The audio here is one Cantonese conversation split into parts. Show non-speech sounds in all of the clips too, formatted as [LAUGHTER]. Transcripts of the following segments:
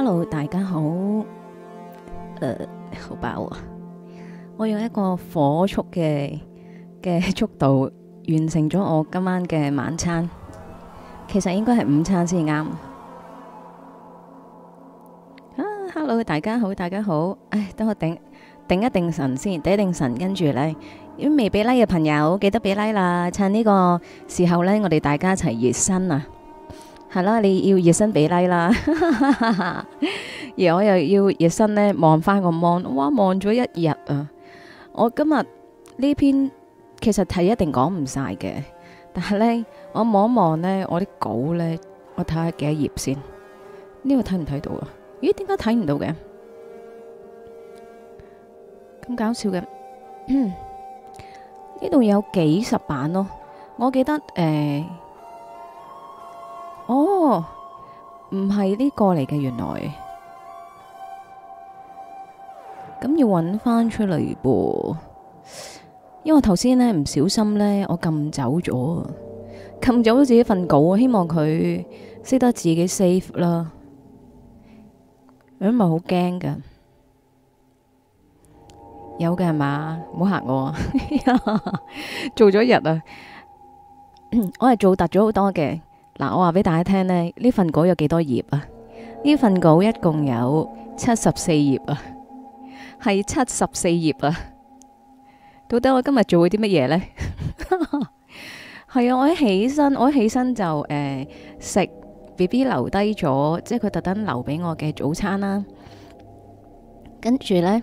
Hello，大家好。誒，好飽啊。我用一個火速嘅嘅速度完成咗我今晚嘅晚餐。其實應該係午餐先啱。啊，Hello，大家好，大家好。唉，等我頂，頂一頂神先，頂一頂神。跟住呢，啲未俾 like 嘅朋友記得俾 like 啦。趁呢個時候呢，我哋大家一齊熱身啊！係啦，你要熱身比 like 啦， [LAUGHS] 而我又要熱身咧，望翻個芒，哇，望咗一日啊！我今日呢篇其實係一定講唔晒嘅，但係呢，我望一望呢，我啲稿呢，我睇下幾多頁先。呢個睇唔睇到啊？咦，點解睇唔到嘅？咁搞笑嘅，呢度 [COUGHS] 有幾十版咯。我記得誒。呃哦，唔係呢個嚟嘅，原來咁要揾翻出嚟噃，因為頭先呢，唔小心呢，我撳走咗，撳走咗自己份稿啊！希望佢識得自己 save 啦，咁咪好驚噶，有嘅係嘛，唔好嚇我啊！ [LAUGHS] 做咗一日啊， [COUGHS] 我係做達咗好多嘅。嗱，我話俾大家聽呢，呢份稿有幾多頁啊？呢份稿一共有七十四頁啊，係七十四頁啊。到底我今日做咗啲乜嘢呢？係 [LAUGHS] 啊，我一起身，我一起身就誒食 B B 留低咗，就是，即係佢特登留俾我嘅早餐啦。跟住呢，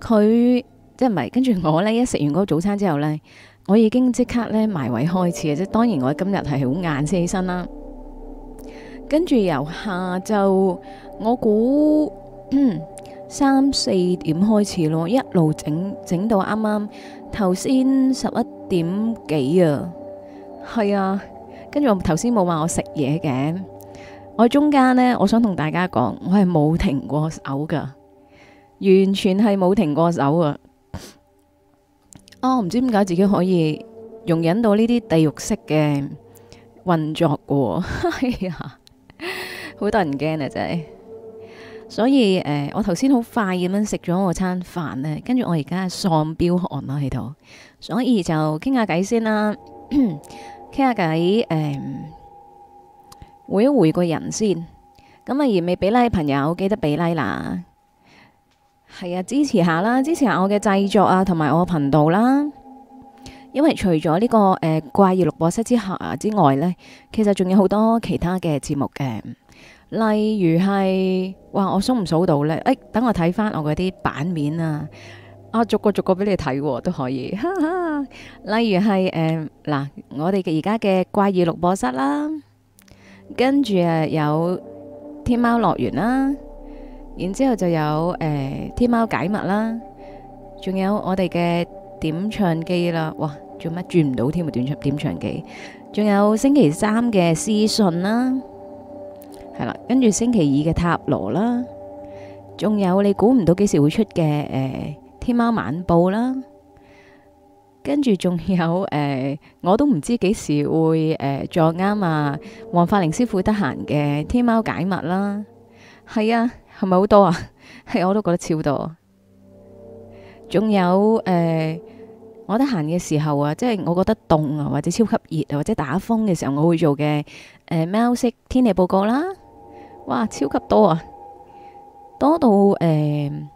佢即係唔係？跟住我呢，一食完嗰個早餐之後呢。我已經即刻咧埋位開始嘅。即係當然我今日係好晏先起身啦。跟住由下晝，我估三四點開始咯，一路整整到啱啱頭先十一點幾啊。係啊，跟住我頭先冇話我食嘢嘅，我中間咧，我想同大家講，我係冇停過手噶完全係冇停過手啊！我、哦、唔知點解自己可以容忍到呢啲地獄式嘅運作嘅喎，係啊，好多人驚啊！真係，所以誒、呃，我頭先好快咁樣食咗我餐飯咧，跟住我而家喪標汗啦喺度，所以就傾下偈先啦，傾下偈誒，回、呃、一回個人先。咁啊，而未俾禮、like，朋友，記得俾禮、like、啦。係啊，支持下啦，支持下我嘅製作啊，同埋我頻道啦、啊。因為除咗呢、呢個誒、呃、怪異錄播室之下之外呢，其實仲有好多其他嘅節目嘅，例如係哇，我數唔數到呢？誒、哎，等我睇翻我嗰啲版面啊，我、啊、逐個逐個俾你睇、啊、都可以。 [LAUGHS] 例如係誒嗱，我哋嘅而家嘅怪異錄播室啦，跟住啊有天貓樂園啦。然之後就有誒、呃、天貓解密啦，仲有我哋嘅點唱機啦。哇，做乜轉唔到添？咪點唱點唱機？仲有星期三嘅屍訊啦，係啦，跟住星期二嘅塔羅啦，仲有你估唔到幾時會出嘅誒、呃、天貓晚報啦，跟住仲有誒、呃，我都唔知幾時會誒撞啱啊！黃發玲師傅得閒嘅天貓解密啦，係啊。係咪好多啊？係，我都覺得超多，仲有誒、呃，我得閒嘅時候啊，即係我覺得凍啊，或者超級熱啊，或者打風嘅時候，我會做嘅誒喵式天氣報告啦，哇，超級多啊，多到誒～、呃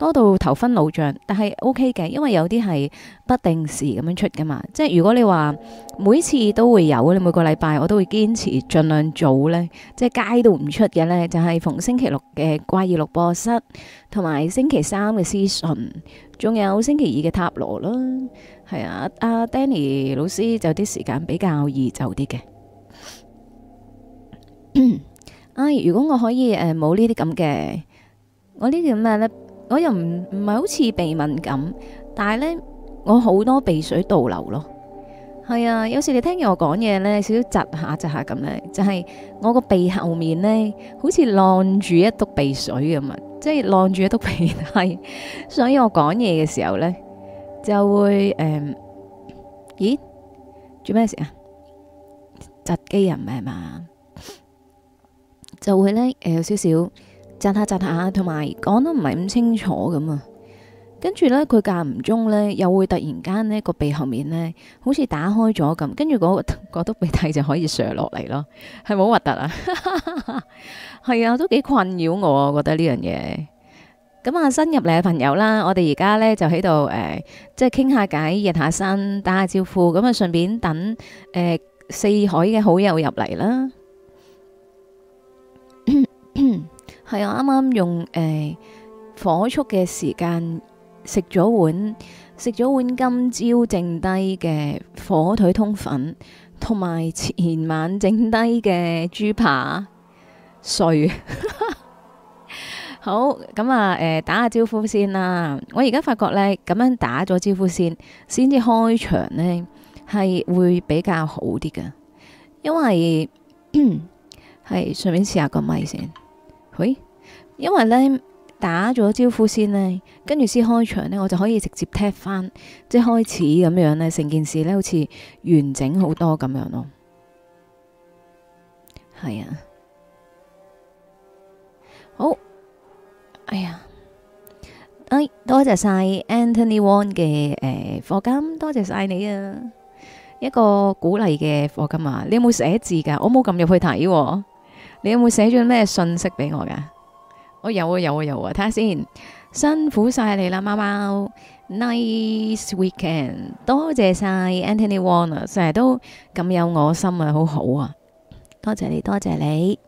多到頭昏腦脹，但係 OK 嘅，因為有啲係不定時咁樣出噶嘛。即係如果你話每次都會有，你每個禮拜我都會堅持盡量做呢。即係街都唔出嘅呢，就係、是、逢星期六嘅怪異錄播室，同埋星期三嘅屍訊，仲有星期二嘅塔羅啦。係啊，阿、啊、Danny 老師就啲時間比較易就啲嘅。唉、 [COUGHS] 哎，如果我可以誒冇呢啲咁嘅，我呢啲咁嘅咧。我又唔唔係好似鼻敏感，但係呢，我好多鼻水倒流咯。係啊，有時你聽住我講嘢呢，少少窒下窒下咁呢，就係、是、我個鼻後面呢，好似晾住一督鼻水咁啊，即係晾住一督鼻涕， [LAUGHS] 所以我講嘢嘅時候呢，就會誒、嗯，咦，做咩事啊？窒機人咪係嘛，就會呢，誒有少少。窒下窒下，同埋講得唔係咁清楚咁啊！跟住呢，佢間唔中呢，又會突然間呢個鼻後面呢，好似打開咗咁，跟住嗰、嗰個、嗰個、都鼻涕就可以垂落嚟咯，係咪好核突啊？係 [LAUGHS] 啊，都幾困擾我啊！覺得呢樣嘢咁啊，新入嚟嘅朋友啦，我哋而家呢，就喺度誒，即係傾下偈、熱下身、打下招呼，咁、嗯、啊，順便等誒、呃、四海嘅好友入嚟啦。 [COUGHS] 係我啱啱用，誒、呃、火速嘅時間食咗碗食咗碗今朝剩低嘅火腿通粉，同埋前晚剩低嘅豬扒碎。 [LAUGHS] 好，咁啊，誒、呃、打下招呼先啦。我而家發覺呢，咁樣打咗招呼先，先至開場呢，係會比較好啲嘅，因為係順便試下個咪先。喂、哎，因為呢，打咗招呼先呢，跟住先開場呢，我就可以直接踢返，即係開始咁樣呢，成件事呢好似完整好多咁樣咯。係啊，好，哎呀，哎，多謝晒 Anthony Wong 嘅誒課金，多謝晒你啊，一個鼓勵嘅課金啊，你有冇寫字㗎？我冇撳入去睇。啊。你有冇寫咗咩信息俾我噶？我有啊，有啊，有啊，睇下先。辛苦晒你啦，貓貓。Nice weekend，多謝晒 Anthony Wong 啊，成日都咁有我心啊，好好啊，多謝你，多謝你。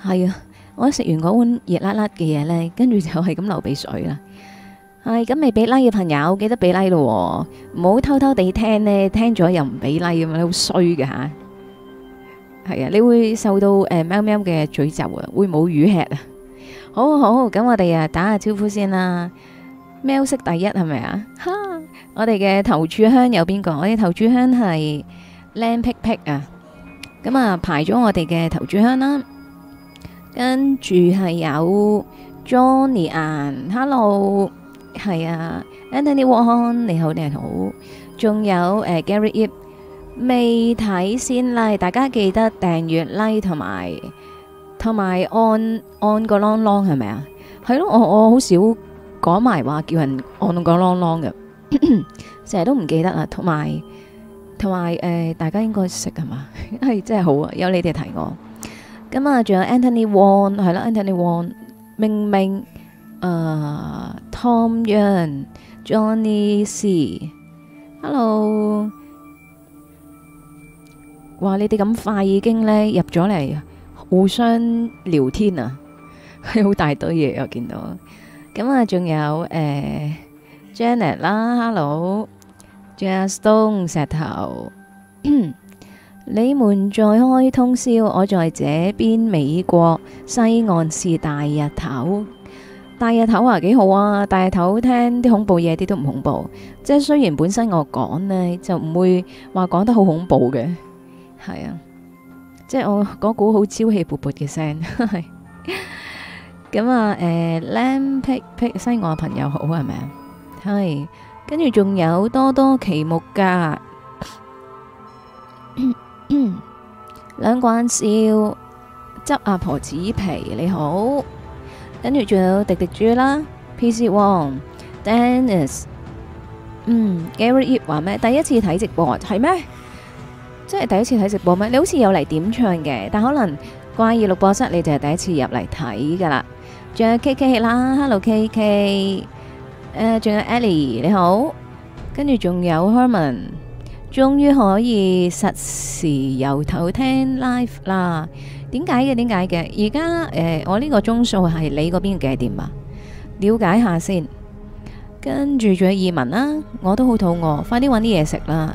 係啊，我食完嗰碗熱辣辣嘅嘢咧，跟住就係咁流鼻水啦。係咁，未俾 like 嘅朋友記得俾 like 咯，唔好偷偷地聽咧，聽咗又唔俾 like 咁樣，你好衰嘅吓。係啊，你會受到誒、呃、喵喵嘅咀咒啊，會冇魚吃啊！好好，咁我哋啊打下招呼先啦。喵式第一係咪啊？哈！ [LAUGHS] 我哋嘅頭柱香有邊個？我哋頭柱香係靚撇撇啊！咁啊排咗我哋嘅頭柱香啦，跟住係有 Johnny Ann，Hello 係啊，Anthony Wong 你好你好，仲有誒、呃、Gary Yip。未睇先 like，大家記得訂閱 like 同埋同埋按按個 long long 係咪啊？係咯，我我好少講埋話叫人按個 long long 嘅，成日都唔記得啊。同埋同埋誒，大家應該識係嘛？係真係好啊！有你哋提我。咁啊，仲有 Anthony Wong，係啦，Anthony Wong 明明誒 Tom Yan Johnny C，Hello。哇！你哋咁快已經呢入咗嚟，互相聊天啊，係好大堆嘢。我見到咁、呃、啊，仲有誒，Janet 啦 Hello，Ja Stone 石頭， [COUGHS] 你們在開通宵，我在這邊美國西岸是大日頭，大日頭啊，幾好啊！大日頭聽啲恐怖嘢，啲都唔恐怖。即係雖然本身我講呢，就唔會話講得好恐怖嘅。係啊，即係我嗰股好朝氣勃勃嘅聲，係咁啊！誒，靚碧碧，西雅朋友好係咪啊？係，跟住仲有多多奇木噶，兩個人笑執阿婆紙皮，你好，跟住仲有迪迪豬啦，PC 王 Dennis，嗯，Gary Yip 話咩？第一次睇直播係咩？即係第一次睇直播咩？你好似有嚟點唱嘅，但可能怪異錄播室你就係第一次入嚟睇噶啦。仲有 K K 啦，Hello K K，誒，仲有 Ellie 你好，跟住仲有 Herman，終於可以實時由頭聽 live 啦。點解嘅？點解嘅？而家誒，我呢個鐘數係你嗰邊嘅幾點啊？了解下先。跟住仲有意文啦，我都好肚餓，快啲揾啲嘢食啦。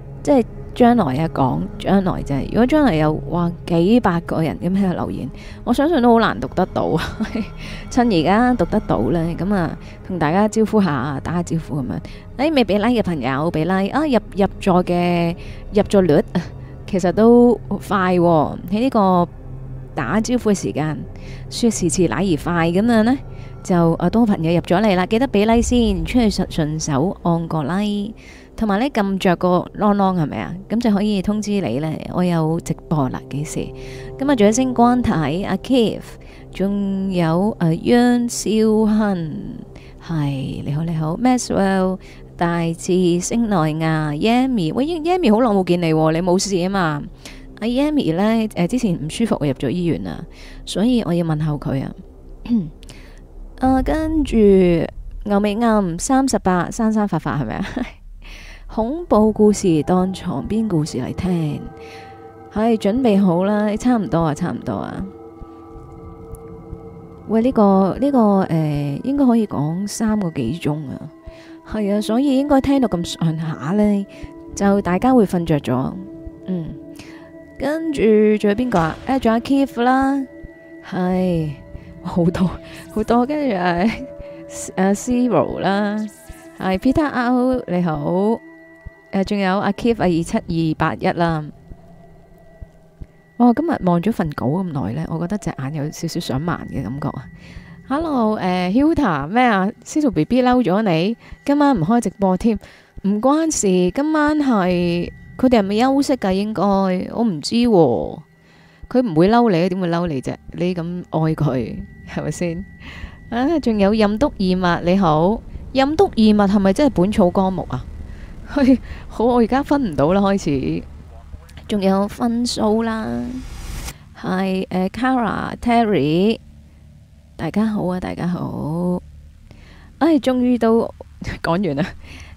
即係將來啊，講將來啫，就係，如果將來有哇幾百個人咁喺度留言，我相信都好難讀得到。 [LAUGHS] 趁而家讀得到咧，咁啊同大家招呼下，打下招呼咁樣。誒未俾 l 嘅朋友俾 l，like、啊！入入座嘅入座率其實都快喺，啊、呢個打招呼嘅時間，説時遲乃而快咁樣呢，就啊多朋友入咗嚟啦，記得俾 like 先，出去順順手按個 l，like 同埋咧，撳著個啷啷係咪啊？咁就可以通知你咧，我有直播啦。幾時？咁啊，仲有星光睇阿 Keith，仲有阿央少恆，係，你好，你好。Maxwell 大智星內亞 Yami，喂，Yami 好耐冇見你，你冇事啊嘛？阿 Yami 咧誒，之前唔舒服我入咗醫院啊，所以我要問候佢啊。誒，跟住牛尾暗三十八，生生發發係咪啊？恐怖故事當床邊故事嚟聽，係準備好啦，差唔多啊，差唔多啊。喂，呢、這個呢、這個誒、呃，應該可以講三個幾鐘啊，係啊，所以應該聽到咁上下咧，就大家會瞓着咗。嗯，跟住仲有邊個啊？誒，仲有 Keith 啦，係好多好多，跟住係阿 Zero 啦，係 Peter R，你好。誒，仲有阿 Kev 啊，二七二八一啦。哦，今日望咗份稿咁耐咧，我覺得隻眼有少少想盲嘅感覺。Hello，誒，Huta 咩啊？Studio B B 嬲咗你，今晚唔開直播添，唔關事。今晚係佢哋係咪休息噶？應該。我唔知。佢唔會嬲你，點會嬲你啫？你咁愛佢，係咪先？啊，仲有任督二脈你好，任督二脈係咪真係本草綱目啊？哎、好，我而家分唔到啦。開始，仲有分數啦，係 Cara Terry，大家好啊，大家好。唉、哎，終於都講完啦。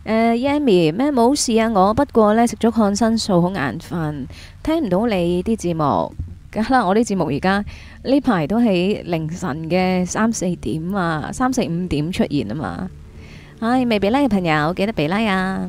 Yami 咩，冇事啊？我不過呢，食咗抗生素，好眼瞓，聽唔到你啲字幕。咁啦，我啲字幕而家呢排都喺凌晨嘅三四點啊，三四五點出現啊嘛。唉、哎，未俾拉嘅朋友，記得俾拉、like、啊！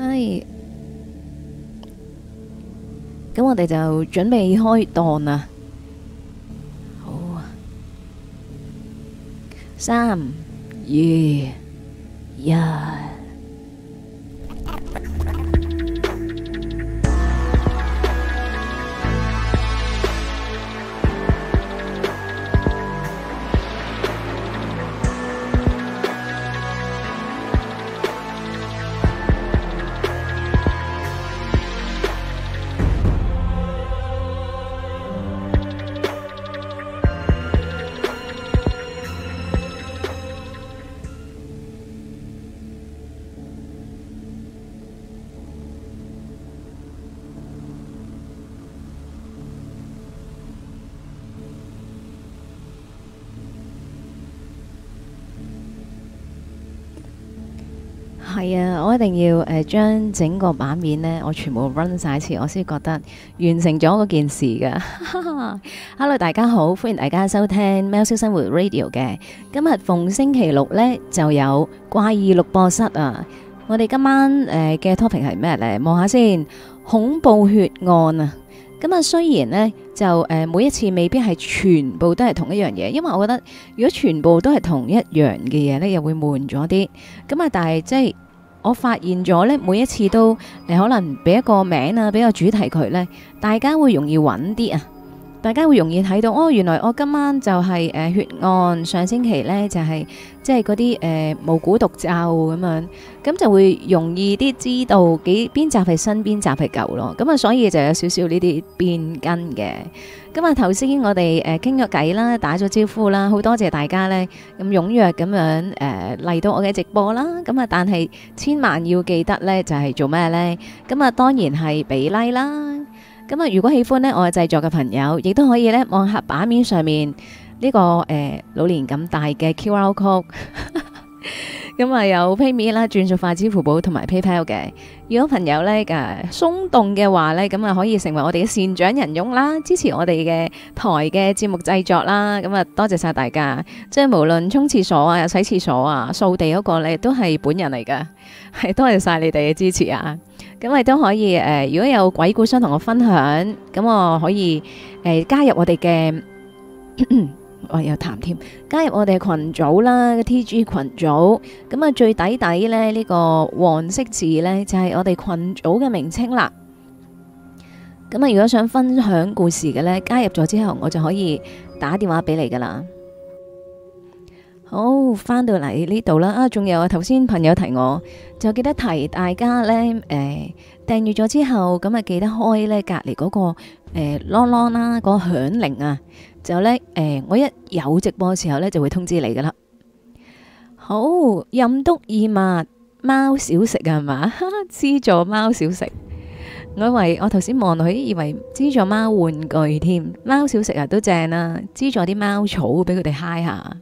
係，咁我哋就準備開檔啦。好，三二一。一定要誒將、呃、整個版面呢，我全部 run 晒一次，我先覺得完成咗嗰件事噶。 [LAUGHS] Hello，大家好，歡迎大家收聽《喵式生活 Radio》嘅今日逢星期六呢，就有怪異錄播室啊。我哋今晚誒嘅、呃、topic 係咩呢？望下先，恐怖血案啊。咁、嗯、啊，雖然呢，就誒、呃、每一次未必係全部都係同一樣嘢，因為我覺得如果全部都係同一樣嘅嘢呢，又會悶咗啲。咁、嗯、啊，但係即係。我發現咗咧，每一次都，你可能俾一個名啊，俾個主題佢咧，大家會容易揾啲啊。大家會容易睇到哦，原來我今晚就係誒血案，上星期咧就係即係嗰啲誒無故毒咒咁樣，咁就會容易啲知道幾邊集係新，邊集係舊咯。咁啊，所以就有少少呢啲變更嘅。咁啊，頭先我哋誒傾咗偈啦，打咗招呼啦，好多謝大家咧咁踊躍咁樣誒嚟到我嘅直播啦。咁啊，但係千萬要記得咧就係做咩咧？咁啊，當然係俾 like 啦。咁啊，如果喜歡咧，我嘅製作嘅朋友，亦都可以咧，望下版面上面呢個誒、欸、老年咁大嘅 QR code，咁啊有 PayMe 啦，轉數快支付寶同埋 PayPal 嘅。如果朋友咧嘅鬆動嘅話咧，咁啊可以成為我哋嘅善長人翁啦，支持我哋嘅台嘅節目製作啦。咁啊多謝晒大家，即係無論沖廁所啊、洗廁所啊、掃地嗰個，你都係本人嚟㗎，係多謝晒你哋嘅支持啊！咁你都可以誒、呃，如果有鬼故想同我分享，咁我可以誒加入我哋嘅我有談添，加入我哋群組啦個 TG 群組。咁啊最底底咧呢、呢個黃色字咧就係、是、我哋群組嘅名稱啦。咁啊如果想分享故事嘅咧，加入咗之後我就可以打電話俾你噶啦。好返到嚟呢度啦！啊，仲有啊，頭先朋友提我，就記得提大家呢。誒、欸，訂閱咗之後咁啊，記得開呢隔籬嗰個誒啷啷啦個響鈴啊。就呢，誒、欸，我一有直播嘅時候呢，就會通知你噶啦。好，任督二脈，貓小食啊，係嘛？資 [LAUGHS] 助貓小食，我以為我頭先望落去，以為資助貓玩具添。貓小食啊都正啦、啊，資助啲貓草俾佢哋嗨下。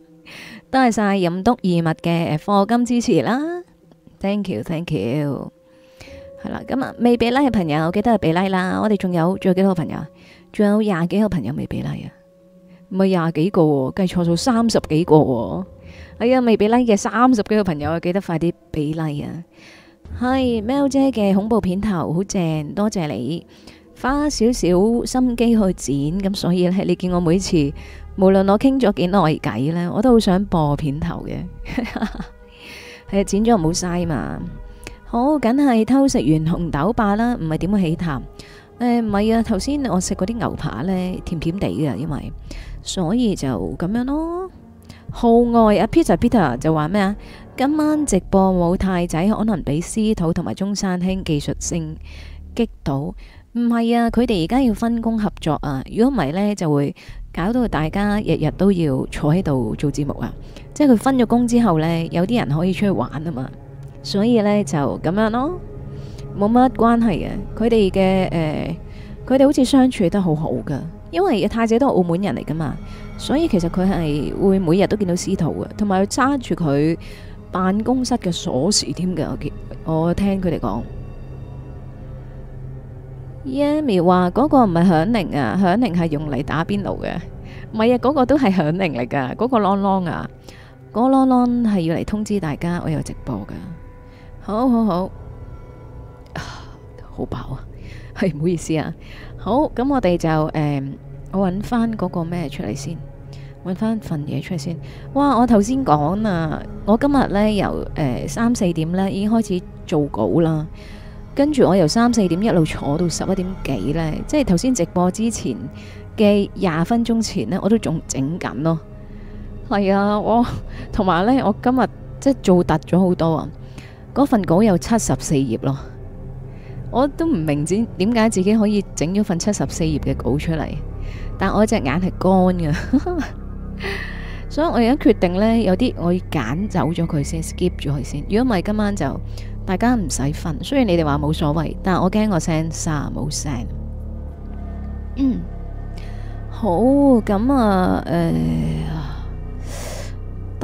多謝晒任督二物嘅課金支持啦，thank you thank you，係啦，咁日未俾 like 嘅朋友記得俾 like 啦，我哋仲有仲有幾多個朋友，仲有廿幾個朋友未俾 like 啊，唔係廿幾個，計錯數三十幾個，哎呀，未俾 like 嘅三十幾個朋友啊，記得快啲俾 like 啊，係喵姐嘅恐怖片頭好正，多謝你。花少少心機去剪，咁所以咧，你見我每次無論我傾咗幾耐偈呢，我都好想播片頭嘅，係 [LAUGHS] 剪咗唔好嘥嘛。好，梗係偷食完紅豆霸啦，唔係點去起痰？誒、欸？唔係啊，頭先我食嗰啲牛扒呢，甜甜地嘅，因為甜甜所以就咁樣咯。號外、啊，阿 Peter Peter 就話咩啊？今晚直播冇太仔，可能俾司徒同埋中山兄技術性擊倒。唔係啊，佢哋而家要分工合作啊！如果唔係呢，就會搞到大家日日都要坐喺度做節目啊！即係佢分咗工之後呢，有啲人可以出去玩啊嘛，所以呢就咁樣咯，冇乜關係嘅、啊。佢哋嘅誒，呃、佢哋好似相處得好好噶，因為太子都係澳門人嚟噶嘛，所以其實佢係會每日都見到司徒嘅，同埋揸住佢辦公室嘅鎖匙添嘅。我見我聽佢哋講。Yami 話嗰個唔係響鈴啊，響鈴係用嚟打邊爐嘅，唔係啊，嗰個都係響鈴嚟噶，嗰個啷啷啊，嗰啷啷係要嚟通知大家我有直播噶，好好好，好飽啊，係唔好意思啊，好，咁我哋就誒、嗯，我揾翻嗰個咩出嚟先，揾翻份嘢出嚟先，哇，我頭先講啊，我今日呢，由誒三四點呢已經開始做稿啦。跟住我由三四點一路坐到十一點幾呢，即係頭先直播之前嘅廿分鐘前呢，我都仲整緊咯。係啊，我同埋呢，我今日即係做突咗好多啊，嗰份稿有七十四頁咯，我都唔明點解自己可以整咗份七十四頁嘅稿出嚟，但我隻眼係乾嘅， [LAUGHS] 所以我而家決定呢，有啲我要揀走咗佢先，skip 咗佢先。如果唔係今晚就。大家唔使瞓，雖然你哋話冇所謂，但係我驚個聲沙冇聲。好，咁啊，誒，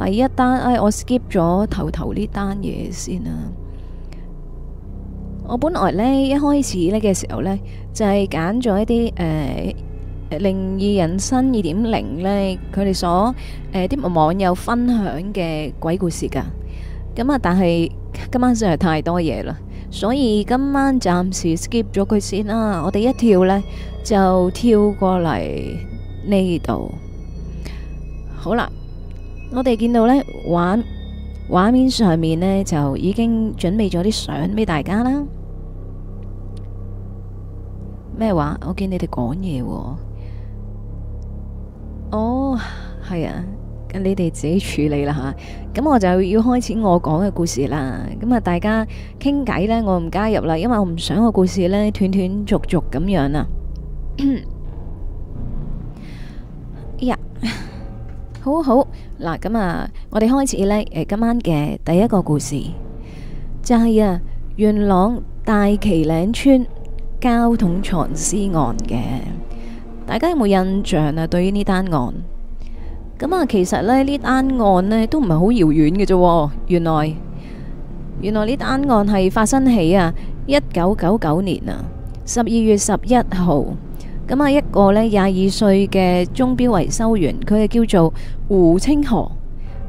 第一單誒，我 skip 咗頭頭呢單嘢先啊。我本來呢一開始呢嘅時候呢，就係揀咗一啲誒靈異人生二點零呢，佢哋所誒啲網友分享嘅鬼故事噶。咁啊，但係今晚真係太多嘢啦，所以今晚暫時 skip 咗佢先啦。我哋一跳呢就跳過嚟呢度。好啦，我哋見到呢畫畫面上面呢就已經準備咗啲相俾大家啦。咩話？我見你哋講嘢喎。哦，係啊。你哋自己處理啦吓，咁我就要開始我講嘅故事啦。咁啊，大家傾偈呢，我唔加入啦，因為我唔想個故事呢斷斷續續咁樣啊。呀 [COUGHS] Yeah. [LAUGHS] 好好嗱，咁啊，我哋開始呢。今晚嘅第一個故事就係啊元朗大旗嶺村交通藏屍案嘅，大家有冇印象啊？對於呢單案？咁啊，其實呢呢單案呢都唔係好遙遠嘅啫。原來原來呢單案係發生喺啊一九九九年啊十二月十一號。咁啊一個呢廿二歲嘅鐘錶維修員，佢係叫做胡清河。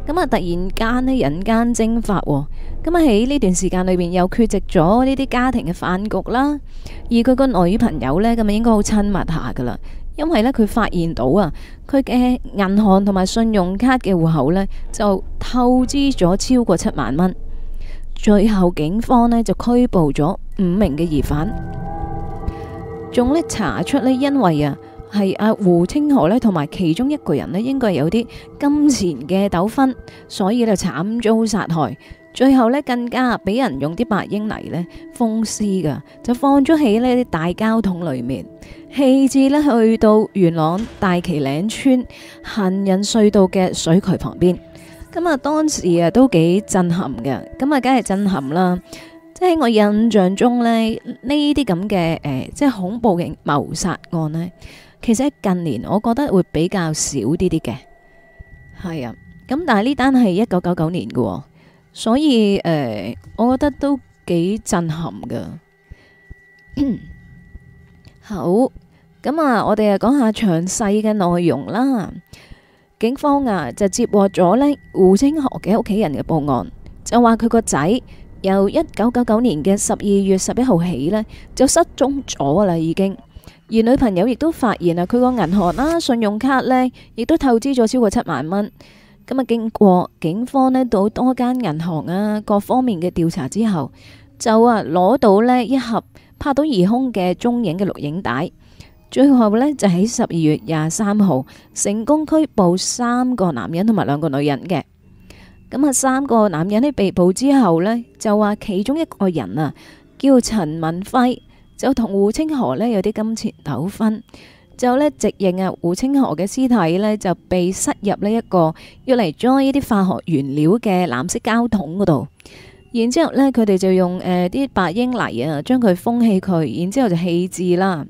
咁啊突然間呢，人間蒸發，咁啊喺呢段時間裏邊又缺席咗呢啲家庭嘅飯局啦。而佢個女朋友呢，咁啊應該好親密下噶啦。因為咧，佢發現到啊，佢嘅銀行同埋信用卡嘅戶口咧，就透支咗超過七萬蚊。最後警方咧就拘捕咗五名嘅疑犯，仲咧查出咧，因為啊係阿胡清河咧同埋其中一個人咧，應該有啲金錢嘅糾紛，所以就慘遭殺害。最後咧更加俾人用啲白英泥咧封屍噶，就放咗喺呢啲大膠桶裏面。位置咧去到元朗大旗嶺村行人隧道嘅水渠旁邊，咁啊當時啊都幾震撼嘅，咁啊梗係震撼啦！即係我印象中咧呢啲咁嘅誒，即係恐怖嘅謀殺案咧，其實喺近年我覺得會比較少啲啲嘅，係啊，咁但係呢單係一九九九年嘅，所以誒、呃，我覺得都幾震撼噶， [COUGHS] 好。咁啊，我哋啊講一下詳細嘅內容啦。警方啊就接獲咗呢胡清河嘅屋企人嘅報案，就話佢個仔由一九九九年嘅十二月十一號起呢，就失蹤咗啦，已經而女朋友亦都發現啊，佢個銀行啦、啊、信用卡呢，亦都透支咗超過七萬蚊。咁啊，經過警方呢，到多間銀行啊各方面嘅調查之後，就啊攞到呢一盒拍到疑兇嘅蹤影嘅錄影帶。最後呢，就喺十二月廿三號成功拘捕三個男人，同埋兩個女人嘅。咁啊，三個男人呢被捕之後呢，就話其中一個人啊叫陳文輝，就同胡清河呢有啲金錢糾紛，就呢，直認啊胡清河嘅屍體呢就被塞入呢一個要嚟裝呢啲化學原料嘅藍色膠桶嗰度，然之後呢佢哋就用誒啲、呃、白英泥啊將佢封起佢，然之後就棄置啦。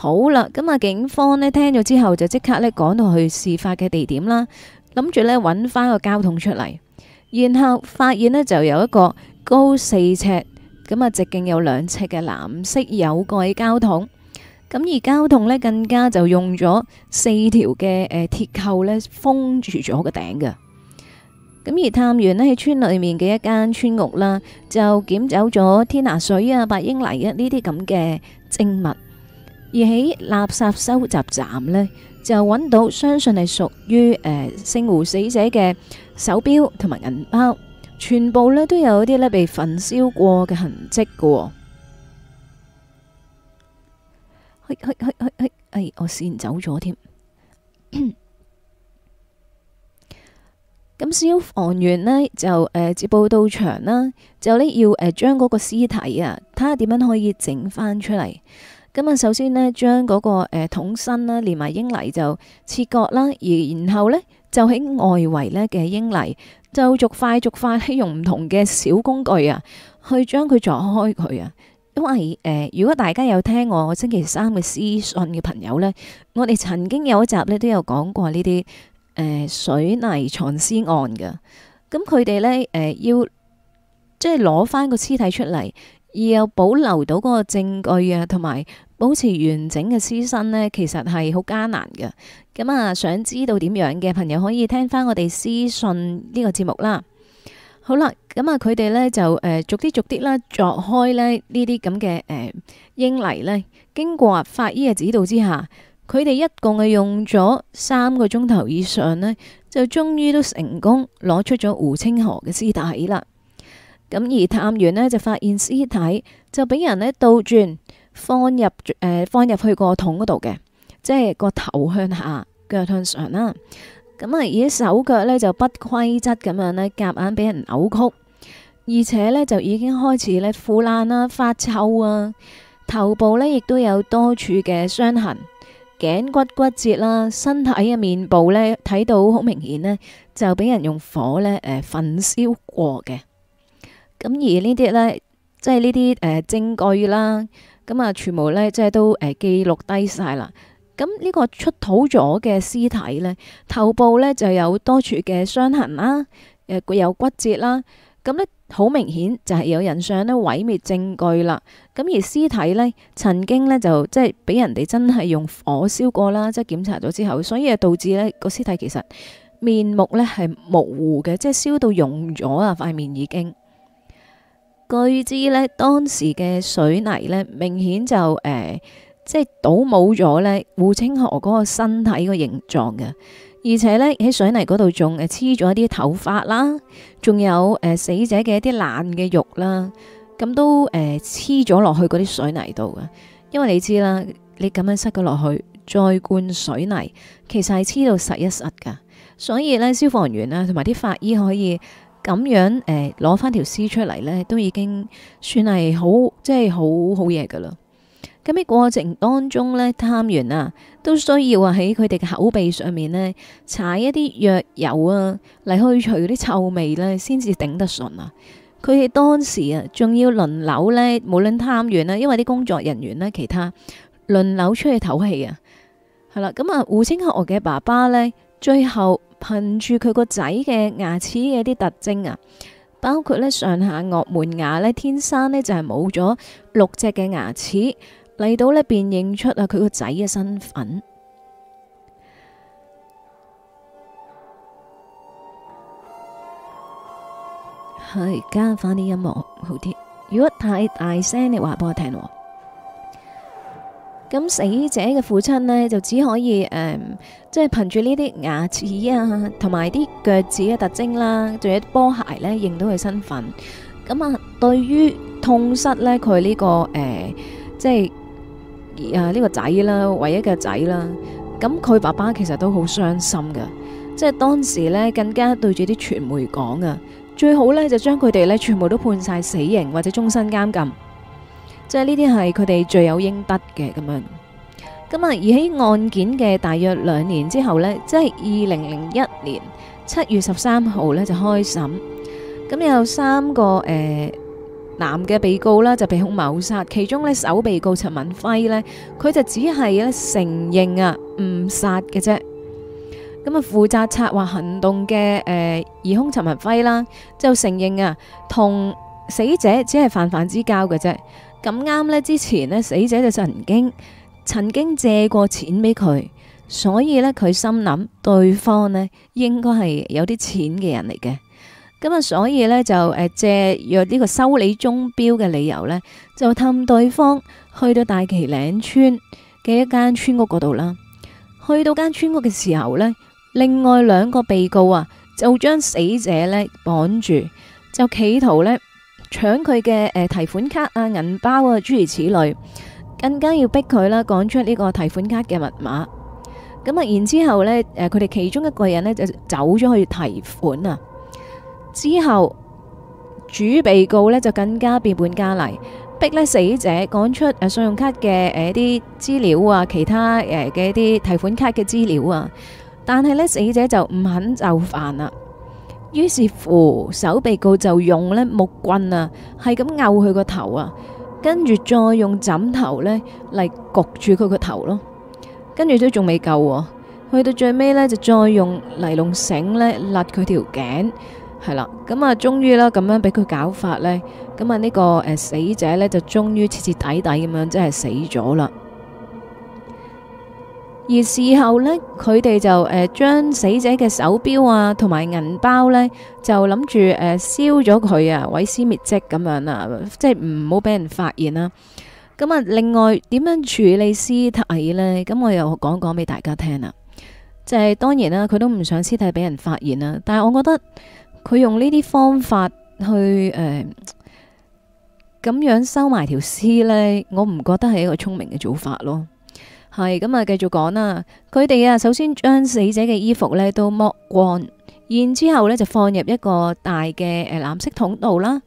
好啦，咁啊，警方呢聽咗之後就即刻呢趕到去事發嘅地點啦，諗住呢揾翻個膠桶出嚟，然後發現呢就有一個高四尺咁啊，直徑有兩尺嘅藍色有蓋膠桶。咁而膠桶呢更加就用咗四條嘅誒鐵扣呢封住咗個頂嘅。咁而探員呢喺村裏面嘅一間村屋啦，就檢走咗天拿水啊、白英泥啊呢啲咁嘅精物。而喺垃圾收集站呢，就揾到相信係屬於誒、呃、姓胡死者嘅手錶同埋銀包，全部呢都有啲呢被焚燒過嘅痕跡嘅、哦。去去去去去，哎，我先走咗添。咁消防員呢，就誒、呃、接報到場啦，就呢要誒將嗰個屍體啊，睇下點樣可以整翻出嚟。咁啊，首先呢，將嗰個誒桶身咧，連埋英泥就切割啦，然後呢，就喺外圍呢嘅英泥就逐塊逐塊用唔同嘅小工具啊，去將佢鑿開佢啊。因為誒、呃，如果大家有聽我星期三嘅屍訊嘅朋友呢，我哋曾經有一集呢都有講過呢啲誒水泥藏屍案嘅。咁佢哋呢，誒、呃、要即係攞返個屍體出嚟。而又保留到嗰個證據啊，同埋保持完整嘅屍身咧，其實係好艱難嘅。咁、嗯、啊，想知道點樣嘅朋友可以聽翻我哋屍訊個、嗯嗯、呢個節目啦。好啦，咁、呃、啊，佢哋咧就誒逐啲逐啲啦鑿開咧呢啲咁嘅誒英泥咧，經過法醫嘅指導之下，佢哋一共係用咗三個鐘頭以上咧，就終於都成功攞出咗胡清河嘅屍體啦。咁而探員呢，就發現屍體就俾人呢倒轉，放入、呃、放入去個桶嗰度嘅，即係個頭向下，腳向上啦。咁啊，而家手腳呢就不規則咁樣呢夾硬俾人扭曲，而且呢就已經開始呢腐爛啦、發臭啊。頭部呢亦都有多處嘅傷痕，頸骨骨折啦，身體嘅面部呢睇到好明顯呢，就俾人用火呢、呃、焚燒過嘅。咁而呢啲咧，即係呢啲誒證據啦。咁啊，全部咧即係都誒記錄低晒啦。咁呢個出土咗嘅屍體咧，頭部咧就有多處嘅傷痕啦，誒、呃、佢有骨折啦。咁咧好明顯就係有人想咧毀滅證據啦。咁而屍體咧曾經咧就即係俾人哋真係用火燒過啦，即係檢查咗之後，所以啊導致咧、個屍體其實面目咧係模糊嘅，即係燒到溶咗啊，塊面已經。據知咧，當時嘅水泥咧，明顯就誒、呃，即係倒冇咗咧胡青河嗰個身體個形狀嘅，而且咧喺水泥嗰度仲誒黐咗一啲頭髮啦還，仲有誒死者嘅一啲爛嘅肉啦，咁都誒黐咗落去嗰啲水泥度嘅，因為你知啦，你咁樣塞咗落去再灌水泥，其實係黐到實一實噶，所以咧消防員啊同埋啲法醫可以。咁樣誒攞翻條屍出嚟呢，都已經算係好即係好好嘢噶啦。咁啲過程當中呢，探員啊都需要啊喺佢哋嘅口鼻上面呢搽一啲藥油啊，嚟去除啲臭味呢，先至頂得順啊。佢哋當時啊，仲要輪流呢，無論探員啦、啊，因為啲工作人員呢、啊，其他輪流出去唞氣啊。係啦，咁啊胡清學嘅爸爸呢。最後憑住佢個仔嘅牙齒嘅啲特徵啊，包括呢上下顎門牙呢，天生呢就係冇咗六隻嘅牙齒嚟，到呢辨認出啊佢個仔嘅身份。係加翻啲音樂好啲，如果太大聲你話俾我聽。咁死者嘅父親呢，就只可以誒，即係憑住呢啲牙齒啊，同埋啲腳趾嘅特徵啦，仲有啲波鞋咧認到佢身份。咁啊，對於痛失咧佢呢個誒，即係啊呢個仔啦，唯一嘅仔啦，咁佢爸爸其實都好傷心嘅。即係當時咧，更加對住啲傳媒講啊，最好咧就將佢哋咧全部都判晒死刑或者終身監禁。即係呢啲係佢哋罪有應得嘅咁樣。咁啊，而喺案件嘅大約兩年之後咧，即係二零零一年七月十三號咧就開審。咁有三個誒男嘅被告啦，就被控謀殺。其中咧，首被告陳文輝咧，佢就只係咧承認啊誤殺嘅啫。咁啊，負責策劃行動嘅誒疑兇陳文輝啦，就承認啊同死者只係泛泛之交嘅啫。咁啱呢，之前呢，死者就曾經曾經借過錢俾佢，所以呢，佢心諗對方呢應該係有啲錢嘅人嚟嘅，咁啊，所以呢，就誒借約呢個修理鐘表嘅理由呢，就氹對方去到大旗嶺村嘅一間村屋嗰度啦。去到間村屋嘅時候呢，另外兩個被告啊就將死者呢綁住，就企圖呢。搶佢嘅誒提款卡啊、銀包啊、諸如此類，更加要逼佢啦，講出呢個提款卡嘅密碼。咁啊，然之後咧，誒佢哋其中一個人呢就走咗去提款啊。之後主被告呢就更加變本加厲，逼呢死者講出誒信用卡嘅誒啲資料啊，其他誒嘅一啲提款卡嘅資料啊。但係呢，死者就唔肯就範啦。於是乎，手被告就用呢木棍啊，係咁拗佢個頭啊，跟住再用枕頭呢嚟焗住佢個頭咯，跟住都仲未夠、啊，去到最尾呢，就再用尼龍繩呢勒佢條頸，係啦，咁啊、嗯、終於啦咁樣俾佢搞法呢。咁啊呢個、呃、死者呢，就終於徹徹底底咁樣真係死咗啦。而事後呢，佢哋就誒將、呃、死者嘅手錶啊，同埋銀包呢，就諗住誒燒咗佢啊，毀屍滅跡咁樣啊，即係唔好俾人發現啦。咁啊，另外點樣處理屍體呢？咁我又講講俾大家聽啊。即、就、係、是、當然啦，佢都唔想屍體俾人發現啦。但係我覺得佢用呢啲方法去誒咁、呃、樣收埋條屍呢，我唔覺得係一個聰明嘅做法咯。係咁啊，繼續講啦。佢哋啊，首先將死者嘅衣服呢都剝光，然之後呢就放入一個大嘅誒藍色桶度啦。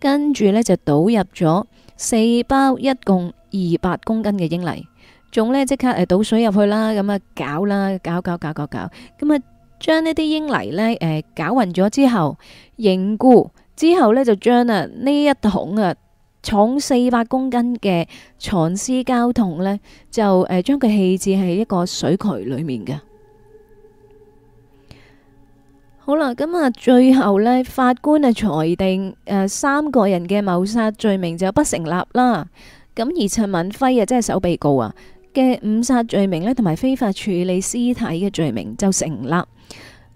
跟住呢就倒入咗四包，一共二百公斤嘅英泥，仲，呢即刻倒水入去啦。咁啊攪啦，攪攪攪攪攪，咁啊將呢啲英泥呢誒攪勻咗之後凝固，之後呢就將啊呢一桶啊。重四百公斤嘅藏屍膠桶呢，就誒將佢棄置喺一個水渠裏面嘅。好啦，咁啊，最後呢，法官啊裁定誒、呃，三個人嘅謀殺罪名就不成立啦。咁而陳文輝啊，即係首被告啊嘅誤殺罪名呢，同埋非法處理屍體嘅罪名就成立。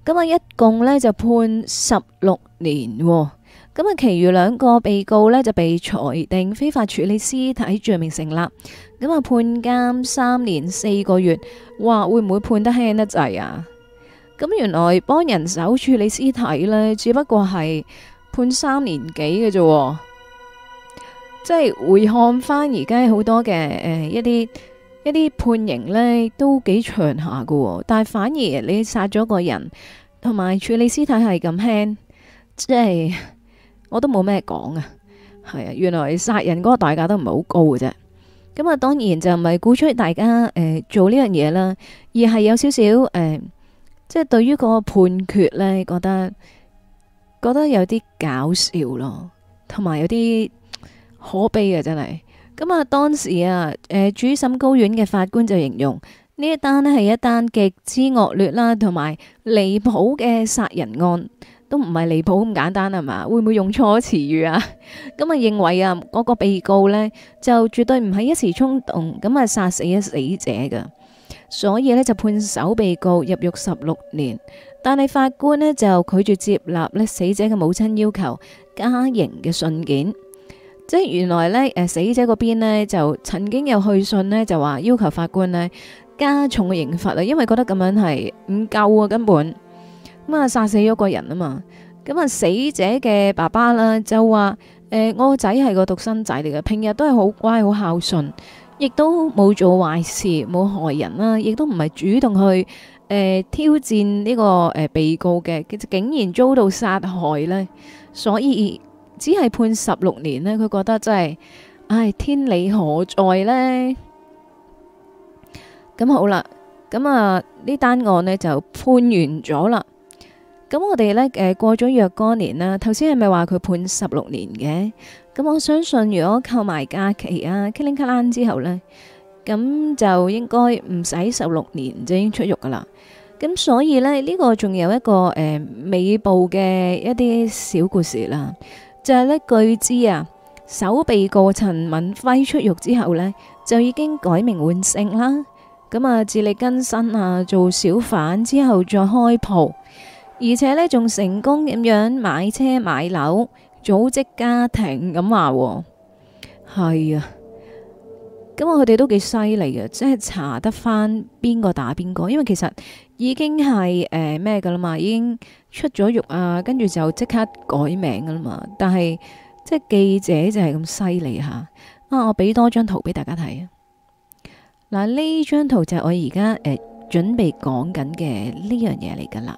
咁啊，一共呢，就判十六年，哦。咁啊，其餘兩個被告呢，就被裁定非法處理屍體罪名成立，咁啊判監三年四個月。哇，會唔會判得輕得滯啊？咁原來幫人手處理屍體呢，只不過係判三年幾嘅啫。即係回看翻而家好多嘅誒、呃、一啲一啲判刑呢，都幾長下噶，但係反而你殺咗個人，同埋處理屍體係咁輕，即係。我都冇咩講啊，係啊，原來殺人嗰個代價都唔係好高嘅啫。咁啊，當然就唔係鼓吹大家誒、呃、做呢樣嘢啦，而係有少少誒，即、呃、係、就是、對於嗰個判決呢，覺得覺得有啲搞笑咯，同埋有啲可悲嘅、啊、真係。咁啊，當時啊，誒、呃、主審高院嘅法官就形容呢一單呢係一單極之惡劣啦，同埋離譜嘅殺人案。都唔係離譜咁簡單係嘛？會唔會用錯詞語啊？咁 [LAUGHS] 啊認為啊嗰、嗰個被告呢，就絕對唔係一時衝動咁啊殺死咗死者嘅，所以呢，就判首被告入獄十六年。但係法官呢，就拒絕接納呢死者嘅母親要求加刑嘅信件，即係原來呢，誒死者嗰邊呢，就曾經有去信呢，就話要求法官呢，加重刑罰啊，因為覺得咁樣係唔夠啊根本。咁啊，殺死咗個人啊嘛！咁啊，死者嘅爸爸啦，就話：誒，我個仔係個獨生仔嚟㗎，平日都係好乖好孝順，亦都冇做壞事，冇害人啦，亦都唔係主動去誒挑戰呢個誒被告嘅，佢就竟然遭到殺害呢，所以只係判十六年呢，佢覺得真係，唉，天理何在呢？咁好啦，咁啊呢單案呢就判完咗啦。咁我哋呢，誒過咗若干年啦。頭先係咪話佢判十六年嘅？咁我相信，如果扣埋假期啊 c l i n 之後呢，咁就應該唔使十六年就已經出獄噶啦。咁所以呢，呢、這個仲有一個誒尾、呃、部嘅一啲小故事啦，就係、是、呢據知啊，首被告陳敏輝出獄之後呢，就已經改名換姓啦。咁啊，自力更生啊，做小販之後再開鋪。而且呢，仲成功咁樣買車買樓，組織家庭咁話，係啊，咁我佢哋都幾犀利嘅，即係查得翻邊個打邊個，因為其實已經係誒咩噶啦嘛，已經出咗獄啊，跟住就即刻改名噶啦嘛，但係即係記者就係咁犀利吓，啊，我俾多張圖俾大家睇啊，嗱，呢張圖就係我而家誒準備講緊嘅呢樣嘢嚟噶啦。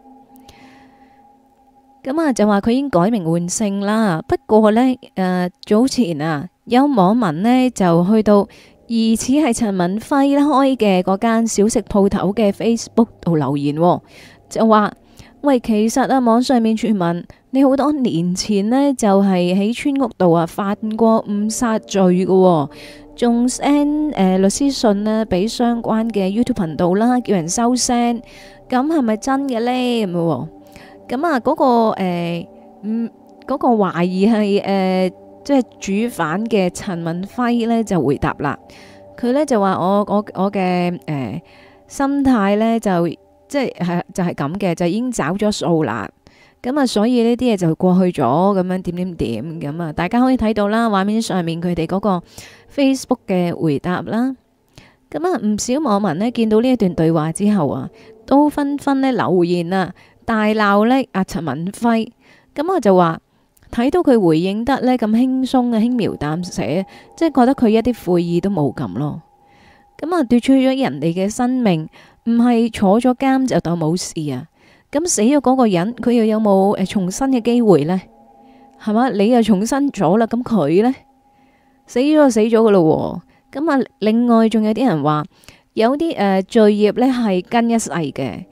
咁、嗯、啊，就話佢已經改名換姓啦。不過呢，誒、呃、早前啊，有網民呢就去到疑似係陳文輝開嘅嗰間小食鋪頭嘅 Facebook 度留言、哦，就話：喂，其實啊，網上面傳聞你好多年前呢就係、是、喺村屋度啊犯過誤殺罪喎、哦，仲 send 誒律師信呢、啊、俾相關嘅 YouTube 頻道啦，叫人收聲。咁係咪真嘅呢？咁咁啊，嗰個誒嗯，嗰個懷疑係誒即係主犯嘅陳文輝呢就回答啦。佢呢就話：我我我嘅誒心態呢，就即係就係咁嘅，就已經找咗數啦。咁啊，所以呢啲嘢就過去咗，咁樣點點點咁啊。大家可以睇到啦，畫面上面佢哋嗰個 Facebook 嘅回答啦。咁啊，唔少網民呢見到呢一段對話之後啊，都紛紛呢留言啦。大鬧呢，阿陳文輝，咁我就話睇到佢回應得呢咁輕鬆嘅輕描淡寫，即係覺得佢一啲悔意都冇咁咯。咁啊，奪取咗人哋嘅生命，唔係坐咗監就當冇事啊？咁死咗嗰個人，佢又有冇重新嘅機會呢？係嘛？你又重新咗啦，咁佢呢？死咗就死咗噶咯喎。咁啊，另外仲有啲人話有啲誒、呃、罪業呢係跟一世嘅。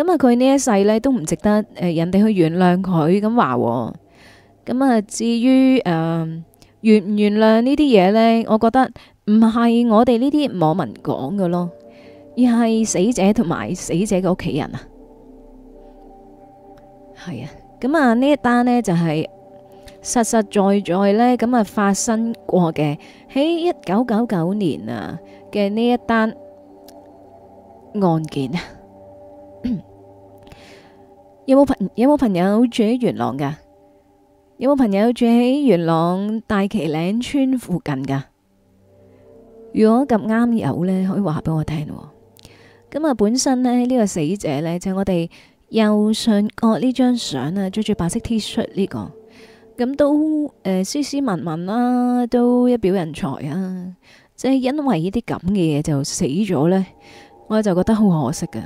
咁啊，佢呢一世咧都唔值得人哋去原諒佢咁話。咁啊，至於、呃、原唔原諒呢啲嘢呢，我覺得唔係我哋呢啲網民講嘅咯，而係死者同埋死者嘅屋企人啊。係啊，咁啊，呢一單呢就係實實在在呢，咁啊發生過嘅，喺一九九九年啊嘅呢一單案件啊。 [COUGHS] 有冇朋有冇朋友住喺元朗噶？有冇朋友住喺元朗大旗嶺村附近噶？如果咁啱有呢，可以話俾我聽。咁啊，本身呢呢個死者呢，就我哋右上角呢張相啊，着住白色 T 恤呢個，咁都誒斯斯文文啦，都一表人才啊。即係因為呢啲咁嘅嘢就死咗呢，我就覺得好可惜嘅。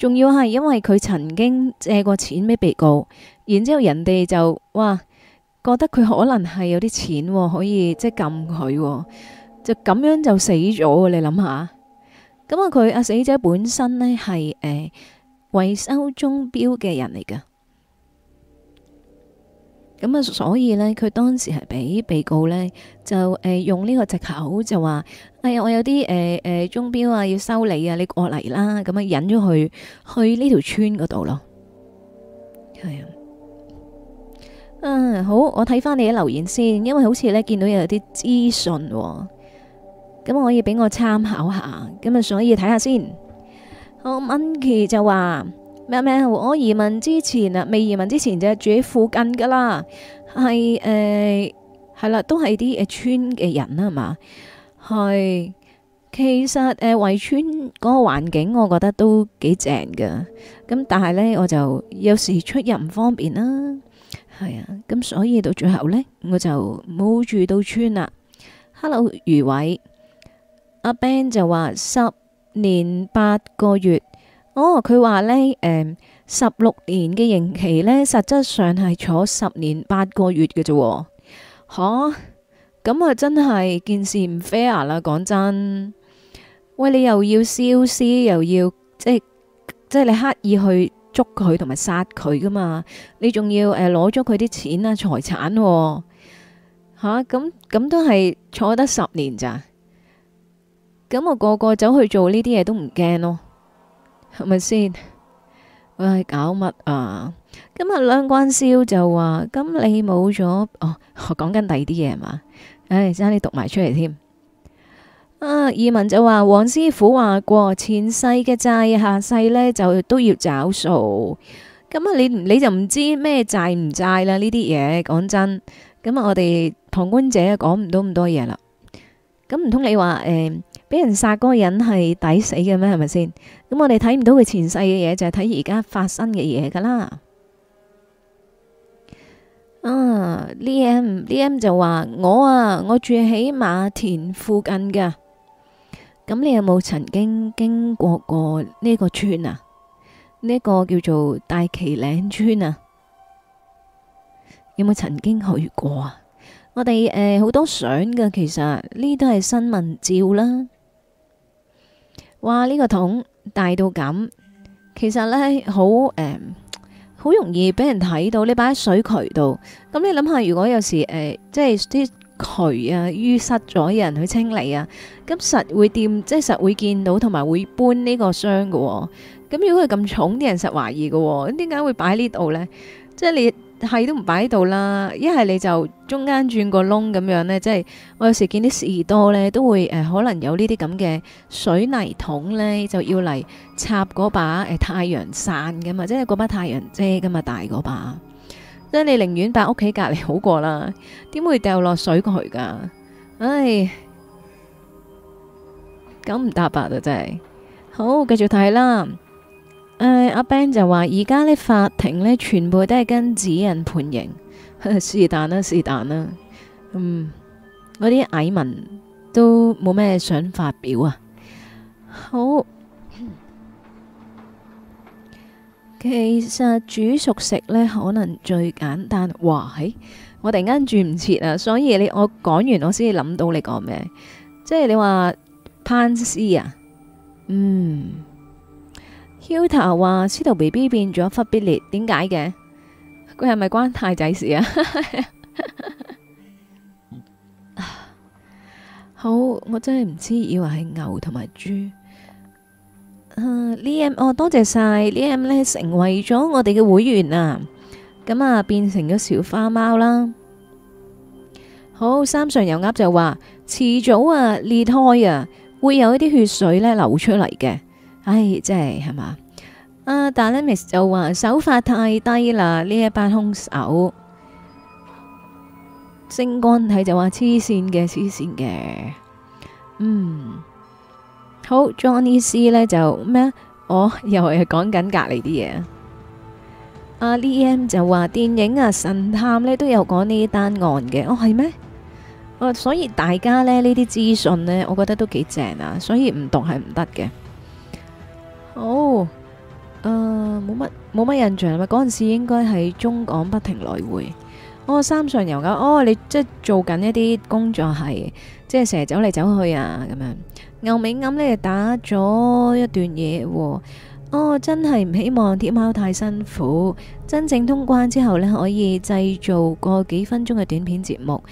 仲要係因為佢曾經借過錢俾被告，然之後人哋就哇覺得佢可能係有啲錢喎可以即係撳佢，喎，就咁樣就死咗。你諗下，咁啊佢阿死者本身呢係誒維修鐘表嘅人嚟㗎。咁啊，所以呢，佢當時係俾被，被告呢，就誒、呃、用呢個藉口就話，哎呀，我有啲誒誒鐘錶啊要修理啊，你過嚟啦，咁啊引咗去去呢條村嗰度咯。係啊，啊好，我睇翻你嘅留言先，因為好似呢，見到有啲資訊、哦，咁可以俾我參考下。咁啊，所以睇下先。好，Monkey 就話。咩、嗯、咩、嗯？我移民之前啊，未移民之前就住喺附近噶啦，係誒係啦，都係啲誒村嘅人啦，係嘛，係其實誒圍村嗰個環境，我覺得都幾正噶，咁但係呢，我就有時出入唔方便啦，係啊，咁所以到最後呢，我就冇住到村啦。Hello，余偉，阿 Ben 就話十年八個月。哦，佢話呢，嗯、十六年嘅刑期呢，實質上係坐十年八個月嘅啫。吓？咁啊，真係件事唔 fair 啦，講真。喂，你又要燒屍，又要即係即係你刻意去捉佢同埋殺佢噶嘛？你仲要呃攞咗佢啲錢財、哦、啊財產？吓咁咁都係坐得十年咋？咁我個個走去做呢啲嘢都唔驚咯。係咪先？喂，搞乜啊？咁啊兩關少就話，咁你冇咗哦？我講緊第二啲嘢嘛。唉、哎，爭啲讀埋出嚟添。啊，二文就話，黃師傅話過，前世嘅債，下世呢，就都要找數。咁啊，你你就唔知咩債唔債啦？呢啲嘢講真，咁啊，我哋旁觀者講唔到咁多嘢啦。咁唔通你話誒？欸俾人殺嗰個人係抵死嘅咩？係咪先？咁我哋睇唔到佢前世嘅嘢，就係睇而家發生嘅嘢噶啦。啊，呢 M 呢 M 就話我啊，我住喺馬田附近嘅。咁你有冇曾經經過過呢個村啊？呢個叫做大旗嶺村啊？有冇曾經去過啊？我哋誒好多相噶，其實呢都係新聞照啦。哇！呢、這個桶大到咁，其實咧好誒，好、嗯、容易俾人睇到。你擺喺水渠度，咁你諗下，如果有時、呃、即係啲渠啊淤塞咗，有人去清理啊，咁實會掂，即係實會見到，同埋會搬呢個箱噶喎、哦。咁如果佢咁重，啲人實懷疑噶喎，咁點解會擺喺呢度咧？即係你。係都唔擺喺度啦，一係你就中間轉個窿咁樣呢，即係我有時見啲士多呢，都會誒、呃，可能有呢啲咁嘅水泥桶呢，就要嚟插嗰把誒、呃、太陽傘噶嘛，即係嗰把太陽遮噶嘛，大嗰把，即係你寧願擺屋企隔籬好過啦，點會掉落水過去噶？唉，咁唔搭白啊！真係，好繼續睇啦。阿、uh, Ben 就話而家呢，法庭呢，全部都係跟指引判刑，是但啦，是但啦。嗯，啲蟻民都冇咩想發表啊。好， [LAUGHS] 其實煮熟食呢，可能最簡單。哇嘿，我突然間轉唔切啊，所以你我講完我先至諗到你講咩，即係你話攀師啊，嗯。Pioter 話司徒 BB 變咗忽必烈，點解嘅？佢係咪關太仔事啊？ [LAUGHS] [LAUGHS] [LAUGHS] 好，我真係唔知，以為係牛同埋豬。嗯、uh,，Li，M，哦，多謝晒 Li，M 咧，Liem、成為咗我哋嘅會員啊！咁啊，變成咗小花貓啦。好，三上悠亞就話，遲早啊裂開啊，會有一啲血水呢流出嚟嘅。唉、哎，真係係嘛？阿達 lemis 就話手法太低啦，呢一班兇手。星光睇就話黐線嘅，黐線嘅。嗯，好，Johnny C 呢就咩？我、oh, 又係講緊隔離啲嘢。阿 Liam 就話電影啊，神探呢都有講呢單案嘅。哦，係咩？哦、uh,，所以大家呢呢啲資訊呢，我覺得都幾正啊，所以唔讀係唔得嘅。哦，誒冇乜冇乜印象啊嘛！嗰陣時應該喺中港不停來回。哦，三上游噶哦，你即係做緊一啲工作係即係成日走嚟走去啊，咁樣。牛尾鴦咧打咗一段嘢喎。哦，真係唔希望天喵太辛苦。真正通關之後咧，可以製造個幾分鐘嘅短片節目。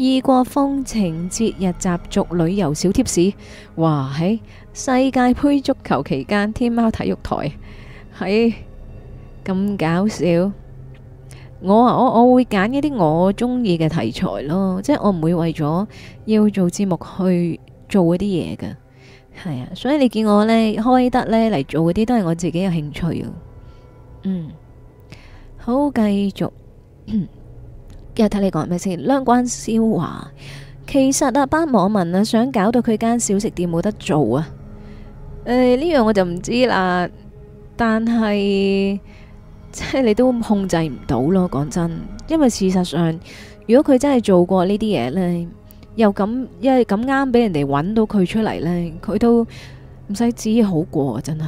異國風情、節日習俗、旅遊小貼士。哇，喺世界杯足球期間，天貓體育台喺咁搞笑。我啊，我我會揀一啲我中意嘅題材咯，即係我唔會為咗要做節目去做嗰啲嘢㗎。係啊，所以你見我呢，開得呢嚟，做嗰啲都係我自己有興趣啊。嗯，好，繼續。 [COUGHS] 一睇你講咩先，梁關少華其實啊，班網民啊想搞到佢間小食店冇得做啊。誒，呢樣我就唔知啦，但係即係你都控制唔到咯。講真，因為事實上如果佢真係做過呢啲嘢呢，又咁因為咁啱俾人哋揾到佢出嚟呢，佢都唔使止好過、啊、真係。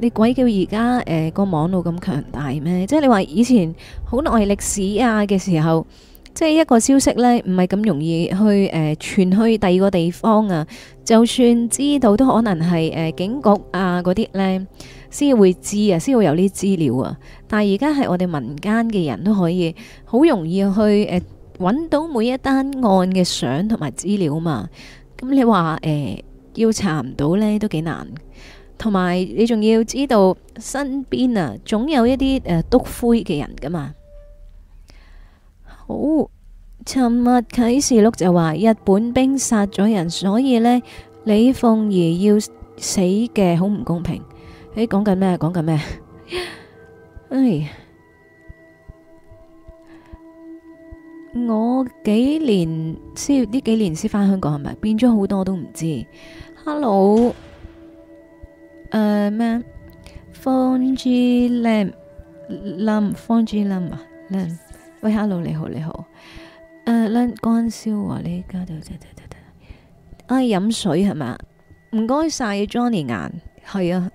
你鬼叫而家誒個網絡咁強大咩？即係你話以前好耐係歷史啊嘅時候，即係一個消息咧，唔係咁容易去誒傳去第二個地方啊。就算知道，都可能係誒警局啊嗰啲咧先會知啊，先會有啲資料啊。但係而家係我哋民間嘅人都可以好容易去誒揾到每一單案嘅相片同埋資料啊嘛。咁你話誒要查唔到咧，都幾難。同埋你仲要知道身邊啊，總有一啲誒督灰嘅人噶嘛。好，尋日啟示錄就話日本兵殺咗人，所以呢李鳳儀要死嘅好唔公平。唉，講緊咩？講緊咩？哎，我幾年先呢幾年先返香港係咪？變咗好多都唔知。Hello。誒咩？Fun G Lam 林 Fun G Lam 啊，Len 喂，Hello 你好你好誒，Len 關少話呢家就誒飲水係嘛？唔該晒，Johnny Yan 係啊。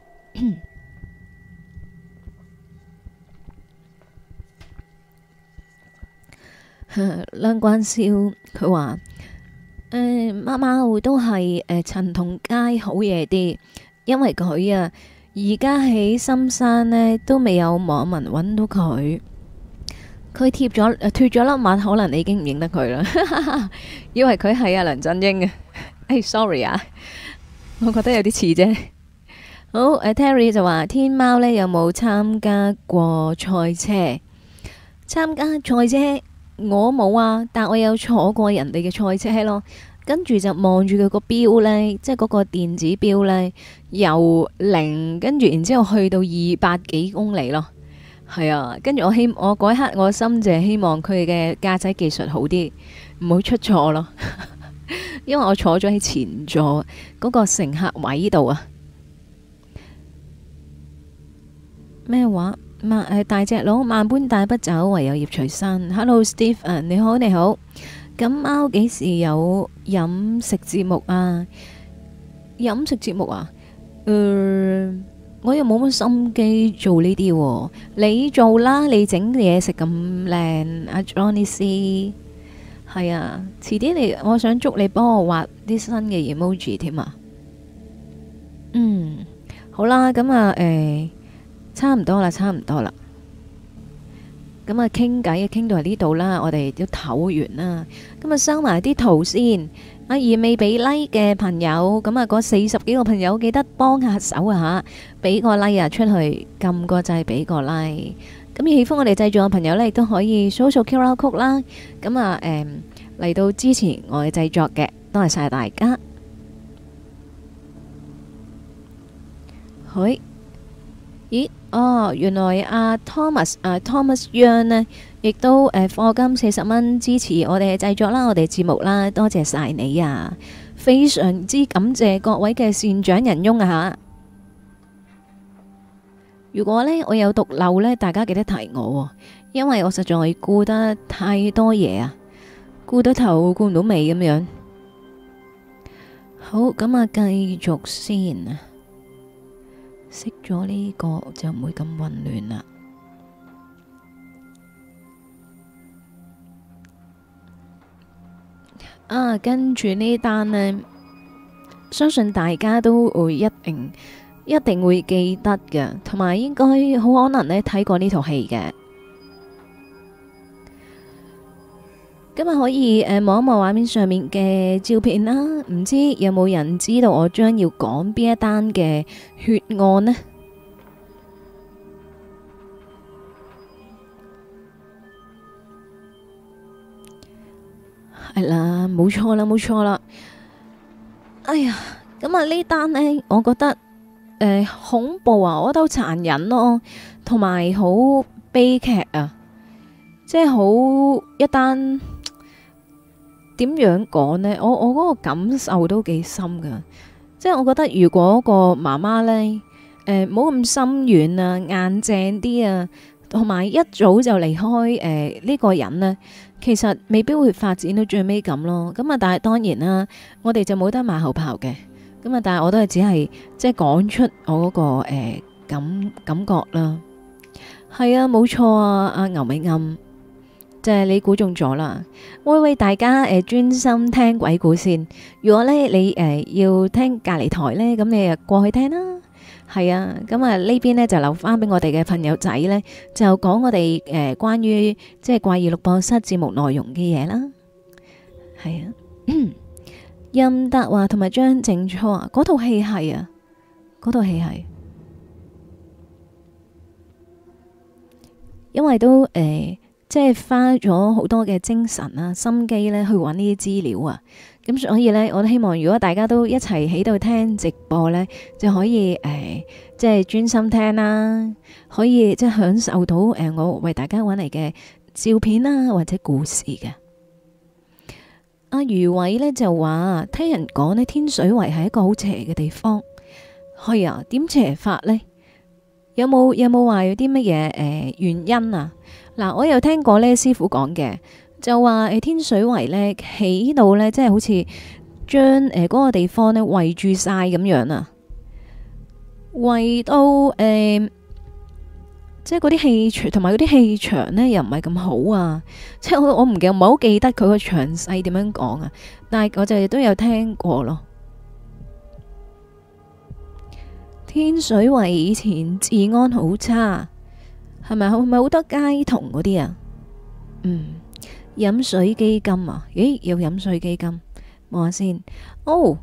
Len 關少佢話誒貓貓都係誒陳同佳好嘢啲。因為佢啊，而家喺深山呢，都未有網民揾到佢。佢貼咗脱咗粒墨，可能你已經唔認得佢啦。 [LAUGHS] 以為佢係阿梁振英啊。哎，sorry 啊，我覺得有啲似啫。好，呃，Terry 就話：天貓呢，有冇參加過賽車？參加賽車，我冇啊，但我有坐過人哋嘅賽車咯。跟住就望住佢個表呢，即係嗰個電子表呢，由零，跟住然之後去到二百幾公里咯，係啊。跟住我希，我嗰一刻我心就係希望佢嘅駕駛技術好啲，唔好出錯咯。 [LAUGHS] 因為我坐咗喺前座嗰、嗰個乘客位度啊。咩話？萬大隻佬，萬般帶不走，唯有葉隨身。Hello Steve，你、uh，好你好。你好。咁貓幾時有飲食節目啊？飲食節目啊？嗯，我又冇乜心機做呢啲，你做啦，你整嘢食咁靚，阿 Johnny C，係啊，遲啲嚟，我想祝你幫我畫啲新嘅 emoji 添啊。嗯，好啦，咁啊，誒，差唔多啦，差唔多啦。咁啊，傾偈傾到係呢度啦，我哋都唞完啦。咁啊，收埋啲圖先。阿二未俾 like 嘅朋友，咁啊，嗰四十幾個朋友記得幫下手啊吓，俾個 like 啊出去，撳個掣俾個 like。咁喜歡我哋製作嘅朋友咧，亦都可以掃一掃 QR Code 啦。咁啊，誒嚟到支持我哋製作嘅，多謝晒大家。去，一。哦，原來阿、啊、Thomas，Thomas、啊、Young 呢，亦都誒，課金四十蚊支持我哋嘅製作啦，我哋嘅節目啦，多謝晒你啊，非常之感謝各位嘅善長仁翁啊吓！如果呢，我有讀漏呢，大家記得提我、哦，因為我實在顧得太多嘢啊，顧到頭顧唔到尾咁樣。好，咁啊，繼續先。識咗呢個就唔會咁混亂啦。啊，跟住呢單呢，相信大家都會一定一定會記得嘅，同埋應該好可能呢睇過呢套戲嘅。今日可以誒，望一望畫面上面嘅照片啦。唔知有冇人知道我將要講邊一單嘅血案呢？係啦，冇錯啦，冇錯啦。哎呀，今日呢單呢，我覺得誒、呃、恐怖啊，我覺得好殘忍咯，同埋好悲劇啊，即係好一單。點樣講咧？我我嗰個感受都幾深噶，即係我覺得如果個媽媽咧，誒，冇咁心軟啊，硬正啲啊，同埋一早就離開誒呢個人咧，其實未必會發展到最尾咁咯。咁啊，但係當然啦，我哋就冇得馬後炮嘅。咁啊，但係我都係只係即係講出我嗰個誒感感覺啦。係啊，冇錯啊，阿牛尾暗。就係、是、你估中咗啦！喂喂，大家誒，專、呃、心聽鬼故先。如果咧你誒、呃、要聽隔籬台咧，咁你就過去聽啦。係啊，咁啊呢邊咧就留翻俾我哋嘅朋友仔咧，就講我哋誒、呃、關於即係怪異錄播室節目內容嘅嘢啦。係啊， [COUGHS] 任達華同埋張靜初戲啊，嗰套戲係啊，嗰套戲係，因為都誒。呃即係花咗好多嘅精神啊、心機呢去揾呢啲資料啊，咁所以呢，我都希望如果大家都一齊喺度聽直播呢，就可以誒、呃，即係專心聽啦、啊，可以即係享受到誒、呃、我為大家揾嚟嘅照片啦、啊、或者故事嘅。阿、啊、余偉呢就話聽人講呢，天水圍係一個好邪嘅地方，係啊，點邪法呢？有冇有冇話有啲乜嘢誒原因啊？嗱，我有聽過呢，師傅講嘅就話，誒，天水圍呢起到呢，即係好似將誒嗰、呃嗰個地方呢圍住晒咁樣啊，圍到誒、呃，即係嗰啲氣場，同埋嗰啲氣場呢，又唔係咁好啊，即係我我唔記，唔係好記得佢個詳細點樣講啊，但係我就亦都有聽過咯。天水圍以前治安好差。係咪好？係咪好多街童嗰啲啊？嗯，飲水基金啊？咦，有飲水基金，望下先。哦，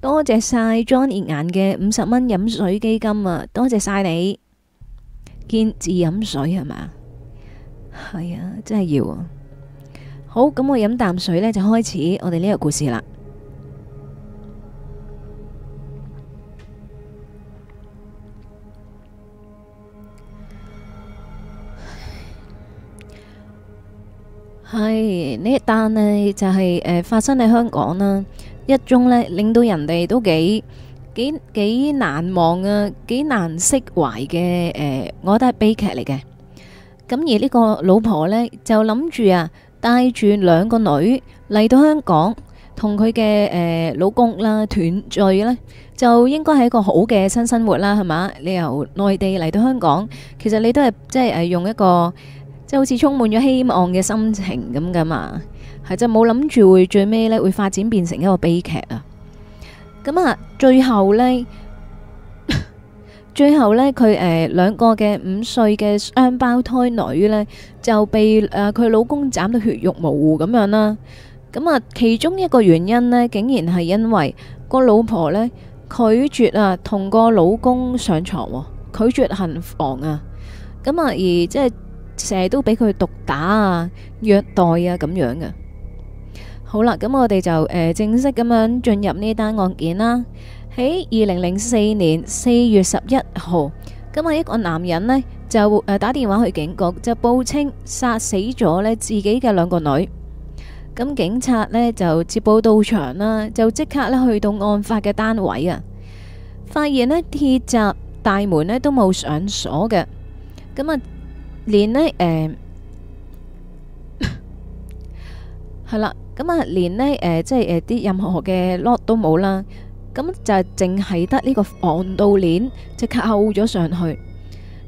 多謝晒 Johnny 顏嘅五十蚊飲水基金啊！多謝晒你，見字飲水係嘛？係啊，真係要啊。好，咁我飲啖水呢，就開始我哋呢個故事啦。係呢一單咧就係誒發生喺香港啦，一宗咧令到人哋都幾幾幾難忘啊，幾難釋懷嘅誒，我覺得係悲劇嚟嘅。咁而呢個老婆咧就諗住啊，帶住兩個女嚟到香港，同佢嘅誒老公啦團聚咧，就應該係一個好嘅新生活啦，係嘛？你由內地嚟到香港，其實你都係即係誒用一個。好似充滿咗希望嘅心情咁噶嘛，係就冇諗住會最尾呢，會發展變成一個悲劇啊。咁啊，最後呢， [LAUGHS] 最後呢，佢誒兩個嘅五歲嘅雙胞胎女呢，就被誒佢、啊、老公斬到血肉模糊咁樣啦、啊。咁啊，其中一個原因呢，竟然係因為個老婆呢拒絕啊同個老公上床、哦，拒絕行房啊。咁啊，而即係。成日都俾佢毒打啊、虐待啊咁樣嘅。好啦，咁我哋就誒正式咁樣進入呢單案件啦。喺二零零四年四月十一號，咁啊一個男人呢就誒打電話去警局，就報稱殺死咗呢自己嘅兩個女。咁警察呢就接報到場啦，就即刻呢去到案發嘅單位啊，發現呢鐵閘大門呢都冇上鎖嘅，咁啊。連呢，誒、呃，係 [LAUGHS] 啦，咁啊連呢，誒、呃，即係誒啲任何嘅 lock 都冇啦，咁就淨係得呢個防盜鏈就扣咗上去。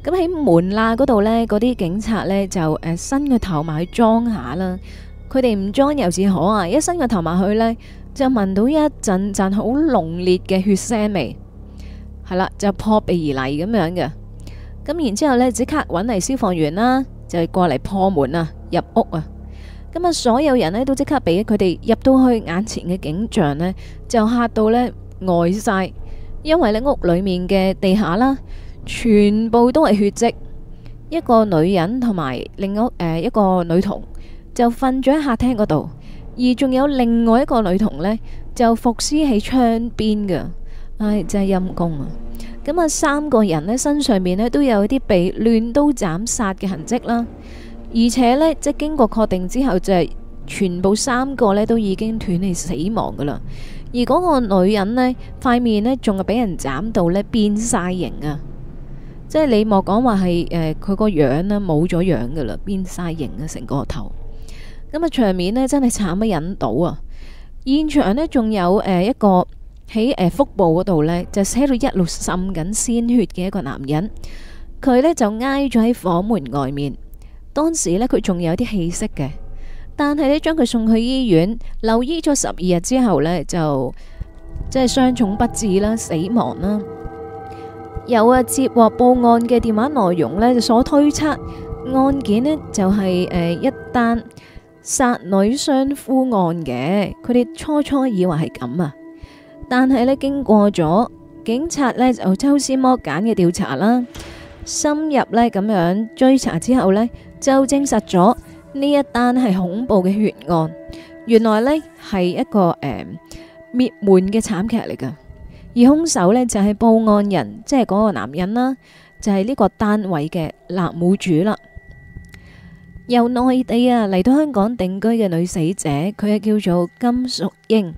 咁喺門罅嗰度呢，嗰啲警察呢，就、呃、伸個頭埋去裝下啦。佢哋唔裝猶自可啊，一伸個頭埋去呢，就聞到一陣陣好濃烈嘅血腥味，係啦就撲鼻而嚟咁樣嘅。咁然之後呢，即刻揾嚟消防員啦，就過嚟破門啊，入屋啊。咁啊，所有人呢，都即刻俾佢哋入到去眼前嘅景象呢，就吓到呢呆晒，因為呢屋裏面嘅地下啦，全部都係血迹。一個女人同埋另外誒、呃、一個女童就瞓咗喺客廳嗰度，而仲有另外一個女童呢，就伏屍喺窗邊嘅，唉、哎，真係陰公啊！咁啊，三個人呢，身上面呢，都有啲被亂刀斬殺嘅痕跡啦，而且呢，即係經過確定之後，就係全部三個呢都已經斷氣死亡噶啦。而嗰個女人呢，塊面呢仲係俾人斬到呢變晒形啊！即係你莫講話係誒，佢、呃、個樣呢冇咗樣噶啦，變晒形啊，成個頭。咁啊，場面呢，真係慘不忍睹啊！現場呢，仲有誒一個。喺誒腹部嗰度呢，就寫到一路滲緊鮮血嘅一個男人。佢呢，就挨咗喺房門外面。當時呢，佢仲有啲氣息嘅，但係呢，將佢送去醫院留醫咗十二日之後呢，就即係傷重不治啦，死亡啦。有啊，接獲報案嘅電話內容呢，就所推測案件呢，就係，就係誒一單殺女傷夫案嘅。佢哋初初以為係咁啊。但係咧，經過咗警察咧就抽絲剝繭嘅調查啦，深入咧咁樣追查之後咧，就證實咗呢一單係恐怖嘅血案。原來咧係一個誒滅門嘅慘劇嚟噶，而兇手咧就係報案人，即係嗰個男人啦，就係呢個單位嘅立戶主啦。由內地啊嚟到香港定居嘅女死者，佢係叫做金淑英。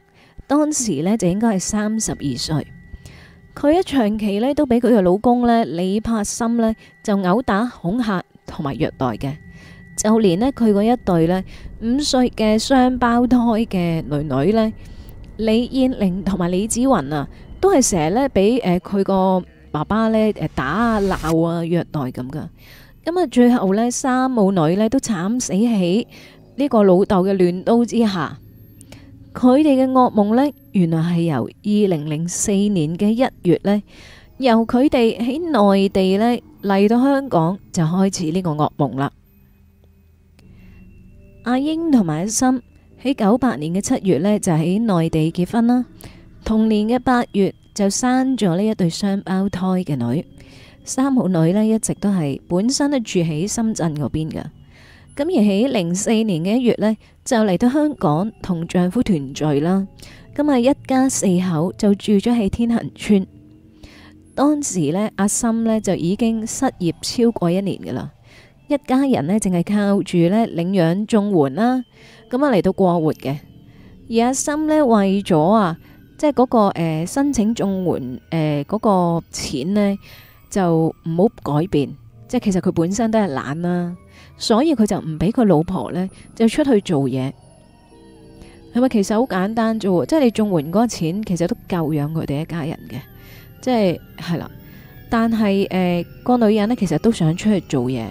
當時呢，就應該係三十二歲，佢一長期呢，都俾佢嘅老公呢，李柏森呢，就毆打、恐吓同埋虐待嘅，就連呢，佢嗰一對呢，五歲嘅雙胞胎嘅女女呢，李燕玲同埋李子雲啊，都係成日呢，俾誒佢個爸爸呢打啊鬧啊虐待咁噶，咁啊最後呢，三母女呢，都慘死喺呢個老豆嘅亂刀之下。佢哋嘅噩夢呢，原來係由二零零四年嘅一月呢，由佢哋喺內地呢嚟到香港就開始呢個噩夢啦。阿英同埋阿心喺九八年嘅七月呢，就喺內地結婚啦。同年嘅八月就生咗呢一對雙胞胎嘅女。三母女呢一直都係本身都住喺深圳嗰邊嘅。咁而喺零四年嘅一月呢，就嚟到香港同丈夫團聚啦，咁啊一家四口就住咗喺天恒邨。當時呢，阿心呢就已經失業超過一年噶啦，一家人呢，淨係靠住呢領養綜援啦，咁啊嚟到過活嘅。而阿心呢，為咗啊，即係嗰個誒、呃、申請綜援誒嗰、呃那個錢呢，就唔好改變。即係其實佢本身都係懶啦，所以佢就唔俾佢老婆呢，就出去做嘢，係咪？其實好簡單啫，即係你綜援嗰個錢，其實都夠養佢哋一家人嘅，即係係啦。但係誒個女人呢，其實都想出去做嘢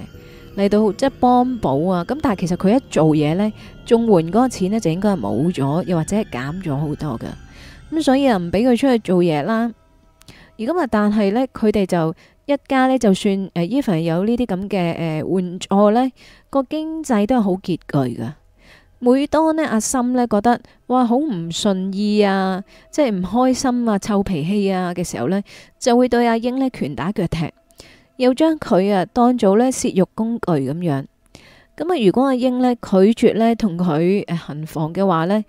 嚟到即係幫補啊。咁但係其實佢一做嘢呢，綜援嗰個錢呢，就應該係冇咗，又或者係減咗好多噶。咁所以啊，唔俾佢出去做嘢啦。而今日但係呢，佢哋就。一家、呃呃、呢，就算誒，even 有呢啲咁嘅誒援助呢，個經濟都係好拮據噶。每當呢，阿、啊、森呢覺得哇，好唔順意啊，即係唔開心啊，臭脾氣啊嘅時候呢，就會對阿英呢拳打腳踢，又將佢啊當做呢泄欲工具咁樣。咁啊，如果阿英呢拒絕呢同佢誒行房嘅話呢，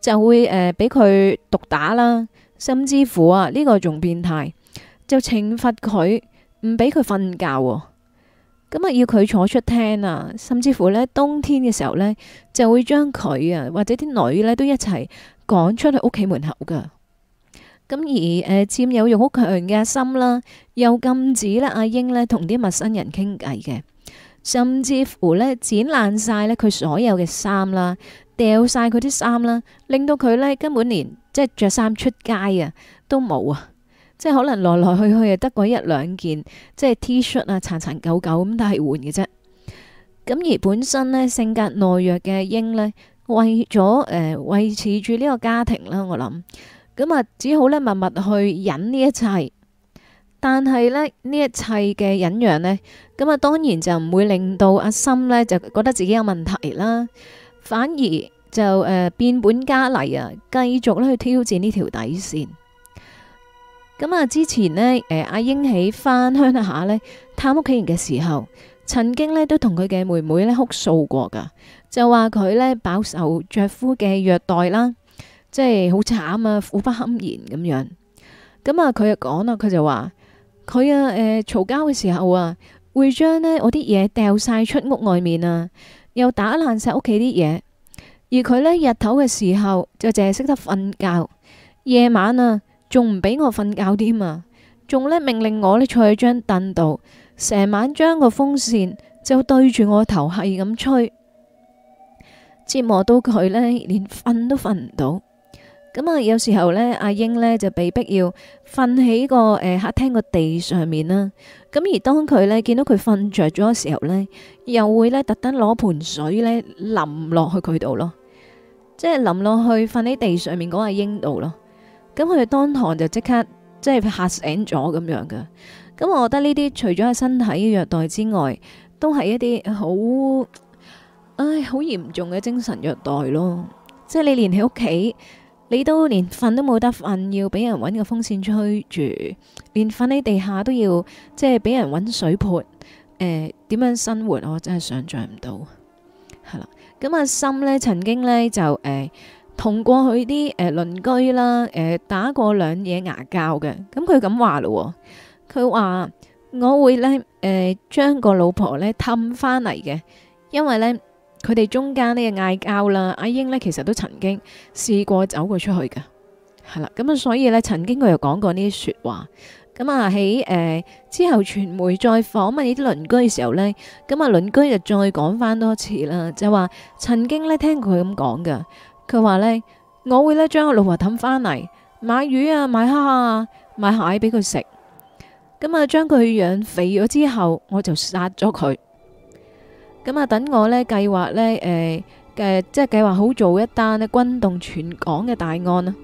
就會誒俾佢毒打啦，甚至乎啊呢、呢個仲變態，就懲罰佢。唔俾佢瞓覺喎，咁啊要佢坐出廳啊，甚至乎呢冬天嘅時候呢，就會將佢啊或者啲女呢都一齊趕出去屋企門口噶。咁而誒，佔有慾好強嘅阿心啦，又禁止呢阿英呢同啲陌生人傾偈嘅，甚至乎呢剪爛晒呢佢所有嘅衫啦，掉晒佢啲衫啦，令到佢呢根本連即係着衫出街啊都冇啊。即係可能來來去去啊，得嗰一兩件，即係 T 恤，啊，殘殘舊舊咁，都係換嘅啫。咁而本身咧性格懦弱嘅英咧，為咗誒維持住呢個家庭啦，我諗咁啊，只好咧默默去忍呢一切。但係咧呢一切嘅忍讓咧，咁啊當然就唔會令到阿心咧就覺得自己有問題啦，反而就誒變本加厲啊，繼續咧去挑戰呢條底線。咁啊！之前呢，誒，阿英喺翻鄉下呢，探屋企人嘅時候，曾經呢都同佢嘅妹妹呢哭訴過噶，就話佢呢飽受丈夫嘅虐待啦，即係好慘啊，苦不堪言咁樣。咁啊，佢又講啊，佢就話佢啊，誒，嘈交嘅時候啊，會將呢我啲嘢掉晒出屋外面啊，又打爛晒屋企啲嘢。而佢呢日頭嘅時候就淨係識得瞓覺，夜晚啊。仲唔俾我瞓覺添啊？仲咧命令我咧坐喺張凳度，成晚將個風扇就對住我頭係咁吹，折磨到佢咧連瞓都瞓唔到。咁啊，有時候呢，阿英呢就被逼要瞓喺個誒、呃、客廳個地上面啦。咁而當佢呢見到佢瞓着咗嘅時候呢，又會呢特登攞盆水呢淋落去佢度咯，即係淋落去瞓喺地上面嗰阿英度咯。咁佢哋當堂就即刻即係吓醒咗咁樣噶咁我覺得呢啲除咗係身體虐待之外，都係一啲好，唉好嚴重嘅精神虐待咯。即係你連喺屋企，你都連瞓都冇得瞓，要俾人搵個風扇吹住，連瞓喺地下都要，即係俾人搵水潑。誒、呃，點樣生活我真係想象唔到。係啦，咁、啊、阿心呢曾經呢就誒。呃同過去啲誒、呃、鄰居啦，誒、呃、打過兩嘢牙交嘅咁，佢咁話咯。佢話：我會呢，誒、呃、將個老婆呢氹翻嚟嘅，因為呢，佢哋中間呢個嗌交啦。阿英呢，其實都曾經試過走過出去嘅，係啦咁啊，所以呢，曾經佢又講過呢啲説話咁啊。喺誒、呃、之後，傳媒再訪問呢啲鄰居嘅時候呢，咁啊鄰居就再講翻多次啦，就話曾經呢聽佢咁講噶。佢話呢，我會咧將個老婆氹返嚟買魚啊，買蝦啊，買蟹俾佢食。咁、嗯、啊，將佢養肥咗之後，我就殺咗佢。咁、嗯、啊，等我咧計劃咧，誒，誒、呃，即係計劃好做一單咧轟動全港嘅大案啊！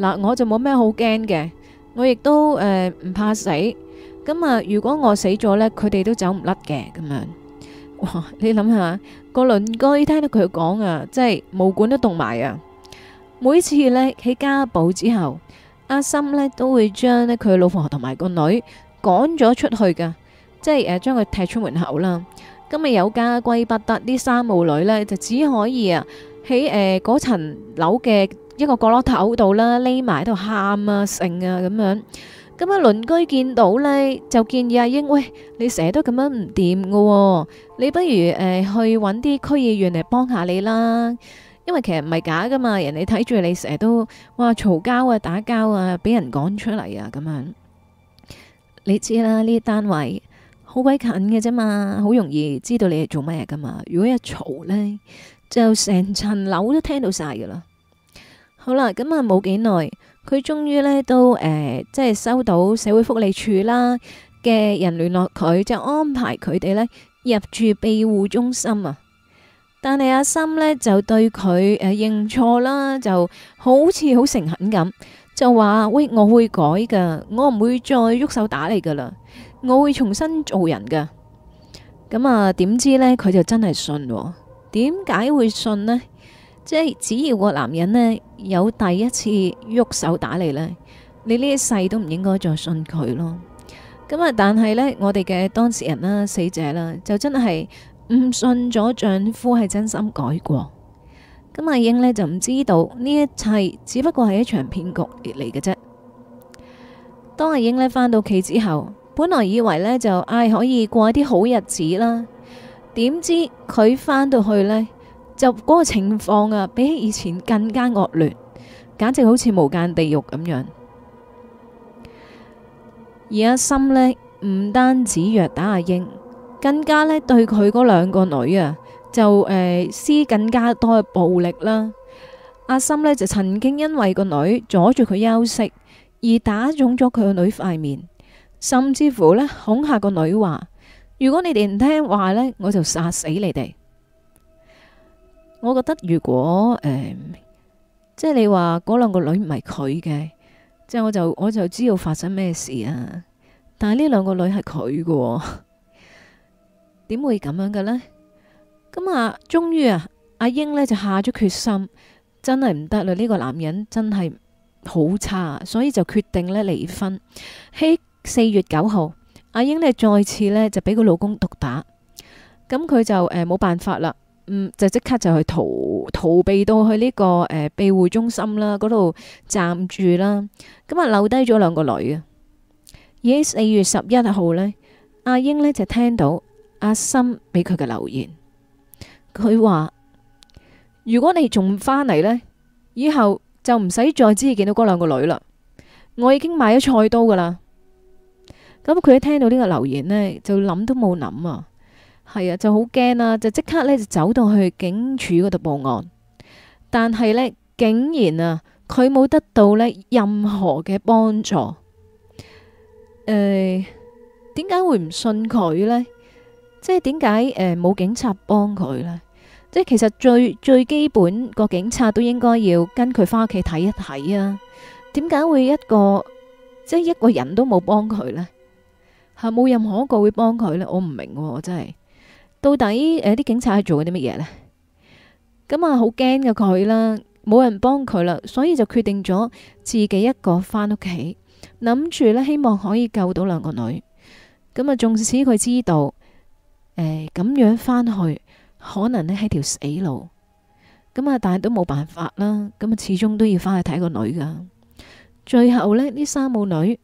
嗱、呃，我就冇咩好驚嘅，我亦都誒唔、呃、怕死。咁、嗯、啊，如果我死咗呢，佢哋都走唔甩嘅，咁樣。哇！你諗下個鄰居聽到佢講啊，即係冇管都凍埋啊！每次咧喺家暴之後，阿森咧都會將咧佢老婆同埋個女趕咗出去噶，即係誒將佢踢出門口啦。今日有家歸不得，啲三母女咧就只可以啊喺誒嗰層樓嘅一個角落頭度啦匿埋喺度喊啊、剩啊咁樣。咁啊，鄰居見到呢，就建議阿英：喂，你成日都咁樣唔掂嘅喎，你不如誒、呃、去揾啲區議員嚟幫下你啦。因為其實唔係假嘅嘛，人哋睇住你成日都哇嘈交啊、打交啊，俾人趕出嚟啊咁樣。你知啦，呢啲單位好鬼近嘅啫嘛，好容易知道你係做咩嘅嘛。如果一嘈呢，就成層樓都聽到晒嘅啦。好啦，咁啊冇幾耐。佢終於咧都誒、呃，即係收到社會福利署啦嘅人聯絡佢，就安排佢哋咧入住庇護中心啊！但係阿心呢，就對佢誒、呃、認錯啦，就好似好誠懇咁，就話：喂，我會改噶，我唔會再喐手打你噶啦，我會重新做人噶。咁、嗯、啊，點知呢？佢就真係信喎？點解會信呢？即係只要個男人呢，有第一次喐手打你呢，你呢一世都唔應該再信佢咯。咁啊，但係呢，我哋嘅當事人啦，死者啦，就真係唔信咗丈夫係真心改過。咁阿英呢，就唔知道呢一切只不過係一場騙局嚟嘅啫。當阿英呢返到屋企之後，本來以為呢，就唉可以過一啲好日子啦，點知佢返到去呢。就嗰個情況啊，比起以前更加惡劣，簡直好似無間地獄咁樣。而阿森呢，唔單止虐打阿英，更加呢對佢嗰兩個女啊，就、呃、施更加多嘅暴力啦。阿森呢，就曾經因為個女阻住佢休息，而打腫咗佢個女塊面，甚至乎呢恐嚇個女話：如果你哋唔聽話呢，我就殺死你哋。我覺得如果誒、嗯，即係你話嗰兩個女唔係佢嘅，即係我就我就知道發生咩事啊！但係呢兩個女係佢嘅，點會咁樣嘅呢？咁啊，終於啊，阿英呢就下咗決心，真係唔得啦！呢、呢個男人真係好差，所以就決定呢離婚。喺四月九號，阿英呢再次呢就俾個老公毒打，咁佢就誒冇、呃、辦法啦。嗯，就即刻就去逃逃避，到去呢個誒庇護中心啦，嗰度暫住啦。咁啊，留低咗兩個女啊。而喺四月十一號呢，阿英呢就聽到阿森俾佢嘅留言，佢話：如果你仲唔翻嚟，呢，以後就唔使再只見到嗰兩個女啦。我已經買咗菜刀噶啦。咁佢一聽到呢個留言呢，就諗都冇諗啊！係啊，就好驚啦，就即刻呢，就走到去警署嗰度報案，但係呢，竟然啊佢冇得到呢任何嘅幫助。誒、呃，點解會唔信佢呢？即係點解誒冇警察幫佢呢？即、就、係、是、其實最最基本個警察都應該要跟佢返屋企睇一睇啊？點解會一個即係、就是、一個人都冇幫佢呢？係冇任何一個會幫佢呢？我唔明，我真係。到底誒，啲、呃、警察係做緊啲乜嘢呢？咁、嗯、啊，好驚嘅佢啦，冇人幫佢啦，所以就決定咗自己一個翻屋企，諗住呢，希望可以救到兩個女。咁、嗯、啊，縱使佢知道誒咁、欸、樣翻去可能呢係條死路，咁、嗯、啊，但係都冇辦法啦。咁、嗯、啊，始終都要翻去睇個女噶。最後呢，呢三母女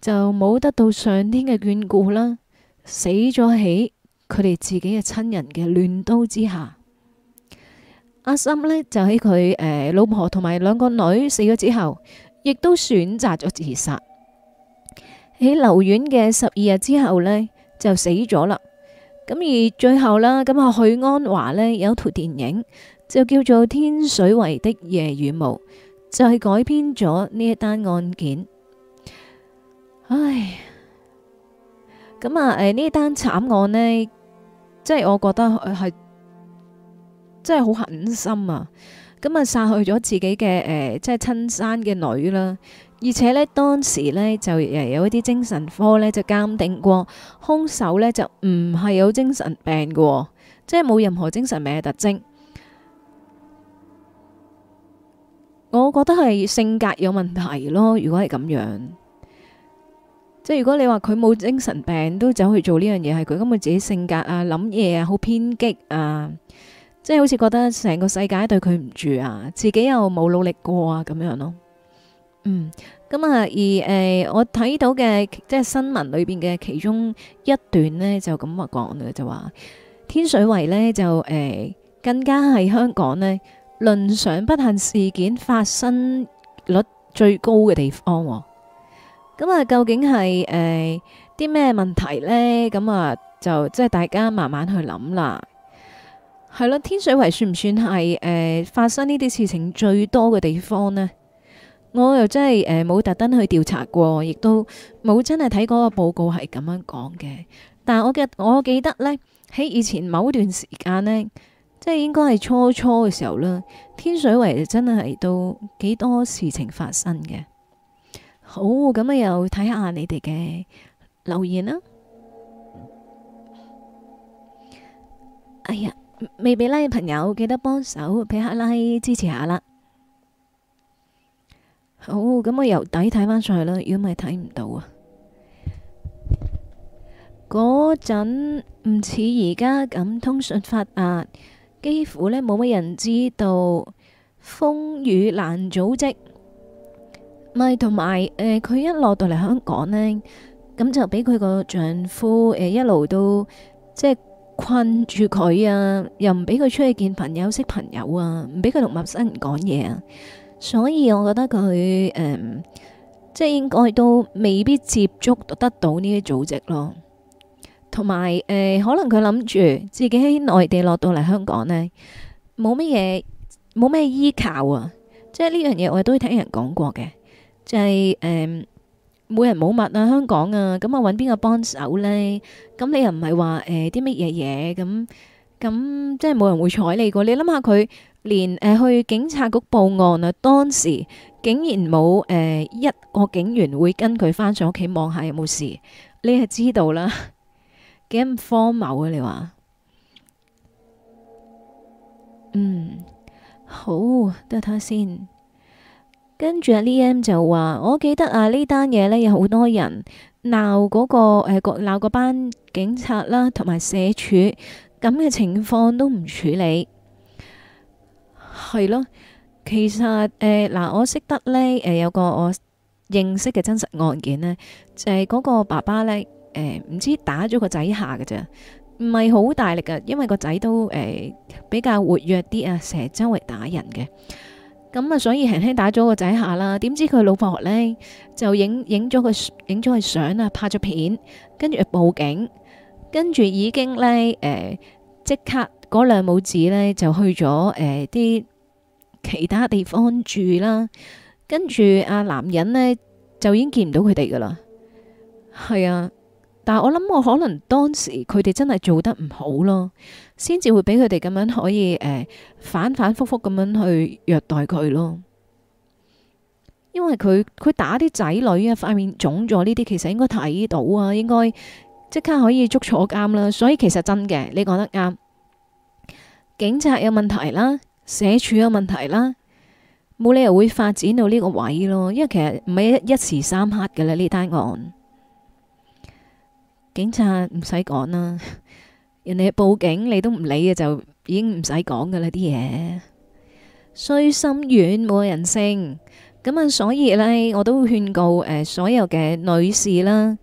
就冇得到上天嘅眷顧啦，死咗起。佢哋自己嘅親人嘅亂刀之下，阿森呢就喺佢誒老婆同埋兩個女死咗之後，亦都選擇咗自殺。喺留院嘅十二日之後呢，就死咗啦。咁而最後啦，咁啊許鞍華呢，有一套電影就叫做《天水圍的夜與霧》，就係、是、改編咗呢一單案件。唉，咁啊誒呢、呃、一單慘案呢？即係我覺得係，即係好狠心啊！咁啊，殺害咗自己嘅誒、呃，即係親生嘅女啦。而且呢，當時呢就誒有一啲精神科呢就鑑定過，凶手呢就唔係有精神病嘅、哦，即係冇任何精神病嘅特徵。我覺得係性格有問題咯。如果係咁樣。即係如果你話佢冇精神病都走去做呢樣嘢，係佢根本自己性格啊諗嘢啊好偏激啊，即係好似覺得成個世界對佢唔住啊，自己又冇努力過啊咁樣咯。嗯，咁啊而誒、呃、我睇到嘅即係新聞裏邊嘅其中一段呢，就咁啊講嘅就話天水圍呢，就誒、呃、更加係香港呢論上不幸事件發生率最高嘅地方喎。咁啊，究竟係誒啲咩問題咧咁啊，就即係大家慢慢去諗啦。係啦，天水圍算唔算係誒、呃、發生呢啲事情最多嘅地方咧我又真係誒冇特登去調查過，亦都冇真係睇嗰個報告係咁樣講嘅。但係我嘅我記得咧，喺以前某段時間咧，即係應該係初初嘅時候啦，天水圍真係都幾多事情發生嘅。好，咁啊又睇下你哋嘅留言啦。哎呀，未俾拉嘅朋友記得幫手俾下拉支持下啦。好，咁我由底睇翻上去啦，如果唔係睇唔到啊。嗰陣唔似而家咁通訊發達，幾乎呢冇乜人知道風雨難組織。咪同埋，誒、呃、佢一落到嚟香港呢，咁就俾佢個丈夫誒一路都即係困住佢啊，又唔俾佢出去見朋友、識朋友啊，唔俾佢同陌生人講嘢啊。所以我覺得佢誒、呃、即係應該都未必接觸得到呢啲組織咯。同埋誒，可能佢諗住自己喺內地落到嚟香港呢，冇乜嘢，冇咩依靠啊。即係呢樣嘢，我都聽人講過嘅。就係、是、誒，冇、嗯、人冇物啊！香港啊，咁我揾邊個幫手呢？咁你又唔係話誒啲乜嘢嘢？咁咁即係冇人會睬你個、啊。你諗下佢連誒、呃、去警察局報案啊，當時竟然冇誒、呃、一個警員會跟佢翻上屋企望下有冇事。你係知道啦，幾 [LAUGHS] 咁荒謬啊！你話，嗯，好，等下睇下先。跟住阿 Liam 就話，我記得啊呢單嘢，呢，有好多人鬧嗰、那個誒鬧班警察啦，同埋社署咁嘅情況都唔處理，係咯。其實誒嗱、呃，我識得呢，誒、呃、有個我認識嘅真實案件呢，誒、就、嗰、是、個爸爸呢，誒、呃、唔知打咗個仔下嘅啫，唔係好大力噶因為個仔都誒、呃、比較活躍啲啊，成日周圍打人嘅。咁、嗯、啊，所以輕輕打咗個仔下啦，點知佢老婆咧就影影咗個影咗個相啊，拍咗片，跟住報警，跟住已經咧誒即刻嗰兩母子咧就去咗誒啲其他地方住啦，跟住阿男人呢，就已經見唔到佢哋噶啦，係啊，但係我諗我可能當時佢哋真係做得唔好咯。先至會俾佢哋咁樣可以誒、呃、反反复复咁樣去虐待佢咯，因為佢佢打啲仔女啊，塊面腫咗呢啲，其實應該睇到啊，應該即刻可以捉坐監啦。所以其實真嘅，你講得啱，警察有問題啦，社署有問題啦，冇理由會發展到呢個位咯。因為其實唔係一時三刻㗎啦，呢單案，警察唔使講啦。 [LAUGHS] 人哋報警，你都唔理嘅，就已經唔使講噶啦啲嘢，衰心軟冇、啊、人性，咁啊，所以呢，我都勸告誒、呃，所有嘅女士啦，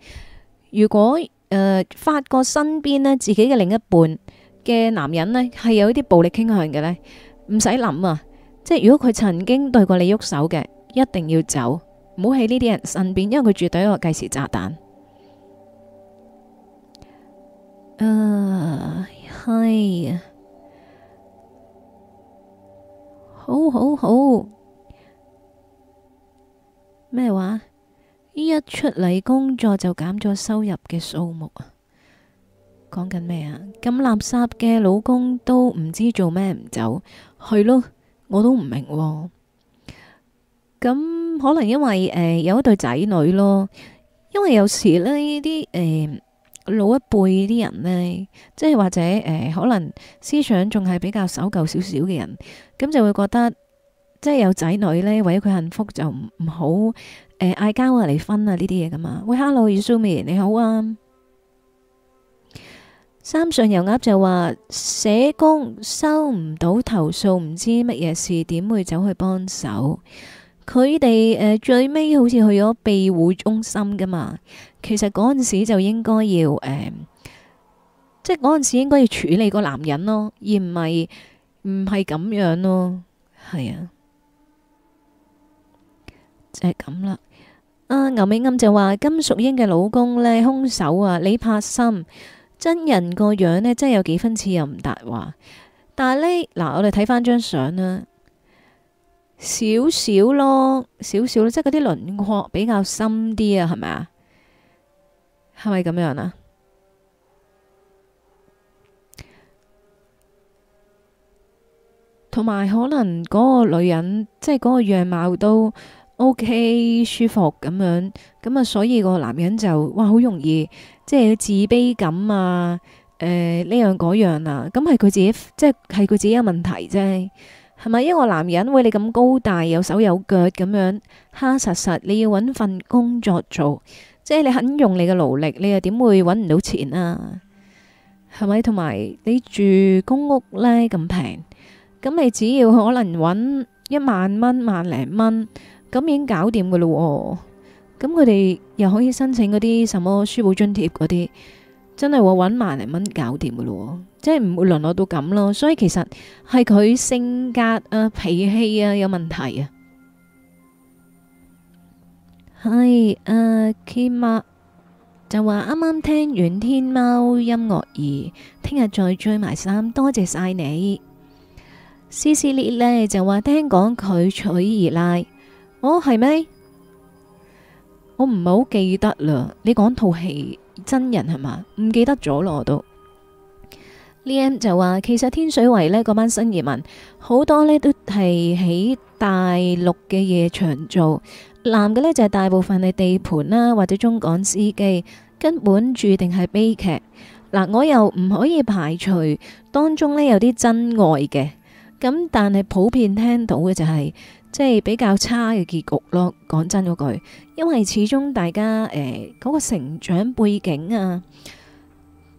如果誒、呃、發覺身邊呢，自己嘅另一半嘅男人呢，係有啲暴力傾向嘅呢，唔使諗啊，即係如果佢曾經對過你喐手嘅，一定要走，唔好喺呢啲人身邊，因為佢絕對一個計時炸彈。誒，係，好好好，咩話？一出嚟工作就減咗收入嘅數目，啊。講緊咩啊？咁垃圾嘅老公都唔知做咩唔走，係咯？我都唔明白，咁可能因為誒、呃、有一對仔女咯，因為有時咧呢啲誒。這些呃老一輩啲人呢，即係或者誒、呃，可能思想仲係比較守舊少少嘅人，咁就會覺得即係有仔女呢，為咗佢幸福就唔唔好誒嗌交啊、離婚啊呢啲嘢㗎嘛。喂，Hello，Yasumi，你好啊。三信油鴨就話社工收唔到投訴，唔知乜嘢事，點會走去幫手？佢哋誒最尾好似去咗庇護中心噶嘛，其實嗰陣時就應該要誒，即係嗰陣時應該要處理個男人咯，而唔係唔係咁樣咯，係啊，就係咁啦。阿、啊、牛美暗就話 [NOISE] 金淑英嘅老公呢，凶手啊李柏森，真人個樣呢，真係有幾分似任達華，但係呢，嗱，我哋睇翻張相啦。少少咯，少少咯，即係嗰啲輪廓比較深啲啊，係咪啊？係咪咁樣啊？同埋可能嗰個女人，即係嗰個樣貌都 OK 舒服咁樣，咁啊，所以個男人就哇好容易，即係自卑感啊，誒、呃、呢樣嗰樣啊，咁係佢自己，即係係佢自己嘅問題啫。係咪一個男人？喂，你咁高大，有手有腳咁樣，哈實實，你要搵份工作做，即係你肯用你嘅勞力，你又點會搵唔到錢啊？係咪？同埋你住公屋呢，咁平，咁你只要可能搵一萬蚊、萬零蚊，咁已經搞掂噶咯。咁佢哋又可以申請嗰啲什麼書簿津貼嗰啲，真係會搵萬零蚊搞掂噶咯。即係唔會淪落到咁咯，所以其實係佢性格啊、脾氣啊有問題啊。係誒，Kima 就話啱啱聽完天貓音樂二，聽日再追埋三，多謝晒你。CC Lily 就話聽講佢娶二奶，哦係咪？我唔係好記得啦，你講套戲真人係嘛？唔記得咗咯我都。DM 就話，其實天水圍呢嗰班新移民好多呢都係喺大陸嘅夜場做，男嘅呢就係、是、大部分係地盤啦、啊、或者中港司機，根本注定係悲劇。嗱，我又唔可以排除當中呢有啲真愛嘅，咁但係普遍聽到嘅就係即係比較差嘅結局咯。講真嗰句，因為始終大家誒嗰、呃嗰個成長背景啊，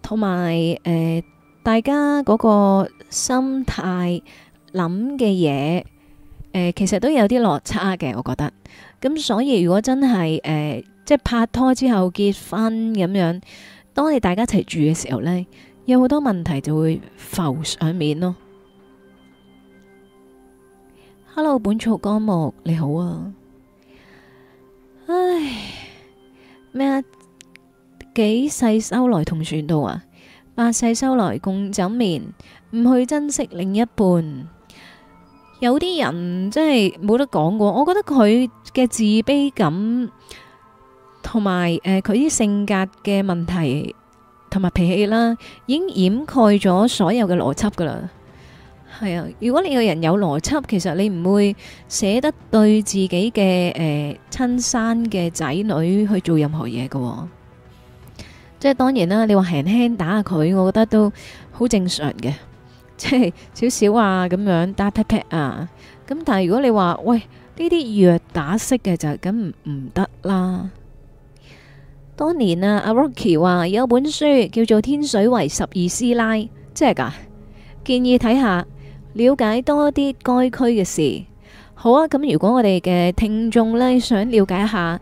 同埋誒。呃大家嗰個心態諗嘅嘢，誒、呃，其實都有啲落差嘅，我覺得。咁所以如果真係誒、呃，即係拍拖之後結婚咁樣，當你大家一齊住嘅時候咧，有好多問題就會浮上面咯。Hello，本草綱目，你好啊。唉，咩啊？幾世修來同船渡啊？八世修來共枕眠，唔去珍惜另一半。有啲人真係冇得講過，我覺得佢嘅自卑感同埋誒佢啲性格嘅問題同埋脾氣啦，已經掩蓋咗所有嘅邏輯噶啦。係啊，如果你個人有邏輯，其實你唔會捨得對自己嘅誒親生嘅仔女去做任何嘢㗎喎。即係當然啦，你話輕輕打下佢，我覺得都好正常嘅，即係少少啊咁樣打 pat pat 啊，咁 [NOISE] 但係如果你話喂呢啲藥打式嘅就係唔得啦。當年啊，阿 Rocky 話有一本書叫做《天水圍十二師奶》，即係噶，建議睇下，了解多啲該區嘅事。好啊，咁如果我哋嘅聽眾呢，想了解下。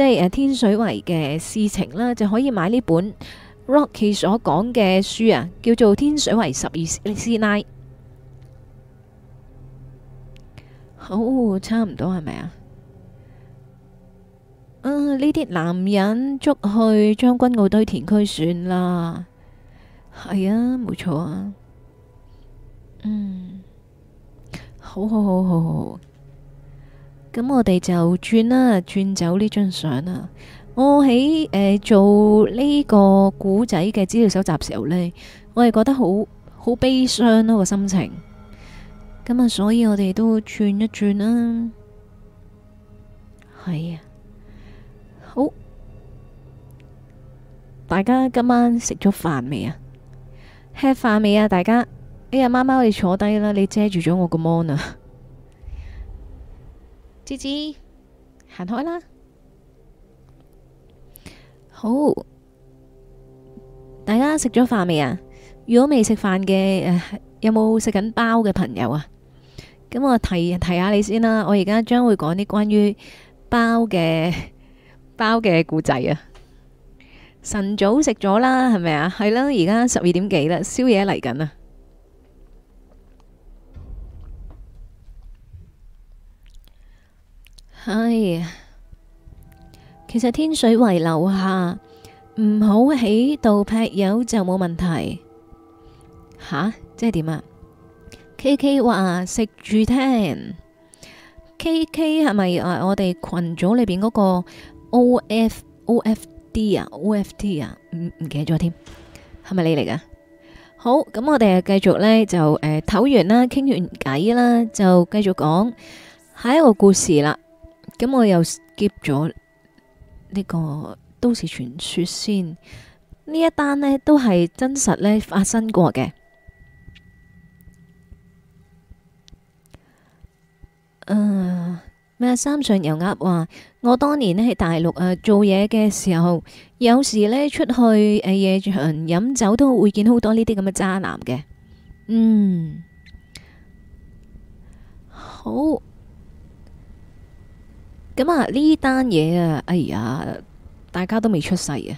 即係天水圍嘅事情啦，就可以買呢本 Rocky 所講嘅書啊，叫做《天水圍十二師奶》。好，差唔多係咪啊？嗯，呢啲男人捉去將軍澳堆填區算啦。係啊，冇錯啊。嗯，好好好好好好。咁我哋就轉啦，轉走呢張相啦。我喺誒、呃、做呢個古仔嘅資料搜集時候呢，我係覺得好好悲傷咯、啊、個心情。咁啊，所以我哋都轉一轉啦。係啊，好，大家今晚食咗飯未啊？食飯未啊？大家，哎呀，貓貓你坐低啦，你遮住咗我個 mon 啊！芝芝，行開啦！好，大家食咗飯未啊？如果未食飯嘅，誒，有冇食緊包嘅朋友啊？咁我提提下你先啦，我而家將會講啲關於包嘅包嘅故仔啊！晨早食咗啦，係咪啊？係啦，而家十二點幾啦，宵夜嚟緊啦。係，其實天水圍樓下唔好喺度劈友就冇問題吓。即係點啊？K K 話食住聽，K K 係咪誒？KK 係咪我哋群組裏邊嗰個 O F O F D 啊，O F T 啊，唔唔、啊嗯、記得咗添，係咪你嚟噶？好，咁我哋繼續咧，就誒，唞完啦，傾完偈啦，就繼續講下一個故事啦。咁我又 skip 咗呢個都市傳說先。呢一單呢都係真實呢發生過嘅。誒咩？三上油鴨話：我當年呢喺大陸誒、啊、做嘢嘅時候，有時呢出去誒、啊、夜場飲酒都會見好多呢啲咁嘅渣男嘅。嗯，好。咁啊！呢單嘢啊，哎呀，大家都未出世啊，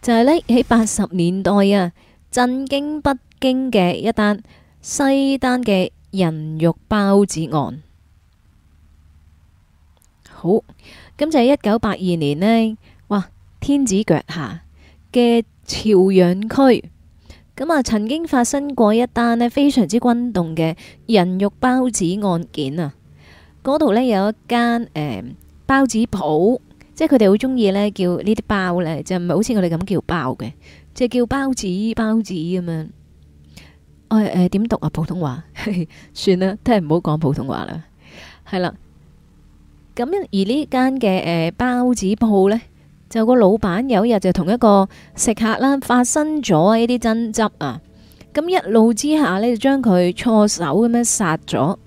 就係呢，喺八十年代啊，震驚北京嘅一單西單嘅人肉包子案。好，咁就係一九八二年呢，哇！天子腳下嘅朝陽區，咁啊，曾經發生過一單呢非常之轟動嘅人肉包子案件啊！嗰度呢有一間誒、呃、包子鋪，即係佢哋好中意呢叫呢啲包呢，就唔係好似我哋咁叫包嘅，即係叫包子包子咁樣。誒、哎、誒，點、呃、讀啊？普通話 [LAUGHS] 算啦，都係唔好講普通話啦。係啦，咁而呢間嘅誒包子鋪呢，就個老闆有一日就同一個食客啦發生咗呢啲爭執啊，咁一怒之下呢就將佢錯手咁樣殺咗。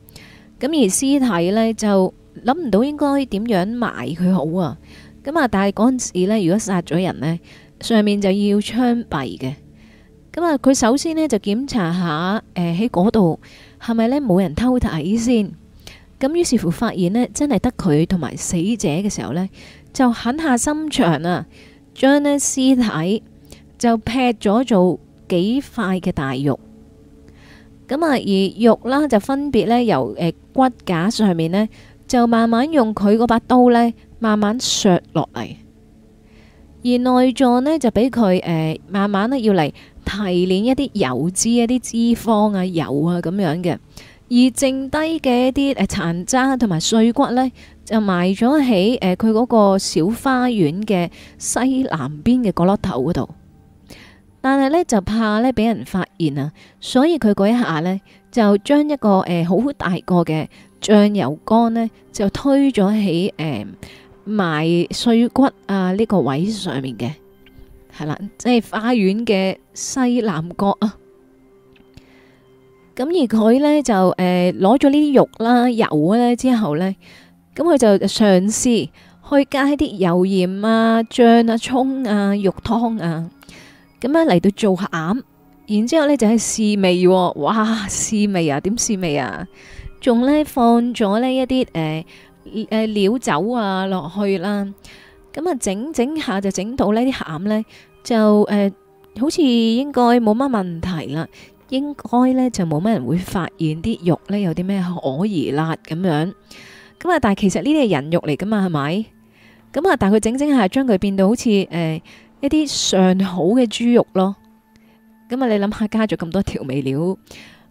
咁而屍體呢，就諗唔到應該點樣埋佢好啊。咁啊，但係嗰陣時呢，如果殺咗人呢，上面就要槍斃嘅。咁啊，佢首先呢，就檢查下，誒喺嗰度係咪呢冇人偷睇先。咁於是乎發現呢，真係得佢同埋死者嘅時候呢，就狠下心腸啊，將呢屍體就劈咗做幾塊嘅大肉。咁啊，而肉啦就分別咧由誒骨架上面咧，就慢慢用佢嗰把刀咧，慢慢削落嚟。而內臟咧就俾佢誒慢慢咧要嚟提煉一啲油脂、一啲脂肪啊、油啊咁樣嘅。而剩低嘅一啲誒殘渣同埋碎骨咧，就埋咗喺誒佢嗰個小花園嘅西南邊嘅角落頭嗰度。但係咧就怕咧俾人發現啊，所以佢嗰一下呢，就將一個誒好大個嘅醬油缸呢，就推咗喺誒埋碎骨啊呢個位上面嘅係啦，即係花園嘅西南角啊。咁而佢呢，就誒攞咗呢啲肉啦油咧之後呢，咁佢就嘗試去加啲油鹽啊醬啊蔥啊肉湯啊。咁啊嚟到做餡，然之後咧就係試味，哇，試味啊點試味啊？仲呢、啊、放咗呢一啲誒誒料酒啊落去啦，咁啊整整下就整到呢啲餡呢，就誒、呃、好似應該冇乜問題啦，應該呢就冇乜人會發現啲肉呢有啲咩可疑辣咁樣，咁啊但係其實呢啲係人肉嚟噶嘛，係咪？咁啊但係佢整整下將佢變到好似誒。呃一啲上好嘅豬肉咯，咁啊，你諗下加咗咁多調味料，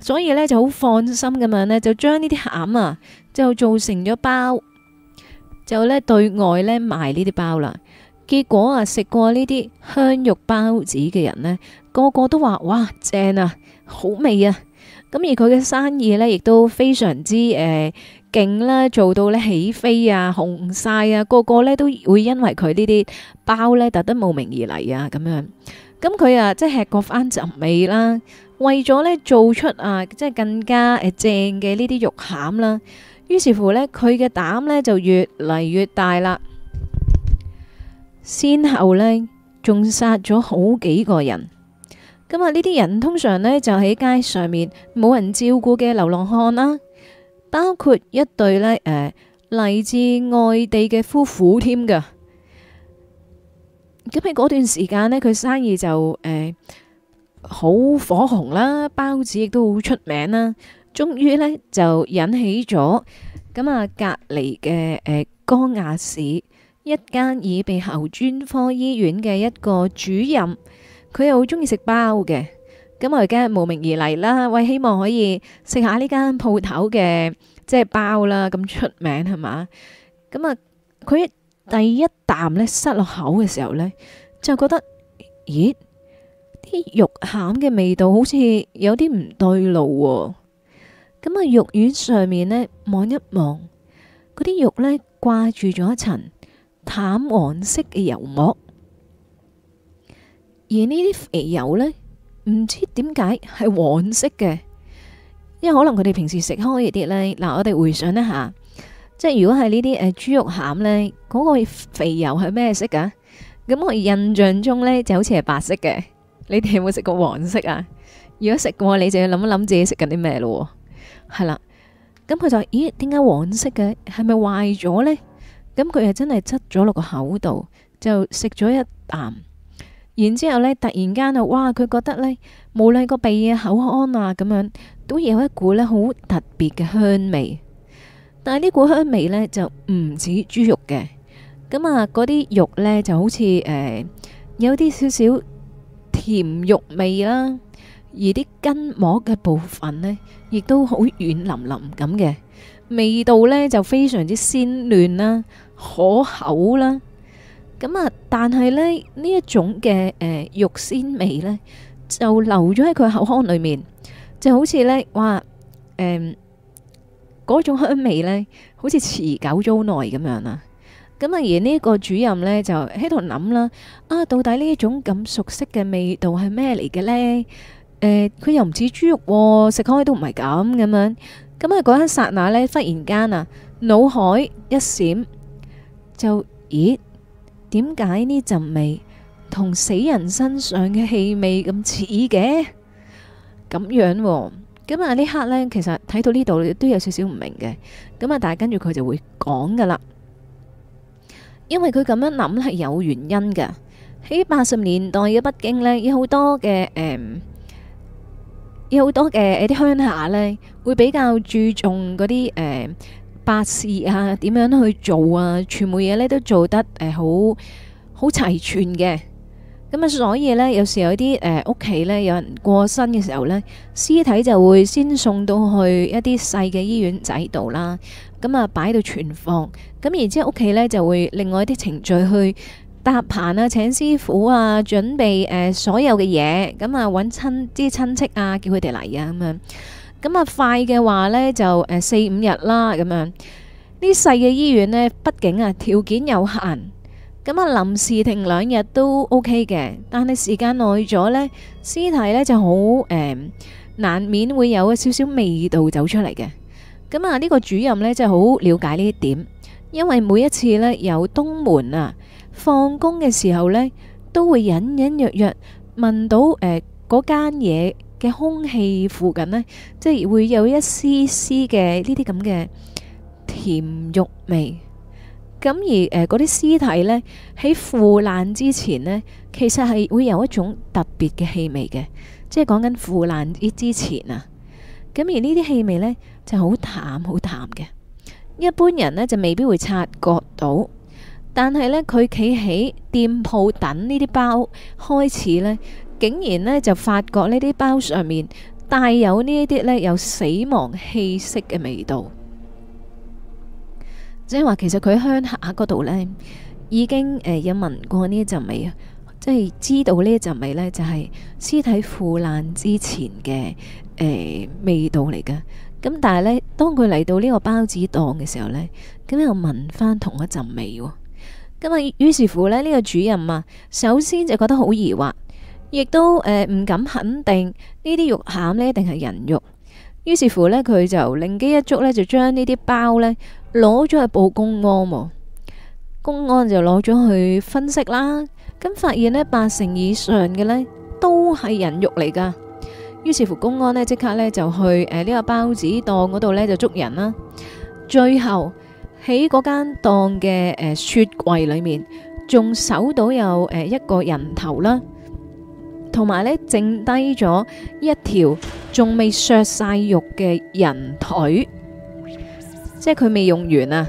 所以呢就好放心咁樣呢，就將呢啲餡啊就做成咗包，就呢對外呢賣呢啲包啦。結果啊，食過呢啲香肉包子嘅人呢，個個都話哇正啊，好味啊。咁而佢嘅生意呢，亦都非常之誒。呃勁啦做到呢起飛啊紅晒啊個個呢都會因為佢呢啲包呢特登慕名而嚟啊咁樣，咁佢啊即係吃過翻陣味啦，為咗呢做出啊即係更加、呃、正嘅呢啲肉餡啦，於是乎呢，佢嘅膽呢就越嚟越大啦，先後呢，仲殺咗好幾個人，咁啊呢啲人通常呢，就喺街上面冇人照顧嘅流浪漢啦。包括一對咧，誒、呃，嚟自外地嘅夫婦添㗎。咁喺嗰段時間咧，佢生意就誒好、呃、火紅啦，包子亦都好出名啦。終於呢，就引起咗咁啊，隔籬嘅誒江亞市一間耳鼻喉專科醫院嘅一個主任，佢又好中意食包嘅。咁我而家慕名而嚟啦，喂，希望可以食下呢間鋪頭嘅即係包啦，咁出名係嘛？咁啊，佢第一啖呢，塞落口嘅時候呢，就覺得咦，啲肉餡嘅味道好似有啲唔對路喎。咁啊，肉丸上面呢，望一望，嗰啲肉呢，掛住咗一層淡黃色嘅油膜，而呢啲肥油呢。唔知點解係黃色嘅，因為可能佢哋平時食開熱啲呢。嗱，我哋回想一下，即係如果係呢啲誒豬肉餡呢，嗰個肥油係咩色噶？咁我印象中呢就好似係白色嘅。你哋有冇食過黃色啊？如果食過，你就要諗一諗自己食緊啲咩咯。係啦，咁佢就咦，點解黃色嘅？係咪壞咗呢？咁佢係真係執咗落個口度，就食咗一啖。然之後呢，突然間啊，哇！佢覺得呢，無論個鼻啊、口啊嘛，咁樣都有一股呢好特別嘅香味。但係呢股香味呢，就唔似豬肉嘅。咁啊，嗰啲肉呢就好似誒，有啲少少甜肉味啦。而啲筋膜嘅部分呢，亦都好軟腍腍咁嘅，味道呢就非常之鮮嫩啦、可口啦。咁啊！但係咧呢一種嘅誒肉鮮味咧，就留咗喺佢口腔裏面，就好似咧話誒嗰種香味咧，好似持久咗好耐咁樣啦。咁啊，而呢個主任咧就喺度諗啦，啊到底呢一種咁熟悉嘅味道係咩嚟嘅咧？誒，佢又唔似豬肉喎，食開都唔係咁咁樣。咁啊嗰一剎那咧，忽然間啊，腦海一閃就咦？點解呢陣味同死人身上嘅氣味咁似嘅？咁樣咁啊呢刻咧，其實睇到呢度都有少少唔明嘅。咁啊，但係跟住佢就會講噶啦。因為佢咁樣諗係有原因嘅。喺八十年代嘅北京咧，有好多嘅誒，有好多嘅誒啲鄉下咧，會比較注重嗰啲誒。百事啊，點樣去做啊？全部嘢咧都做得誒，好好齊全嘅。咁、嗯、啊，所以咧，有時有啲誒屋企咧有人過身嘅時候咧，屍體就會先送到去一啲細嘅醫院仔度啦。咁、嗯、啊，擺到存放。咁、嗯、然之後屋企咧就會另外一啲程序去搭棚啊，請師傅啊，準備誒、呃、所有嘅嘢。咁、嗯、啊，揾親啲親戚啊，叫佢哋嚟啊，咁、嗯、樣。咁啊，快嘅話呢，就誒四五日啦，咁樣呢細嘅醫院呢，畢竟啊條件有限，咁啊臨時停兩日都 OK 嘅，但係時間耐咗呢，屍體呢就好誒、呃、難免會有一少少味道走出嚟嘅。咁啊呢個主任呢，就好了解呢一點，因為每一次呢，由東門啊放工嘅時候呢，都會隱隱約約聞到嗰間嘢。呃嘅空氣附近呢，即係會有一絲絲嘅呢啲咁嘅甜肉味。咁而誒嗰啲屍體呢，喺腐爛之前呢，其實係會有一種特別嘅氣味嘅，即係講緊腐爛之前啊。咁而呢啲氣味呢，就好淡好淡嘅，一般人呢，就未必會察覺到。但係呢，佢企喺店鋪等呢啲包開始呢。竟然呢，就發覺呢啲包上面帶有呢一啲呢，有死亡氣息嘅味道，即係話其實佢鄉下嗰度呢，已經誒有聞過呢一陣味，即係知道呢一陣味呢，就係屍體腐爛之前嘅誒味道嚟噶。咁但係呢，當佢嚟到呢個包子檔嘅時候呢，咁又聞翻同一陣味哦，咁啊於是乎呢，呢個主任啊首先就覺得好疑惑。亦都誒唔敢肯定呢啲肉餡咧，一定係人肉。於是乎咧，佢就靈機一觸咧，就將呢啲包咧攞咗去報公安喎。公安就攞咗去分析啦，咁發現咧八成以上嘅咧都係人肉嚟㗎。於是乎，公安咧即刻咧就去誒呢個包子檔嗰度咧就捉人啦。最後喺嗰間檔嘅誒雪櫃裏面，仲搜到有誒一個人頭啦。同埋咧，剩低咗一條仲未削晒肉嘅人腿，即係佢未用完啊，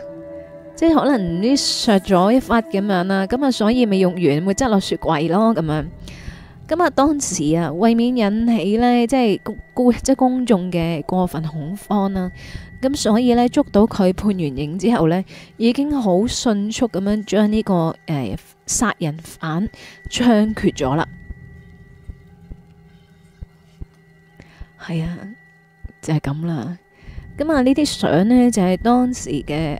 即係可能啲削咗一忽咁樣啦。咁啊，所以未用完，會執落雪櫃咯咁樣。咁啊，當時啊，為免引起呢，即係公即係公眾嘅過分恐慌啦、啊，咁所以呢，捉到佢判完刑之後呢，已經好迅速咁樣將呢個誒殺、欸、人犯槍決咗啦。係啊，就係咁啦。咁啊，呢啲相呢就係當時嘅誒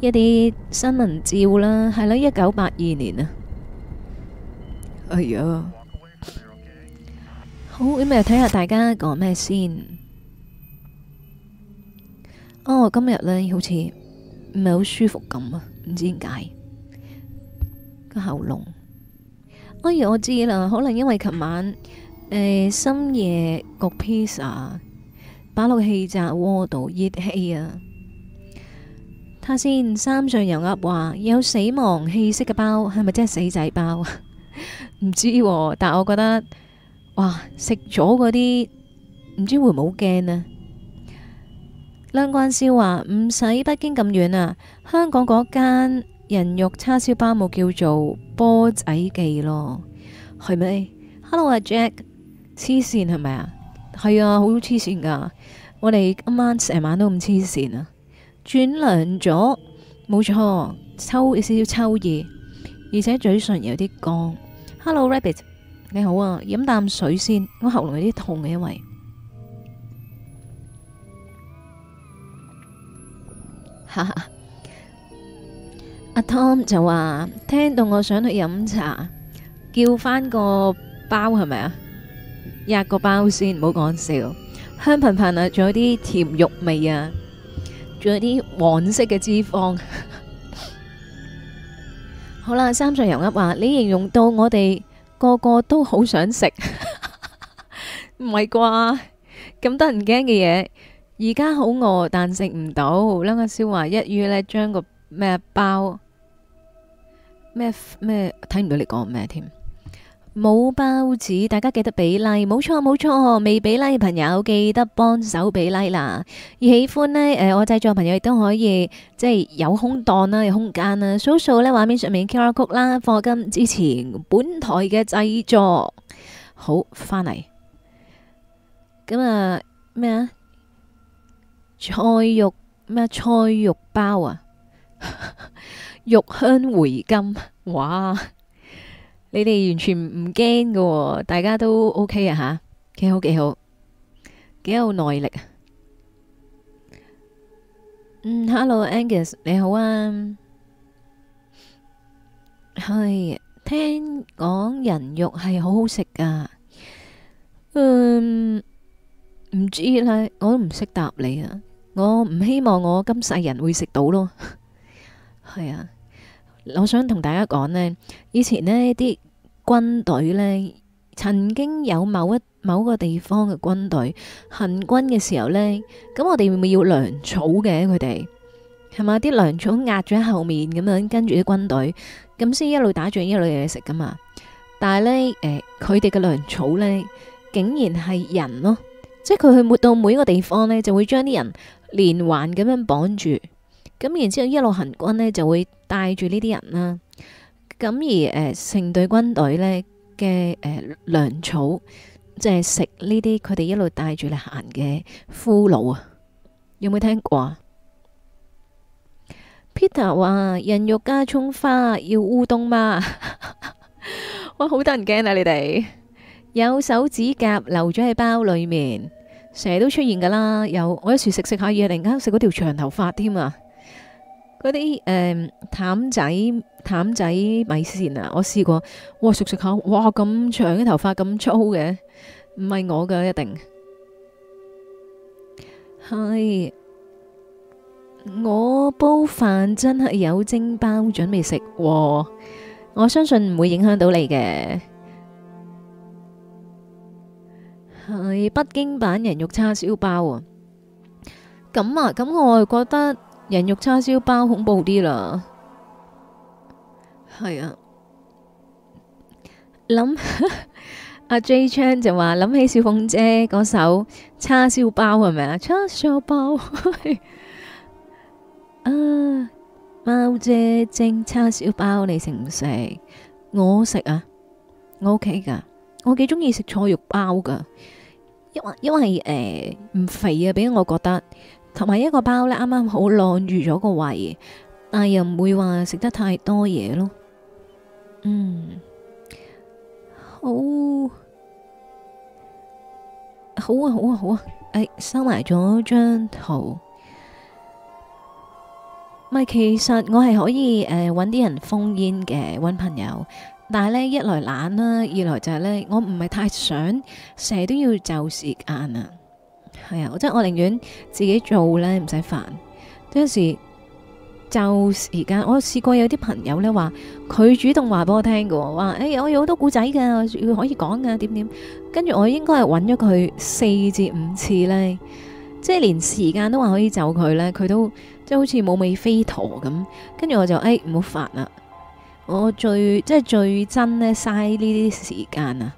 一啲新聞照啦，係啦，一九八二年啊。哎呀，好咁，咪睇下大家講咩先。哦，今日呢好似唔係好舒服咁啊，唔知點解個喉嚨。哎呀，我知啦，可能因為琴晚。Uh, 深夜焗披薩，擺落氣炸鍋度熱氣啊！睇下先，三上幼鴨話：有死亡氣息嘅包，係咪真係死仔包 [LAUGHS] 啊？唔知喎，但係我覺得，哇！食咗嗰啲唔知會唔會好驚啊！兩關少話唔使北京咁遠啊，香港嗰間人肉叉燒包冇叫做波仔記咯，係咪？Hello，啊 Jack。黐線係咪啊？係啊，好黐線噶。我哋今晚成晚都咁黐線啊。轉涼咗，冇錯，秋，少少秋意，而且嘴唇有啲乾。Hello Rabbit，你好啊，飲啖水先，我喉嚨有啲痛嘅，因為哈哈。阿 Tom 就話，聽到我想去飲茶，叫翻個包係咪啊？壓個包先，唔好講笑，香噴噴啊，仲有啲甜肉味啊，仲有啲黃色嘅脂肪。 [LAUGHS] 好啦，三歲油一話：你形容到我哋個個都想 [LAUGHS] 好想食，唔係啩？咁得人驚嘅嘢，而家好餓，但食唔到。楞阿少話一於呢將個咩包咩咩，睇唔到你講咩添。冇包子，大家記得俾 like、like，冇錯冇錯，未俾 like 嘅朋友記得幫手俾 like 啦。而喜歡呢，誒、呃，我製作朋友亦都可以，即係有空檔啦，有空間啦，掃、so、掃 -so、呢，畫面上面 QR code 啦，課金之前本台嘅製作，好翻嚟。咁啊，咩啊、呃？菜肉咩菜肉包啊？ [LAUGHS] 肉香回甘，哇！你哋完全唔驚噶，大家都 OK 啊吓，幾好幾好，幾有耐力啊。嗯，Hello，Angus，你好啊。係，聽講人肉係好好食噶。嗯，唔知啦，我都唔識答你啊。我唔希望我今世人會食到咯。係啊。我想同大家講呢，以前呢啲軍隊呢曾經有某一某個地方嘅軍隊行軍嘅時候呢，咁我哋會唔會要糧草嘅，佢哋係嘛？啲糧草壓住喺後面咁樣跟住啲軍隊，咁先一路打仗一路有嘢食噶嘛。但係呢，誒、呃，佢哋嘅糧草呢竟然係人咯，即係佢去抹到每一個地方呢，就會將啲人連環咁樣綁住。咁然之後，一路行軍呢、啊呃呃，就會帶住呢啲人啦。咁而誒成隊軍隊呢嘅誒糧草，即係食呢啲佢哋一路帶住嚟行嘅俘虜啊。有冇聽過啊？Peter 話人肉加葱花要烏冬嘛？ [LAUGHS] 哇！好得人驚啊！你哋有手指甲留咗喺包裡面，成日都出現㗎啦。有我有時食食下嘢，突然間食嗰條長頭髮添啊！嗰啲誒譚仔譚仔米線啊！我試過，哇！食食下，哇！咁長嘅頭髮，咁粗嘅，唔係我㗎，一定。係我煲飯真係有蒸包準備食喎，我相信唔會影響到你嘅。係北京版人肉叉燒包啊！咁啊，咁我覺得。人肉叉燒包恐怖啲啦，係啊，諗阿 Jay Chan 就話諗起小鳳姐嗰首叉燒包係咪 [LAUGHS] [LAUGHS] 啊？叉燒包啊，貓姐蒸叉燒包，你食唔食？我食啊，我 OK 噶，我幾中意食菜肉包噶，因為因為誒唔、呃、肥啊，俾我覺得。同埋一個包呢，啱啱好晾住咗個胃，但係又唔會話食得太多嘢咯。嗯，好，好啊，好啊，好啊！誒，收埋咗張圖。咪其實我係可以誒揾啲人封煙嘅，揾朋友，但係呢，一來懶啦，二來就係呢，我唔係太想，成日都要就時間啊。係啊、 [NOISE] 嗯，我即係我寧願自己做咧，唔使煩。有陣時就時間，我試過有啲朋友咧話，佢主動話俾我聽嘅，話誒、欸，我有好多故仔嘅，佢可以講嘅，點點。跟住我應該係搵咗佢四至五次咧，即係連時間都話可以就佢咧，佢都即係好似冇尾飛陀咁。跟住我就誒唔好煩啦，我最即係最憎咧，嘥呢啲時間啊。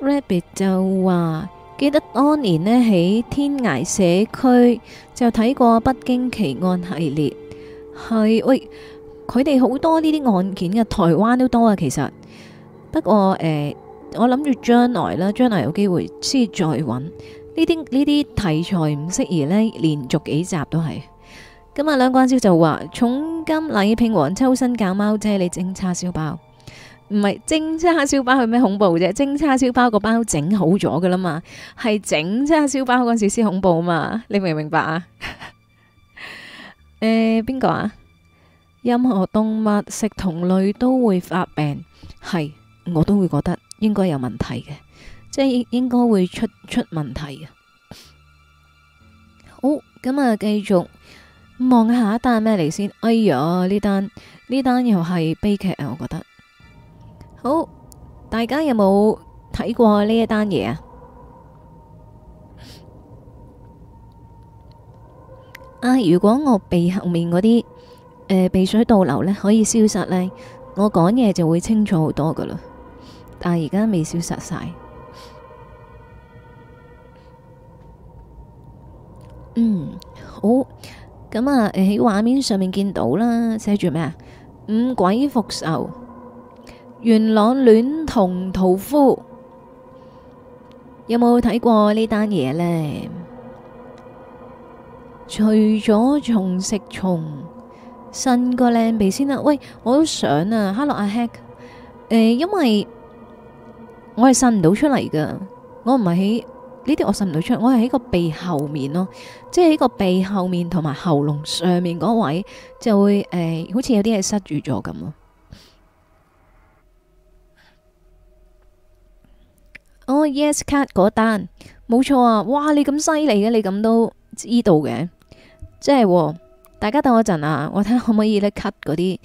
Rabbit 就話。記得當年咧喺天涯社區就睇過《北京奇案》系列，係喂，佢哋好多呢啲案件嘅，台灣都多啊。其實，不過誒，我諗住將來啦，將來有機會先再揾呢啲呢啲題材唔適宜咧，連續幾集都係。今日兩掛蕉就話，重金禮聘黃秋生教貓姐，你整叉燒包。唔係蒸叉燒包，係咩恐怖啫？蒸叉燒包，叉燒包個包整好咗噶啦嘛，係整叉燒包嗰時先恐怖嘛？你明唔明白啊？誒、 [LAUGHS] 呃，邊個啊？任何動物食同類都會發病，係我都會覺得應該有問題嘅，即係應該會出出問題嘅。好，咁啊，繼續望下一單咩嚟先？哎呀，呢單呢單又係悲劇啊！我覺得。好，大家有冇睇過呢一單嘢啊？啊，如果我鼻後面嗰啲誒鼻水倒流呢，可以消失呢，我講嘢就會清楚好多噶啦。但係而家未消失晒。嗯，好。咁啊，呃，喺畫面上面見到啦，寫住咩啊？五鬼復仇。元朗戀童屠夫有冇睇過呢單嘢咧？除咗蟲食蟲，伸個靚鼻先啦。喂，我都想啊，Hello 阿 Heck，誒，因為我係伸唔到出嚟噶，我唔係喺呢啲，我伸唔到出嚟。我係喺個鼻後面咯，即係喺個鼻後面同埋喉嚨上面嗰位，就會誒、呃，好似有啲嘢塞住咗咁咯。哦、oh，YES CUT 嗰單冇錯啊！哇，你咁犀利嘅，你咁都知道嘅，即係大家等我一陣啊，我睇下可唔可以咧 cut 嗰啲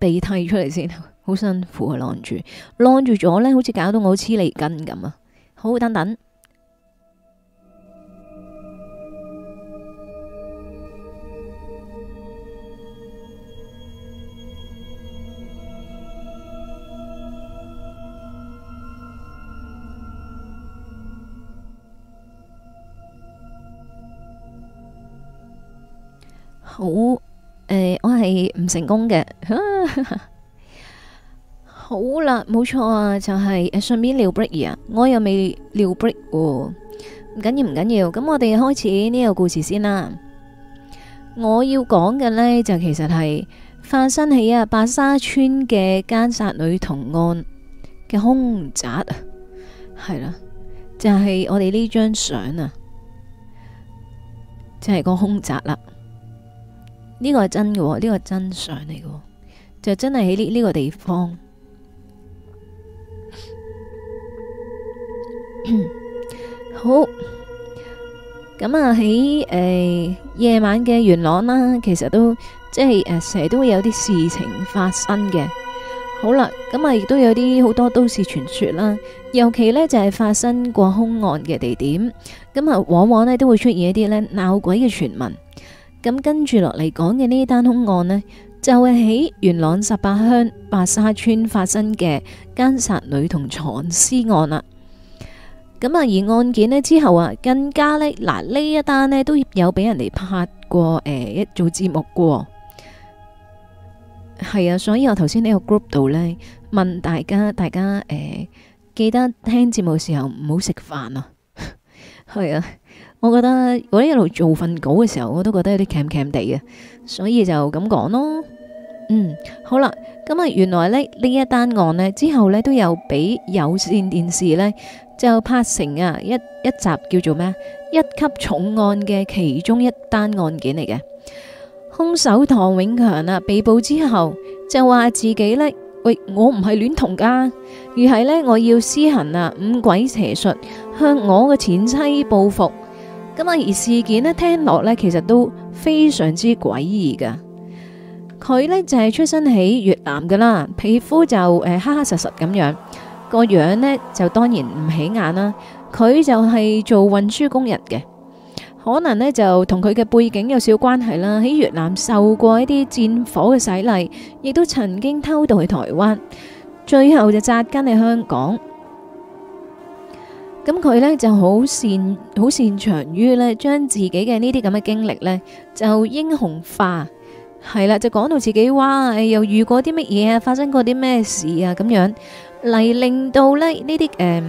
鼻涕出嚟先，好辛苦啊，晾住晾住咗咧，好似搞到我好黐脷根咁啊，好等等。好誒、呃，我係唔成功嘅。 [LAUGHS] 好啦，冇錯啊，就係、是、順便尿 break 啊，我又未尿 break，唔緊要唔緊要。咁我哋開始呢個故事先啦。我要講嘅呢，就其實係發生喺啊白沙村嘅姦殺女童案嘅凶宅，係啦，就係、是、我哋呢張相啊，就係、是、個凶宅啦、啊。呢個係真嘅，呢個係真相嚟嘅，就真係喺呢呢個地方。 [COUGHS] 好，咁啊喺夜晚嘅元朗啦，其實都即係成日都會有啲事情發生嘅。好啦，咁啊亦都有啲好多都市傳說啦，尤其呢就係發生過凶案嘅地點，咁啊往往呢都會出現一啲呢鬧鬼嘅傳聞。咁跟住落嚟講嘅，呢單凶案呢，就係、是、喺元朗十八鄉白沙村發生嘅姦殺女童藏屍案啦。咁啊，而案件呢之後啊，更加呢，嗱呢一單呢，都有俾人哋拍過誒、呃、一組節目過。係啊，所以我頭先呢個 group 度呢，問大家，大家誒、呃、記得聽節目時候唔好食飯啊。係啊。我覺得我一路做份稿嘅時候，我都覺得有啲 cam cam 地嘅，所以就咁講咯。嗯，好啦，咁啊，原來咧，呢一單案呢，案之後呢都有畀有線電視呢，就拍成啊一一集叫做咩一級重案嘅其中一單案件嚟嘅。凶手唐永強啊被捕之後就話自己呢：「喂，我唔係戀童啊，而係呢，我要施行啊五鬼邪術向我嘅前妻報復。」咁而事件呢，聽落呢，其實都非常之詭異噶。佢呢，就係出身喺越南噶啦，皮膚就誒黑黑實實咁樣，個樣呢，就當然唔起眼啦。佢就係做運輸工人嘅，可能呢，就同佢嘅背景有少少關係啦。喺越南受過一啲戰火嘅洗禮，亦都曾經偷渡去台灣，最後就紮根喺香港。咁佢呢就好善好擅長於呢將自己嘅呢啲咁嘅經歷呢就英雄化，係啦，就講到自己話又遇過啲乜嘢啊，發生過啲咩事啊咁樣，嚟，令到呢呢啲誒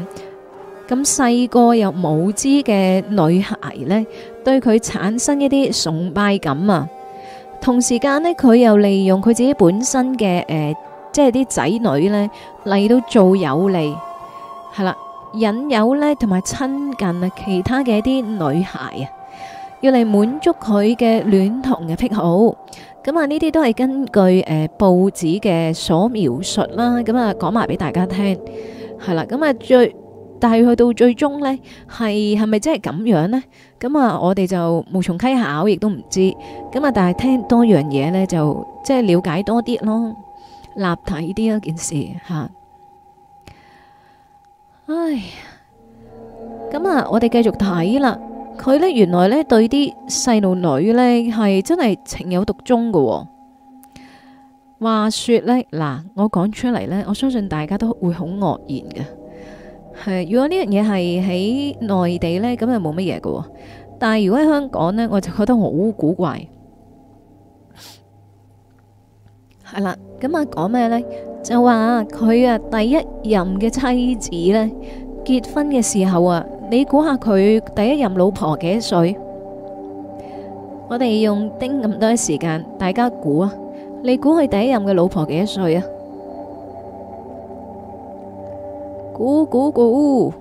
咁細個又冇知嘅女孩呢對佢產生一啲崇拜感啊。同時間呢，佢又利用佢自己本身嘅誒、呃，即係啲仔女呢嚟到做有利，係啦。引誘呢，同埋親近其他嘅一啲女孩啊，要嚟滿足佢嘅戀童嘅癖好。咁啊，呢啲都係根據誒報紙嘅所描述啦。咁啊，講埋俾大家聽，係啦。咁啊，最但係去到最終呢，係係咪真係咁樣呢？咁啊，我哋就無從稽考，亦都唔知。咁啊，但係聽多樣嘢呢，就即係了解多啲咯，立體啲一件事吓。唉，咁啊，我哋繼續睇啦。佢呢，原來呢，對啲細路女呢，係真係情有獨鍾嘅喎。話說呢，嗱，我講出嚟呢，我相信大家都會好愕然嘅。係，如果呢樣嘢係喺內地呢，咁就冇乜嘢嘅。但係如果喺香港呢，我就覺得好古怪。係啦。咁啊，講咩呢？就話佢啊，第一任嘅妻子呢，結婚嘅時候啊，你估下佢第一任老婆幾多歲？我哋用丁咁多時間，大家估啊，你估佢第一任嘅老婆幾多歲啊？估估估，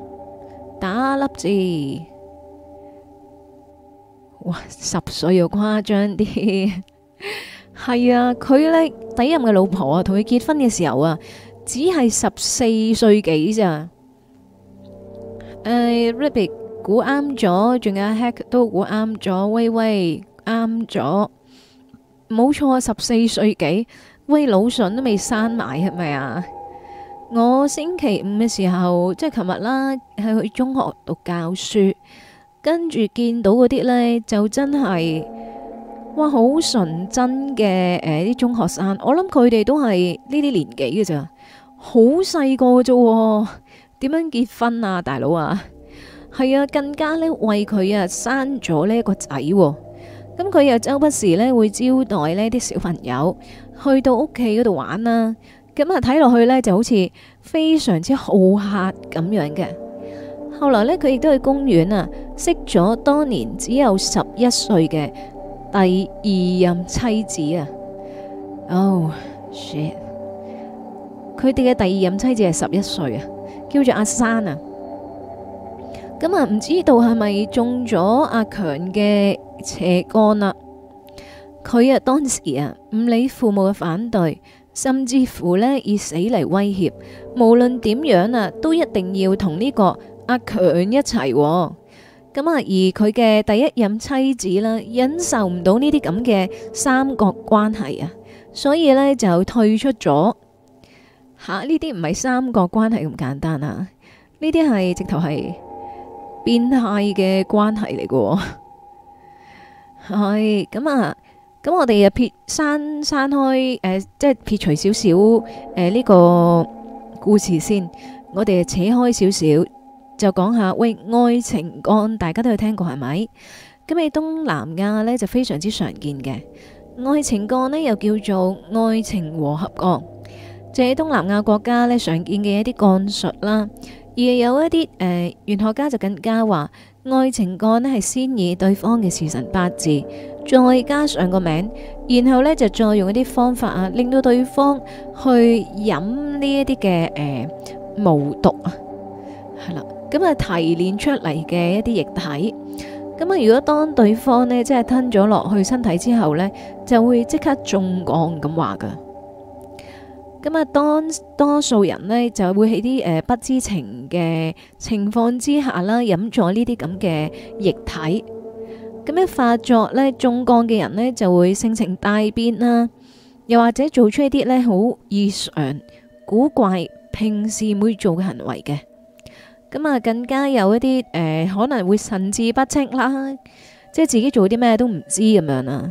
打粒字，哇，十歲要誇張啲。係啊，佢呢第一任嘅老婆啊，同佢結婚嘅時候啊，只係十四歲幾咋？誒，Rabbit 估啱咗，仲有 Hack 都估啱咗，喂喂啱咗，冇錯啊，十四歲幾，喂，老順都未生埋係咪啊？我星期五嘅時候，即係琴日啦，係去中學讀教書，跟住見到嗰啲呢，就真係。哇，好純真嘅，誒，啲中學生，我諗佢哋都係呢啲年紀嘅咋，好細個咋，點樣結婚啊，大佬啊，係啊，更加呢，為佢啊生咗呢一個仔。哦，咁佢又周不時呢會招待呢啲小朋友去到屋企嗰度玩啦。啊，咁啊睇落去呢就好似非常之好客咁樣嘅。後來呢，佢亦都去公園啊，識咗當年只有十一歲嘅第二任妻子啊，Oh shit！佢哋嘅第二任妻子係十一歲啊，叫做阿珊啊。咁啊，唔知道係咪中咗阿強嘅邪干啊。佢啊，當時啊，唔理父母嘅反對，甚至乎呢，以死嚟威脅，無論點樣啊，都一定要同呢個阿強一齊。咁啊，而佢嘅第一任妻子啦，忍受唔到呢啲咁嘅三角關係啊，所以咧就退出咗。吓、啊，呢啲唔係三角關係咁簡單簡的的、哦、 [LAUGHS] 啊，呢啲係直頭係變態嘅關係嚟噶。係咁啊，咁我哋啊撇刪刪開，誒、呃，即係撇除少少誒呢個故事先，我哋扯開少少。就講下，喂，愛情降，大家都有聽過係咪？咁喺東南亞呢，就非常之常見嘅，愛情降呢又叫做愛情和合降，就喺，是，東南亞國家呢，常見嘅一啲降術。啦而有一啲誒、玄、呃、學家就更加話，愛情降呢係先以對方嘅時辰八字，再加上個名，然後呢，就再用一啲方法啊，令到對方去飲呢一啲嘅誒巫毒、啊，係啦。咁啊，提煉出嚟嘅一啲液體，咁啊，如果當對方呢，即係吞咗落去身體之後呢，就會即刻中降咁話噶。咁啊，當多數人呢，就會喺啲誒不知情嘅情況之下啦，飲咗呢啲咁嘅液體，咁樣發作呢，中降嘅人呢，就會性情大變啦，又或者做出一啲呢，好異常古怪，平時唔會做嘅行為嘅。咁啊，更加有一啲誒、呃，可能會神志不清啦，即係自己做啲咩都唔知咁樣啦。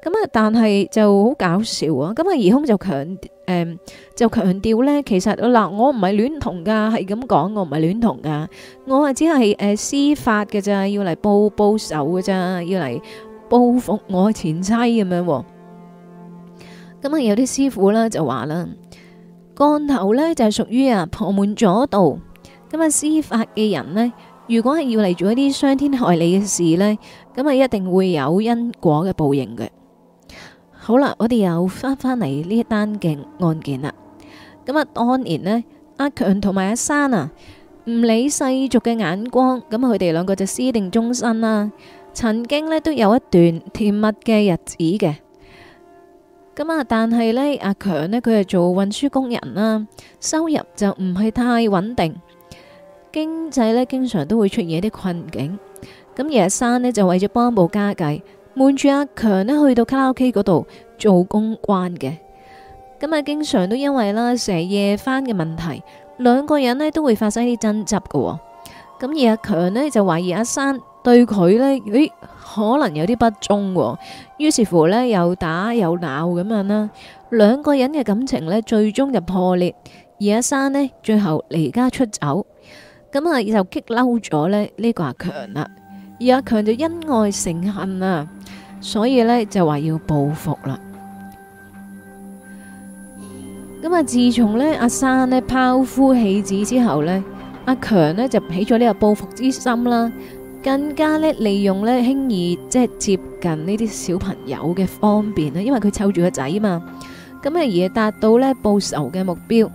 咁啊，但係就好搞笑啊！咁啊，疑兇就強誒，就強調呢，其實嗱，我唔係戀童噶，係咁講，我唔係戀童噶，我係只係誒、呃、施法嘅咋，要嚟報報仇嘅咋，要嚟報復我的前妻咁樣。咁啊，有啲師傅啦就話啦，降頭呢就係屬於啊旁門左道。咁啊，司法嘅人呢，如果係要嚟做一啲傷天害理嘅事呢，咁啊，一定會有因果嘅報應嘅。好啦，我哋又翻返嚟呢單嘅案件啦。咁啊，當年呢，阿強同埋阿珊啊，唔理世俗嘅眼光，咁啊，佢哋兩個就私定終身啦、啊。曾經呢，都有一段甜蜜嘅日子嘅。咁啊，但係呢，阿強呢，佢係做運輸工人啦、啊，收入就唔係太穩定。經濟咧，經常都會出現一啲困境。咁而阿山呢就為咗幫補家計，瞞住阿強咧去到卡拉 OK 嗰度做公關嘅。咁啊，經常都因為啦，成日夜返嘅問題，兩個人咧都會發生啲爭執噶、哦。咁而阿強咧就懷疑阿山對佢咧，誒可能有啲不忠、哦。於是乎咧又打又鬧咁樣啦，兩個人嘅感情咧最終就破裂。而阿山咧最後離家出走。咁啊，就激嬲咗咧！呢個阿強啦，而阿強就因愛成恨啊，所以咧就話要報復啦。咁啊，自從咧阿山咧拋夫棄子之後咧，阿強咧就起咗呢個報復之心啦，更加咧利用咧輕易即係接近呢啲小朋友嘅方便啦，因為佢湊住個仔嘛，咁啊，而達到咧報仇嘅目標。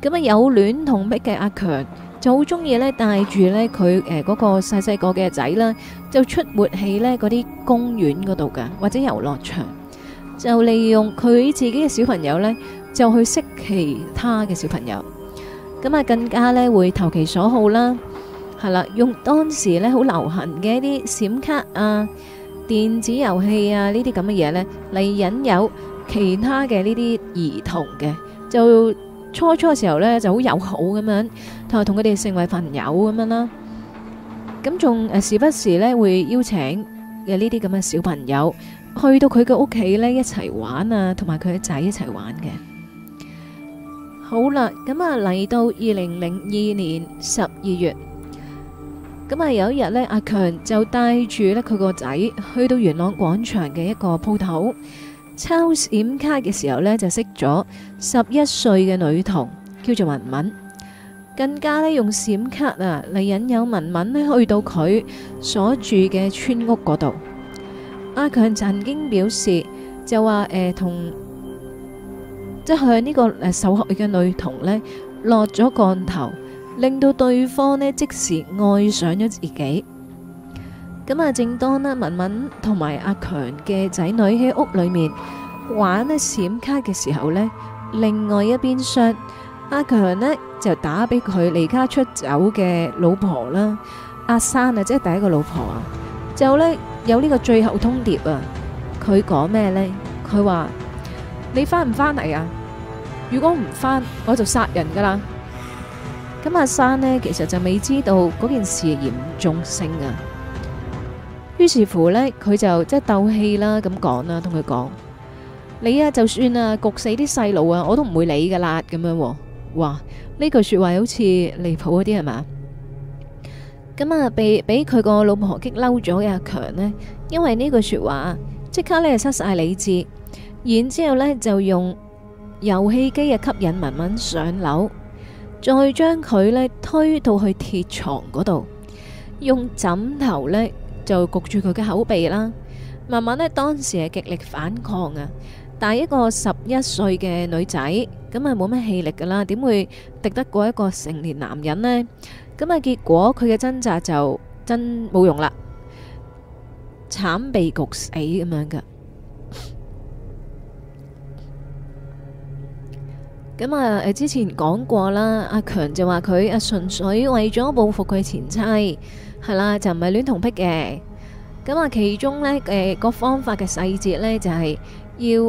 咁啊，有戀同癖嘅阿強，就好中意咧，帶住咧佢誒嗰個細細個嘅仔啦，就出沒喺咧嗰啲公園嗰度噶，或者遊樂場，就利用佢自己嘅小朋友呢就去識其他嘅小朋友，咁啊更加咧會投其所好啦，係啦，用當時咧好流行嘅一啲閃卡啊、電子遊戲啊呢啲咁嘅嘢呢嚟引誘其他嘅呢啲兒童嘅就。初初嘅時候呢就好友好咁樣，同同佢哋成為朋友咁樣啦。咁仲誒時不時呢會邀請嘅呢啲咁嘅小朋友去到佢嘅屋企呢一齊玩啊，同埋佢嘅仔一齊玩嘅。好啦，咁啊嚟到二零零二年十二月，咁啊有一日呢，阿強就帶住呢佢個仔去到元朗廣場嘅一個鋪頭。抽閃卡嘅時候呢，就識咗十一歲嘅女童叫做文文，更加呢，用閃卡啊嚟引誘文文咧去到佢所住嘅村屋嗰度。阿強曾經表示，就話誒、呃、同即係呢、這個受害嘅女童呢落咗降頭，令到對方呢即時愛上咗自己。咁啊，正當呢文文同埋阿強嘅仔女喺屋裏面玩呢閃卡嘅時候呢，另外一邊廂阿強呢就打俾佢離家出走嘅老婆啦，阿山啊，即係第一個老婆啊，就呢有呢個最後通牒啊，佢講咩呢？佢話你返唔返嚟啊？如果唔返，我就殺人噶啦。咁阿山呢其實就未知道嗰件事嘅嚴重性啊。於是乎呢，佢就即係鬥氣啦，咁講啦，同佢講，你啊，就算啊，焗死啲細路啊，我都唔會理噶啦，咁樣。哇，呢句說話好似離譜嗰啲，係嘛？咁啊，被俾佢個老婆激嬲咗嘅阿強呢，因為呢句說話，即刻呢失晒理智，然之後呢就用遊戲機啊吸引文文上樓，再將佢呢推到去鐵床嗰度，用枕頭呢。就焗住佢嘅口鼻啦。慢慢呢當時係極力反抗啊，但係一個十一歲嘅女仔咁啊，冇乜氣力噶啦，點會敵得過一個成年男人呢？咁啊，結果佢嘅掙扎就真冇用啦，慘被焗死咁樣噶。咁啊誒，之前講過啦，阿強就話佢阿純粹為咗報復佢前妻。係啦，就唔係戀童癖嘅。咁啊，其中咧，誒，個方法嘅細節咧，就係要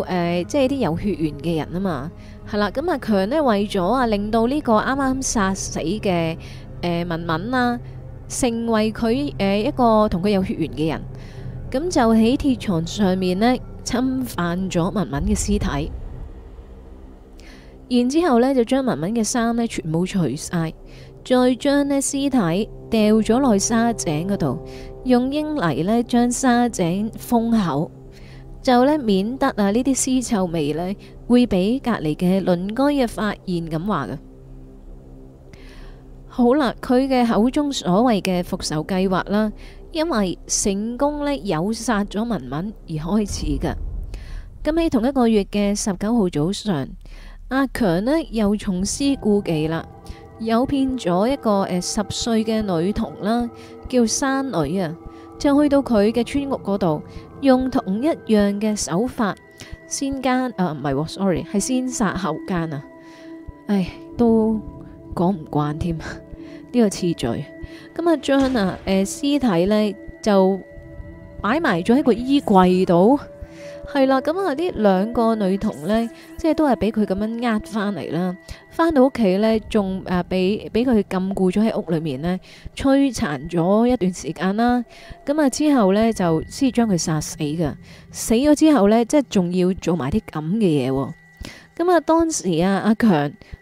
誒，即係啲有血緣嘅人啊嘛。係啦，咁阿強咧，為咗啊，令到呢個啱啱殺死嘅誒文文啦，成為佢誒一個同佢有血緣嘅人，咁就喺鐵床上面咧侵犯咗文文嘅屍體，然之後咧就將文文嘅衫咧全部除晒。再將呢屍體掉咗落沙井嗰度，用英泥咧將沙井封口，就咧免得啊呢啲屍臭味咧會俾隔籬嘅鄰居嘅發現咁話嘅。好啦，佢嘅口中所謂嘅復仇計劃啦，因為成功咧誘殺咗文文而開始嘅。咁喺同一個月嘅十九號早上，阿強咧又重施故技啦。誘騙咗一個誒十歲嘅女童啦，叫山女啊，就去到佢嘅村屋嗰度，用同一樣嘅手法先奸，誒唔係，sorry，係先殺後奸啊！唉，都講唔慣添呢個次序。咁啊，將啊誒屍體咧就擺埋咗喺個衣櫃度，係啦。咁啊，呢兩個女童咧，即係都係俾佢咁樣呃翻嚟。啦翻到屋企呢，仲誒俾俾佢禁錮咗喺屋裏面呢，摧殘咗一段時間啦。咁啊之後呢，就先將佢殺死噶。死咗之後呢，即係仲要做埋啲咁嘅嘢。咁啊當時啊阿強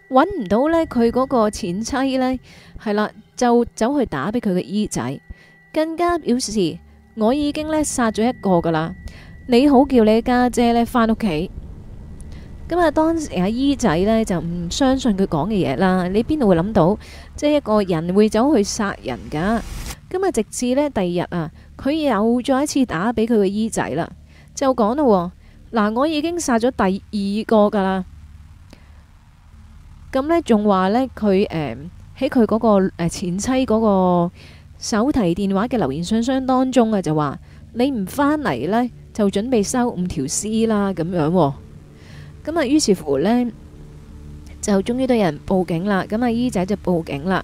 揾唔到呢佢嗰個前妻呢，係啦，就走去打俾佢嘅姨仔，更加表示我已經呢殺咗一個噶啦。你好叫你姐姐家姐呢翻屋企。咁啊，當時阿姨仔呢就唔相信佢講嘅嘢啦。你邊度會諗到，即係一個人會走去殺人噶？咁啊，直至呢第二日啊，佢又再一次打俾佢個姨仔啦，就講喎：啊「嗱我已經殺咗第二個噶啦。咁呢，仲話呢，佢誒喺佢嗰個誒前妻嗰個手提電話嘅留言信箱當中啊，就話你唔翻嚟呢，就準備收五條屍啦，咁樣喎。咁啊，於是乎呢，就終於都有人報警啦。咁啊，姨仔就報警啦。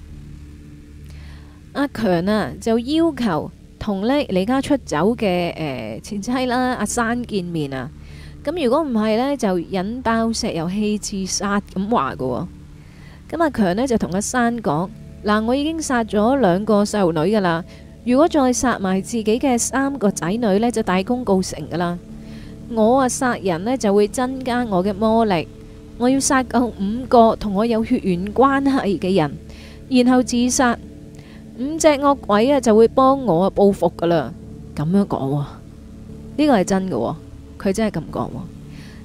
阿強啊，就要求同呢離家出走嘅誒、呃、前妻啦，阿山見面啊。咁如果唔係呢，就引爆石油氣自殺咁話嘅。咁、哦、阿強呢，就同阿山講：嗱，我已經殺咗兩個細路女噶啦，如果再殺埋自己嘅三個仔女呢，就大功告成噶啦。我啊，殺人呢就會增加我嘅魔力。我要殺夠五個同我有血緣關係嘅人，然後自殺，五隻惡鬼啊就會幫我啊報復噶啦。咁樣講，呢個係真噶，佢真係咁講。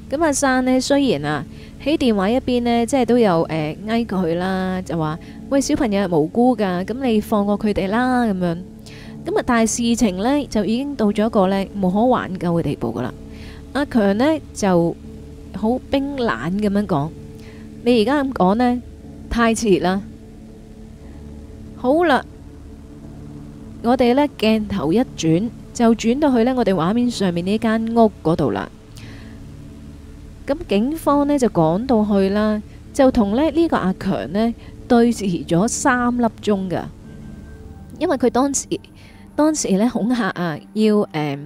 咁阿山呢，雖然啊喺電話一邊呢，即係都有誒，呃，求佢啦，就話喂，小朋友係無辜噶，咁你放過佢哋啦咁樣。咁啊，但係事情呢，就已經到咗一個呢無可挽救嘅地步噶啦。阿強呢就好冰冷咁樣講，你而家咁講呢太遲啦。好啦，我哋呢鏡頭一轉就轉到去呢我哋畫面上面呢間屋嗰度啦。咁警方呢就趕到去啦，就同呢呢個阿強呢對峙咗三粒鐘噶，因為佢當時當時呢恐嚇啊要誒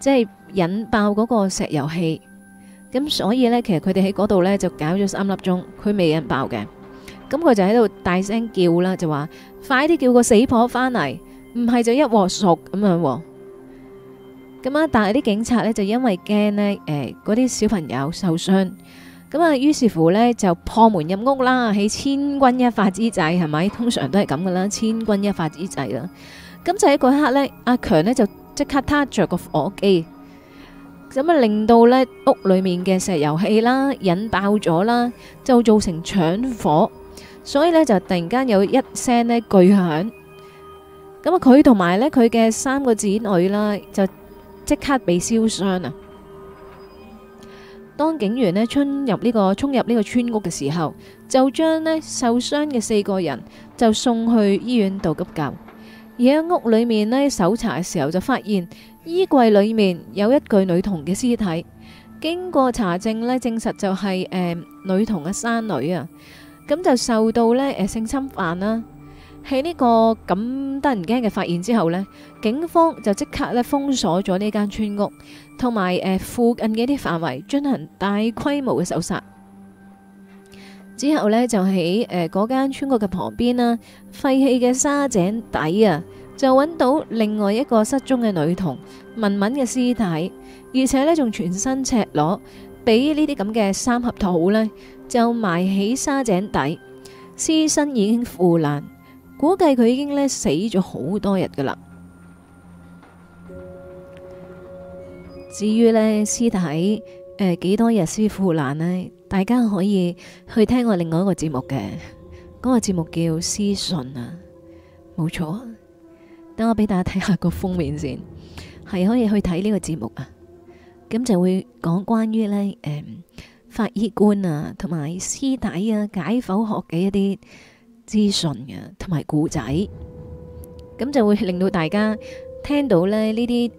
即係。引爆嗰個石油氣，咁所以咧，其實佢哋喺嗰度咧就搞咗三粒鐘，佢未引爆嘅，咁佢就喺度大聲叫啦，就話快啲叫個死婆翻嚟，唔係就一鑊熟咁樣。咁啊，但係啲警察咧就因為驚咧，誒嗰啲小朋友受傷，咁啊，於是乎咧就破門入屋啦，喺千鈞一髮之際係咪？通常都係咁噶啦，千鈞一髮之際啦。咁就喺嗰刻咧，阿強咧就即刻撻著個火機。咁啊，令到呢屋裏面嘅石油氣啦引爆咗啦，就造成搶火，所以呢就突然間有一聲呢巨響。咁啊，佢同埋呢佢嘅三個子女啦，就即刻被燒傷啊！當警員呢衝入呢個衝入呢個村屋嘅時候，就將呢受傷嘅四個人就送去醫院度急救。而喺屋裏面呢搜查嘅時候，就發現。衣櫃裏面有一具女童嘅屍體，經過查證咧，證實就係、是、誒、呃、女童嘅生女啊，咁、嗯、就受到咧誒、呃、性侵犯啦、啊。喺呢、這個咁突然間嘅發現之後咧，警方就即刻咧封鎖咗呢間村屋，同埋誒附近嘅一啲範圍進行大規模嘅搜查。之後呢，就喺誒嗰間村屋嘅旁邊啦、啊，廢棄嘅沙井底啊。就揾到另外一個失蹤嘅女童文文嘅屍體，而且呢仲全身赤裸，俾呢啲咁嘅三合土呢，就埋起沙井底，屍身已經腐爛，估計佢已經呢死咗好多日噶啦至於呢屍體誒幾、呃、多日先腐爛呢，大家可以去聽我另外一個節目嘅嗰、嗰個節目叫《屍訊》啊，冇錯。等我俾大家睇下個封面先，係可以去睇呢個節目啊。咁就會講關於咧，誒，法醫官啊，同埋屍體啊，解剖學嘅一啲資訊啊，同埋故仔。咁就會令到大家聽到咧呢啲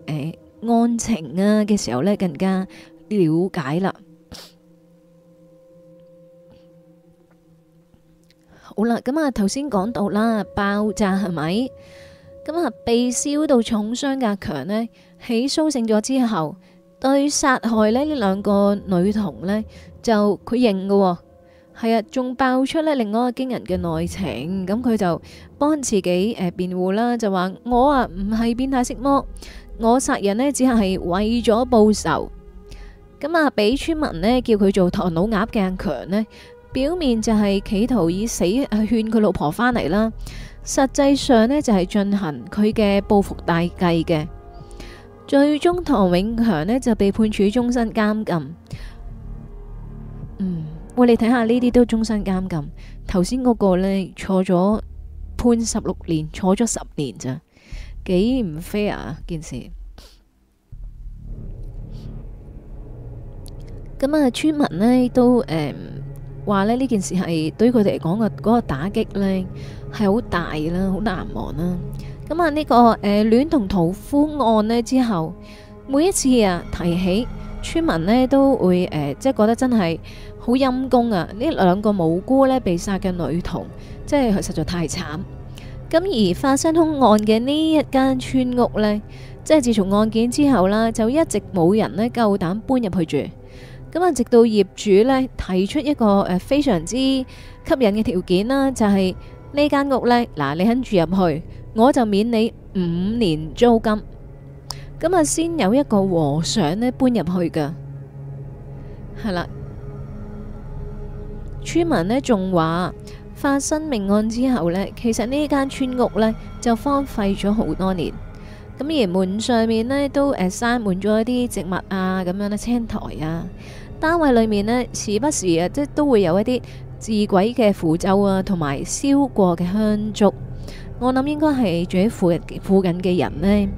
誒案情啊嘅時候咧，更加了解啦。好啦，咁啊，頭先講到啦，爆炸係咪？咁啊，被燒到重傷嘅阿強呢，起蘇醒咗之後，對殺害咧呢兩個女童呢，就佢認嘅、哦，係啊，仲爆出呢另外一個驚人嘅內情。咁佢就幫自己誒辯護啦，就話我啊唔係變態色魔，我殺人呢只係為咗報仇。咁啊，俾村民呢叫佢做唐老鴨嘅阿強呢，表面就係企圖以死勸佢老婆翻嚟啦。實際上呢，就係、是、進行佢嘅報復大計嘅，最終唐永強呢，就被判處終身監禁。嗯，我哋睇下呢啲都終身監禁。頭先嗰個呢，坐咗判十六年，坐咗十年咋，幾唔 fair 啊，件事。咁啊，村民呢都誒話咧呢件事係對於佢哋嚟講嘅個打擊呢。」係好大啦，好難忘啦。咁、這、啊、個，呢個誒戀童屠夫案呢，之後，每一次啊提起，村民呢都會誒、呃、即係覺得真係好陰功啊！呢兩個無辜呢，被殺嘅女童，即係實在太慘。咁而發生凶案嘅呢一間村屋呢，即係自從案件之後啦，就一直冇人呢夠膽搬入去住。咁啊，直到業主呢提出一個誒非常之吸引嘅條件啦，就係、是。呢間屋呢，嗱，你肯住入去，我就免你五年租金。咁啊，先有一個和尚呢搬入去噶，係啦。村民呢仲話，發生命案之後呢，其實呢間村屋呢就荒廢咗好多年。咁而門上面呢，都誒生滿咗一啲植物啊，咁樣嘅青苔啊。單位裏面呢，時不時啊，即都會有一啲治鬼嘅符咒啊，同埋燒過嘅香燭，我諗應該係住喺附近附近嘅人呢。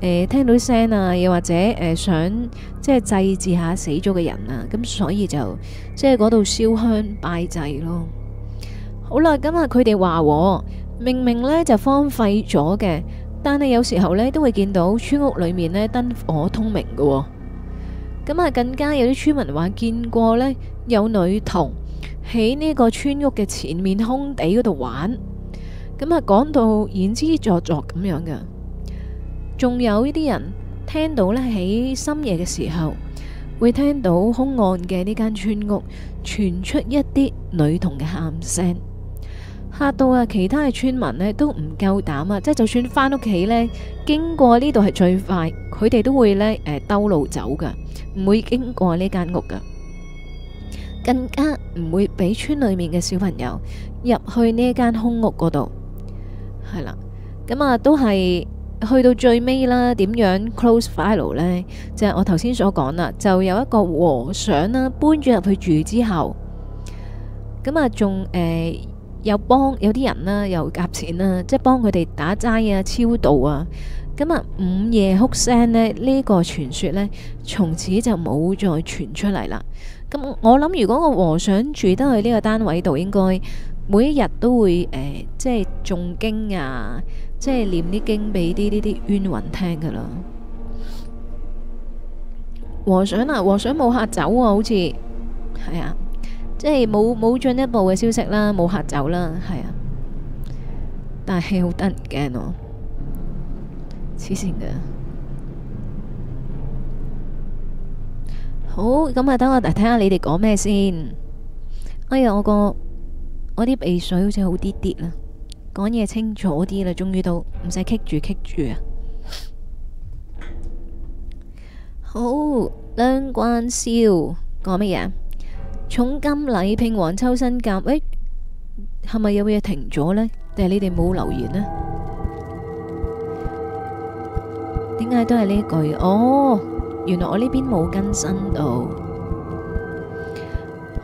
誒、呃、聽到聲啊，又或者誒、呃、想即係祭祀下死咗嘅人啊，咁所以就即係嗰度燒香拜祭咯。好啦，咁啊，佢哋話明明呢就荒廢咗嘅，但係有時候呢都會見到村屋裏面呢燈火通明嘅，哦，咁啊更加有啲村民話見過呢有女童喺呢個村屋嘅前面空地嗰度玩，咁啊講到言之鑿鑿咁樣嘅，仲有呢啲人聽到呢，喺深夜嘅時候，會聽到兇案嘅呢間村屋傳出一啲女童嘅喊聲，嚇到啊其他嘅村民呢都唔夠膽啊，即係就算翻屋企呢，經過呢度係最快，佢哋都會呢兜、呃、路走噶，唔會經過呢間屋噶。更加唔會俾村裏面嘅小朋友入去呢間空屋嗰度，係啦，咁啊都係去到最尾啦。點樣 close file 呢？就係、是、我頭先所講啦，就有一個和尚啦，搬咗入去住之後，咁啊仲誒有幫有啲人啦、啊，又夾錢啦，即係幫佢哋打齋啊、超度啊。咁啊午夜哭聲呢，呢、呢個傳說呢，從此就冇再傳出嚟啦。咁我諗，如果個和尚住得喺呢個單位度，應該每一日都會誒，即係誦經啊，即係念啲經俾啲呢啲冤魂聽噶啦。和尚啊，和尚冇吓走啊，好似係啊，即係冇冇進一步嘅消息啦，冇吓走啦，係啊，但係好得人驚哦，黐線㗎。好，咁啊，等我嚟睇下你哋講咩先。哎呀，我個我啲鼻水好似好啲啲啦，講嘢清楚啲啦，終於都，唔使棘住棘住啊！好，梁關少，講乜嘢？重金禮聘黃秋生夾，喂，係咪有嘢停咗咧？定係你哋冇留言咧？點解都係呢句？哦。原來我呢邊冇更新到嘞，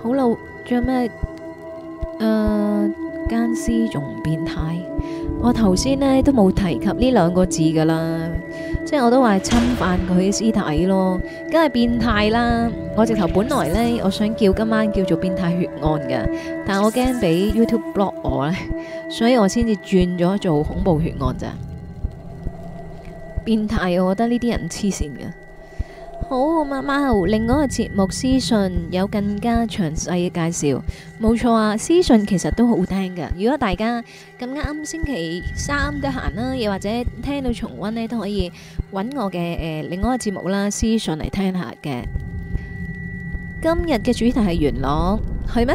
好啦，仲有咩？誒，奸屍仲唔變態？我頭先呢都冇提及呢兩個字噶啦，即係我都話侵犯佢屍體咯，梗係變態啦！我直頭本來呢，我想叫今晚叫做變態血案噶，但我驚俾 YouTube block 我咧，所以我先至轉咗做恐怖血案咋。變態，我覺得呢啲人黐線噶。好啊，媽媽好，另外一個節目屍訊有更加詳細嘅介紹，冇錯啊，屍訊其實都好聽噶。如果大家咁啱星期三得閒啦，又或者聽到重溫呢，都可以揾我嘅誒、呃，另外一個節目啦，屍訊嚟聽下嘅。今日嘅主題係元朗，係咩？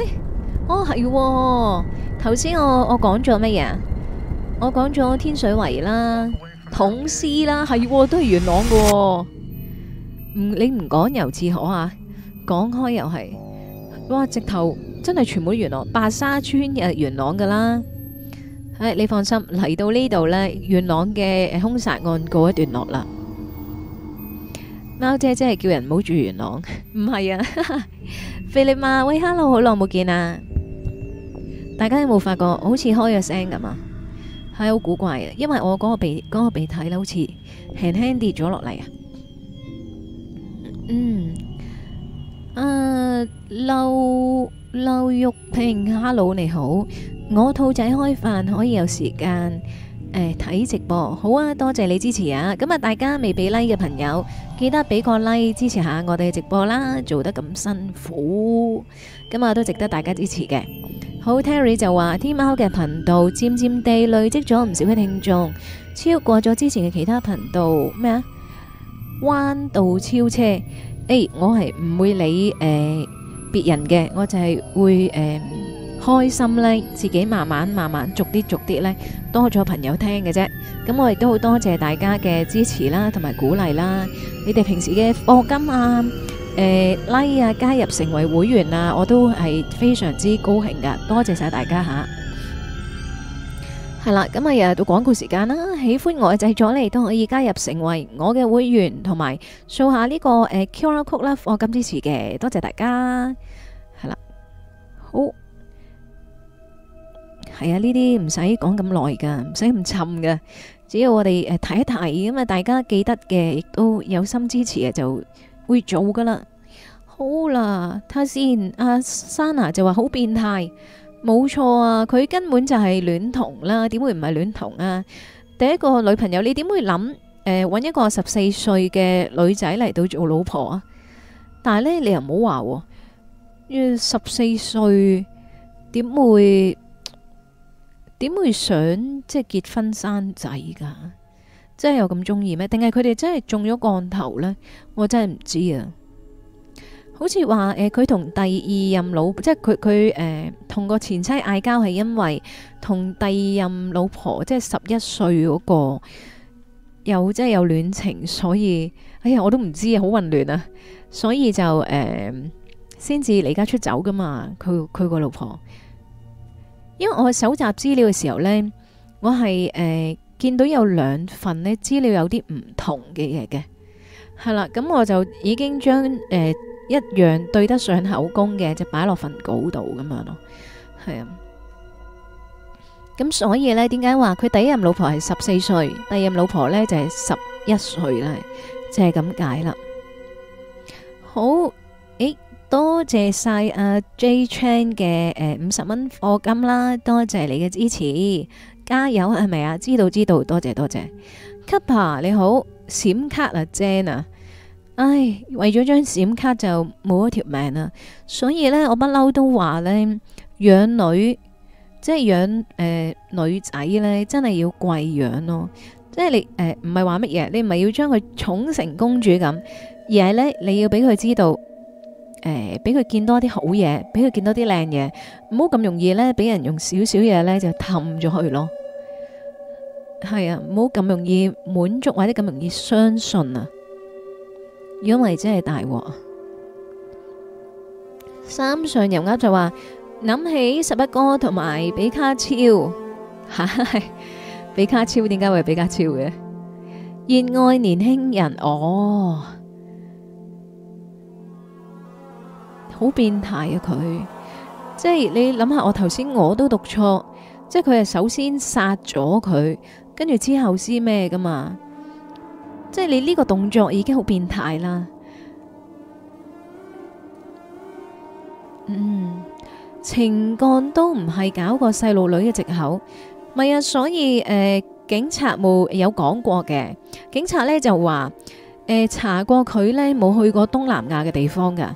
哦，係、哦。頭先我我講咗乜嘢？我講咗天水圍啦，統師啦，係、哦、都係元朗噶、哦。唔、嗯，你唔講尤志可啊？講開又係，哇！直頭真係全部元朗白沙村嘅元朗㗎啦。哎，你放心，嚟到呢度呢，元朗嘅兇殺案告一段落啦。貓姐真係叫人唔好住元朗，唔係啊！菲力馬，喂，Hello，好耐冇 n 見啊！大家有冇發覺好似開咗聲咁啊？係、哎、好古怪嘅，因為我嗰個鼻嗰、那個、鼻涕咧好似輕輕跌咗落嚟啊！嗯，啊，劉劉玉平，hello，你好，我兔仔開飯，可以有時間誒睇直播，好啊，多謝你支持啊，咁啊，大家未俾 like 嘅朋友，記得俾個 like 支持下我哋嘅直播啦，做得咁辛苦，咁啊都值得大家支持嘅。好，Terry 就話，天貓嘅頻道漸漸地累積咗唔少嘅聽眾，超過咗之前嘅其他頻道咩啊？彎道超車，誒，我係唔會理誒別人嘅，我就係會誒開心咧，自己慢慢慢慢逐啲逐啲咧，多咗朋友聽嘅啫。咁我亦都好多謝大家嘅支持啦，同埋鼓勵啦。你哋平時嘅課金啊，誒 like 啊，加入成為會員啊，我都係非常之高興㗎。多謝晒大家吓。係啦，咁啊又係到廣告時間啦！喜歡我嘅製作咧，都可以加入成為我嘅會員，同埋掃下呢個誒 QR Code 啦，我咁支持嘅，多謝大家。係啦，好係啊，呢啲唔使講咁耐噶，唔使咁沉噶，只要我哋誒睇一睇，咁啊大家記得嘅，亦都有心支持嘅，就會做噶啦。好啦，睇下先，阿莎娜就話好變態。冇錯啊，佢根本就係戀童啦，點會唔係戀童啊？第一個女朋友你點會諗？誒、呃，搵一個十四歲嘅女仔嚟到做老婆啊？但係呢，你又唔好話喎，十四歲點會點會想即係結婚生仔噶？真係有咁中意咩？定係佢哋真係中咗降頭呢？我真係唔知啊！好似話誒，佢同第二任老即係佢佢，誒，同個前妻嗌交係因為同第二任老婆即係十一歲嗰個有即係有戀情，所以哎呀，我都唔知啊，好混亂啊，所以就誒先至離家出走噶嘛。佢佢個老婆，因為我搜集資料嘅時候呢，我係誒、呃、見到有兩份呢資料有啲唔同嘅嘢嘅係啦，咁我就已經將誒。呃一樣對得上口供嘅就擺落份稿度咁樣咯，係啊，咁所以呢，點解話佢第一任老婆係十四歲，第二任老婆呢就係十一歲呢？就係咁解啦。好，誒，多謝晒阿 Jay Chan 嘅誒五十蚊課金啦，多謝你嘅支持，加油係咪啊？知道知道，多謝多謝，Kappa 你好，閃卡啊，Jane 啊。唉，為咗張閃卡就冇一條命啦，所以呢，我不嬲都話呢，養女即係養誒、呃、女仔呢，真係要貴養咯，即係你誒唔係話乜嘢，你唔係要將佢寵成公主咁，而係呢，你要俾佢知道，誒俾佢見多啲好嘢，俾佢見多啲靚嘢，唔好咁容易呢，俾人用少少嘢呢，就氹咗佢咯，係啊，唔好咁容易滿足或者咁容易相信啊。因為真係大鑊。三上仁鴨就話諗起十一哥同埋比卡超，比卡超點解會係比卡超嘅？熱愛年輕人哦，好變態啊！佢即係你諗下，我頭先我都讀錯，即係佢係首先殺咗佢，跟住之後先咩噶嘛？即係你呢個動作已經好變態啦，嗯，情乾都唔係搞個細路女嘅藉口，咪係啊，所以誒、呃，警察冇有講過嘅，警察呢就話，誒、呃、查過佢呢冇去過東南亞嘅地方噶，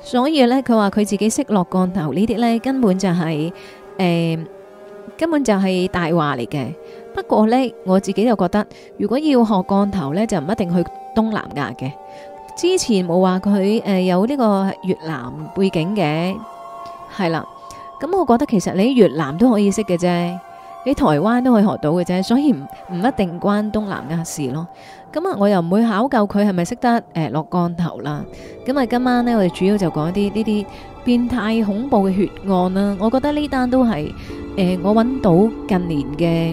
所以呢，佢話佢自己識落降頭呢啲呢，根本就係、是、誒、呃、根本就係大話嚟嘅。不過呢我自己又覺得，如果要學降頭呢，就唔一定去東南亞嘅。之前冇話佢誒有呢、呃、個越南背景嘅，係啦。咁、嗯、我覺得其實你喺越南都可以識嘅啫，你台灣都可以學到嘅啫，所以唔唔一定關東南亞事咯。咁啊，我又唔會考究佢係咪識得誒落降頭啦。咁啊，今晚咧，我哋主要就講一啲呢啲變態恐怖嘅血案啦。我覺得呢單都係誒，我揾到近年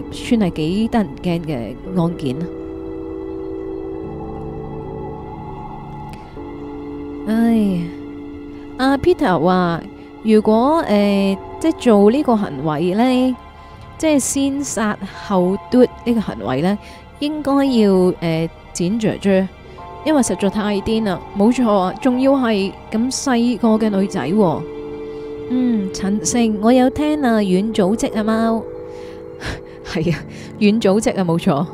嘅算係幾得人驚嘅案件啊。唉，阿 Peter 話，如果誒即係做呢個行為咧，即係先殺後剁呢個行為咧。應該要、呃、剪雀雀，因為實在太癲啦，冇錯啊，仲要係咁細個嘅女仔。嗯，陳勝，我有聽啊，軟組織啊，貓係 [LAUGHS] 啊，軟組織啊，冇錯。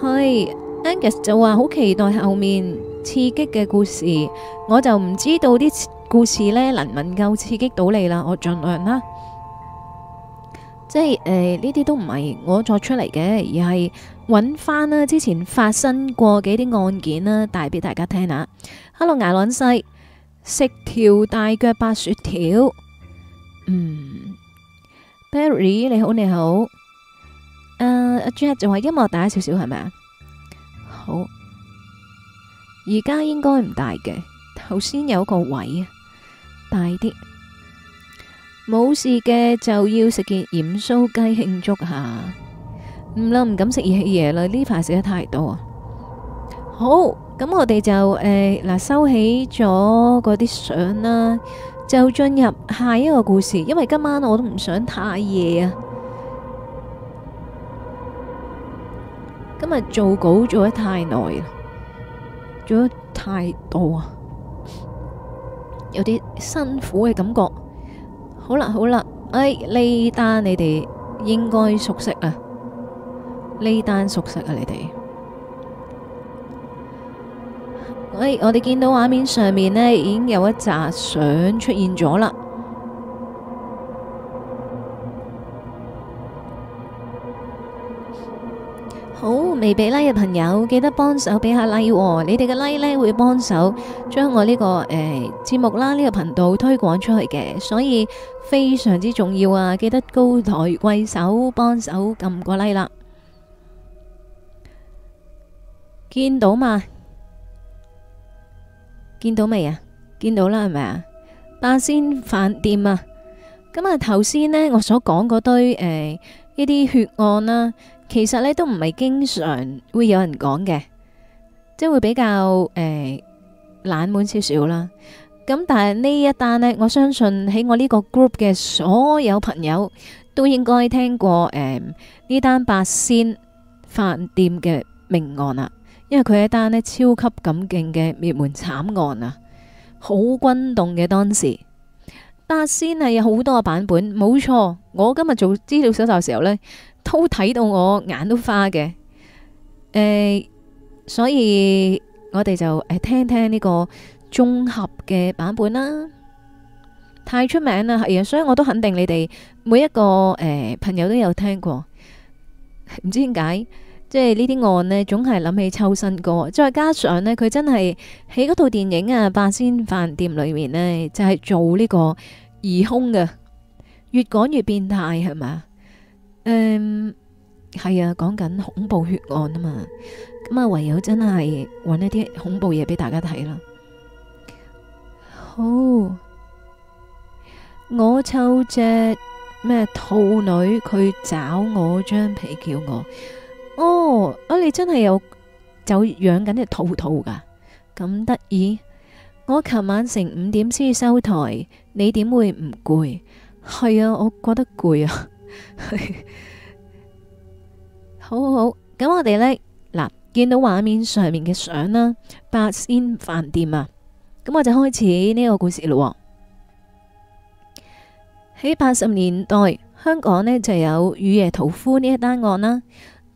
係 Angus 就話好期待後面刺激嘅故事，我就唔知道啲故事呢能唔能夠刺激到你啦。我盡量啦，即係呃，呢啲都唔係我作出嚟嘅，而係。揾翻啦，之前發生過幾啲案件啦，帶俾大家聽下。Hello，牙郎西，食條大腳八雪條。嗯，Barry 你好你好。阿、uh, Jack 仲話音樂大少少係咪？好，而家應該唔大嘅。頭先有個位啊，大啲。冇事嘅就要食件鹽酥雞慶祝下。唔啦，唔敢食熱嘢啦，呢排食得太多啊。好，咁我哋就誒嗱收起咗嗰啲相啦，就進入下一個故事。因為今晚我都唔想太夜啊。今日做稿做得太耐，做得太多啊，有啲辛苦嘅感覺。好啦，好啦，哎呢單你哋應該熟悉啦。呢單熟悉啊？你哋喂、哎，我哋見到畫面上面呢，已經有一扎相出現咗啦。好，未俾 like 嘅朋友，記得幫手畀下 like 哦，你哋嘅 like 呢，會幫手將我呢、呢個誒、呃、節目啦，呢個頻道推廣出去嘅，所以非常之重要啊！記得高抬貴手，幫手撳個 like 啦。見到嘛？見到未啊？見到啦，係咪啊？八仙飯店啊，咁啊頭先咧，我所講嗰堆誒呢啲血案啦，其實咧都唔係經常會有人講嘅，即係會比較誒冷門少少啦。咁但係呢一單咧，我相信喺我呢個 group 嘅所有朋友都應該聽過誒呢單八仙飯店嘅命案啦。因為佢一單咧超級咁勁嘅滅門慘案啊，好轟動嘅，當時，八仙係有好多個版本，冇錯。我今日做資料搜集嘅時候呢都睇到我眼都花嘅。誒、欸，所以我哋就誒聽聽呢個綜合嘅版本啦。太出名啦，係啊，所以我都肯定你哋每一個誒、欸、朋友都有聽過，唔知點解。即係呢啲案呢，總係諗起秋生哥。再加上呢，佢真係喺嗰套電影啊《八仙飯店》裏面呢，就係、是、做呢個疑凶嘅，越講越變態係咪？誒，係、嗯、啊，講緊恐怖血案啊嘛。咁啊，唯有真係揾一啲恐怖嘢俾大家睇啦。好，我抽隻咩兔女，佢找我張被，張叫我。哦，啊！你真係有就養緊隻兔兔噶，咁得意。我琴晚成五點先收台，你點會唔攰？係啊，我覺得攰啊。 [LAUGHS] 好好好，咁我哋呢，嗱，見到畫面上面嘅相啦，八仙飯店啊，咁我就開始呢個故事啦。喺八十年代，香港呢就有雨夜屠夫呢一單案啦。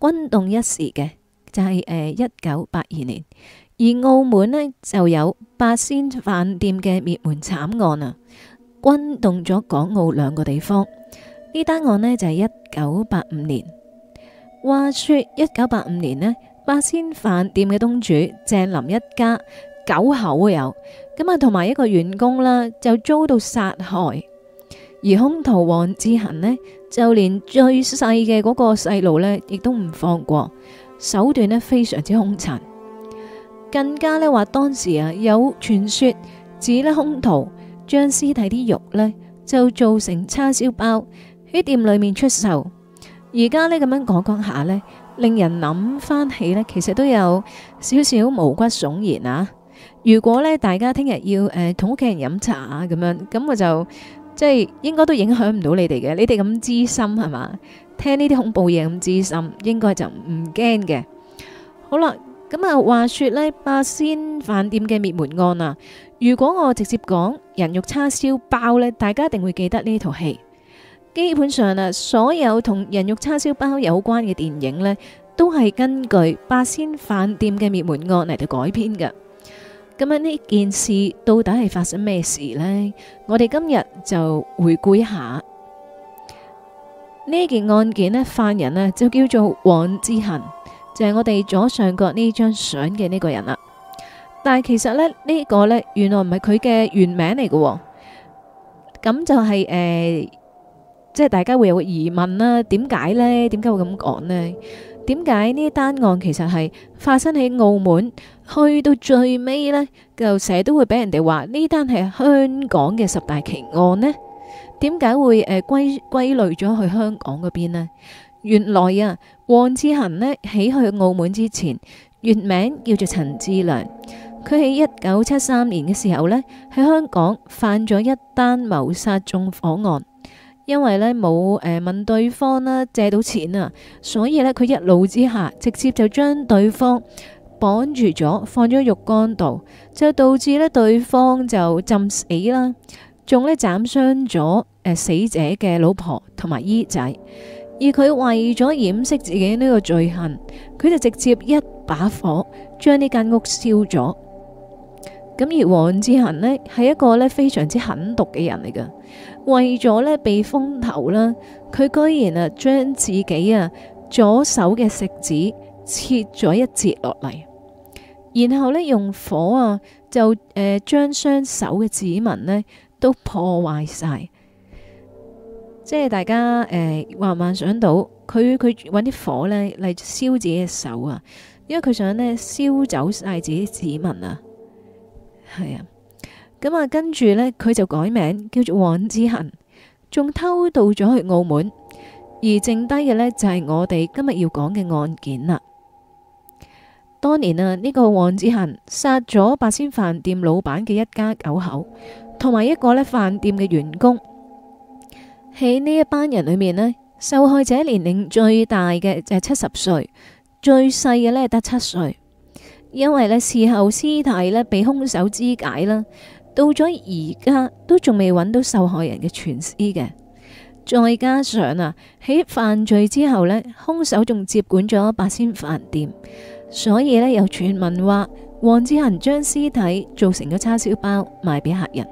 轟動一時嘅就係誒一九八二年，而澳門呢就有八仙飯店嘅滅門慘案啊，轟動咗港澳兩個地方。呢單案呢就係一九八五年。話說一九八五年呢，八仙飯店嘅東主鄭林一家九口有咁啊，同埋一個員工啦，就遭到殺害，而兇徒王志恆呢，就連最細嘅嗰個細路呢，亦都唔放過，手段呢非常之兇殘，更加呢話當時啊有傳說指呢凶徒將屍體啲肉呢就做成叉燒包喺店裏面出售。而家呢，咁樣講講下呢，令人諗翻起呢，其實都有少少毛骨悚然啊！如果呢，大家聽日要誒同屋企人飲茶啊咁樣，咁我就。即係應該都影響唔到你哋嘅，你哋咁知心係嘛？聽呢啲恐怖嘢咁知心，應該就唔驚嘅。好啦，咁啊話説呢八仙飯店嘅滅門案啊，如果我直接講人肉叉燒包呢，大家一定會記得呢套戲。基本上啊，所有同人肉叉燒包有關嘅電影呢，都係根據八仙飯店嘅滅門案嚟到改編嘅。咁樣呢件事到底係發生咩事呢？我哋今日就回顧一下呢件案件呢，犯人呢就叫做黃之恒，就係我哋左上角呢張相嘅呢個人啦。但係其實呢呢個呢，原來唔係佢嘅原名嚟嘅。咁就係誒，即係大家會有個疑問啦，點解呢？點解會咁講呢？點解呢單案其實係發生喺澳門？去到最尾呢，就成日都會俾人哋話呢單係香港嘅十大奇案呢？點解會誒歸歸類咗去香港嗰邊呢？原來啊，黃志恒呢喺去澳門之前，原名叫做陳志良。佢喺一九七三年嘅時候呢，喺香港犯咗一單謀殺縱火案，因為呢冇問對方借到錢啊，所以呢，佢一怒之下，直接就將對方，綁住咗，放咗浴缸度，就導致呢對方就浸死啦，仲呢斬傷咗誒死者嘅老婆同埋姨仔。而佢為咗掩飾自己呢個罪行，佢就直接一把火將呢間屋燒咗。咁而王志恒呢係一個呢非常之狠毒嘅人嚟噶，為咗呢避風頭啦，佢居然啊將自己啊左手嘅食指切咗一截落嚟。然後咧用火啊，就誒、呃、將雙手嘅指紋咧都破壞晒，即係大家誒、呃、幻唔幻想到佢，佢揾啲火咧嚟燒自己嘅手啊，因為佢想咧燒走晒自己的指紋啊，係啊，咁啊跟住呢佢就改名叫做黃子恒，仲偷渡咗去澳門，而剩低嘅呢，就係、是、我哋今日要講嘅案件啦。當年啊，呢個黃子恆殺咗八仙飯店老闆嘅一家九口，同埋一個呢飯店嘅員工。喺呢一班人裏面呢，受害者年齡最大嘅就係七十歲，最細嘅呢得七歲。因為呢事後屍體呢被兇手肢解啦，到咗而家都仲未搵到受害人嘅全屍嘅。再加上啊，喺犯罪之後呢，兇手仲接管咗八仙飯店。所以呢，有傳聞話，黃志恒將屍體做成咗叉燒包賣俾客人。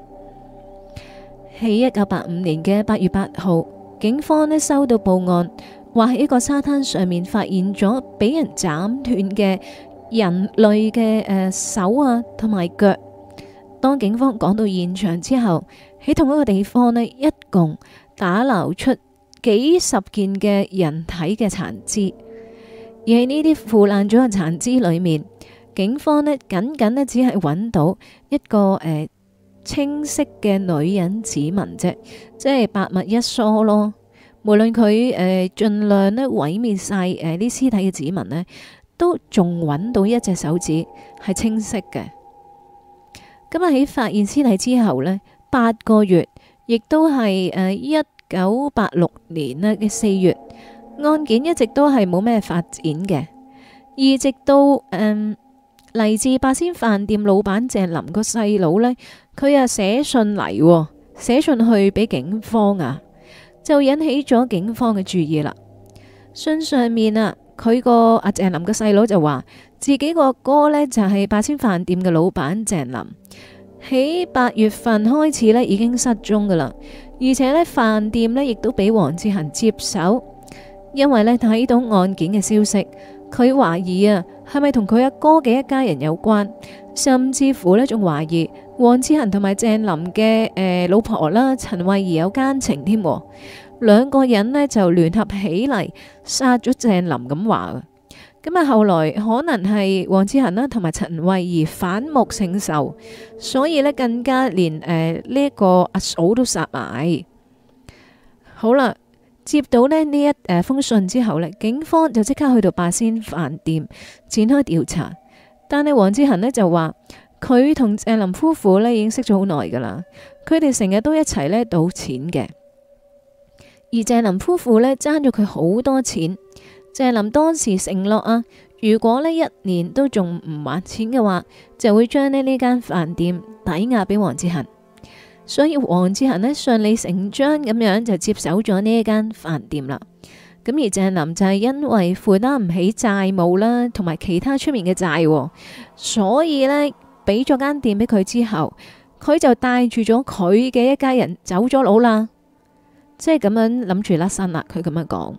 喺一九八五年嘅八月八號，警方呢收到報案，話喺一個沙灘上面發現咗俾人斬斷嘅人類嘅手啊，同埋腳。當警方趕到現場之後，喺同一個地方呢，一共打撈出幾十件嘅人體嘅殘肢。而喺呢啲腐爛咗嘅殘肢裏面，警方呢僅僅咧只係揾到一個誒、呃、清晰嘅女人指紋啫，即係百密一疏咯。無論佢誒、呃、盡量咧毀滅晒誒啲屍體嘅指紋呢，都仲揾到一隻手指係清晰嘅。咁啊喺發現屍體之後呢，八個月，亦都係誒一九八六年啊嘅四月。案件一直都係冇咩發展嘅，而直到嗯、嚟自八仙飯店老闆鄭林個細佬呢，佢啊寫信嚟，寫信去俾警方啊，就引起咗警方嘅注意啦。信上面啊，佢、個阿鄭林個細佬就話自己個哥呢就係八仙飯店嘅老闆鄭林，喺八月份開始呢已經失蹤噶啦，而且呢飯店呢亦都俾黃志恆接手。因為咧睇到案件嘅消息，佢懷疑啊係咪同佢阿哥嘅一家人有關，甚至乎咧仲懷疑黃志恒同埋鄭林嘅誒、呃、老婆啦陳慧儀有奸情添，兩個人呢就聯合起嚟殺咗鄭林咁話嘅。咁啊後來可能係黃志恒啦同埋陳慧儀反目成仇，所以呢更加連誒呢、呃這個阿嫂都殺埋。好啦。接到咧呢一誒封信之後咧，警方就即刻去到八仙飯店展開調查。但係黃志恒咧就話，佢同謝林夫婦咧已經識咗好耐噶啦，佢哋成日都一齊咧賭錢嘅。而謝林夫婦咧爭咗佢好多錢，謝林當時承諾啊，如果咧一年都仲唔還錢嘅話，就會將咧呢間飯店抵押俾黃志恒。」所以黃志恒呢，順理成章咁樣就接手咗呢一間飯店啦。咁而鄭林就係因為負擔唔起債務啦，同埋其他出面嘅債，所以呢，俾咗間店俾佢之後，佢就帶住咗佢嘅一家人走咗佬啦。即係咁樣諗住甩身啦，佢咁樣講。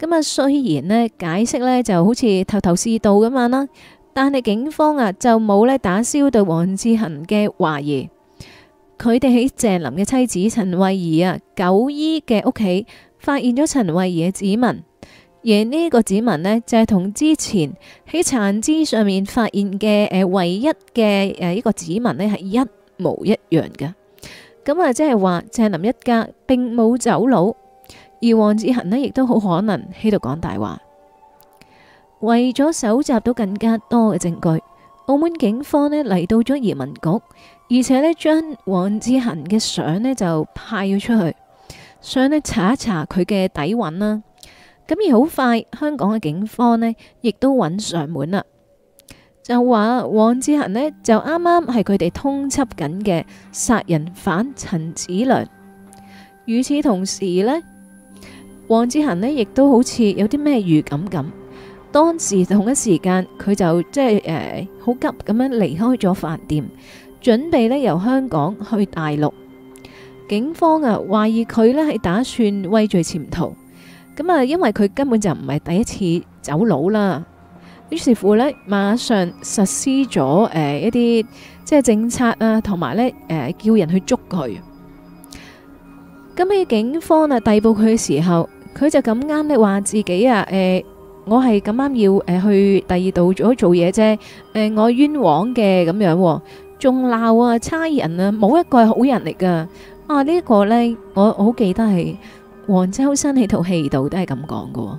咁啊雖然呢解釋呢就好似頭頭是道咁樣啦，但係警方啊就冇呢打消對黃志恒嘅懷疑。佢哋喺鄭林嘅妻子陳慧儀啊，九姨嘅屋企發現咗陳慧儀嘅指紋，而呢個指紋呢，就係、是、同之前喺殘肢上面發現嘅、呃、唯一嘅呢、呃、一個指紋呢，係一模一樣嘅。咁啊，即係話鄭林一家並冇走佬，而黃子恆呢，亦都好可能喺度講大話。為咗搜集到更加多嘅證據，澳門警方呢嚟到咗移民局。而且咧將黃志恒嘅相就派咗出去，想咧查一查佢嘅底蘊啦。咁而好快，香港嘅警方咧亦都揾上門啦，就話黃志恒咧就啱啱係佢哋通緝緊嘅殺人犯陳子良。與此同時咧，黃志恒咧亦都好似有啲咩預感咁，當時同一時間佢就即係好急咁樣離開咗飯店。準備呢由香港去大陸，警方啊懷疑佢呢係打算畏罪潛逃咁啊，因為佢根本就唔係第一次走佬啦。於是乎呢馬上實施咗誒、呃、一啲即係政策啊，同埋呢誒、呃、叫人去捉佢。咁喺警方啊逮捕佢嘅時候，佢就咁啱呢話自己啊誒、呃，我係咁啱要誒去第二度咗做嘢啫，誒、呃、我冤枉嘅咁樣、哦。仲鬧啊，差人啊，冇一個係好人嚟噶。啊，呢個、呢我我是一，是、欸、啊一個咧，我好記得係黃秋生喺套戲度都係咁講噶。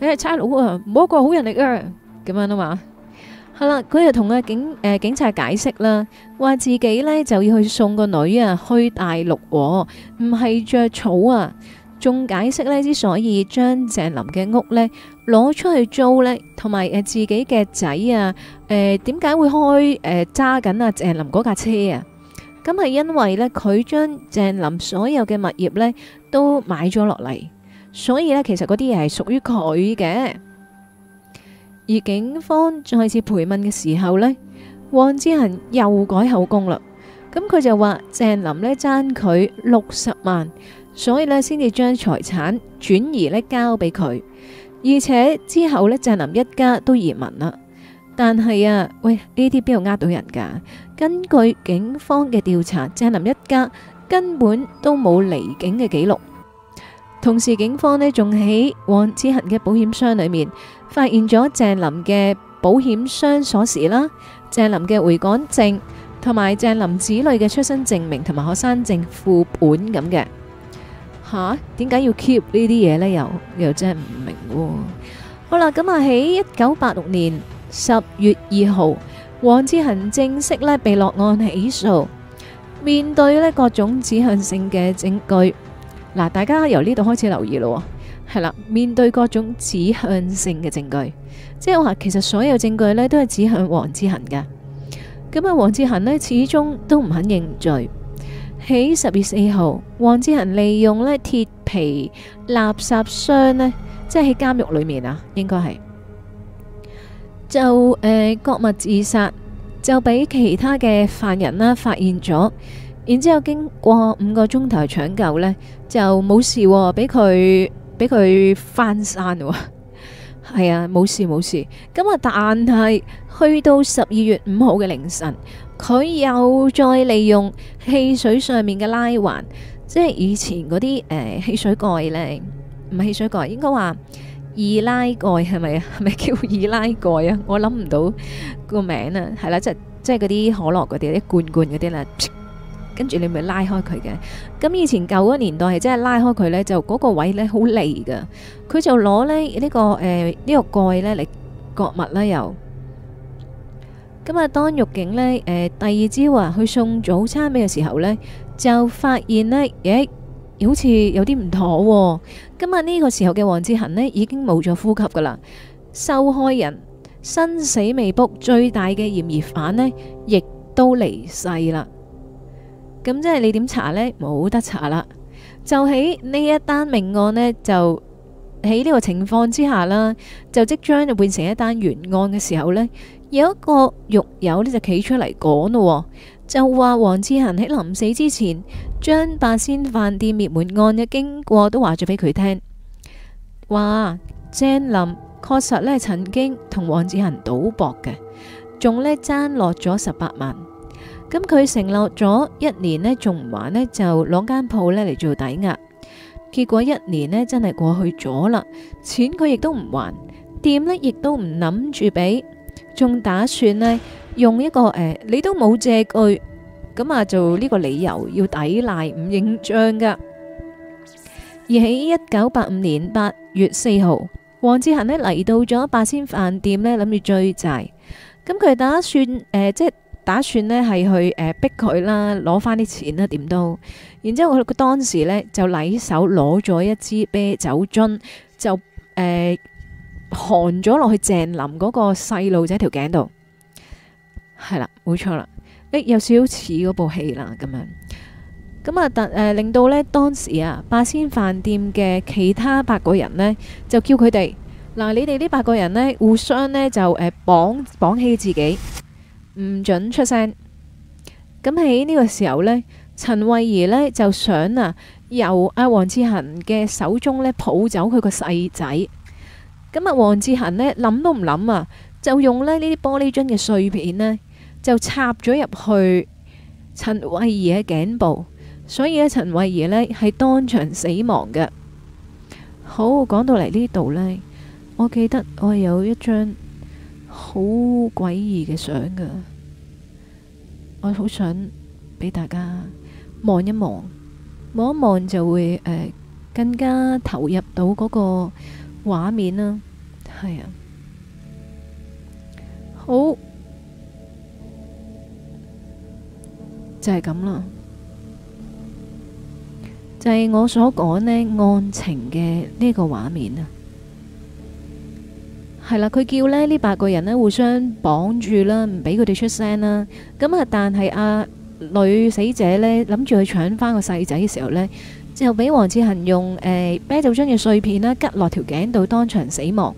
誒，差佬啊，冇一個好人嚟啊。咁樣啊嘛。係、嗯、啦，佢又同阿警誒、呃、警察解釋啦，話自己呢就要去送個女啊去大陸，唔係着草啊。仲解釋咧，之所以將鄭林嘅屋咧攞出去租咧，同埋誒自己嘅仔啊，誒點解會開誒揸緊啊鄭林嗰架車啊？咁係因為咧，佢將鄭林所有嘅物業咧都買咗落嚟，所以咧其實嗰啲嘢係屬於佢嘅。而警方再次盤問嘅時候咧，黃之恒又改口供啦。咁佢就話鄭林咧爭佢六十萬。所以呢，先至將財產轉移呢，交俾佢，而且之後呢，鄭林一家都移民啦。但係啊，喂，呢啲邊度呃到人噶？根據警方嘅調查，鄭林一家根本都冇離境嘅記錄。同時，警方呢仲喺黃子恒嘅保險箱裏面發現咗鄭林嘅保險箱鎖匙啦，鄭林嘅回港證同埋鄭林子女嘅出生證明同埋學生證副本咁嘅。吓？點解要 keep 呢啲嘢呢？又又真係唔明喎。嗯。好啦，咁啊喺一九八六年十月二號，黃志恒正式呢被落案起訴。面對呢各種指向性嘅證據，嗱，大家由呢度開始留意咯。係啦，面對各種指向性嘅證據，即係我話其實所有證據呢都係指向黃志恒嘅。咁啊，黃志恒呢始終都唔肯認罪。喺十月四號，黃志恒利用呢鐵皮垃圾箱呢，即係喺監獄裏面啊，應該係就誒割脈自殺，就俾其他嘅犯人啦發現咗，然之後經過五個鐘頭搶救呢，就冇事，俾佢俾佢翻生，係啊冇事冇事，咁啊但係去到十二月五號嘅凌晨。佢又再利用汽水上面嘅拉環，即係以前嗰啲誒汽水蓋咧，唔係汽水蓋，應該話易拉蓋係咪啊？係咪叫易拉蓋啊？我諗唔到個名啊，係啦，啊，即係即係嗰啲可樂嗰啲啲罐罐嗰啲啦，跟住你咪拉開佢嘅。咁以前舊嗰年代係真係拉開佢咧，就嗰個位咧好利噶，佢就攞咧呢，呢個誒呢，呃呢個蓋咧嚟割物啦又。今日當獄警呢，誒，第二朝話、啊、去送早餐俾嘅時候呢，就發現呢，咦，好似有啲唔妥、啊。今日呢個時候嘅黃志恆呢，已經冇咗呼吸噶啦，受害人生死未卜，最大嘅嫌疑犯呢，亦都離世啦。咁即係你點查呢？冇得查啦。就喺呢一單命案呢，就喺呢個情況之下啦，就即將就變成一單懸案嘅時候呢。有一個獄友呢，就企出嚟講咯，就話黃志恒喺臨死之前將八仙飯店滅門案嘅經過都話咗俾佢聽，話鄭林確實呢曾經同黃志恒賭博嘅，仲呢爭落咗十八萬，咁佢承諾咗一年呢，仲唔還呢就攞間鋪呢嚟做抵押。結果一年呢，真係過去咗啦，錢佢亦都唔還，店呢亦都唔諗住俾。仲打算呢，用一個誒、呃，你都冇借據，咁啊做呢個理由要抵賴唔認賬噶。而喺一九八五年八月四號，黃志恆呢嚟到咗八仙飯店、呃、呢，諗住追債，咁佢打算誒，即係打算呢係去誒逼佢啦，攞翻啲錢啦點都。然之後佢佢當時咧就禮手攞咗一支啤酒樽，就誒。呃寒咗落去鄭林嗰個細路仔條頸度，係啦，冇錯啦，誒，有少少似嗰部戲啦，咁樣，咁啊，特誒令到呢當時啊八仙飯店嘅其他八個人呢，就叫佢哋嗱，你哋呢八個人呢，互相呢，就誒綁綁起自己，唔准出聲。咁喺呢個時候呢，陳慧儀呢，就想啊由阿黃志恆嘅手中呢，抱走佢個細仔。今日黃志恒呢，諗都唔諗啊，就用咧呢啲玻璃樽嘅碎片呢，就插咗入去陳慧儀嘅頸部，所以呢，陳慧儀呢，係當場死亡嘅。好，講到嚟呢度呢，我記得我有一張好詭異嘅相噶，我好想俾大家望一望，望一望就會、呃、更加投入到嗰、那個。畫面啊，係啊，好就係咁啦，就係我所講呢案情嘅呢個畫面啊，係啦，佢叫呢呢八個人呢互相綁住啦，唔俾佢哋出聲啦，咁啊，但係阿女死者呢諗住去搶翻個細仔嘅時候呢。之後俾黃志恒用、呃、啤酒樽嘅碎片啦，拮落條頸度，當場死亡。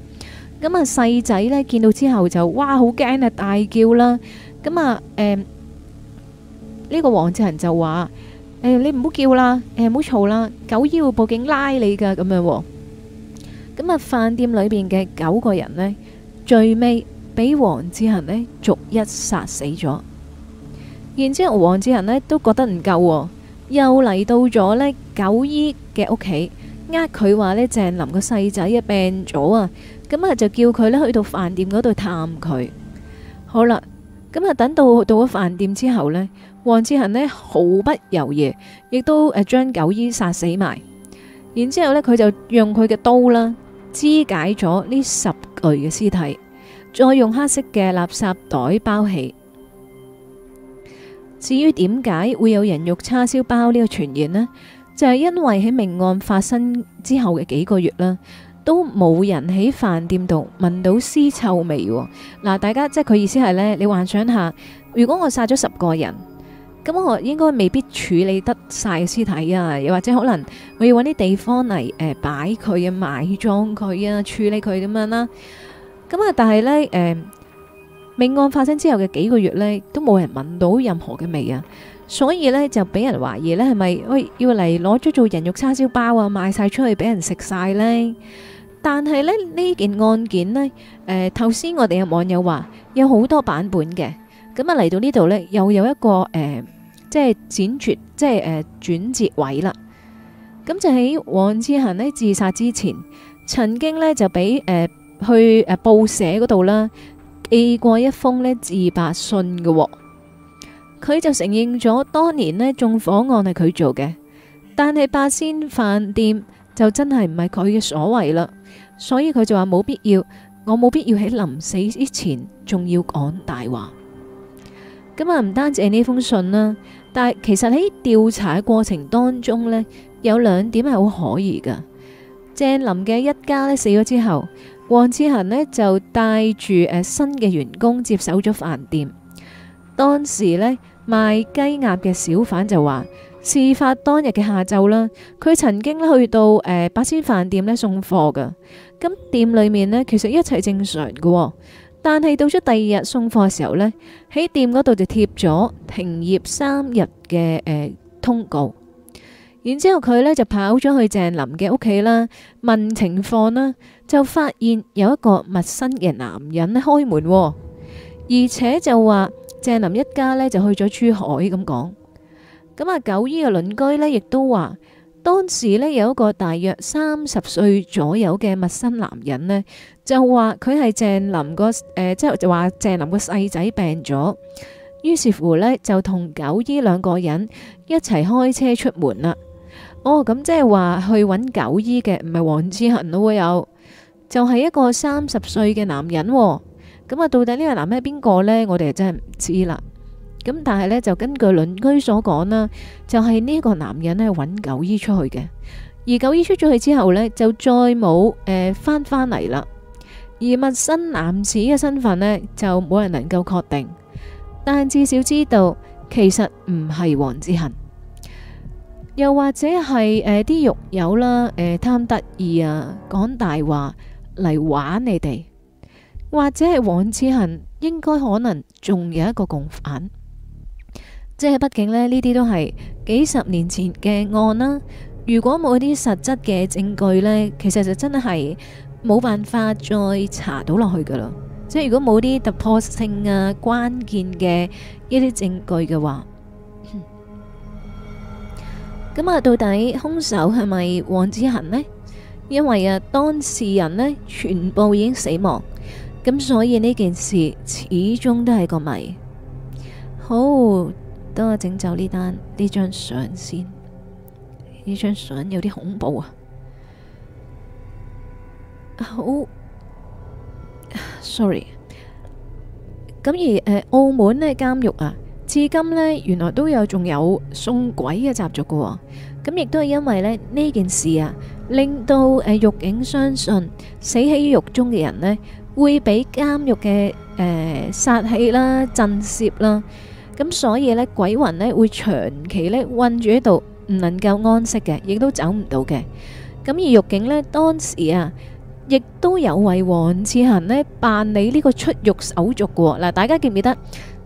咁啊細仔呢見到之後就哇好驚啊，大叫啦。咁啊呢個黃志恒就話、呃、你唔好叫啦，唔好嘈啦，狗姨會報警拉你噶咁樣、哦。咁啊飯店裏邊嘅九個人呢，最尾俾黃志恒呢逐一殺死咗。然之後黃志恒呢，都覺得唔夠、哦。又嚟到咗九姨嘅屋企，呃，佢話呢鄭林個細仔病咗啊，咁啊就叫佢呢去到飯店嗰度探佢。好啦，咁啊等到到咗飯店之後呢，黃志恒呢毫不猶豫，亦都誒將九姨殺死埋，然之後呢佢就用佢嘅刀啦，肢解咗呢十具嘅屍體，再用黑色嘅垃圾袋包起。至於點解會有人肉叉燒包呢個傳言呢？就係、是、因為喺命案發生之後嘅幾個月啦，都冇人喺飯店度聞到屍臭味。嗱，大家即係佢意思係呢：你幻想下，如果我殺咗十個人，咁我應該未必處理得晒屍體啊，又或者可能我要揾啲地方嚟，誒擺佢啊，埋葬佢啊，處理佢咁樣啦？咁啊，但係呢。誒、呃。命案發生之後嘅幾個月呢，都冇人聞到任何嘅味啊，所以呢，就俾人懷疑呢，係咪喂要嚟攞咗做人肉叉燒包啊，賣晒出去俾人食晒呢？但係呢，呢件案件呢，誒頭先我哋有網友話有好多版本嘅，咁啊嚟到呢度呢，又有一個誒、呃，即係剪接，即係誒轉折位啦。咁就喺黃志恒咧自殺之前，曾經呢，就俾誒、呃、去誒、呃、報社嗰度啦。寄過一封咧自白信嘅，佢就承認咗當年呢縱火案係佢做嘅，但係八仙飯店就真係唔係佢嘅所為啦，所以佢就話冇必要，我冇必要喺臨死之前仲要講大話。咁啊，唔單止係呢封信啦，但係其實喺調查嘅過程當中呢，有兩點係好可疑噶。鄭林嘅一家呢，死咗之後。黃志恒呢就帶住誒新嘅員工接手咗飯店。當時呢，賣雞鴨嘅小販就話，事發當日嘅下晝啦，佢曾經去到誒、呃、八仙飯店呢送貨噶。咁店裏面呢，其實一切正常嘅、哦，但係到咗第二日送貨嘅時候呢，喺店嗰度就貼咗停業三日嘅誒通告。然之後佢呢就跑咗去鄭林嘅屋企啦，問情況啦。就發現有一個陌生嘅男人咧開門，哦，而且就話鄭林一家呢就去咗珠海咁講。咁啊，九姨嘅鄰居呢，亦都話，當時呢有一個大約三十歲左右嘅陌生男人呢，就話佢係鄭林個誒，即、呃、係就話、是、鄭林個細仔病咗，於是乎呢，就同九姨兩個人一齊開車出門啦。哦，咁即係話去揾九姨嘅，唔係黃志恆咯，會有，就係、是、一個三十歲嘅男人，咁啊，到底呢個男人係邊個咧？我哋真係唔知啦。咁但係呢，就根據鄰居所講啦，就係、是、呢個男人咧揾狗姨出去嘅，而狗姨出咗去之後呢，就再冇誒返返嚟啦。而陌生男子嘅身份呢，就冇人能夠確定，但至少知道其實唔係黃之恆，又或者係誒啲獄友啦，誒、呃、貪得意啊，講大話。嚟玩你哋，或者係黃子恒，應該可能仲有一個共犯。即係畢竟咧呢啲都係幾十年前嘅案啦，如果冇啲實質嘅證據呢，其實就真係冇辦法再查到落去噶啦。即係如果冇啲突破性啊、關鍵嘅一啲證據嘅話，咁、嗯、啊到底兇手係咪黃子恒呢？因為啊，當事人呢，全部已經死亡，咁所以呢件事始終都係個謎。好，等我整走呢單呢張相先，呢張相有啲恐怖啊！好，sorry。咁而、呃、澳門呢監獄啊，至今呢原來都有仲有送鬼嘅習俗嘅、哦，咁亦都係因為呢呢件事啊。令到誒獄警相信死喺獄中嘅人咧，會俾監獄嘅誒殺氣啦、震懾啦，咁所以咧鬼魂咧會長期咧困住喺度，唔能夠安息嘅，亦都走唔到嘅。咁而獄警咧當時啊，亦都有為黃志恆咧辦理呢個出獄手續嘅嗱，大家記唔記得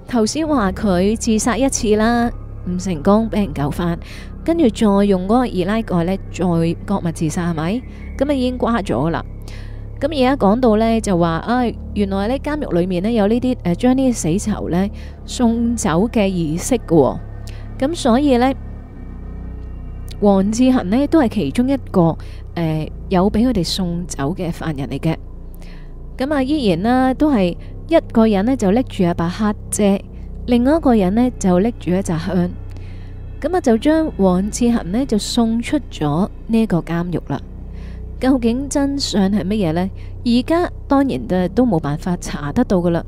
頭先話佢自殺一次啦，唔成功，俾人救返。跟住再用嗰個二拉蓋呢，再割物自殺係咪？咁啊、嗯、已經瓜咗啦。咁而家講到呢，就話啊、哎，原來呢，監獄裏面呢，有呢啲誒，將呢啲死囚呢送走嘅儀式噶、哦。咁、嗯、所以呢，黃志恒呢都係其中一個誒、呃，有俾佢哋送走嘅犯人嚟嘅。咁、嗯、啊依然啦，都係一個人呢，就拎住一把黑遮，另外一個人呢，就拎住一扎香。咁啊，就將黃志恆呢就送出咗呢一個監獄啦。究竟真相係乜嘢呢？而家當然都冇辦法查得到噶啦。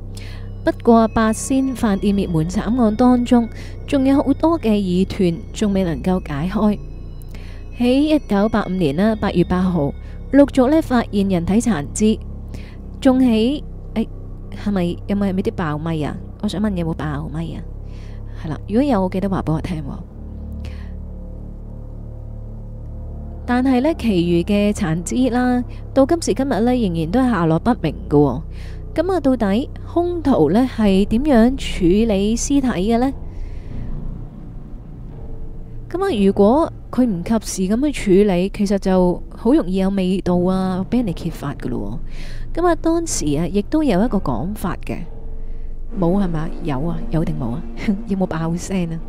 不過八仙飯店滅，滅門慘案當中，仲有好多嘅疑團仲未能夠解開8 8。喺一九八五年呢，八月八號陸續呢發現人體殘肢。仲喺誒係咪有冇係咪啲爆米啊？我想問有冇爆米啊？係啦，如果有我記得話，俾我聽。但係呢，其餘嘅殘肢啦，到今時今日呢，仍然都係下落不明㗎喎。咁啊，到底凶徒呢係點樣處理屍體嘅呢？咁啊，如果佢唔及時咁去處理，其實就好容易有味道啊，俾人哋揭發㗎咯。咁啊，當時啊，亦都有一個講法嘅，冇係咪？有啊，有定冇啊？ [LAUGHS] 有冇爆聲啊？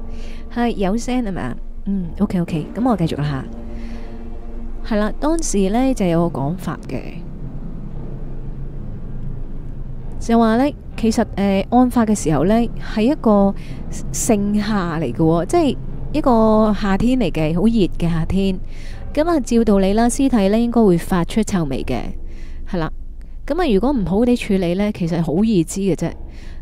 係 [LAUGHS] 有聲係咪？嗯，OK OK，咁我繼續啦吓。係啦，當時呢就有個講法嘅，就話呢，其實誒、呃，案發嘅時候呢係一個盛夏嚟嘅、哦，即係一個夏天嚟嘅，好熱嘅夏天。咁啊，照道理啦，屍體呢應該會發出臭味嘅。係啦，咁啊，如果唔好地處理呢，其實好易知嘅啫。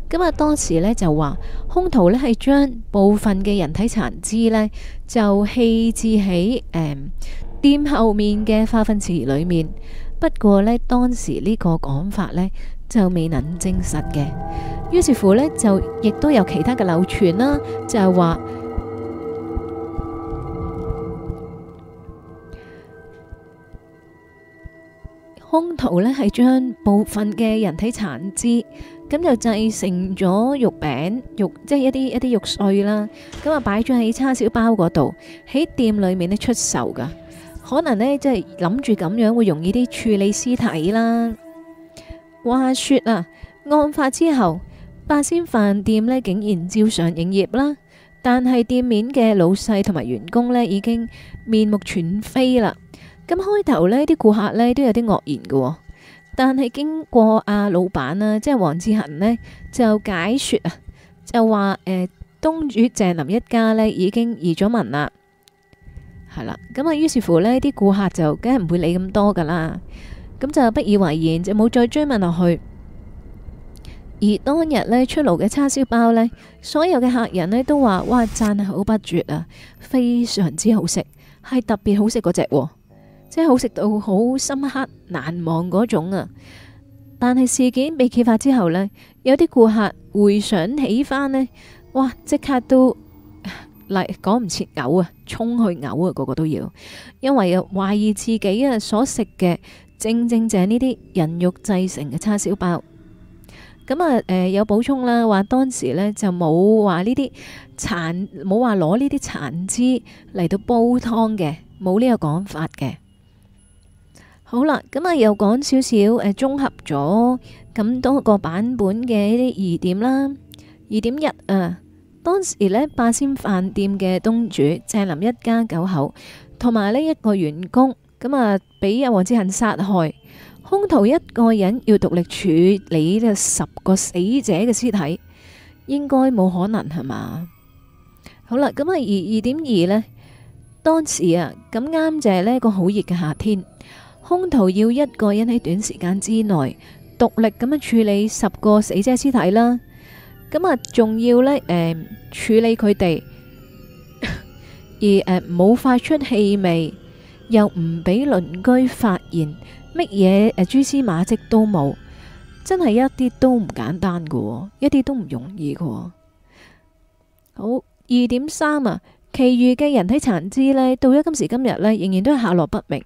咁啊，當時咧就話，凶徒呢係將部分嘅人體殘肢呢就棄置喺誒。嗯店後面嘅化糞池裏面，不過呢，當時呢個講法呢就未能證實嘅，於是乎呢，就亦都有其他嘅流傳啦，就係、是、話， [NOISE] 凶徒呢係將部分嘅人體殘肢咁就製成咗肉餅肉，即、就、係、是、一啲一啲肉碎啦，咁啊擺咗喺叉燒包嗰度，喺店裏面呢出售㗎。可能呢，即係諗住咁樣會容易啲處理屍體啦。話說啊，案發之後，八仙飯店呢竟然照常營業啦，但係店面嘅老細同埋員工呢已經面目全非啦。咁開頭呢啲顧客呢都有啲愕然嘅，但係經過啊，老板啊，即係黃志恆呢，就解說啊，就話誒東主鄭林一家呢已經移咗民啦。係啦，咁啊，於是乎呢啲顧客就梗係唔會理咁多噶啦，咁就不以為然，就冇再追問落去。而當日呢，出爐嘅叉燒包呢，所有嘅客人呢都話：哇，讚口不絕啊，非常之好食，係特別好食嗰隻，即係好食到好深刻難忘嗰種啊！但係事件被揭發之後呢，有啲顧客會想起返呢：「哇，即刻都。嗱，講唔切嘔啊，衝去嘔啊，個個都要，因為啊懷疑自己啊所食嘅，正正就係呢啲人肉製成嘅叉燒包。咁啊，誒、呃、有補充啦，話當時呢，就冇話呢啲殘，冇話攞呢啲殘肢嚟到煲湯嘅，冇呢個講法嘅。好啦，咁、呃、啊又講少少誒，綜、呃、合咗咁多個版本嘅呢啲疑點啦，疑點一啊。當時咧，八仙飯店嘅東主鄭林一家九口同埋呢一個員工，咁、嗯、啊，俾阿黃志恒殺害，凶徒一個人要獨力處理呢十個死者嘅屍體，應該冇可能係嘛？好啦，咁、嗯、啊，而二點二呢，當時啊，咁啱就係呢一個好熱嘅夏天，凶徒要一個人喺短時間之內獨力咁樣處理十個死者屍體啦。咁啊，仲要呢，誒處理佢哋而冇、呃、發出氣味，又唔俾鄰居發現乜嘢蛛絲馬跡都冇，真係一啲都唔簡單嘅，一啲都唔容易嘅。好，二點三啊，3，其餘嘅人體殘肢呢，到咗今時今日呢，仍然都係下落不明。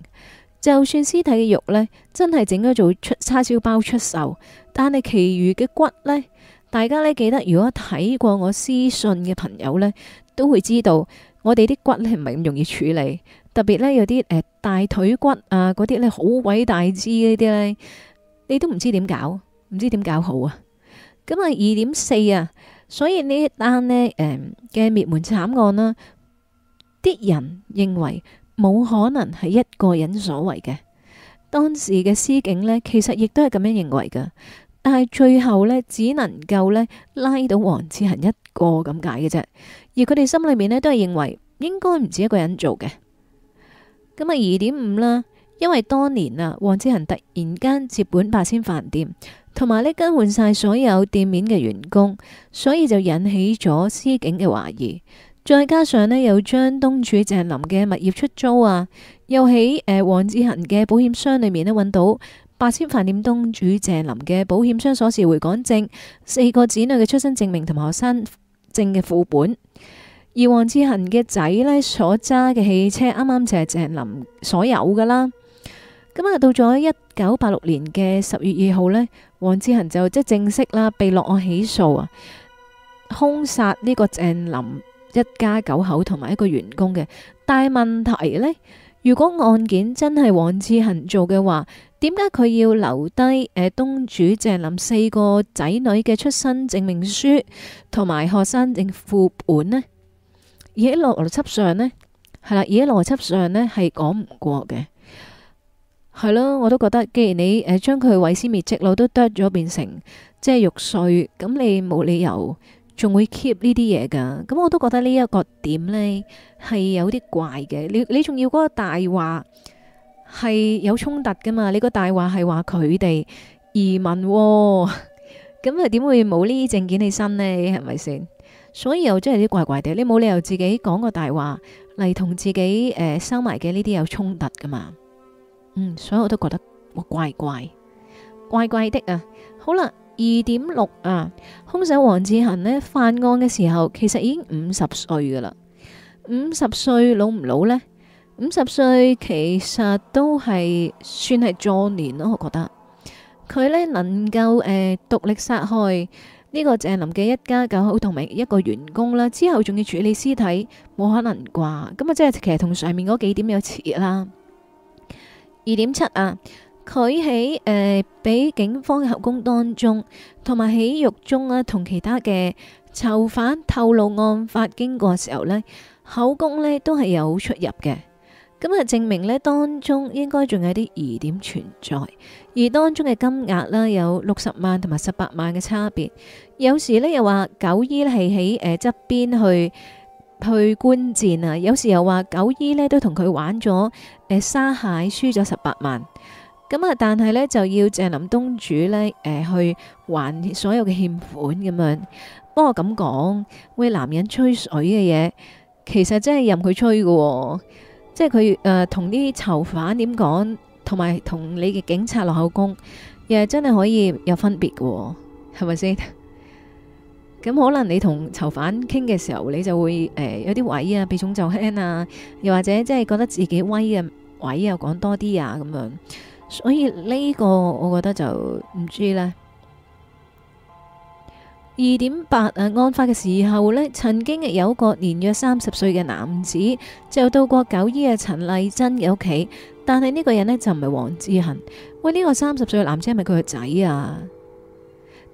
就算屍體嘅肉呢，真係整咗做出叉燒包出售，但係其餘嘅骨呢。大家呢記得，如果睇過我私信嘅朋友呢，都會知道我哋啲骨呢，唔係咁容易處理，特別呢，有啲誒、呃、大腿骨啊嗰啲呢，好鬼大支呢啲呢，你都唔知點搞，唔知點搞好啊！咁啊二點四啊，所以這呢一單呢誒嘅滅門慘案啦，啊，啲人認為冇可能係一個人所為嘅，當時嘅司警呢，其實亦都係咁樣認為㗎。但係最後呢，只能夠呢拉到黃志恒一個咁解嘅啫，而佢哋心裏面呢，都係認為應該唔止一個人做嘅。咁啊，二點五啦，因為當年啊，黃志恒突然間接管八仙飯店，同埋呢更換晒所有店面嘅員工，所以就引起咗司警嘅懷疑。再加上呢，又將東主鄭林嘅物業出租啊，又喺誒黃志恒嘅保險箱裏面呢揾到。八仙飯店東主鄭林嘅保險箱鎖匙、回港證、四個子女嘅出生證明同埋學生證嘅副本，而黃志恆嘅仔呢，所揸嘅汽車，啱啱就係鄭林所有噶啦咁啊，到咗一九八六年嘅十月二號呢，黃志恆就即係正式啦被落案起訴啊，凶殺呢個鄭林一家九口同埋一個員工嘅但問題呢。如果案件真係黃志恒做嘅話，點解佢要留低誒東主鄭林四個仔女嘅出生證明書同埋學生證副本呢？而喺邏輯上呢，係啦，而喺邏輯上呢，係講唔過嘅係咯，我都覺得。既然你誒將佢毀屍滅跡咯，都剁咗變成即係肉碎，咁你冇理由。仲會 keep 呢啲嘢噶，咁我都覺得呢一個點呢，係有啲怪嘅。你你仲要嗰個大話係有衝突噶嘛？你個大話係話佢哋移民，哦，咁又點會冇呢啲證件喺身呢？係咪先？所以又真係啲怪怪哋。你冇理由自己講個大話嚟，同自己誒、呃、收埋嘅呢啲有衝突噶嘛？嗯，所以我都覺得我怪怪怪怪的啊！好啦。二點六啊，兇手黃志恒呢犯案嘅時候，其實已經五十歲噶啦。五十歲老唔老呢？五十歲其實都係算係壯年咯，我覺得佢呢能夠誒、呃、獨力殺害呢個鄭林嘅一家九口同埋一個員工啦，之後仲要處理屍體，冇可能啩？咁啊，即係其實同上面嗰幾點有似啦。二點七啊。佢喺誒俾警方嘅口供當中，同埋喺獄中啊，同其他嘅囚犯透露案發經過時候咧，口供咧都係有出入嘅。咁就證明咧，當中應該仲有啲疑點存在，而當中嘅金額啦，有六十萬同埋十八萬嘅差別。有時咧又話九姨咧係喺誒側邊去去觀戰啊，有時又話九姨咧都同佢玩咗誒沙蟹，輸咗十八萬。咁啊！但係呢，就要鄭林東主呢誒、呃，去還所有嘅欠款咁樣。不過咁講，喂，男人吹水嘅嘢，其實真係任佢吹嘅、哦，即係佢誒同啲囚犯點講，同埋同你嘅警察落口供，又係真係可以有分別嘅、哦，係咪先？咁 [LAUGHS] 可能你同囚犯傾嘅時候，你就會誒、呃、有啲位啊，避重就輕啊，又或者即係覺得自己威嘅位啊，講多啲啊咁樣。所以呢個我覺得就唔知呢。二點八啊，案發嘅時候咧，曾經有個年約三十歲嘅男子就到過九姨啊陳麗珍嘅屋企，但係呢個人呢，就唔係黃志恒。喂，呢個三十歲嘅男仔係咪佢個仔啊？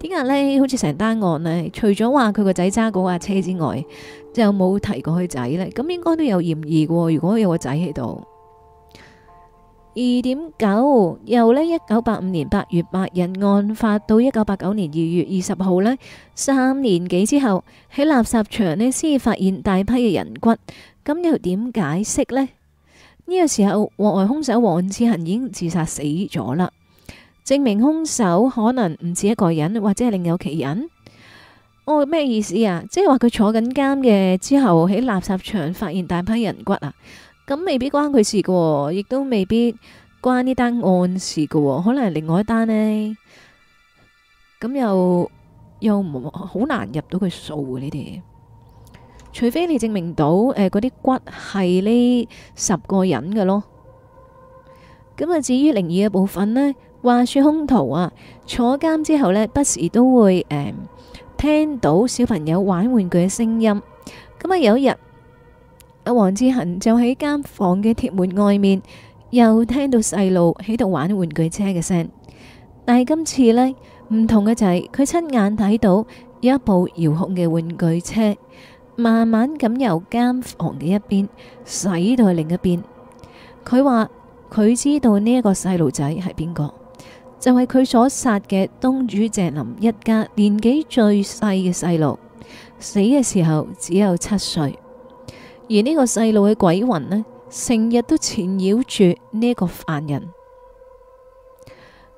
點解呢？好似成單案呢，除咗話佢個仔揸嗰架車之外，就冇提過佢仔呢。咁應該都有嫌疑嘅。如果有個仔喺度。二點九，由呢一九八五年八月八日案發到一九八九年二月二十號呢，三年幾之後喺垃圾場呢先發現大批嘅人骨，咁又點解釋呢？呢、這個時候，案外兇手黃志恆已經自殺死咗啦，證明兇手可能唔止一個人，或者係另有其人。我、哦、咩意思啊？即係話佢坐緊監嘅之後喺垃圾場發現大批人骨啊？咁未必關佢事噶，亦都未必關呢單案事噶，可能係另外一單呢，咁又又好難入到佢數你哋，除非你證明到誒嗰啲骨係呢十個人嘅咯。咁啊，至於靈異嘅部分呢，話說凶徒啊，坐監之後呢，不時都會誒、嗯、聽到小朋友玩玩具嘅聲音。咁啊，有一日。阿黃志恒就喺間房嘅鐵門外面，又聽到細路喺度玩玩具車嘅聲。但係今次呢，唔同嘅就係，佢親眼睇到有一部遙控嘅玩具車，慢慢咁由間房嘅一邊，駛到去另一邊。佢話佢知道呢一個細路仔係邊個，就係、是、佢所殺嘅東主鄭林一家年紀最細嘅細路，死嘅時候只有七歲。而呢個細路嘅鬼魂呢，成日都纏繞住呢個犯人。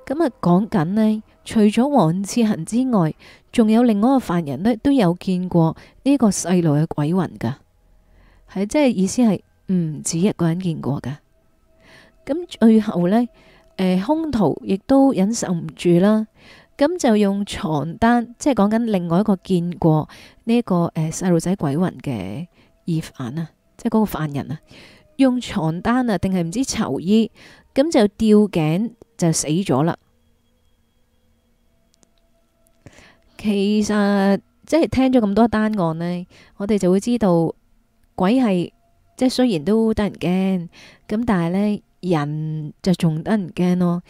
咁啊，講緊呢，除咗黃志恒之外，仲有另外一個犯人呢，都有見過呢個細路嘅鬼魂噶，係即係意思係唔止一個人見過噶。咁最後呢，誒、呃，凶徒亦都忍受唔住啦，咁就用床單，即係講緊另外一個見過呢、這個誒細路仔鬼魂嘅。疑犯啊，即係嗰個犯人啊，用床單啊，定係唔知囚衣，咁就吊頸就死咗啦。其實即係聽咗咁多單案呢，我哋就會知道鬼係即係雖然都得人驚，咁但係呢，人就仲得人驚咯。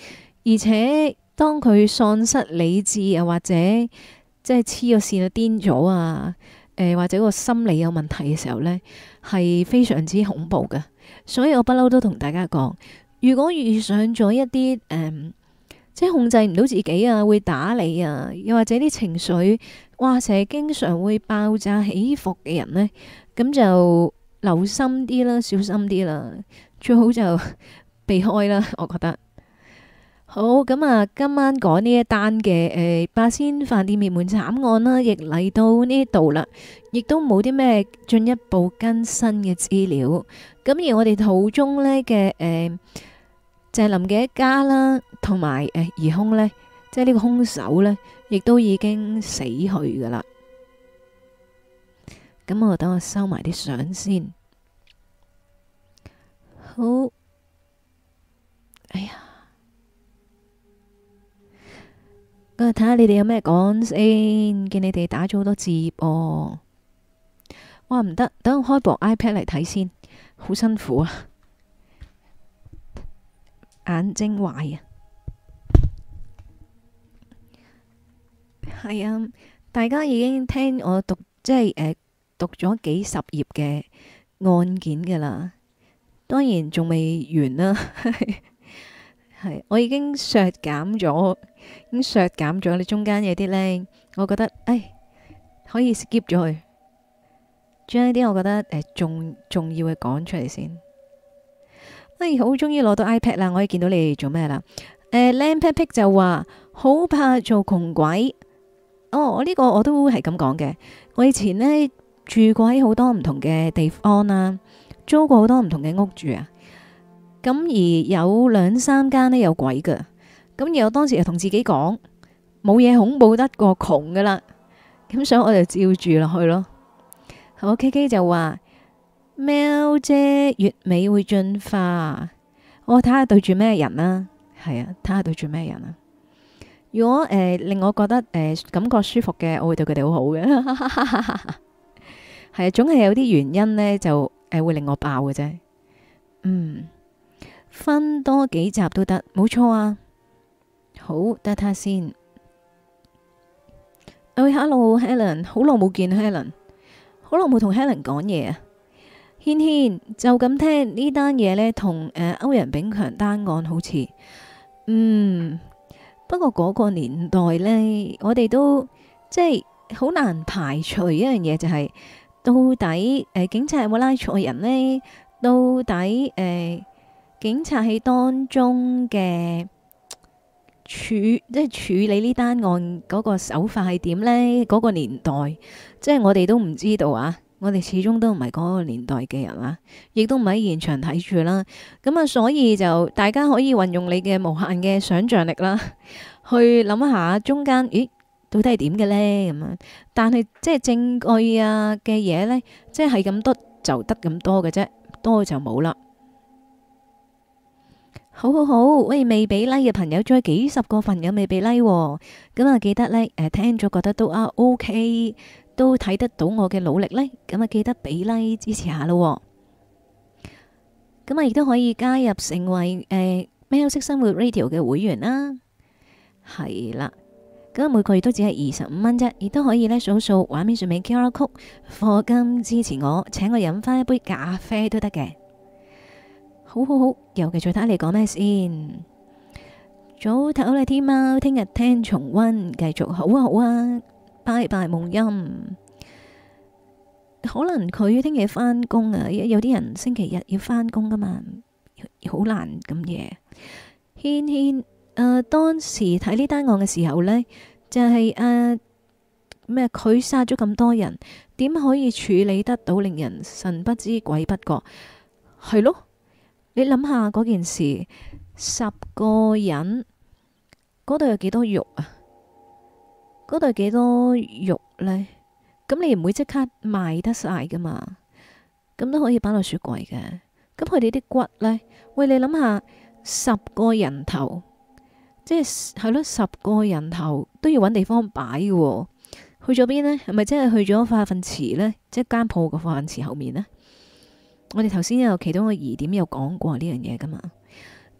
而且當佢喪失理智啊，或者即係黐個線啊癲咗啊。誒、呃，或者個心理有問題嘅時候呢，係非常之恐怖㗎。所以我不嬲都同大家講，如果遇上咗一啲誒、嗯，即係控制唔到自己啊，會打你啊，又或者啲情緒，哇，成日經常會爆炸起伏嘅人呢，咁就留心啲啦，小心啲啦，最好就 [LAUGHS] 避開啦，我覺得。好咁啊！今晚講呢一單嘅誒八仙飯店滅門慘案啦，亦嚟到呢度啦，亦都冇啲咩進一步更新嘅資料。咁而我哋途中呢嘅誒鄭林嘅一家啦，同埋誒疑凶呢，即係呢個凶手呢，亦都已經死去噶啦。咁我等我收埋啲相先。好，哎呀～我睇下你哋有咩講先，見你哋打咗好多字哦。我話唔得，等我開部 iPad 嚟睇先，好辛苦啊，眼睛壞啊。係啊，大家已經聽我讀，即係誒，讀咗幾十頁嘅案件噶啦，當然仲未完啦啊。 [LAUGHS] 係，我已經削減咗，已經削減咗你中間嘅啲咧，我覺得，唉可以 skip 咗佢，將啲我覺得誒重、呃、重要嘅講出嚟先。誒，好終於攞到 iPad 啦，我可以見到你哋做咩啦？誒、呃，Lampick 就話好怕做窮鬼。哦，我、這、呢個我都係咁講嘅，我以前呢，住過喺好多唔同嘅地方啦、啊，租過好多唔同嘅屋住啊。咁而有兩三間咧有鬼噶，咁而我當時又同自己講，冇嘢，恐怖得過窮噶啦。咁所以我就照住落去咯。我 K K 就話喵啫，月尾會進化。我睇下對住咩人啦，係啊，睇下、啊、對住咩人啊。如果誒、呃、令我覺得誒、呃、感覺舒服嘅，我會對佢哋好好嘅。係 [LAUGHS] 啊，總係有啲原因呢，就誒會令我爆嘅啫。嗯。分多幾集都得，冇錯啊！好，得下先。喂、oh,，Hello，Helen，好耐冇見，Helen，好耐冇同 Helen 講嘢啊。軒軒就咁聽呢單嘢呢，同誒歐陽炳強單案好似，嗯，不過嗰個年代呢，我哋都即係好難排除一樣嘢，就是，就係到底誒、呃、警察有冇拉錯人呢？到底誒？呃警察喺當中嘅處，即係處理呢單案嗰個手法係點呢？嗰個年代，即係我哋都唔知道啊！我哋始終都唔係嗰個年代嘅人啊，亦都唔喺現場睇住啦。咁啊，所以就大家可以運用你嘅無限嘅想像力啦，去諗一下中間，咦，到底係點嘅呢？咁啊，但係即係證據啊嘅嘢呢，即係咁多就得咁多嘅啫，多就冇啦。好好好，喂，未俾 like 嘅朋友仲有幾十個朋友未俾 like，咁啊記得呢，誒聽咗覺得都啊 OK，都睇得到我嘅努力呢。咁啊記得俾 like 支持一下咯，咁啊亦都可以加入成為誒喵式生活 radio 嘅會員啦，係啦，咁啊每個月都只係二十五蚊啫，亦都可以呢掃掃畫面上面 QR code，課金支持我，請我飲翻一杯咖啡都得嘅。好好好，尤其再睇你講咩先。早唞啦，天貓，聽日聽重溫，繼續好啊，好啊，拜拜，夢音。可能佢聽日翻工啊，有啲人星期日要翻工噶嘛，好難咁嘢。軒軒，誒，當時睇呢單案嘅時候呢，就係誒咩佢殺咗咁多人，點可以處理得到，令人神不知鬼不覺？係咯。你諗下嗰件事，十個人嗰度有幾多肉啊？嗰度有幾多肉呢？咁你唔會即刻賣得晒噶嘛？咁都可以擺落雪櫃嘅。咁佢哋啲骨呢？喂，你諗下十個人頭，即係係咯，十個人頭都要揾地方擺嘅。去咗邊呢？係咪即係去咗化糞池呢？即係間鋪個化糞池後面呢？我哋頭先有其中個疑點有講過呢樣嘢噶嘛，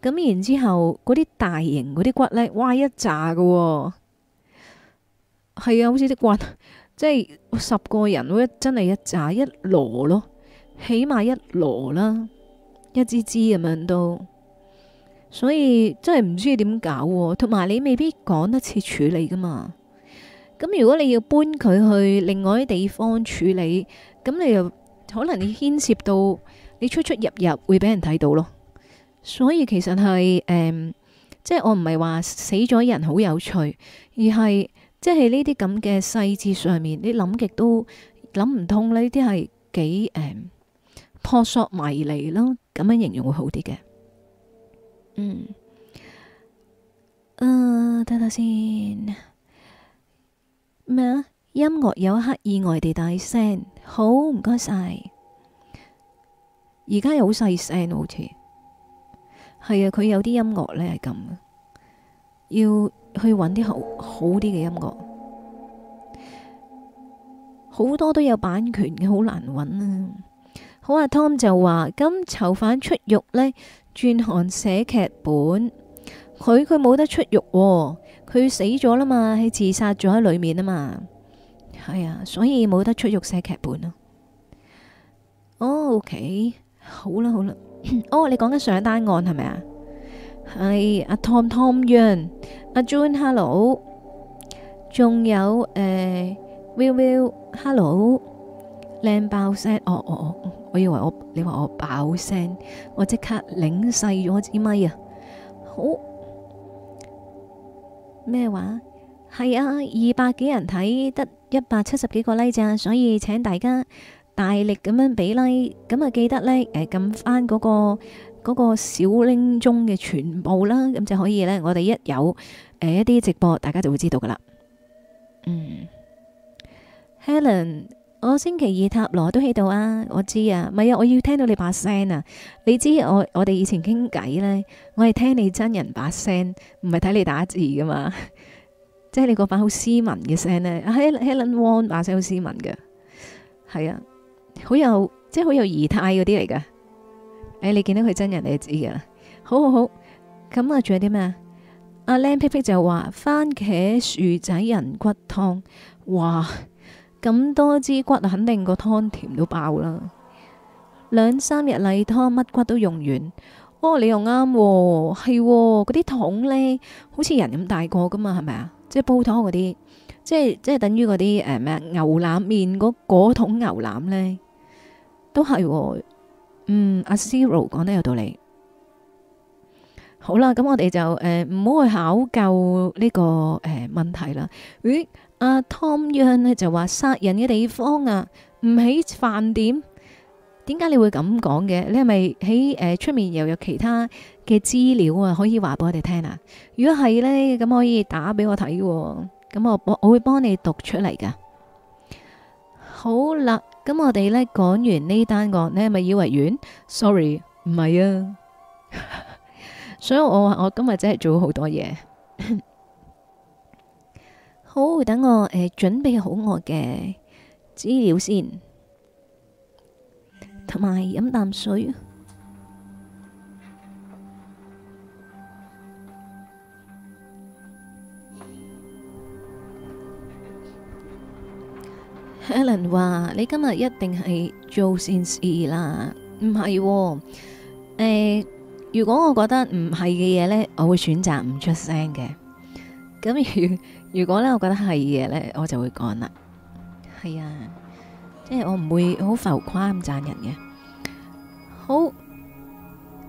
咁然之後嗰啲大型嗰啲骨呢，哇一扎噶、哦，係啊，好似啲骨，即係十個人，真係一扎一籮咯，起碼一籮啦，一支支咁樣都，所以真係唔知點搞、啊，同埋你未必趕得切處理噶嘛，咁如果你要搬佢去另外啲地方處理，咁你又。可能你牽涉到你出出入入會俾人睇到咯，所以其實係誒、嗯，即係我唔係話死咗人好有趣，而係即係呢啲咁嘅細節上面，你諗極都諗唔通呢啲係幾誒撲朔迷離咯，咁樣形容會好啲嘅。嗯，誒、呃，睇下先咩？音樂有一刻意外地大聲，好唔該晒。而家又好細聲。好似係啊。佢有啲音樂呢係咁，要去揾啲好好啲嘅音樂。好多都有版權嘅，好難揾啊。好啊，Tom 就話，咁囚犯出獄呢，轉行寫劇本，佢佢冇得出獄喎，佢死咗啦嘛，係自殺咗喺裏面啊嘛。係、哎、啊，所以冇得出獄寫劇本咯。Oh, OK，好啦好啦、 [COUGHS] oh, 啊嗯啊呃。哦，你講緊上一單案係咪啊？係阿 Tom Tom Yun，阿 John Hello，仲有誒 Will Will Hello，靚爆聲！哦哦哦，我以為我你話我爆聲，我即刻擰細咗支咪啊！好咩話？係啊，二百幾人睇得。一百七十幾個 like 咋，所以請大家大力咁樣俾 like，咁啊記得呢，誒撳翻嗰個、嗰個小鈴鐘嘅全部啦，咁就可以呢。我哋一有誒一啲直播，大家就會知道噶啦。嗯，Helen，我星期二塔羅都喺度啊，我知啊，唔係啊，我要聽到你把聲啊，你知我我哋以前傾偈呢，我係聽你真人把聲，唔係睇你打字噶嘛。即係你個版好斯文嘅聲呢， [NOISE] Helen Wong 把聲好斯文嘅，係啊，好有即係好有儀態嗰啲嚟嘅。誒、哎，你見到佢真人你就知噶。好好好，咁啊，仲有啲咩啊？阿靚皮 p 就話番茄薯仔人骨湯，哇咁多支骨，肯定個湯甜到爆啦。兩三日例湯，乜骨都用完。哦，你又啱，哦，係嗰啲桶呢，好似人咁大個噶嘛，係咪啊？即係煲湯嗰啲，即係即係等於嗰啲誒咩牛腩麵，嗰嗰桶牛腩咧，都係喎。嗯，阿 Zero 講得有道理。好啦，咁我哋就誒唔好去考究呢個誒問題啦。咦，阿 Tom Young 咧就話殺人嘅地方啊，唔喺飯店。點解你會咁講嘅？你係咪喺誒出面又有其他嘅資料啊？可以話俾我哋聽啊！如果係呢，咁可以打俾我睇喎，咁我我我會幫你讀出嚟噶。好啦，咁我哋呢講完呢單案你係咪以為完？Sorry，唔係啊， [LAUGHS] 所以我話我今日真係做咗好多嘢。 [LAUGHS] 好，等我誒、呃、準備好我嘅資料先。同埋飲啖水。Helen 話：你今日一定係做善事啦，唔係喎。誒，如果我覺得唔係嘅嘢咧，我會選擇唔出聲嘅。咁如如果咧，我覺得係嘅嘢咧，我就會講啦。係啊。即係我唔會好浮誇咁讚人嘅，好。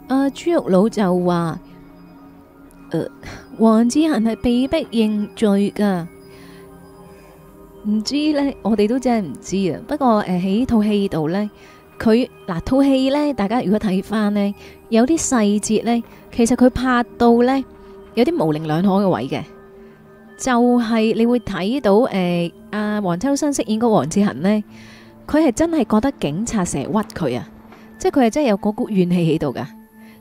阿朱玉佬就話，誒，黃子恒係被迫認罪噶，唔知咧，我哋都真係唔知啊。不過誒，喺套戲度咧，佢嗱套戲咧，大家如果睇翻咧，有啲細節咧，其實佢拍到咧，有啲模棱兩可嘅位嘅，就係你會睇到誒，阿黃秋生飾演個黃子恒咧。佢係真係覺得警察成日屈佢啊！即係佢係真係有嗰股怨氣喺度噶，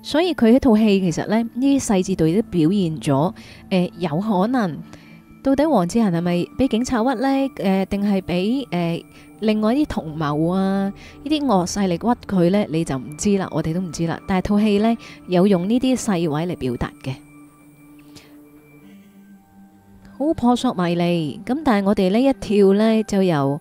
所以佢呢套戲其實咧，呢啲細節都表現咗誒有可能，到底黃志恒係咪俾警察屈咧？誒，定係俾誒另外啲同謀啊？呢啲惡勢力屈佢咧，你就唔知啦。我哋都唔知啦。但係套戲咧，有用呢啲細位嚟表達嘅，好撲朔迷離。咁但係我哋咧一跳咧就由。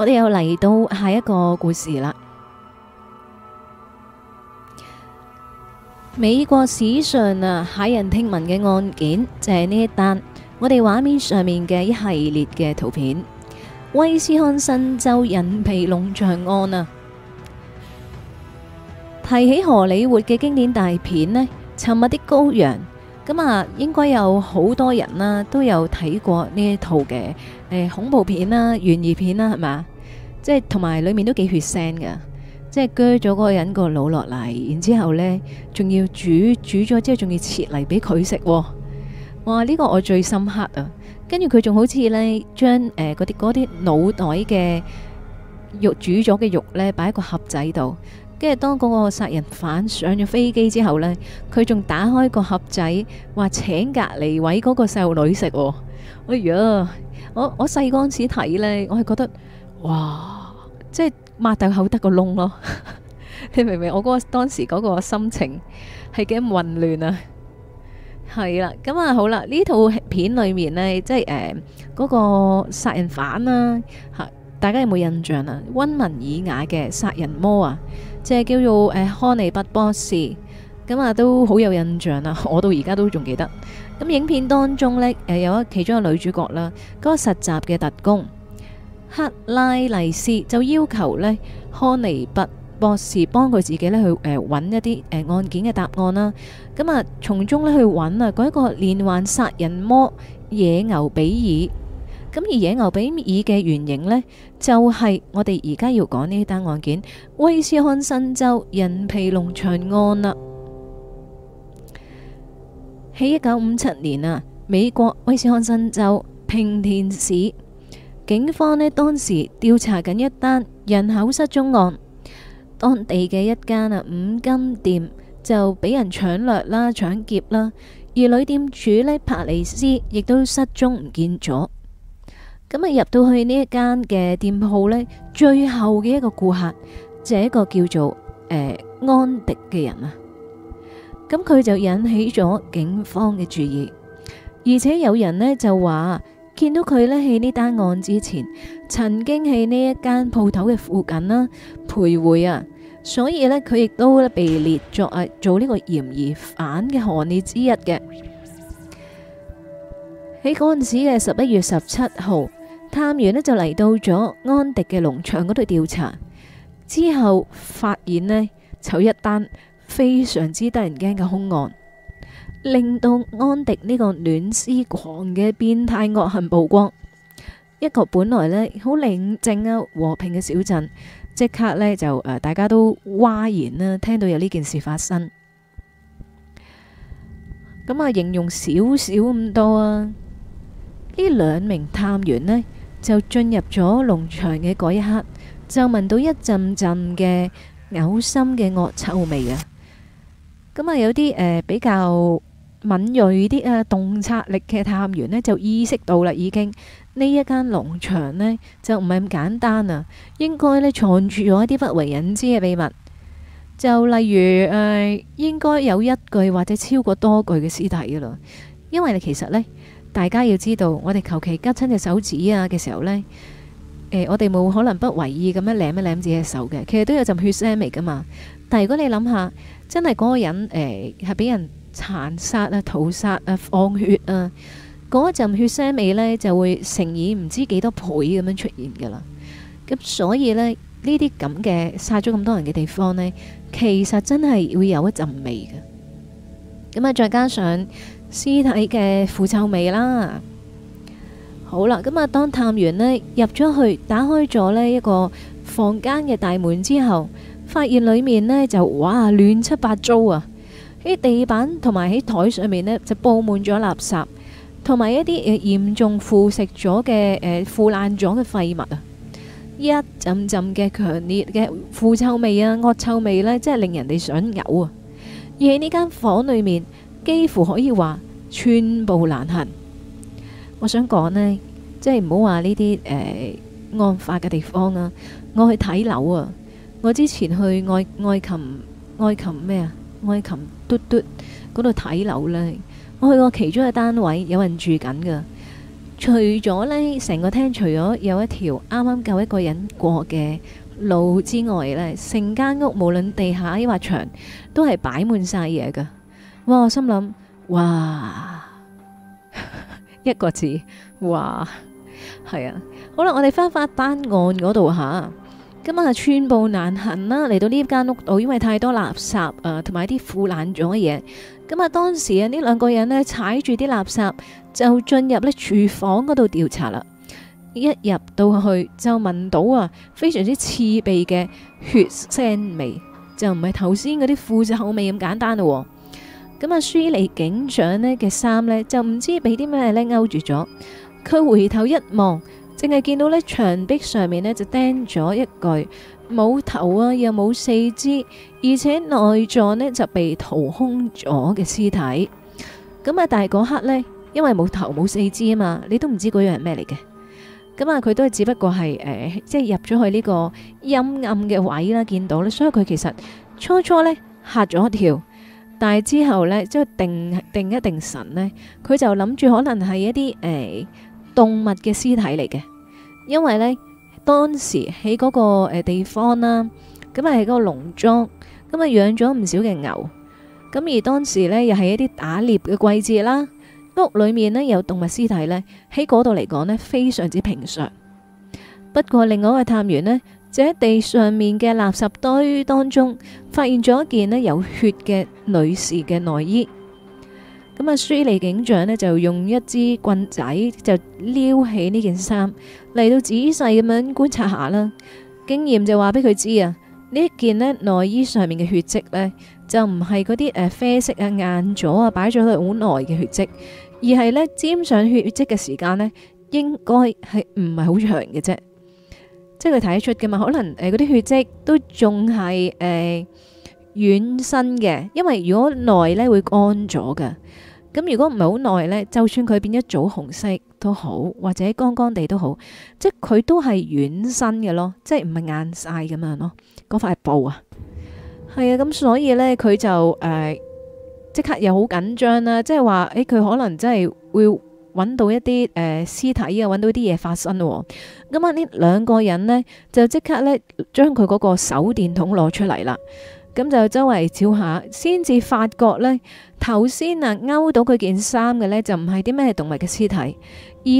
我哋又嚟到下一個故事啦。美國史上啊駭人聽聞嘅案件就係、是、呢一單。我哋畫面上面嘅一系列嘅圖片，威斯康辛州人皮農莊案啊。提起荷里活嘅經典大片呢，《沉默的羔羊》咁啊，應該有好多人啦都有睇過呢一套嘅誒恐怖片啦、懸疑片啦，係嘛？即係同埋裏面都幾血腥嘅，即係鋸咗嗰個人個腦落嚟，然之後咧，仲要煮煮咗之後，仲要切嚟俾佢食。哇！呢個我最深刻啊！跟住佢仲好似呢，將誒嗰啲嗰啲腦袋嘅肉煮咗嘅肉呢擺喺個盒仔度。跟住當嗰個殺人犯上咗飛機之後呢，佢仲打開個盒仔，話請隔籬位嗰個細路女食、哦。哎呀！我我細個開始睇呢，我係覺得。哇！即係擘大口得個窿咯， [LAUGHS] 你明唔明我、嗰個？我嗰個當時嗰個心情係幾咁混亂啊！係啦，咁啊好啦，呢套片裏面呢，即係誒嗰個殺人犯啦、啊，吓大家有冇印象啊？溫文爾雅嘅殺人魔啊，即係叫做誒、呃、康尼拔博士，咁啊都好有印象啦、啊，我到而家都仲記得。咁影片當中呢，誒、呃、有一其中嘅女主角啦，嗰、嗰個實習嘅特工。克拉麗絲就要求呢，康尼拔博士幫佢自己咧去揾、呃、一啲、呃、案件嘅答案啦。咁啊，從中咧去揾啊嗰一個連環殺人魔野牛比爾。咁、啊、而野牛比爾嘅原型呢，就係、是、我哋而家要講呢單案件——威斯康辛州人皮農場案啦、啊。喺一九五七年啊，美國威斯康辛州平田市。警方呢當時調查緊一單人口失蹤案，當地嘅一間啊五金店就俾人搶掠啦、搶劫啦，而女店主呢，帕里斯亦都失蹤唔見咗。咁啊入到去呢一間嘅店鋪呢，最後嘅一個顧客，這個叫做、呃、安迪嘅人啊，咁佢就引起咗警方嘅注意，而且有人呢就話，見到佢咧，喺呢單案之前，曾經喺呢一間鋪頭嘅附近啦，徘徊啊，所以咧佢亦都被列作誒做呢個嫌疑犯嘅行列之一嘅。喺嗰陣時嘅十一月十七號，探員咧就嚟到咗安迪嘅農場嗰度調查，之後發現呢，就一單非常之得人驚嘅凶案。令到安迪呢個戀屍狂嘅變態惡行曝光，一個本來咧好寧靜啊、和平嘅小鎮，即刻咧就誒大家都嘩然啦，聽到有呢件事發生。咁啊，形容少少咁多啊，呢兩名探員咧就進入咗農場嘅嗰一刻，就聞到一陣陣嘅嘔心嘅惡臭味啊！咁啊，有啲誒比較。敏銳啲啊，洞察力嘅探員呢，就意識到啦，已經呢一間農場呢，就唔係咁簡單啊，應該呢，藏住咗一啲不為人知嘅秘密，就例如誒、啊，應該有一具或者超過多具嘅屍體噶啦，因為其實呢，大家要知道，我哋求其拮親隻手指啊嘅時候呢，呃、我哋冇可能不為意咁樣舐一舐自己嘅手嘅，其實都有陣血腥味噶嘛。但係如果你諗下，真係嗰個人誒係俾人。殘殺啊、屠殺啊、放血啊，嗰陣血腥味呢就會乘以唔知幾多倍咁樣出現噶啦。咁所以呢，呢啲咁嘅殺咗咁多人嘅地方呢，其實真係會有一陣味嘅。咁啊，再加上屍體嘅腐臭味啦。好啦，咁啊，當探員呢入咗去，打開咗呢一個房間嘅大門之後，發現裏面呢就哇亂七八糟啊！啲地板同埋喺台上面呢就布滿咗垃圾，同埋一啲誒嚴重腐蝕咗嘅誒腐爛咗嘅廢物啊！一陣陣嘅強烈嘅腐臭味啊，惡臭味呢，真係令人哋想嘔啊！而喺呢間房裏面，幾乎可以話寸步難行。我想講呢，即係唔好話呢啲誒案發嘅地方啊，我去睇樓啊，我之前去愛愛琴愛琴咩啊愛琴。嘟嘟嗰度睇樓呢，我去過其中一個單位有人住緊噶，除咗呢成個廳，除咗有一條啱啱夠一個人過嘅路之外呢成間屋無論地下抑或牆都係擺滿晒嘢噶。哇，我心諗哇， [LAUGHS] 一個字哇，係啊，好啦，我哋翻返單案嗰度吓。咁啊，寸步難行啦！嚟到呢間屋度，因為太多垃圾啊，同埋啲腐爛咗嘅嘢。咁啊、呃，當時啊，呢兩個人呢，踩住啲垃圾就進入呢廚房嗰度調查啦。一入到去就聞到啊，非常之刺鼻嘅血腥味，就唔係頭先嗰啲腐臭味咁簡單咯、哦。咁、呃、啊，舒尼警長呢嘅衫呢，就唔知俾啲咩咧勾住咗，佢回頭一望。淨係見到呢牆壁上面呢，就釘咗一具冇頭啊又冇四肢，而且內臟呢就被掏空咗嘅屍體。咁啊，但係嗰刻呢，因為冇頭冇四肢啊嘛，你都唔知嗰樣係咩嚟嘅。咁啊，佢都係只不過係誒、呃，即係入咗去呢個陰暗嘅位啦，見到呢。所以佢其實初初呢，嚇咗一跳，但係之後呢，即係定定一定神呢，佢就諗住可能係一啲誒、呃、動物嘅屍體嚟嘅。因為呢，當時喺嗰個地方啦，咁啊係個農莊，咁啊養咗唔少嘅牛。咁而當時呢，又係一啲打獵嘅季節啦。屋裏面呢，有動物屍體呢，喺嗰度嚟講呢，非常之平常。不過，另外一位探員呢，就喺地上面嘅垃圾堆當中發現咗一件呢有血嘅女士嘅內衣。咁啊，舒利警長咧就用一支棍仔就撩起呢件衫嚟到仔細咁樣觀察下啦。經驗就話俾佢知啊，呢一件咧內衣上面嘅血迹咧就唔係嗰啲誒啡色啊硬咗啊擺咗好耐嘅血迹，而係咧沾上血迹嘅時間咧應該係唔係好長嘅啫，即係佢睇得出嘅嘛。可能誒嗰啲血迹都仲係誒軟身嘅，因為如果耐咧會乾咗㗎。咁如果唔係好耐呢，就算佢變咗棗紅色都好，或者乾乾地都好，即係佢都係軟身嘅咯，即係唔係硬晒咁樣咯。嗰塊布啊，係啊，咁所以呢，佢就誒即刻又好緊張啦，即係話誒佢可能真係會揾到一啲誒、呃、屍體啊，揾到啲嘢發生喎。咁啊呢兩個人呢，就即刻呢，將佢嗰個手電筒攞出嚟啦。咁就周圍照下，先至發覺呢，頭先啊勾到佢件衫嘅呢，就唔係啲咩動物嘅屍體，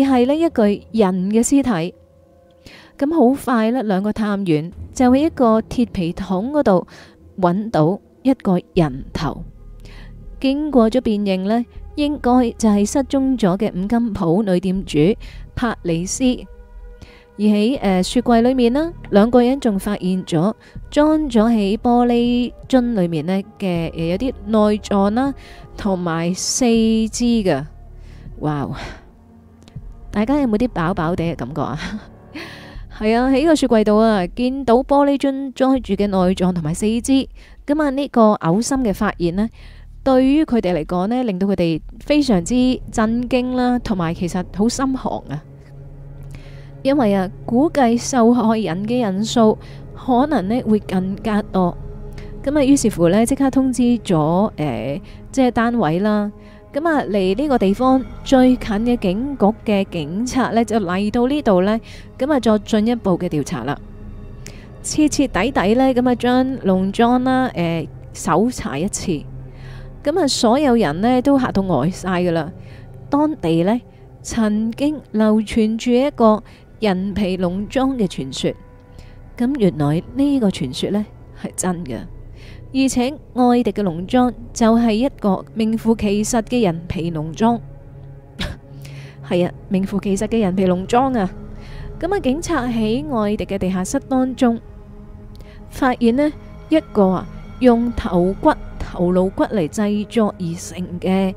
而係呢一具人嘅屍體。咁好快呢，兩個探員就喺一個鐵皮桶嗰度搵到一個人頭，經過咗辨認呢，應該就係失蹤咗嘅五金鋪女店主帕里斯。而喺誒雪櫃裏面啦，兩個人仲發現咗裝咗喺玻璃樽裏面呢嘅，誒有啲內臟啦，同埋四肢㗎。哇！大家有冇啲飽飽地嘅感覺啊？係啊，喺個雪櫃度啊，見到玻璃樽裝住嘅內臟同埋四肢，咁啊呢個嘔心嘅發現呢，對於佢哋嚟講呢，令到佢哋非常之震驚啦，同埋其實好心寒啊！因為啊，估計受害人嘅人數可能咧會更加多，咁啊於是乎咧即刻通知咗誒、呃、即係單位啦，咁啊離呢個地方最近嘅警局嘅警察咧就嚟到呢度咧，咁啊作進一步嘅調查啦，徹徹底底呢，咁啊將農莊啦誒搜查一次，咁啊所有人呢都吓到呆晒噶啦，當地呢曾經流傳住一個。人皮農莊嘅傳說，咁原來呢個傳說呢係真嘅，而且愛迪嘅農莊就係一個名副其實嘅人皮農莊，係啊，名副其實嘅人皮農莊啊。咁啊，警察喺愛迪嘅地下室當中發現呢一個啊用頭骨、頭顱骨嚟製作而成嘅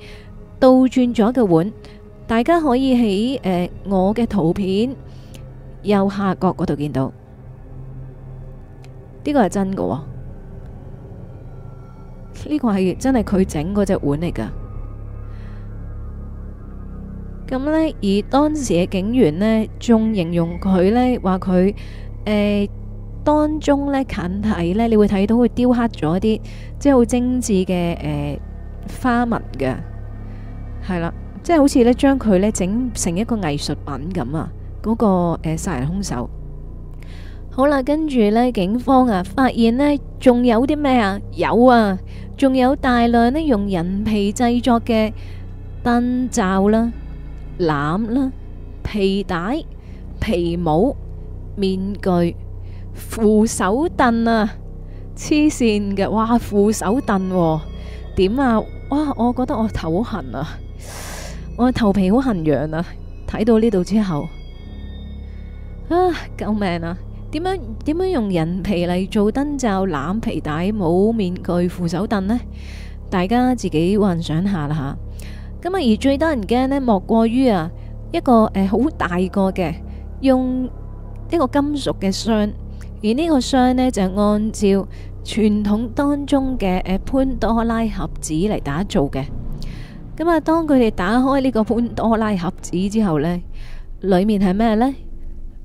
倒轉咗嘅碗，大家可以喺誒我嘅圖片。右下角嗰度見到，呢個係真噶、哦，呢個係真係佢整嗰隻碗嚟噶。咁呢，而當時嘅警員呢，仲形容佢呢話佢誒當中呢，近睇呢，你會睇到佢雕刻咗一啲即係好精致嘅、呃、花紋嘅，係啦，即係好似呢將佢呢整成一個藝術品咁啊！嗰個欸殺人兇手，好啦，跟住呢，警方啊，發現呢仲有啲咩啊？有啊，仲有大量呢用人皮製作嘅燈罩啦、籃啦、皮帶、皮帽、面具、扶手凳啊，黐線嘅，哇，扶手凳喎，點啊？哇，我覺得我頭痕啊，我頭皮好痕癢啊，睇到呢度之後。啊！救命啊！點樣點樣用人皮嚟做燈罩、攬皮帶、冇面具、扶手凳呢？大家自己幻想下啦吓。咁啊，而最得人驚呢，莫過於啊一個誒好大個嘅用一個金屬嘅箱，而呢個箱呢，就按照傳統當中嘅潘多拉盒子嚟打造嘅。咁啊，當佢哋打開呢個潘多拉盒子之後呢，裏面係咩呢？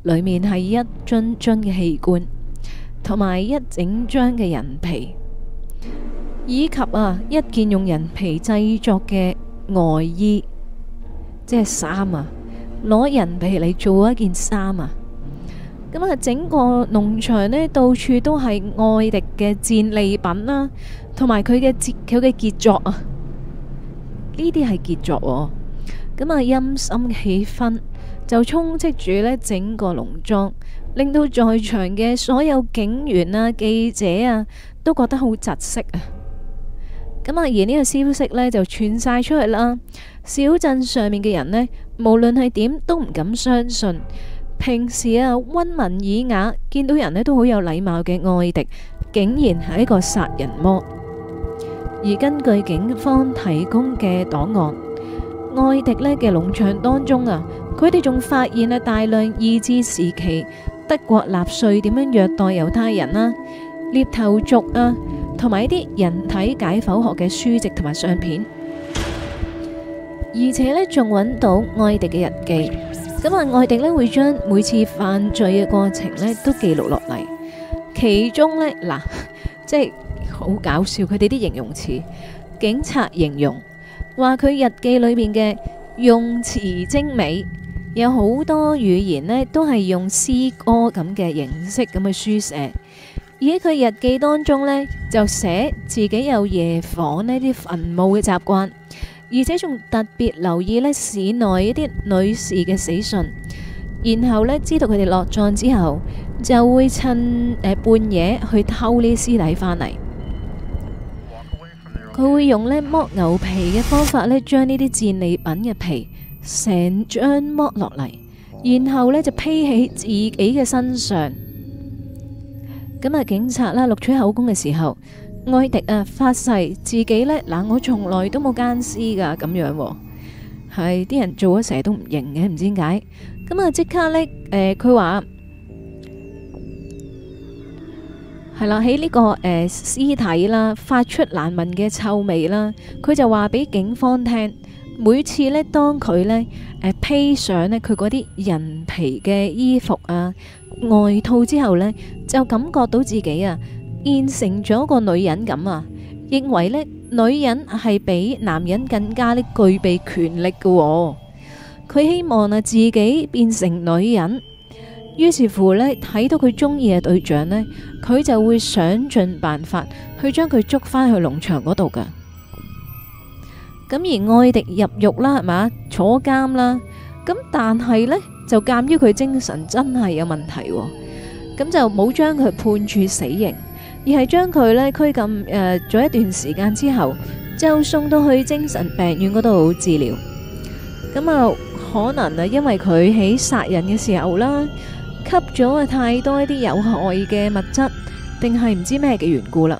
裏面係一樽樽嘅器官，同埋一整張嘅人皮，以及啊一件用人皮製作嘅外衣，即係衫啊，攞人皮嚟做一件衫啊！咁啊，整個農場呢，到處都係愛迪嘅戰利品啦，同埋佢嘅結佢嘅傑作啊！呢啲係傑作，咁啊陰森嘅氣氛。就充斥住呢整個農莊，令到在場嘅所有警員啊、記者啊都覺得好窒息啊！咁啊而呢個消息呢，就傳晒出去啦，小鎮上面嘅人呢，無論係點都唔敢相信，平時啊溫文爾雅、見到人呢都好有禮貌嘅愛迪，竟然係一個殺人魔。而根據警方提供嘅檔案。愛迪咧嘅農場當中啊，佢哋仲發現啊大量二戰時期德國納粹點樣虐待猶太人啦、獵頭族啊，同埋一啲人體解剖學嘅書籍同埋相片，而且咧仲搵到愛迪嘅日記。咁啊，愛迪咧會將每次犯罪嘅過程咧都記錄落嚟。其中咧嗱，即係好搞笑，佢哋啲形容詞，警察形容。話佢日記裏面嘅用詞精美，有好多語言呢都係用詩歌咁嘅形式咁去書寫。而且佢日記當中呢，就寫自己有夜訪呢啲墳墓嘅習慣，而且仲特別留意呢市內一啲女士嘅死訊，然後呢，知道佢哋落葬之後，就會趁半夜去偷呢啲屍體返嚟。佢會用咧剝牛皮嘅方法咧，將呢啲戰利品嘅皮成張剝落嚟，然後咧就披喺自己嘅身上。咁啊，警察啦錄取口供嘅時候，愛迪啊發誓自己咧嗱，我從來都冇奸屍噶，咁樣，係啲人做咗成日都唔認嘅，唔知點解咁啊，即刻咧誒，佢話。係啦，喺呢、這個誒屍、呃、體啦，發出難聞嘅臭味啦，佢就話俾警方聽。每次呢，當佢呢誒、呃、披上呢佢嗰啲人皮嘅衣服啊外套之後呢，就感覺到自己啊變成咗個女人咁啊，認為呢女人係比男人更加的具備權力嘅，哦。佢希望啊自己變成女人。於是乎呢睇到佢中意嘅對象呢，佢就會想盡辦法去將佢捉返去農場嗰度噶。咁而愛迪入獄啦，係嘛坐監啦。咁但係呢，就鑒於佢精神真係有問題、哦，咁就冇將佢判處死刑，而係將佢呢拘禁誒，咗一段時間之後，就送到去精神病院嗰度治療。咁啊，可能啊，因為佢喺殺人嘅時候啦。吸咗太多一啲有害嘅物質，定係唔知咩嘅緣故啦。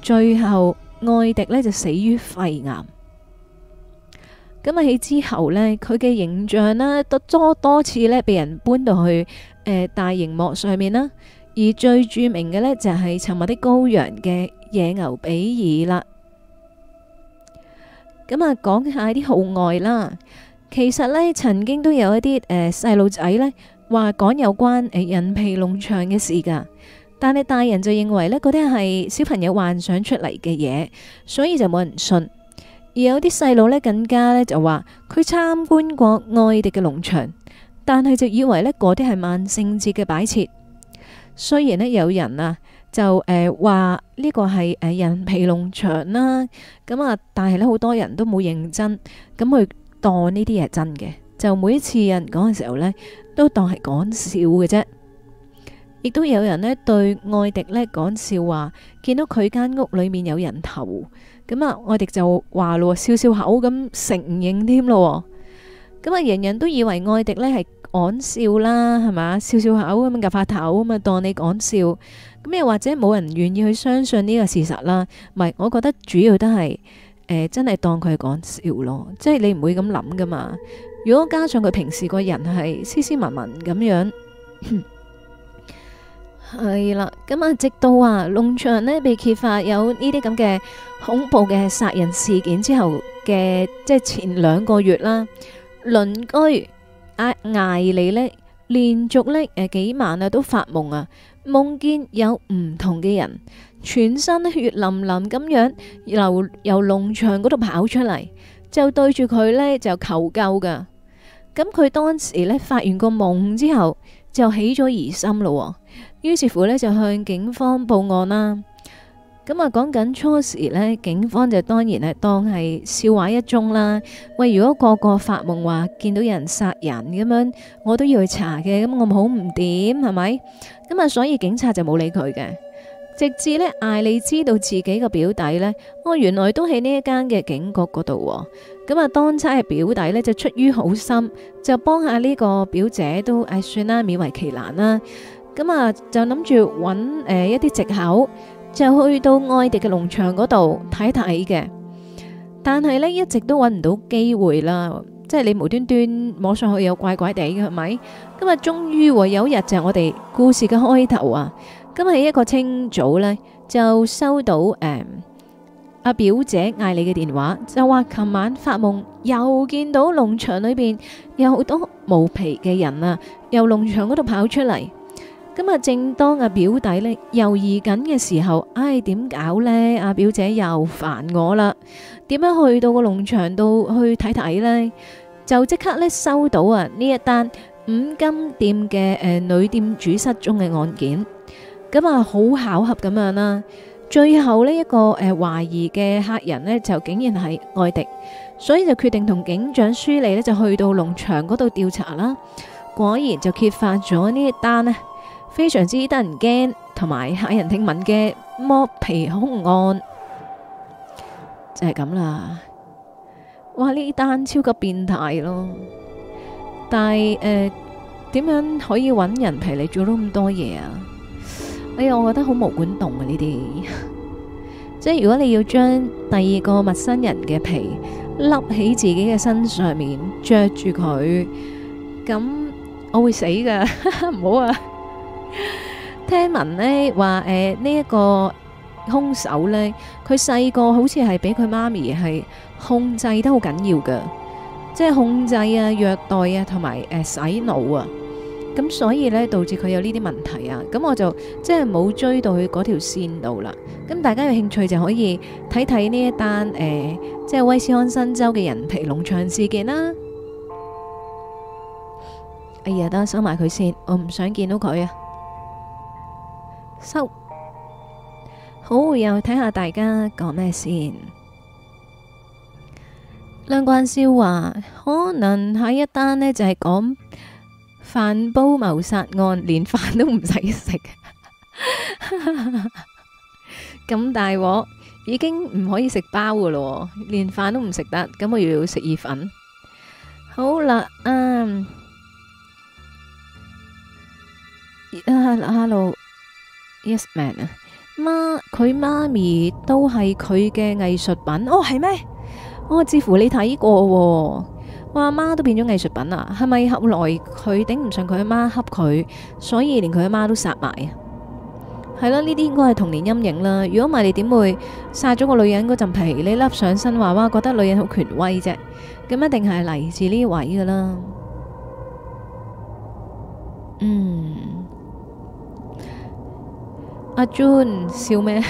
最後，愛迪呢就死於肺癌。咁啊，喺之後呢，佢嘅形象呢，多多次呢被人搬到去、呃、大螢幕上面啦。而最著名嘅呢，就係《沉默的羔羊》嘅野牛比爾啦。咁啊，講下啲號外啦。其實呢，曾經都有一啲誒細路仔呢。話講有關人皮農場嘅事噶，但係大人就認為咧嗰啲係小朋友幻想出嚟嘅嘢，所以就冇人信。而有啲細路呢，更加呢就話佢參觀過外地嘅農場，但係就以為呢嗰啲係萬聖節嘅擺設。雖然咧有人啊就誒話呢個係誒人皮農場啦，咁啊，但係呢好多人都冇認真咁去當呢啲係真嘅。就每一次人講嘅時候呢，都當係講笑嘅啫。亦都有人呢對愛迪呢講笑話，見到佢間屋裏面有人頭，咁啊愛迪就話咯，笑笑口咁承認添咯。咁啊，人人都以為愛迪呢係講笑啦，係嘛？笑笑口咁樣夾發頭咁啊，當你講笑。咁又或者冇人願意去相信呢個事實啦。唔係，我覺得主要都係，嗯，真係當佢講笑咯，即係你唔會咁諗噶嘛。如果加上佢平時個人係斯斯文文咁樣，係啦，咁啊，直到啊農場咧被揭發有呢啲咁嘅恐怖嘅殺人事件之後嘅，即係前兩個月啦，鄰居阿艾莉咧，連續咧誒幾晚啊都發夢啊，夢見有唔同嘅人全身血淋淋咁樣由由農場嗰度跑出嚟。就對住佢呢，就求救噶。咁佢當時呢，發完個夢之後，就起咗疑心咯喎。於是乎呢，就向警方報案啦。咁啊，講緊初時呢，警方就當然係當係笑話一宗啦。喂，如果個個發夢話見到有人殺人咁樣，我都要去查嘅。咁我咪好唔掂，係咪？咁啊，所以警察就冇理佢嘅。直至呢，艾莉知道自己個表弟呢，我原來都喺呢一間嘅警局嗰度。咁啊，當差嘅表弟呢，就出於好心，就幫下呢個表姐都，唉，算啦，勉為其難啦。咁啊，就諗住揾誒一啲藉口，就去到外地嘅農場嗰度睇睇嘅。但係呢，一直都揾唔到機會啦，即係你無端端摸上去又怪怪地嘅係咪？咁啊，終於有一日就係我哋故事嘅開頭啊！今日喺一個清早呢，就收到誒阿表姐嗌你嘅電話，就話琴晚發夢又見到農場裏邊有好多毛皮嘅人啊，由農場嗰度跑出嚟。咁呀，正當阿表弟呢猶豫緊嘅時候，唉，點搞呢？阿表姐又煩我啦，點樣去到個農場度去睇睇呢？就即刻呢收到啊呢一單五金店嘅誒女店主失蹤嘅案件。咁啊，好巧合咁樣啦！最後呢一個誒懷、呃、疑嘅客人呢，就竟然係愛迪，所以就決定同警長舒利呢，就去到農場嗰度調查啦。果然就揭發咗呢一單咧，非常之得人驚同埋駭人聽聞嘅剝皮兇案，就係、是、咁啦。哇！呢單超級變態咯，但係誒，點、呃、樣可以揾人皮嚟做咗咁多嘢啊？哎呀，我覺得好毛管動啊！呢啲， [LAUGHS] 即係如果你要將第二個陌生人嘅皮笠喺自己嘅身上面着住佢，咁我會死噶，唔 [LAUGHS] 好要啊！ [LAUGHS] 聽聞呢話，誒呢一個凶手呢，佢細個好似係俾佢媽咪係控制得好緊要噶，即係控制啊、虐待啊，同埋誒洗腦啊。咁所以咧，導致佢有呢啲問題啊！咁我就即係冇追到去嗰條線度啦。咁大家有興趣就可以睇睇呢一單誒，即係威斯康辛州嘅人皮農場事件啦。哎呀，等收埋佢先，我唔想見到佢啊！收好又睇下大家講咩先。梁冠少話可能下一單咧就係講。飯煲謀殺案，連飯都唔使食，咁大鑊已經唔可以食包噶咯，連飯都唔食得，咁我要食意粉。好啦，嗯、um，hello，yes man，媽，佢媽咪都係佢嘅藝術品，哦，係咩？哦，似乎你睇過，哦。我阿媽都變咗藝術品啊！係咪後來，佢頂唔順佢阿媽恰佢，所以連佢阿媽都殺埋啊？係咯，呢啲應該係童年陰影啦。如果唔係，你點會殺咗個女人嗰陣皮？你笠上身話哇，覺得女人好權威啫？咁一定係嚟自呢位噶啦。嗯，阿 Jun 笑咩？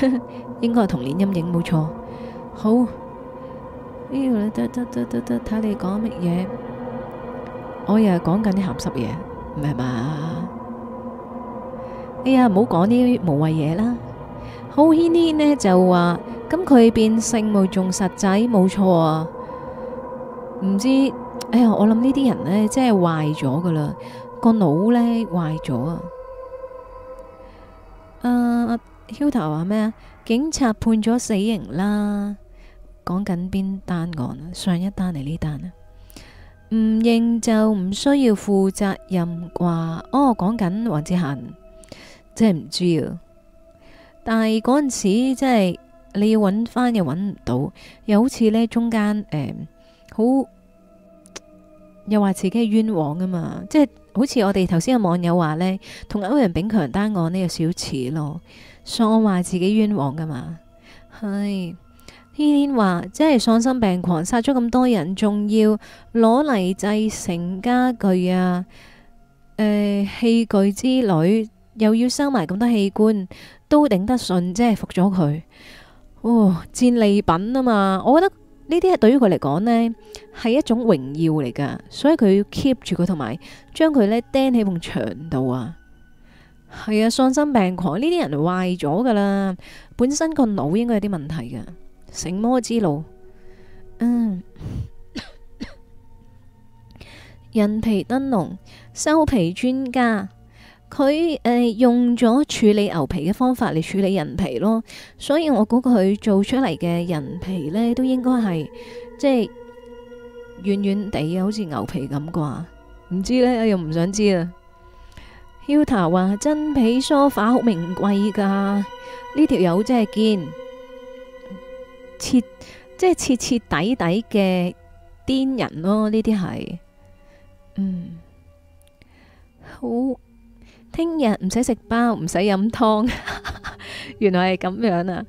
應該係童年陰影冇錯。好。哎呀，得得得得得，睇你講乜嘢？我又係講緊啲鹹濕嘢，唔係嘛？哎呀，唔好講啲無謂嘢啦。浩軒呢？呢就話咁佢變性冇仲實際，冇錯啊！唔知哎呀，我諗呢啲人呢，真係壞咗噶啦，個腦呢壞咗啊！誒，Huta 話咩啊？警察判咗死刑啦！講緊邊單案？上一單嚟，呢單啊？唔認，就唔需要負責任啩？哦，講緊黃志恒，真係唔知啊！但係嗰陣時即係你要揾翻又揾唔到，又好似呢中間誒、呃、好又話自己係冤枉噶嘛！即係好似我哋頭先有網友話呢，同歐陽炳強單案呢有少似咯，所以話自己冤枉噶嘛，係。天天話，即係喪心病狂，殺咗咁多人，仲要攞嚟製成家具啊？誒、呃，器具之類，又要收埋咁多器官，都頂得順，即係服咗佢。哦、呃，戰利品啊嘛，我覺得呢啲對於佢嚟講呢，係一種榮耀嚟噶，所以佢要 keep 住佢，同埋將佢呢釘喺埲牆度啊。係啊，喪心病狂呢啲人壞咗噶啦，本身個腦應該有啲問題噶。成魔之路，嗯， [LAUGHS] 人皮燈籠收皮專家，佢誒、呃、用咗處理牛皮嘅方法嚟處理人皮咯，所以我估佢做出嚟嘅人皮呢，都應該係即係軟軟地，好似牛皮咁啩，唔知呢，我又唔想知啦。Hita 話真皮梳化好名貴噶，呢條友真係堅。徹即係徹徹底底嘅癲人咯，呢啲係，嗯，好。聽日唔使食包，唔使飲湯， [LAUGHS] 原來係咁樣啊！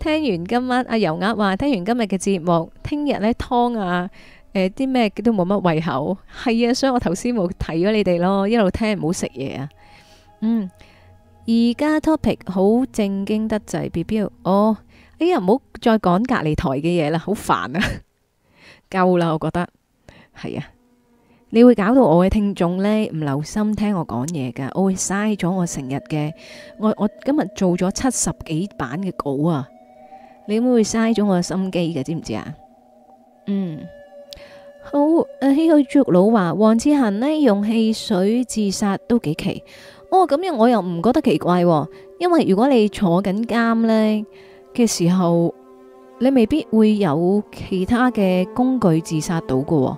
聽完今晚阿、啊、油鴨話，聽完今日嘅節目，聽日呢湯啊，啲、呃、咩都冇乜胃口，係啊，所以我頭先冇提咗你哋咯，一路聽唔好食嘢啊。嗯，而家 topic 好正經得滯，B B 哦。哎呀，唔好再講隔離台嘅嘢啦，好煩啊！夠 [LAUGHS] 啦，我覺得係啊，你會搞到我嘅聽眾呢唔留心聽我講嘢㗎，我會嘥咗我成日嘅我。我今日做咗七十幾版嘅稿啊，你會嘥咗我嘅心機嘅，知唔知啊？嗯，好誒，呃、說呢個著老話，黃志恒呢用汽水自殺都幾奇哦。咁樣我又唔覺得奇怪，啊，因為如果你坐緊監呢。嘅時候，你未必會有其他嘅工具自殺到㗎喎，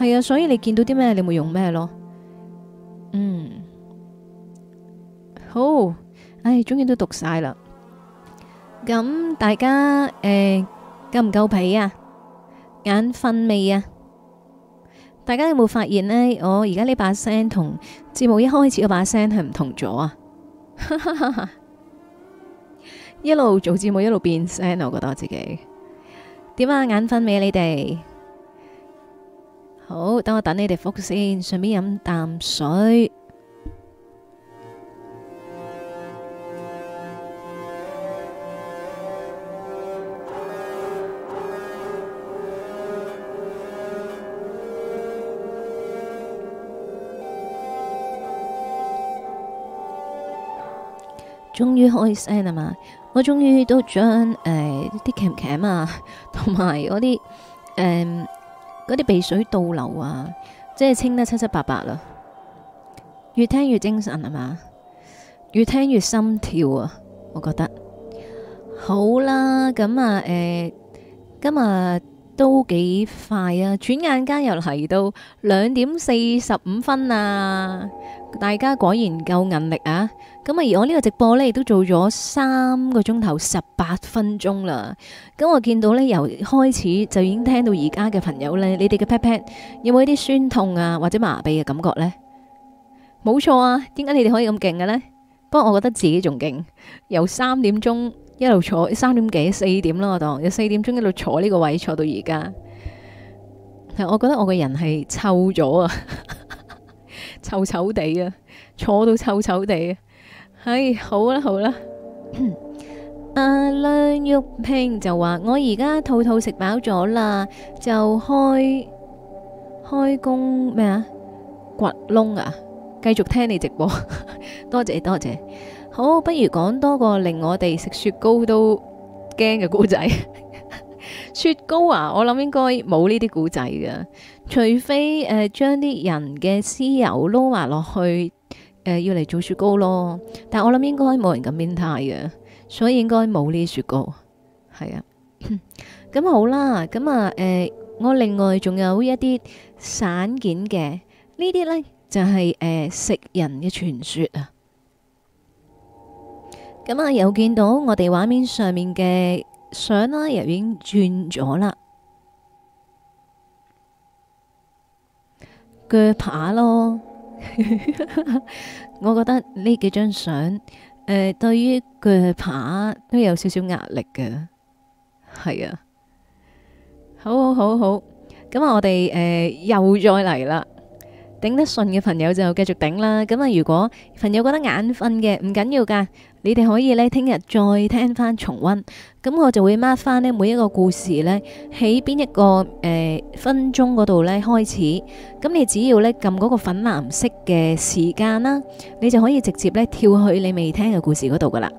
係啊，所以你見到啲咩，你咪用咩咯。嗯，好，唉、哎，終於都讀晒啦。咁大家誒，夠唔夠皮啊？眼瞓未啊？大家有冇發現呢？我而家呢把聲同節目一開始嗰把聲係唔同咗啊！ [LAUGHS] 一路做節目一路變聲，我覺得我自己點啊，眼瞓未？你哋好，等我等你哋複先，順便飲啖水。終於開聲喇嘛！ [MUSIC] 我終於都將誒啲咳唔咳啊，同埋嗰啲誒啲鼻水倒流啊，即係清得七七八八啦。越聽越精神係嘛？越聽越心跳啊！我覺得好啦，咁啊誒、呃，今日都幾快啊！轉眼間又嚟到兩點四十五分啦～大家果然夠韌力啊！咁啊，而我呢個直播呢，亦都做咗三個鐘頭十八分鐘啦。咁我見到呢，由開始就已經聽到而家嘅朋友呢，你哋嘅 pat pat 有冇一啲酸痛啊或者麻痹嘅感覺呢？冇錯啊！點解你哋可以咁勁嘅呢？不過我覺得自己仲勁，由三點鐘一路坐三點幾四點啦，我當有四點鐘一路坐呢個位坐到而家。係我覺得我個人係臭咗啊！ [LAUGHS] 臭臭地啊，坐到臭臭地啊！唉，好啦好啦，阿梁玉萍就話我而家肚肚食飽咗啦，就開開工咩啊？掘窿啊！繼續聽你直播，多謝多謝。好，不如講多個令我哋食雪糕都驚嘅故仔。雪糕啊，我諗應該冇呢啲故仔嘅。除非誒、呃、將啲人嘅屍油撈埋落去誒，要、呃、嚟做雪糕咯。但我諗應該冇人咁變態嘅，所以應該冇呢啲雪糕。係啊，咁 [LAUGHS] 好啦，咁啊誒、呃，我另外仲有一啲散件嘅，呢啲咧就係、是、誒、呃、食人嘅傳說啊。咁啊，又見到我哋畫面上面嘅相啦，又已經轉咗啦。鋸扒咯， [LAUGHS] 我覺得呢幾張相，誒、呃，對於鋸扒都有少少壓力嘅，係啊，好好好好，咁啊，我哋誒又再嚟啦。頂得順嘅朋友就繼續頂啦。咁啊，如果朋友覺得眼瞓嘅，唔緊要噶，你哋可以呢聽日再聽翻重溫。咁我就會 mark 翻呢每一個故事呢喺邊一個誒、呃、分鐘嗰度呢開始。咁你只要呢撳嗰個粉藍色嘅時間啦，你就可以直接呢跳去你未聽嘅故事嗰度噶啦。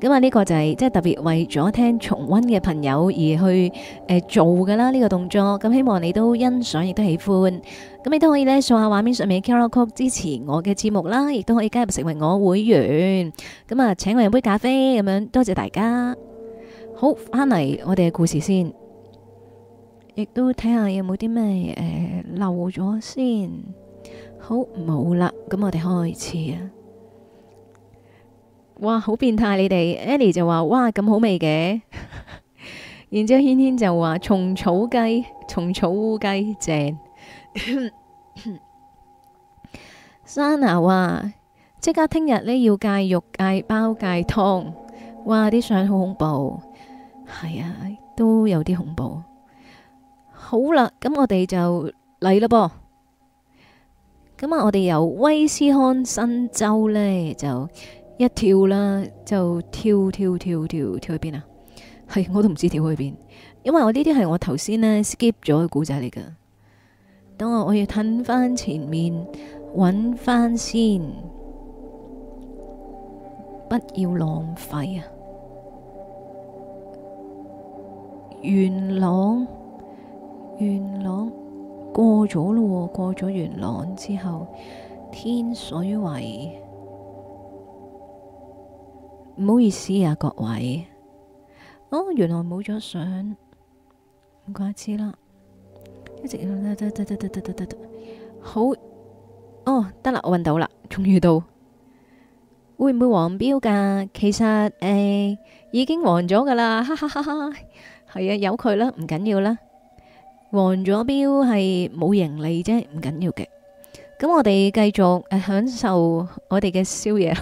咁啊，呢個就係、是、即係特別為咗聽重溫嘅朋友而去誒、呃、做噶啦，呢、這個動作。咁希望你都欣賞，亦都喜歡。咁你都可以呢，掃下畫面上面嘅《Carol 曲》支持我嘅節目啦，亦都可以加入成為我會員。咁啊，請我飲杯咖啡咁樣，多謝大家。好，翻嚟我哋嘅故事先，亦都睇下有冇啲咩誒漏咗先。好，冇啦。咁我哋開始啊。哇，好變態你哋，Annie 就話哇咁好味嘅，然之後軒軒就話蟲草雞、蟲草烏雞正，Sana 話即刻聽日呢，要戒肉戒包戒湯，哇啲 [LAUGHS] Hen [LAUGHS] 相好恐怖，係啊都有啲恐怖。好啦，咁、嗯、我哋就嚟啦噃，咁、嗯、啊我哋由威斯康辛州呢，就。一跳啦，就跳跳跳跳跳去邊啊？係我都唔知跳去邊，因為我呢啲係我頭先呢 skip 咗嘅故仔嚟噶。等我我要褪翻前面，揾翻先，不要浪費啊！元朗，元朗過咗咯，過咗元朗之後，天水圍。唔好意思啊，各位，哦，原來冇咗相，唔怪之啦，一直好，哦，得啦，我揾到啦，終於到，會唔會黃標噶？其實誒，已經黃咗噶啦，哈哈哈哈，係啊，有佢啦，唔緊要啦，黃咗標係冇盈利啫，唔緊要嘅。咁我哋繼續誒，享受我哋嘅宵夜。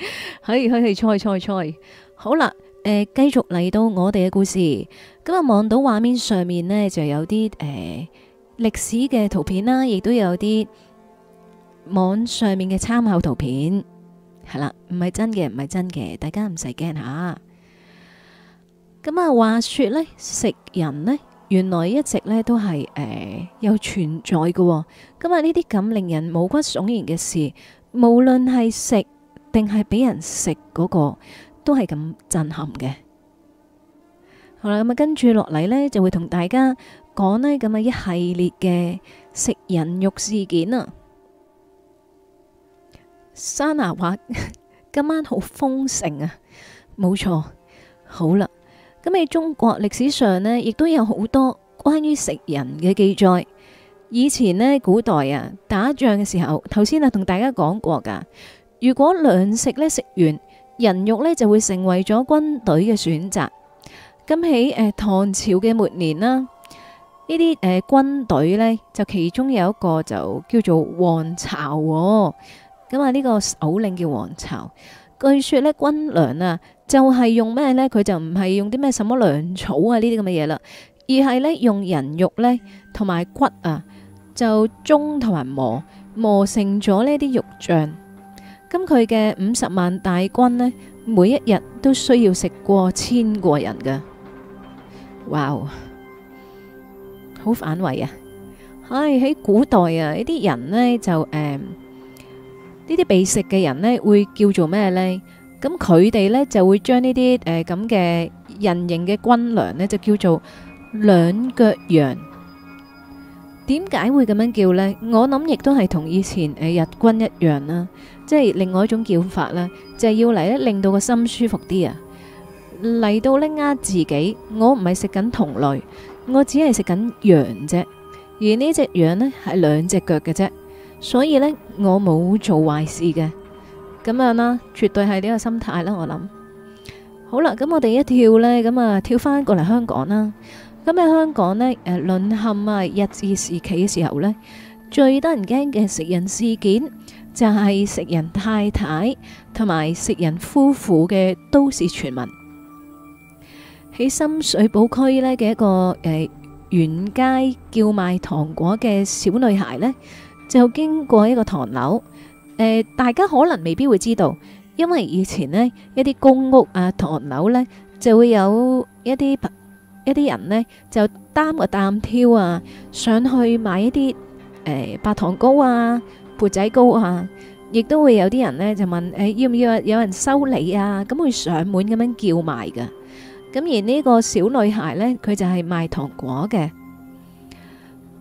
以 [LAUGHS] 係，係，菜，菜，菜，好啦。誒、呃，繼續嚟到我哋嘅故事。今日望到畫面上面呢，就有啲誒歷史嘅圖片啦，亦都有啲網上面嘅參考圖片係啦，唔係真嘅，唔係真嘅，大家唔使驚吓。咁啊，話說咧，食人呢，原來一直咧都係誒、呃、有存在嘅，哦。今日呢啲咁令人毛骨悚然嘅事，無論係食，定係俾人食嗰個都係咁震撼嘅。好啦，咁啊，跟住落嚟呢，就會同大家講呢咁嘅一系列嘅食人肉事件啊。山拿話今晚好豐盛啊，冇錯。好啦，咁喺中國歷史上呢，亦都有好多關於食人嘅記載。以前呢，古代啊，打仗嘅時候，頭先啊，同大家講過噶。如果糧食咧食完，人肉咧就會成為咗軍隊嘅選擇。咁喺誒唐朝嘅末年啦，呢啲誒軍隊咧就其中有一個就叫做黃巢咁啊。呢個首領叫黃巢。據說呢軍糧啊就係用咩呢？佢就唔係用啲咩什麼糧草啊呢啲咁嘅嘢啦，而係咧用人肉呢，同埋骨啊，就舂同埋磨磨成咗呢啲肉醬。咁佢嘅五十萬大軍呢，每一日都需要食過千個人㗎，哇！好反胃啊！唉，喺古代啊，呢啲人呢就誒呢啲被食嘅人呢，會叫做咩呢？咁佢哋呢就會將呢啲誒咁嘅人形嘅軍糧呢，就叫做兩腳羊。點解會咁樣叫呢？我諗亦都係同以前誒日軍一樣啦。即係另外一種叫法啦，就係要嚟咧，令到個心舒服啲啊！嚟到呃下自己，我唔係食緊同類，我只係食緊羊啫。而呢隻羊呢係兩隻腳嘅啫，所以呢，我冇做壞事嘅。咁樣啦，絕對係呢個心態啦，我諗。好啦，咁我哋一跳呢，咁啊跳翻過嚟香港啦。咁喺香港呢，誒，淪陷啊日治時期嘅時候呢，最得人驚嘅食人事件。就係食人太太同埋食人夫婦嘅，都市傳聞。喺深水埗區呢，嘅一個誒，沿街叫賣糖果嘅小女孩呢，就經過一個唐樓。誒，大家可能未必會知道，因為以前呢一啲公屋啊、唐樓呢就會有一啲白，一啲人呢就擔個擔挑啊，上去買一啲誒白糖糕啊、鉢仔糕啊，亦都會有啲人咧就問，誒，要唔要有人收你啊？咁會上門咁樣叫賣嘅。咁而呢個小女孩咧，佢就係賣糖果嘅。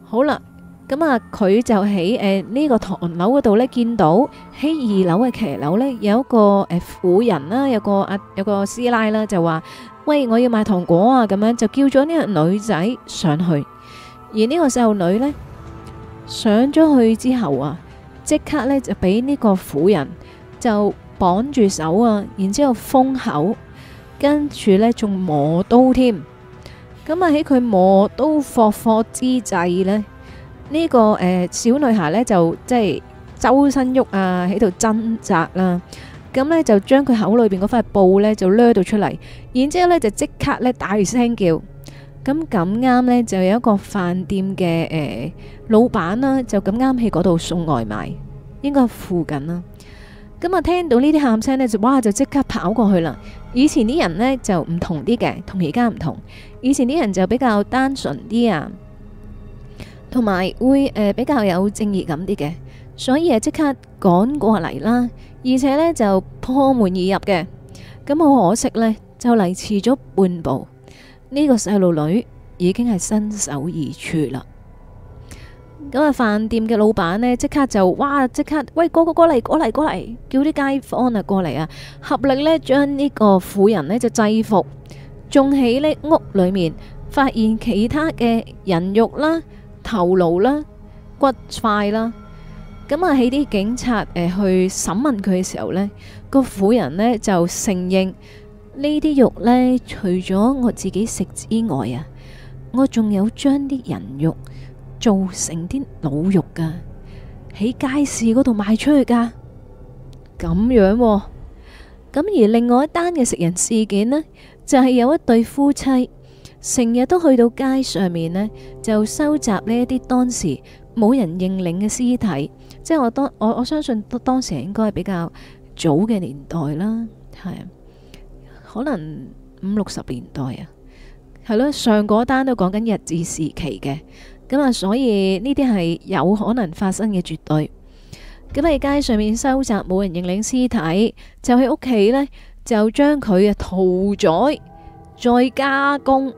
好啦，咁啊，佢就喺誒呢個唐樓嗰度咧，見到喺二樓嘅騎樓咧，有一個誒婦人啦，有個阿有個師奶啦，就話：喂，我要賣糖果啊！咁樣就叫咗呢個女仔上去。而呢個細路女咧，上咗去之後啊。即刻咧就俾呢個婦人就綁住手啊，然之後封口，跟住咧仲磨刀添。咁啊喺佢磨刀霍霍之際咧，呢個誒小女孩咧就即係周身喐啊，喺度掙扎啦。咁咧就將佢口裏邊嗰塊布咧就掠到出嚟，然之後咧就即刻咧大聲叫。咁咁啱呢，就有一個飯店嘅誒老闆啦，就咁啱喺嗰度送外賣，應該係附近啦。咁啊，聽到呢啲喊聲呢，就哇就即刻跑過去啦。以前啲人呢就唔同啲嘅，同而家唔同。以前啲人就比較單純啲啊，同埋會誒比較有正義感啲嘅，所以誒即刻趕過嚟。啦而且呢就破門而入嘅，咁好可惜呢就嚟遲咗半步。呢、這個細路女已經係身首異處啦，咁啊飯店嘅老闆呢，即刻就哇，即刻喂哥哥，過嚟過嚟過嚟，叫啲街坊啊過嚟啊，合力呢將呢個婦人呢就制服，仲喺呢屋裏面發現其他嘅人肉啦、頭顱啦、骨塊啦，咁啊喺啲警察誒、呃、去審問佢嘅時候呢，個婦人呢就承認。呢啲肉呢，除咗我自己食之外啊，我仲有將啲人肉做成啲滷肉噶，喺街市嗰度賣出去噶。咁樣喎，咁而另外一單嘅食人事件呢，就係有一對夫妻，成日都去到街上面呢，就收集呢一啲當時冇人認領嘅屍體。即係我當我我相信當時應該係比較早嘅年代啦，係啊。可能五六十年代啊，係咯，上嗰單都講緊日治時期嘅，咁啊，所以呢啲係有可能發生嘅絕對。咁喺街上面收集冇人認領屍體，就喺屋企呢就將佢啊屠宰、再加工，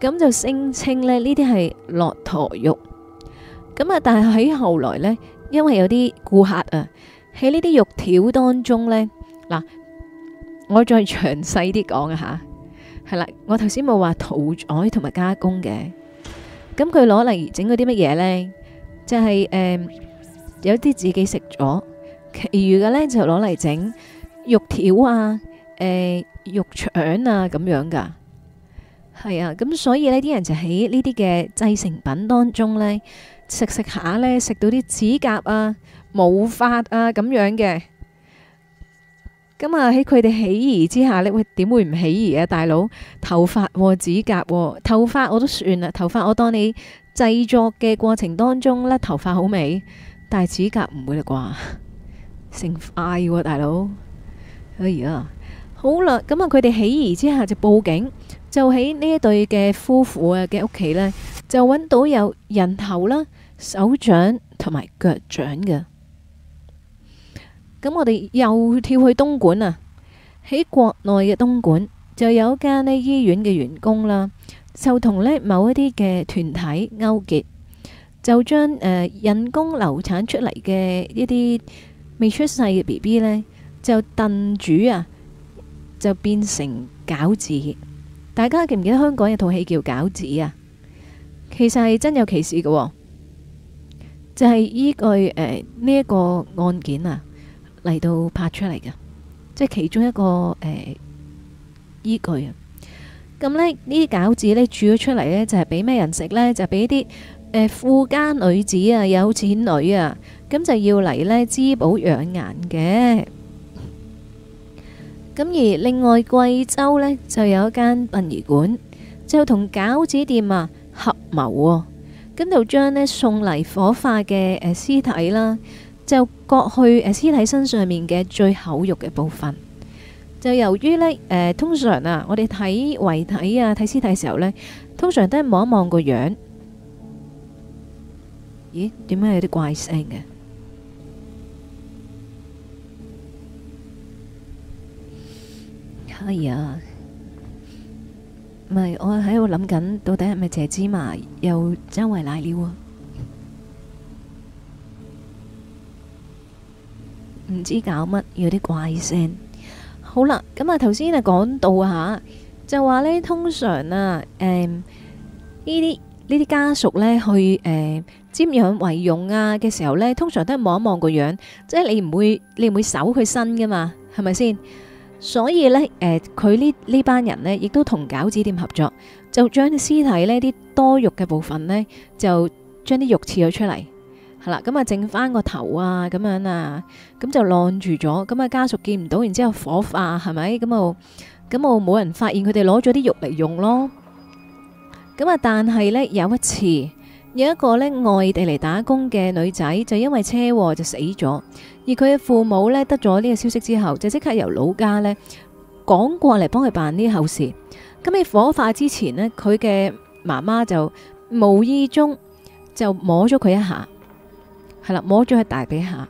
咁就聲稱呢呢啲係駱駝肉。咁啊，但係喺後來呢，因為有啲顧客啊喺呢啲肉條當中呢嗱。我再詳細啲講下，係啦，我頭先冇話屠宰同埋加工嘅，咁佢攞嚟整嗰啲乜嘢咧？就係誒有啲自己食咗，其餘嘅咧就攞嚟整肉條啊、誒肉腸啊咁樣噶。係啊，咁所以咧啲人就喺呢啲嘅製成品當中咧，食食下咧食到啲指甲啊、毛髮啊咁樣嘅。咁啊喺佢哋起疑之下咧，喂，點會唔起疑啊？大佬，頭髮、指甲，頭髮我都算啦，頭髮我當你製作嘅過程當中甩頭髮好未？但係指甲唔會啦啩，成塊、啊、大佬，哎呀，好啦，咁啊，佢哋起疑之下就報警，就喺呢一對嘅夫婦啊嘅屋企咧，就搵到有人頭啦、手掌同埋腳掌嘅。咁我哋又跳去東莞啊，喺國內嘅東莞就有一間呢醫院嘅員工啦，就同呢某一啲嘅團體勾結，就將誒、呃、人工流產出嚟嘅一啲未出世嘅 B B 呢，就燉煮啊，就變成餃子。大家記唔記得香港有套戲叫餃子啊？其實係真有其事㗎喎，哦。就係依據誒呢一個案件啊。嚟到拍出嚟嘅，即係其中一個誒依據啊。咁咧呢啲餃子咧煮咗出嚟咧，就係俾咩人食咧？就俾啲誒富家女子啊、有錢女啊，咁就要嚟咧滋補養顏嘅。咁而另外貴州咧就有一間殯儀館，就同餃子店啊合謀，咁就將咧送嚟火化嘅誒屍體啦。就割去誒屍、呃、體身上面嘅最厚肉嘅部分。就由於呢，誒、呃，通常啊，我哋睇遺體啊，睇屍體嘅時候呢，通常都係望一望個樣。咦？點解有啲怪聲嘅？係、哎、啊，唔係我喺度諗緊，到底係咪謝芝麻又周圍瀨尿啊？唔知搞乜，有啲怪聲。好啦，咁啊，頭先啊講到下，就話呢，通常啊，誒、呃，呢啲呢啲家屬呢，去誒瞻仰遺容啊嘅時候呢，通常都係望一望個樣，即係你唔會你唔會搜佢身噶嘛，係咪先？所以呢，誒、呃，佢呢呢班人呢，亦都同餃子店合作，就將啲屍體呢啲多肉嘅部分呢，就將啲肉切咗出嚟。係啦，咁啊，剩翻個頭啊，咁樣啊，咁就晾住咗。咁啊，家屬見唔到，然之後火化，係咪咁？哦，咁冇人發現佢哋攞咗啲肉嚟用咯。咁啊，但係呢，有一次有一個呢外地嚟打工嘅女仔，就因為車禍就死咗。而佢嘅父母呢，得咗呢個消息之後，就即刻由老家呢趕過嚟幫佢辦呢後事。咁喺火化之前呢，佢嘅媽媽就無意中就摸咗佢一下。係啦，摸咗喺大髀下，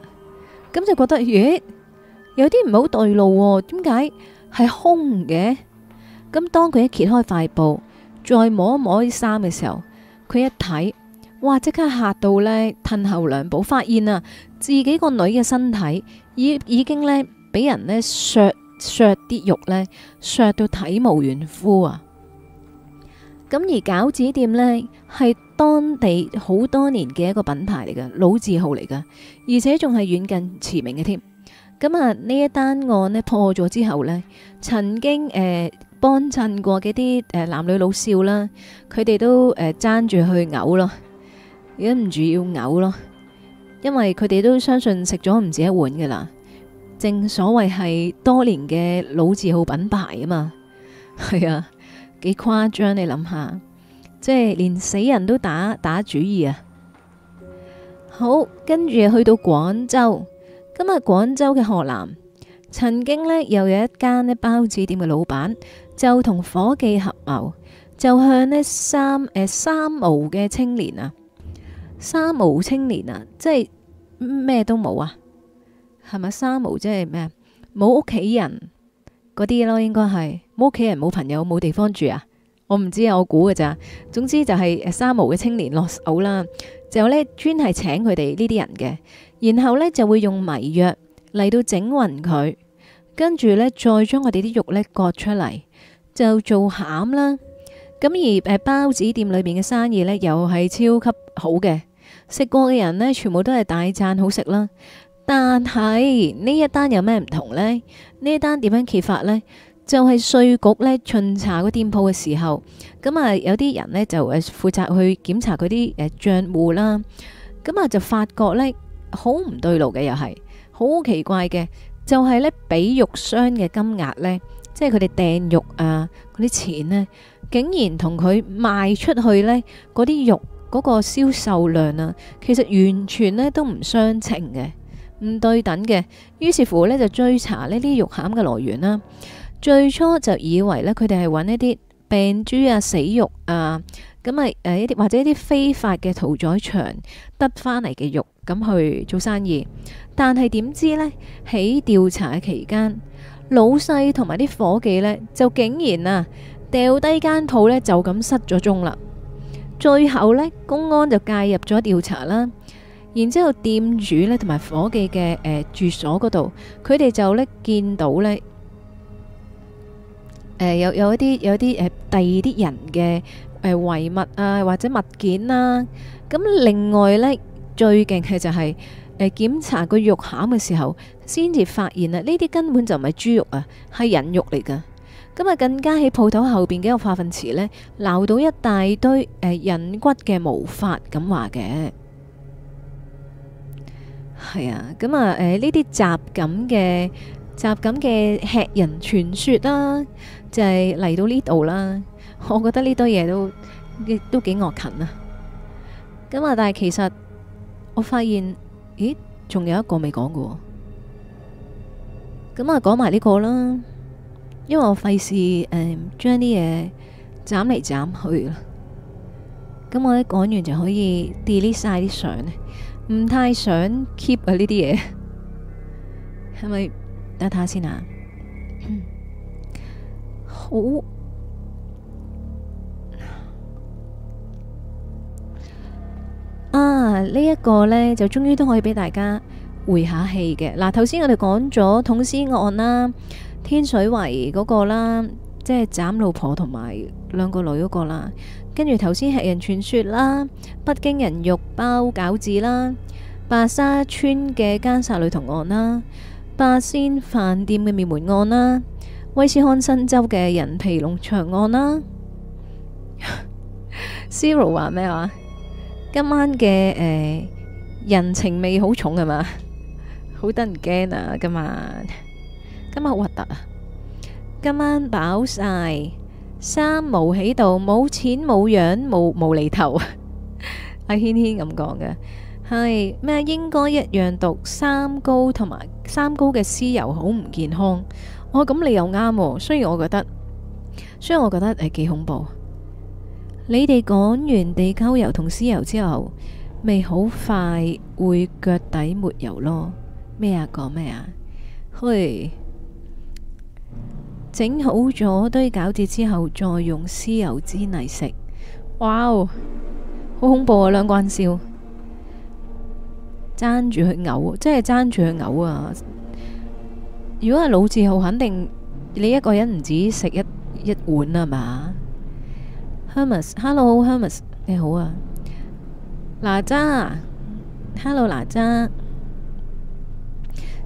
咁就覺得咦，有啲唔好對路喎？點解係空嘅？咁當佢一揭開塊布，再摸一摸啲衫嘅時候，佢一睇，哇！即刻吓到呢，褪後兩步，發現啊，自己個女嘅身體已已經呢俾人呢削削啲肉呢，削到體無完膚啊！咁而餃子店呢，係當地好多年嘅一個品牌嚟嘅老字號嚟㗎，而且仲係遠近馳名嘅添。咁啊呢一單案呢破咗之後呢，曾經誒幫襯過嘅啲誒男女老少啦，佢哋都誒爭住去嘔咯，忍唔住要嘔咯，因為佢哋都相信食咗唔止一碗㗎啦。正所謂係多年嘅老字號品牌啊嘛，係啊。.幾誇張？你諗下，即係連死人都打打主意啊！好，跟住去到廣州。今日廣州嘅河南，曾經呢，又有一間呢包子店嘅老闆，就同伙計合謀，就向呢三誒、欸、三無嘅青年啊，三無青年啊，即係咩、嗯、都冇啊，係咪三無即係咩？冇屋企人嗰啲咯應該，應該係。屋企人，冇朋友，冇地方住啊！我唔知啊，我估嘅咋。總之就係誒，三毛嘅青年落手啦，就呢專係請佢哋呢啲人嘅，然後呢就會用迷藥嚟到整暈佢，跟住呢，再將我哋啲肉呢割出嚟就做餡啦。咁而誒，包子店裏面嘅生意呢，又係超級好嘅，食過嘅人呢，全部都係大讚好食啦。但係呢一單有咩唔同呢？呢一單點樣揭發呢？就係稅局呢巡查個店鋪嘅時候，咁啊有啲人呢就誒負責去檢查佢啲誒賬戶啦。咁啊就發覺呢好唔對路嘅，又係好奇怪嘅。就係呢俾肉商嘅金額呢，即係佢哋訂肉啊嗰啲錢呢，竟然同佢賣出去呢嗰啲肉嗰個銷售量啊，其實完全呢都唔相稱嘅，唔對等嘅。於是乎呢，就追查呢啲肉餡嘅來源啦。最初就以為咧，佢哋係揾一啲病豬啊、死肉啊，咁咪誒一啲或者一啲非法嘅屠宰場得返嚟嘅肉咁去做生意。但係點知呢，喺調查嘅期間，老細同埋啲伙計呢就竟然啊掉低間套呢就咁失咗蹤啦。最後呢，公安就介入咗調查啦。然之後，店主呢同埋伙計嘅誒住所嗰度，佢哋就呢見到呢。誒有有一啲有一啲誒第二啲人嘅誒遺物啊或者物件啦，咁另外咧最勁嘅就係誒檢查個肉餡嘅時候，先至發現啦，呢啲根本就唔係豬肉啊，係人肉嚟噶。咁啊更加喺鋪頭後邊嘅一個化糞池咧，撈到一大堆誒人骨嘅毛髮咁話嘅。係啊，咁啊誒呢啲雜感嘅雜感嘅吃人傳說啦～就係、是、嚟到呢度啦，我覺得呢堆嘢都亦都幾惡近啊！咁啊，但係其實我發現，咦，仲有一個未講過，咁啊，講埋呢個啦，因為我費事誒，將啲嘢斬嚟斬去啦。咁我一講完就可以 delete 晒啲相，唔太想 keep 啊呢啲嘢，係咪等下睇下先啊？ [LAUGHS] 是哦、啊！呢、這、一個呢，就終於都可以俾大家回下氣嘅。嗱、啊，頭先我哋講咗桶屍案啦、天水圍嗰個啦、即係斬老婆同埋兩個女嗰個啦，跟住頭先吃人傳說啦、北京人肉包餃子啦、白沙村嘅奸殺女童案啦、八仙飯店嘅滅門案啦。威斯康辛州嘅人皮農場案啦，Zero 話咩話？今晚嘅誒人情味好重啊嘛？好得人驚啊！今晚今晚好核突啊！今晚飽晒三無喺度，冇錢冇樣冇無厘頭。阿軒軒咁講嘅係咩？應該一樣讀三高同埋三高嘅屍油，好唔健康。哦，咁你又啱喎。雖然我覺得，雖然我覺得係幾恐怖。你哋講完地溝油同屍油之後，咪好快會腳底抹油咯。咩啊？講咩啊？去整好咗堆餃子之後，再用屍油煎嚟食。哇好恐怖啊！兩關笑爭住去嘔，即係爭住去嘔啊！如果係老字號，肯定你一個人唔止食一一碗啊嘛。Hermes，Hello，Hermes，Hermes, 你好啊。哪吒，Hello，哪吒。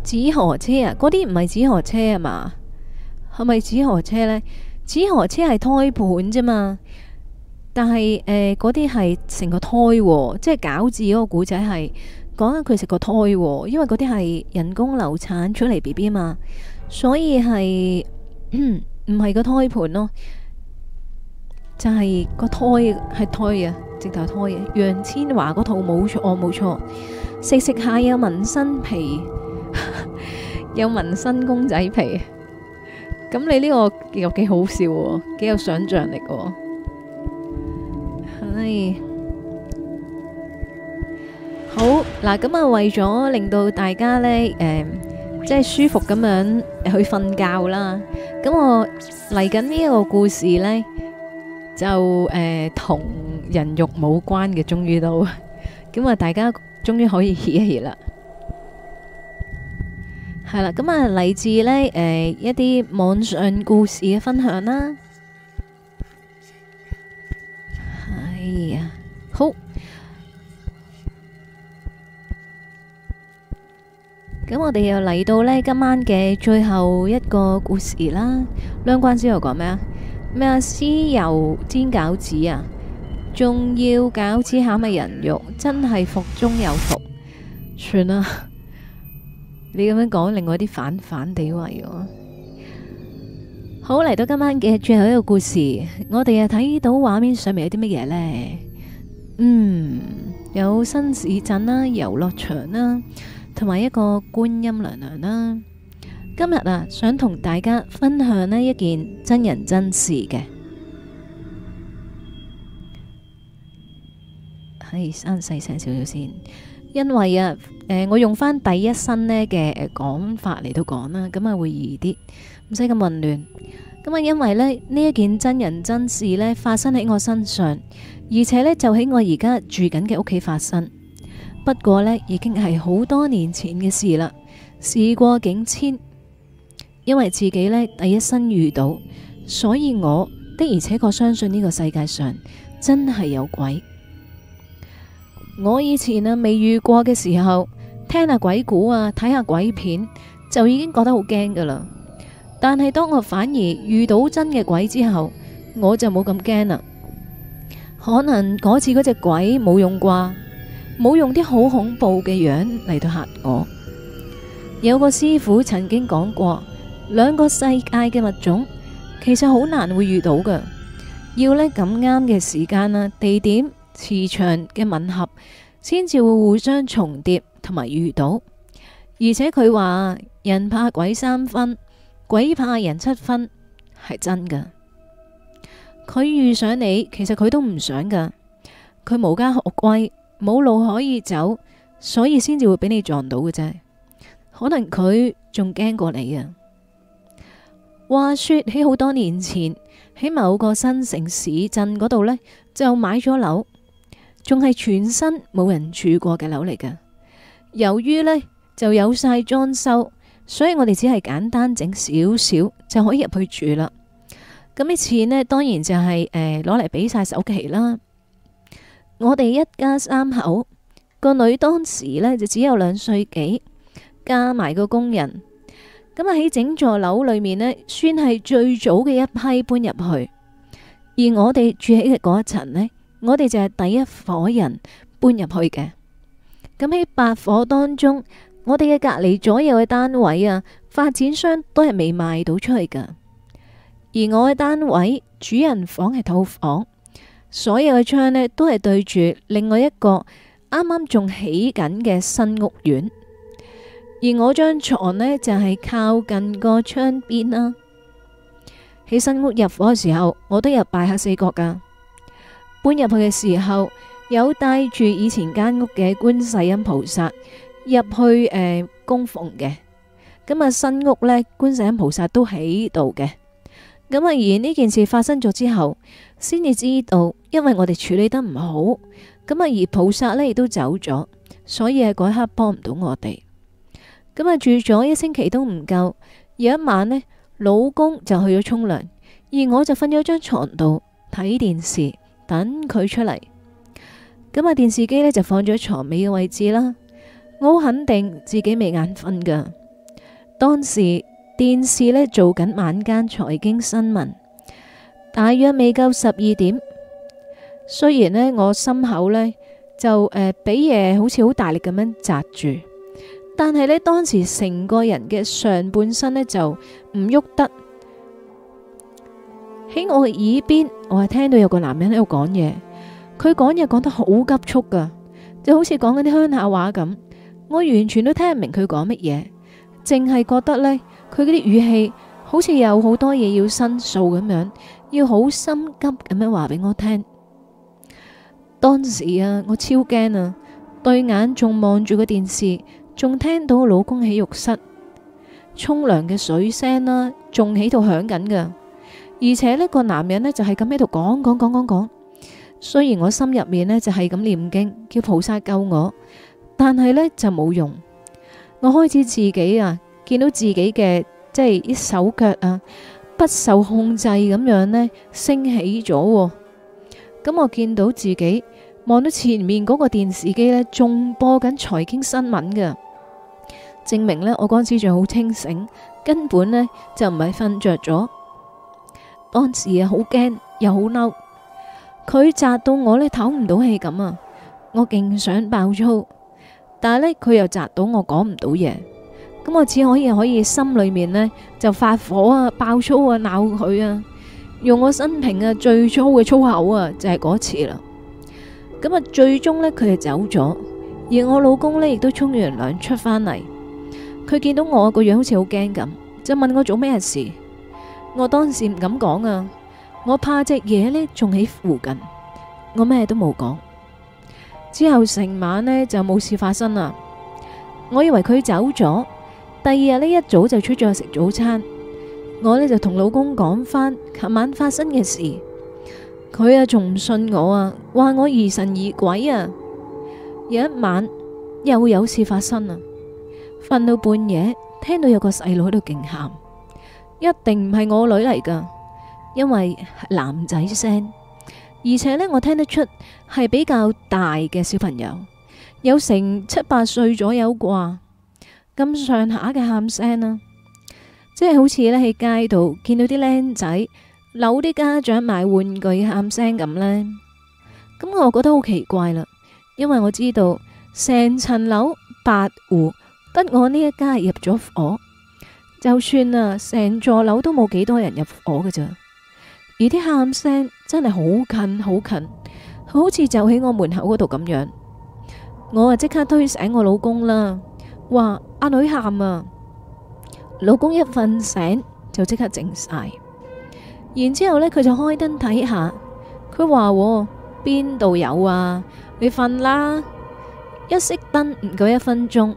紫河車啊，嗰啲唔係紫河車啊嘛？係咪紫河車呢？紫河車係胎盤啫嘛。但係誒，嗰啲係成個胎，即係餃子嗰個古仔係。講緊佢食個胎，喔，因為嗰啲係人工流產出嚟 B B 嘛，所以係唔係個胎盤咯，喔？就係、是、個胎係胎啊，直頭胎嘅、啊。楊千嬅嗰套冇錯，冇錯，食食下有紋身皮， [LAUGHS] 有紋身公仔皮。咁你呢個又幾好笑喎，幾有想像力喎，係。好嗱，咁啊為咗令到大家咧，誒，即係舒服咁樣去瞓覺啦。咁我嚟緊呢一個故事咧，就誒同人肉冇關嘅，終於都咁啊，大家終於可以歇一歇啦。係啦，咁啊嚟自咧誒一啲網上故事嘅分享啦。哎呀，好。咁我哋又嚟到呢今晚嘅最後一個故事啦。兩關之後講咩啊？咩啊？屍油煎餃子啊？仲要餃子餡係人肉，真係服中有服。算啦，啊，你咁樣講令我啲反反地畏，啊。好，嚟到今晚嘅最後一個故事，我哋又睇到畫面上面有啲乜嘢呢？嗯，有新市鎮啦，遊樂場啦，啊。同埋一個觀音娘娘啦，今日啊，想同大家分享呢一件真人真事嘅。可以，生細聲少少先，因為啊，誒，我用翻第一身呢嘅講法嚟到講啦，咁啊會易啲，唔使咁混亂。咁啊，因為呢呢一件真人真事呢發生喺我身上，而且呢就喺我而家住緊嘅屋企發生。不過呢，已經係好多年前嘅事啦。事過境遷，因為自己呢第一身遇到，所以我的而且確相信呢個世界上真係有鬼。我以前啊未遇過嘅時候，聽下鬼故啊，睇下鬼片，就已經覺得好驚噶啦。但係當我反而遇到真嘅鬼之後，我就冇咁驚啦。可能嗰次嗰隻鬼冇用啩。冇用啲，好恐怖嘅樣嚟到嚇我。有個師傅曾經講過，兩個世界嘅物種其實好難會遇到㗎，要呢咁啱嘅時間啦、地點、磁場嘅吻合，先至會互相重疊同埋遇到。而且佢話人怕鬼三分，鬼怕人七分，係真㗎。佢遇上你，其實佢都唔想噶，佢無家可歸。冇路可以走，所以先至會俾你撞到嘅啫。可能佢仲驚過你啊！話說喺好多年前，喺某個新城市鎮嗰度呢，就買咗樓，仲係全新冇人住過嘅樓嚟㗎。由於呢就有晒裝修，所以我哋只係簡單整少少就可以入去住啦。咁啲錢呢，當然就係誒攞嚟俾晒首期啦。我哋一家三口，個女當時呢就只有兩歲幾，加埋個工人，咁啊喺整座樓裏面呢，算係最早嘅一批搬入去。而我哋住喺嘅嗰一層呢，我哋就係第一伙人搬入去嘅。咁喺八伙當中，我哋嘅隔籬左右嘅單位啊，發展商都係未賣到出去噶。而我嘅單位主人房係套房。所有嘅窗咧都係對住另外一個啱啱仲起緊嘅新屋苑，而我張床咧就係靠近個窗邊啦。起新屋入伙嘅時候，我都有拜下四角噶。搬入去嘅時候，有帶住以前間屋嘅觀世音菩薩入去誒供奉嘅。咁啊新屋咧觀世音菩薩都喺度嘅。咁啊，而呢件事發生咗之後，先至知道。因為我哋處理得唔好，咁啊而菩薩呢亦都走咗，所以係嗰刻幫唔到我哋。咁啊住咗一星期都唔夠，有一晚呢，老公就去咗沖涼，而我就瞓咗張床度睇電視等佢出嚟。咁啊電視機呢就放咗床尾嘅位置啦。我好肯定自己未眼瞓噶。當時電視呢做緊晚間財經新聞，大約未夠十二點。雖然咧，我心口咧就誒俾嘢，好似好大力咁樣紮住，但係咧當時成個人嘅上半身咧就唔喐得。喺我嘅耳邊，我係聽到有個男人喺度講嘢，佢講嘢講得好急促噶就好似講緊啲鄉下話咁。我完全都聽唔明佢講乜嘢，淨係覺得呢，佢嗰啲語氣好似有好多嘢要申訴咁樣，要好心急咁樣話俾我聽。當時啊，我超驚啊！對眼仲望住個電視，仲聽到老公喺浴室沖涼嘅水聲啦，仲喺度響緊㗎。而且呢個男人呢就係咁喺度講講講講講。雖然我心入面呢就係咁念經，叫菩薩救我，但係呢就冇用。我開始自己啊，見到自己嘅即係啲手腳啊，不受控制咁樣呢升起咗。咁我見到自己。望到前面嗰個電視機呢，仲播緊財經新聞嘅，證明呢，我嗰陣時仲好清醒，根本呢就唔係瞓着咗。當時啊，好驚又好嬲，佢砸到我呢，唞唔到氣咁啊！我勁想爆粗，但係呢，佢又砸到我講唔到嘢，咁我只可以可以心裏面呢，就發火啊、爆粗啊、鬧佢啊，用我生平啊最粗嘅粗口啊，就係、是、嗰次啦。咁啊，最終呢，佢就走咗，而我老公呢，亦都沖完涼出返嚟。佢見到我個樣好似好驚咁，就問我做咩事。我當時唔敢講啊，我怕一隻嘢呢仲喺附近，我咩都冇講。之後成晚呢，就冇事發生啦，我以為佢走咗。第二日呢一早就出咗去食早餐，我呢，就同老公講翻琴晚發生嘅事。佢啊，仲唔信我啊，話我疑神疑鬼啊。有一晚又有事發生啊，瞓到半夜，聽到有個細路喺度勁喊，一定唔係我女嚟噶，因為男仔聲，而且呢，我聽得出係比較大嘅小朋友，有成七八歲左右啩，咁上下嘅喊聲啊，即係好似呢喺街度見到啲僆仔，樓啲家長買玩具喊聲咁呢，咁我覺得好奇怪啦，因為我知道成層樓八戶，得我呢一家入咗伙，就算啊成座樓都冇幾多人入伙嘅啫，而啲喊聲真係好近好近，好似就喺我門口嗰度咁樣，我啊即刻推醒我老公啦，話阿女喊啊，老公一瞓醒就即刻靜晒。然之後呢，佢就開燈睇下，佢話邊度有啊？你瞓啦，一熄燈唔夠一分鐘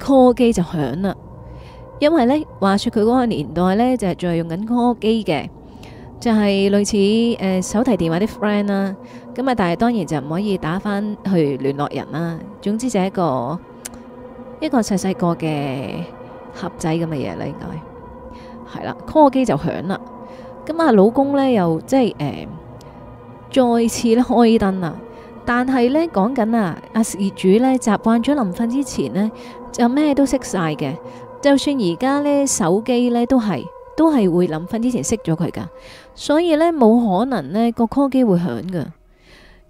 ，call 機就響啦。因為呢，話說佢嗰個年代呢，就係仲係用緊 call 機嘅，就係、是、類似誒、呃、手提電話啲 friend 啦。咁啊，但係當然就唔可以打返去聯絡人啦、啊。總之就係一個一個細細個嘅盒仔咁嘅嘢啦，應該係啦，call 機就響啦。咁啊，老公呢，又即係誒、呃，再次咧開燈啦！但係呢，講緊啊，阿業主呢，習慣咗臨瞓之前呢，就咩都熄晒嘅，就算而家呢，手機呢都係都係會臨瞓之前熄咗佢噶，所以呢，冇可能呢個 call 機會響噶。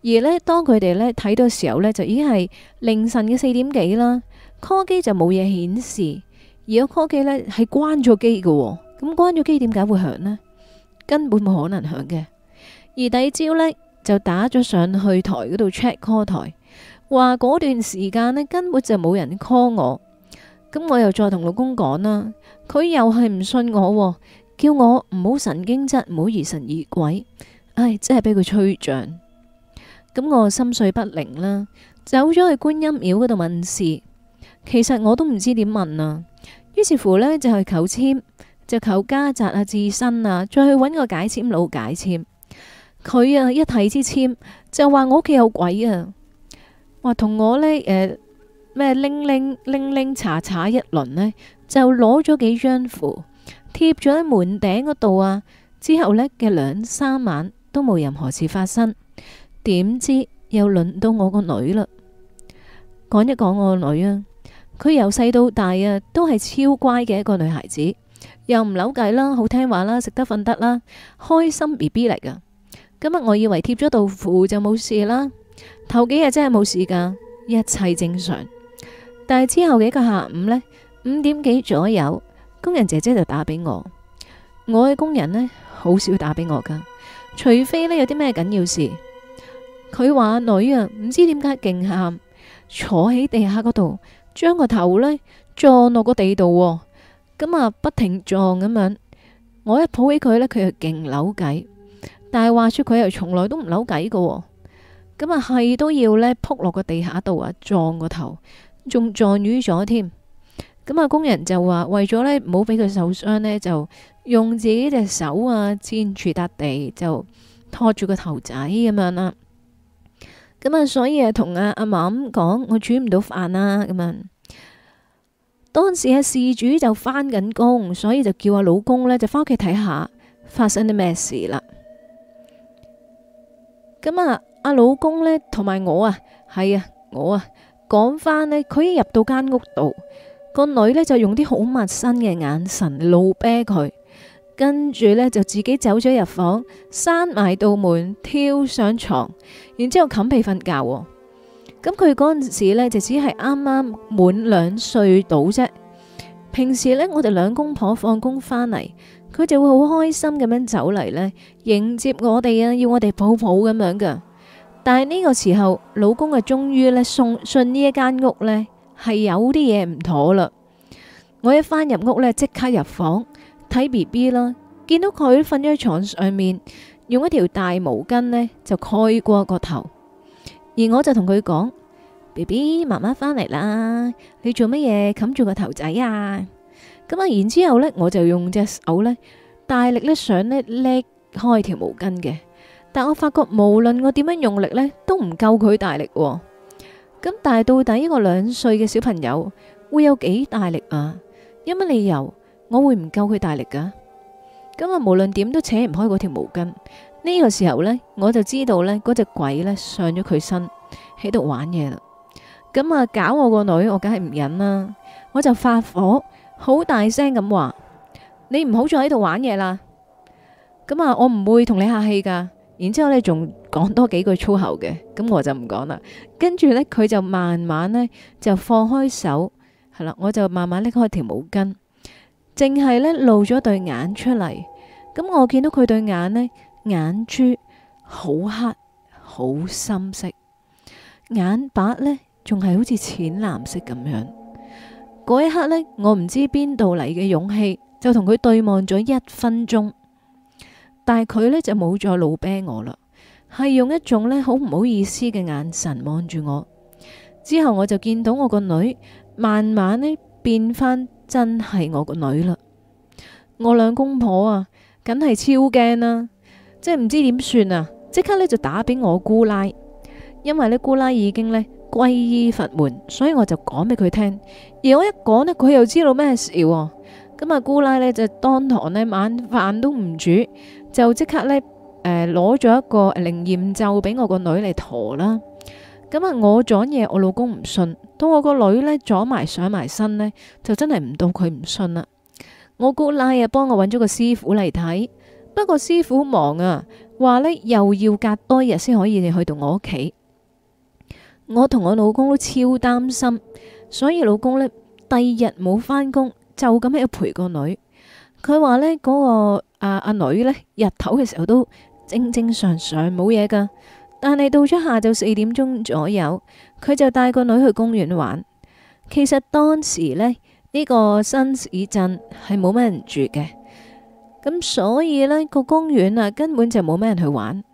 而呢，當佢哋呢睇到嘅時候呢，就已經係凌晨嘅四點幾啦、yeah.，call 機就冇嘢顯示，而個 call 機呢係關咗機嘅喎，咁關咗機點解會響呢？根本冇可能響嘅，而第二朝呢，就打咗上去台嗰度 check call 台，話嗰段時間呢，根本就冇人 call 我，咁我又再同老公講啦，佢又係唔信我喎，叫我唔好神經質，唔好疑神疑鬼，唉，真係俾佢吹脹，咁我心緒不寧啦，走咗去觀音廟嗰度問事，其實我都唔知點問啊，於是乎呢，就去、是、求簽。就求家宅啊，自身啊，再去搵個解簽佬解簽。佢啊，一睇支簽就話我屋企有鬼啊，話同我呢，誒、呃、咩，拎拎拎拎查查一輪呢，就攞咗幾張符貼咗喺門頂嗰度啊。之後呢，嘅兩三晚都冇任何事發生，點知又輪到我個女啦。講一講我個女啊，佢由細到大啊，都係超乖嘅一個女孩子。又唔扭計啦，好聽話啦，食得瞓得啦，開心 B B 嚟噶。今日我以為貼咗道符就冇事啦，頭幾日真係冇事噶，一切正常。但係之後幾個下午呢，五點幾左右，工人姐姐就打畀我。我嘅工人呢，好少打畀我噶，除非呢，有啲咩緊要事。佢話女啊，唔知點解勁喊，坐喺地下嗰度，將個頭呢撞落個地度。咁啊，不停撞咁樣，我一抱起佢呢，佢又勁扭計，但係話說佢又從來都唔扭計噶，咁啊係都要呢，撲落個地下度啊，撞個頭，仲撞瘀咗添。咁啊，工人就話為咗呢，唔好俾佢受傷呢，就用自己隻手啊，纏住笪地就拖住個頭仔咁樣啦。咁啊，所以啊，同阿阿嫲咁講，我煮唔到飯啊。咁啊。當時阿事主就返緊工，所以就叫阿老公呢就返屋企睇下發生啲咩事啦。咁啊，阿老公呢，同埋、啊、我啊，係啊，我啊講翻呢，佢一入到間屋度，個女呢就用啲好陌生嘅眼神怒啤佢，跟住呢就自己走咗入房，閂埋道門，跳上床，然之後冚被瞓覺。咁佢嗰陣時呢，就只係啱啱滿兩歲到啫。平時呢，我哋兩公婆放工翻嚟，佢就會好開心咁樣走嚟呢，迎接我哋啊，要我哋抱抱咁樣噶。但係呢個時候，老公啊，終於呢，送信呢一間屋呢，係有啲嘢唔妥啦。我一翻入屋呢，即刻入房睇 B B 啦，見到佢瞓咗喺床上面，用一條大毛巾呢，就蓋過個頭。而我就同佢講，B B，媽媽翻嚟啦，你做乜嘢冚住個頭仔啊？咁啊，然之後咧，我就用隻手咧大力咧想咧拎開條毛巾嘅，但我發覺無論我點樣用力咧，都唔夠佢大力。咁但係到底一個兩歲嘅小朋友會有幾大力啊？有乜理由我會唔夠佢大力噶？咁啊，無論點都扯唔開嗰條毛巾。呢個時候呢，我就知道呢，嗰隻鬼呢，上咗佢身喺度玩嘢啦。咁啊，搞我個女，我梗係唔忍啦。我就發火，好大聲咁話：你唔好再喺度玩嘢啦！咁啊，我唔會同你客氣噶。然之後呢，仲講多幾句粗口嘅，咁我就唔講啦。跟住呢，佢就慢慢呢，就放開手，係啦，我就慢慢拎開條毛巾，淨係呢，露咗對眼出嚟。咁我見到佢對眼呢。眼珠好黑，好深色，眼白呢仲係好似淺藍色咁樣。嗰一刻呢，我唔知邊度嚟嘅勇氣，就同佢對望咗一分鐘。但係佢呢，就冇再老啤我啦，係用一種好唔好意思嘅眼神望住我。之後我就見到我個女慢慢呢變翻真係我個女啦。我兩公婆啊，梗係超驚啦、啊。即係唔知點算啊！即刻呢就打俾我姑奶。因為呢姑奶已經呢皈依佛門，所以我就講俾佢聽。而我一講呢，佢又知道咩事喎？咁啊，姑奶呢就當堂呢晚飯都唔煮，就即刻呢誒攞咗一個靈驗咒俾我個女嚟陀啦。咁啊，我撞嘢我老公唔信，到我個女呢撞埋上埋身呢，就真係唔到佢唔信啦。我姑奶啊幫我揾咗個師傅嚟睇。不過師傅忙啊，話呢又要隔多日先可以去到我屋企。我同我老公都超擔心，所以老公呢第二日冇返工，就咁喺度陪個女。佢話呢嗰、嗰個阿阿、啊、女呢日頭嘅時候都正正常常冇嘢噶，但係到咗下晝四點鐘左右，佢就帶個女去公園玩。其實當時呢，呢、呢個新市鎮係冇咩人住嘅。咁所以呢個公園啊，根本就冇咩人去玩。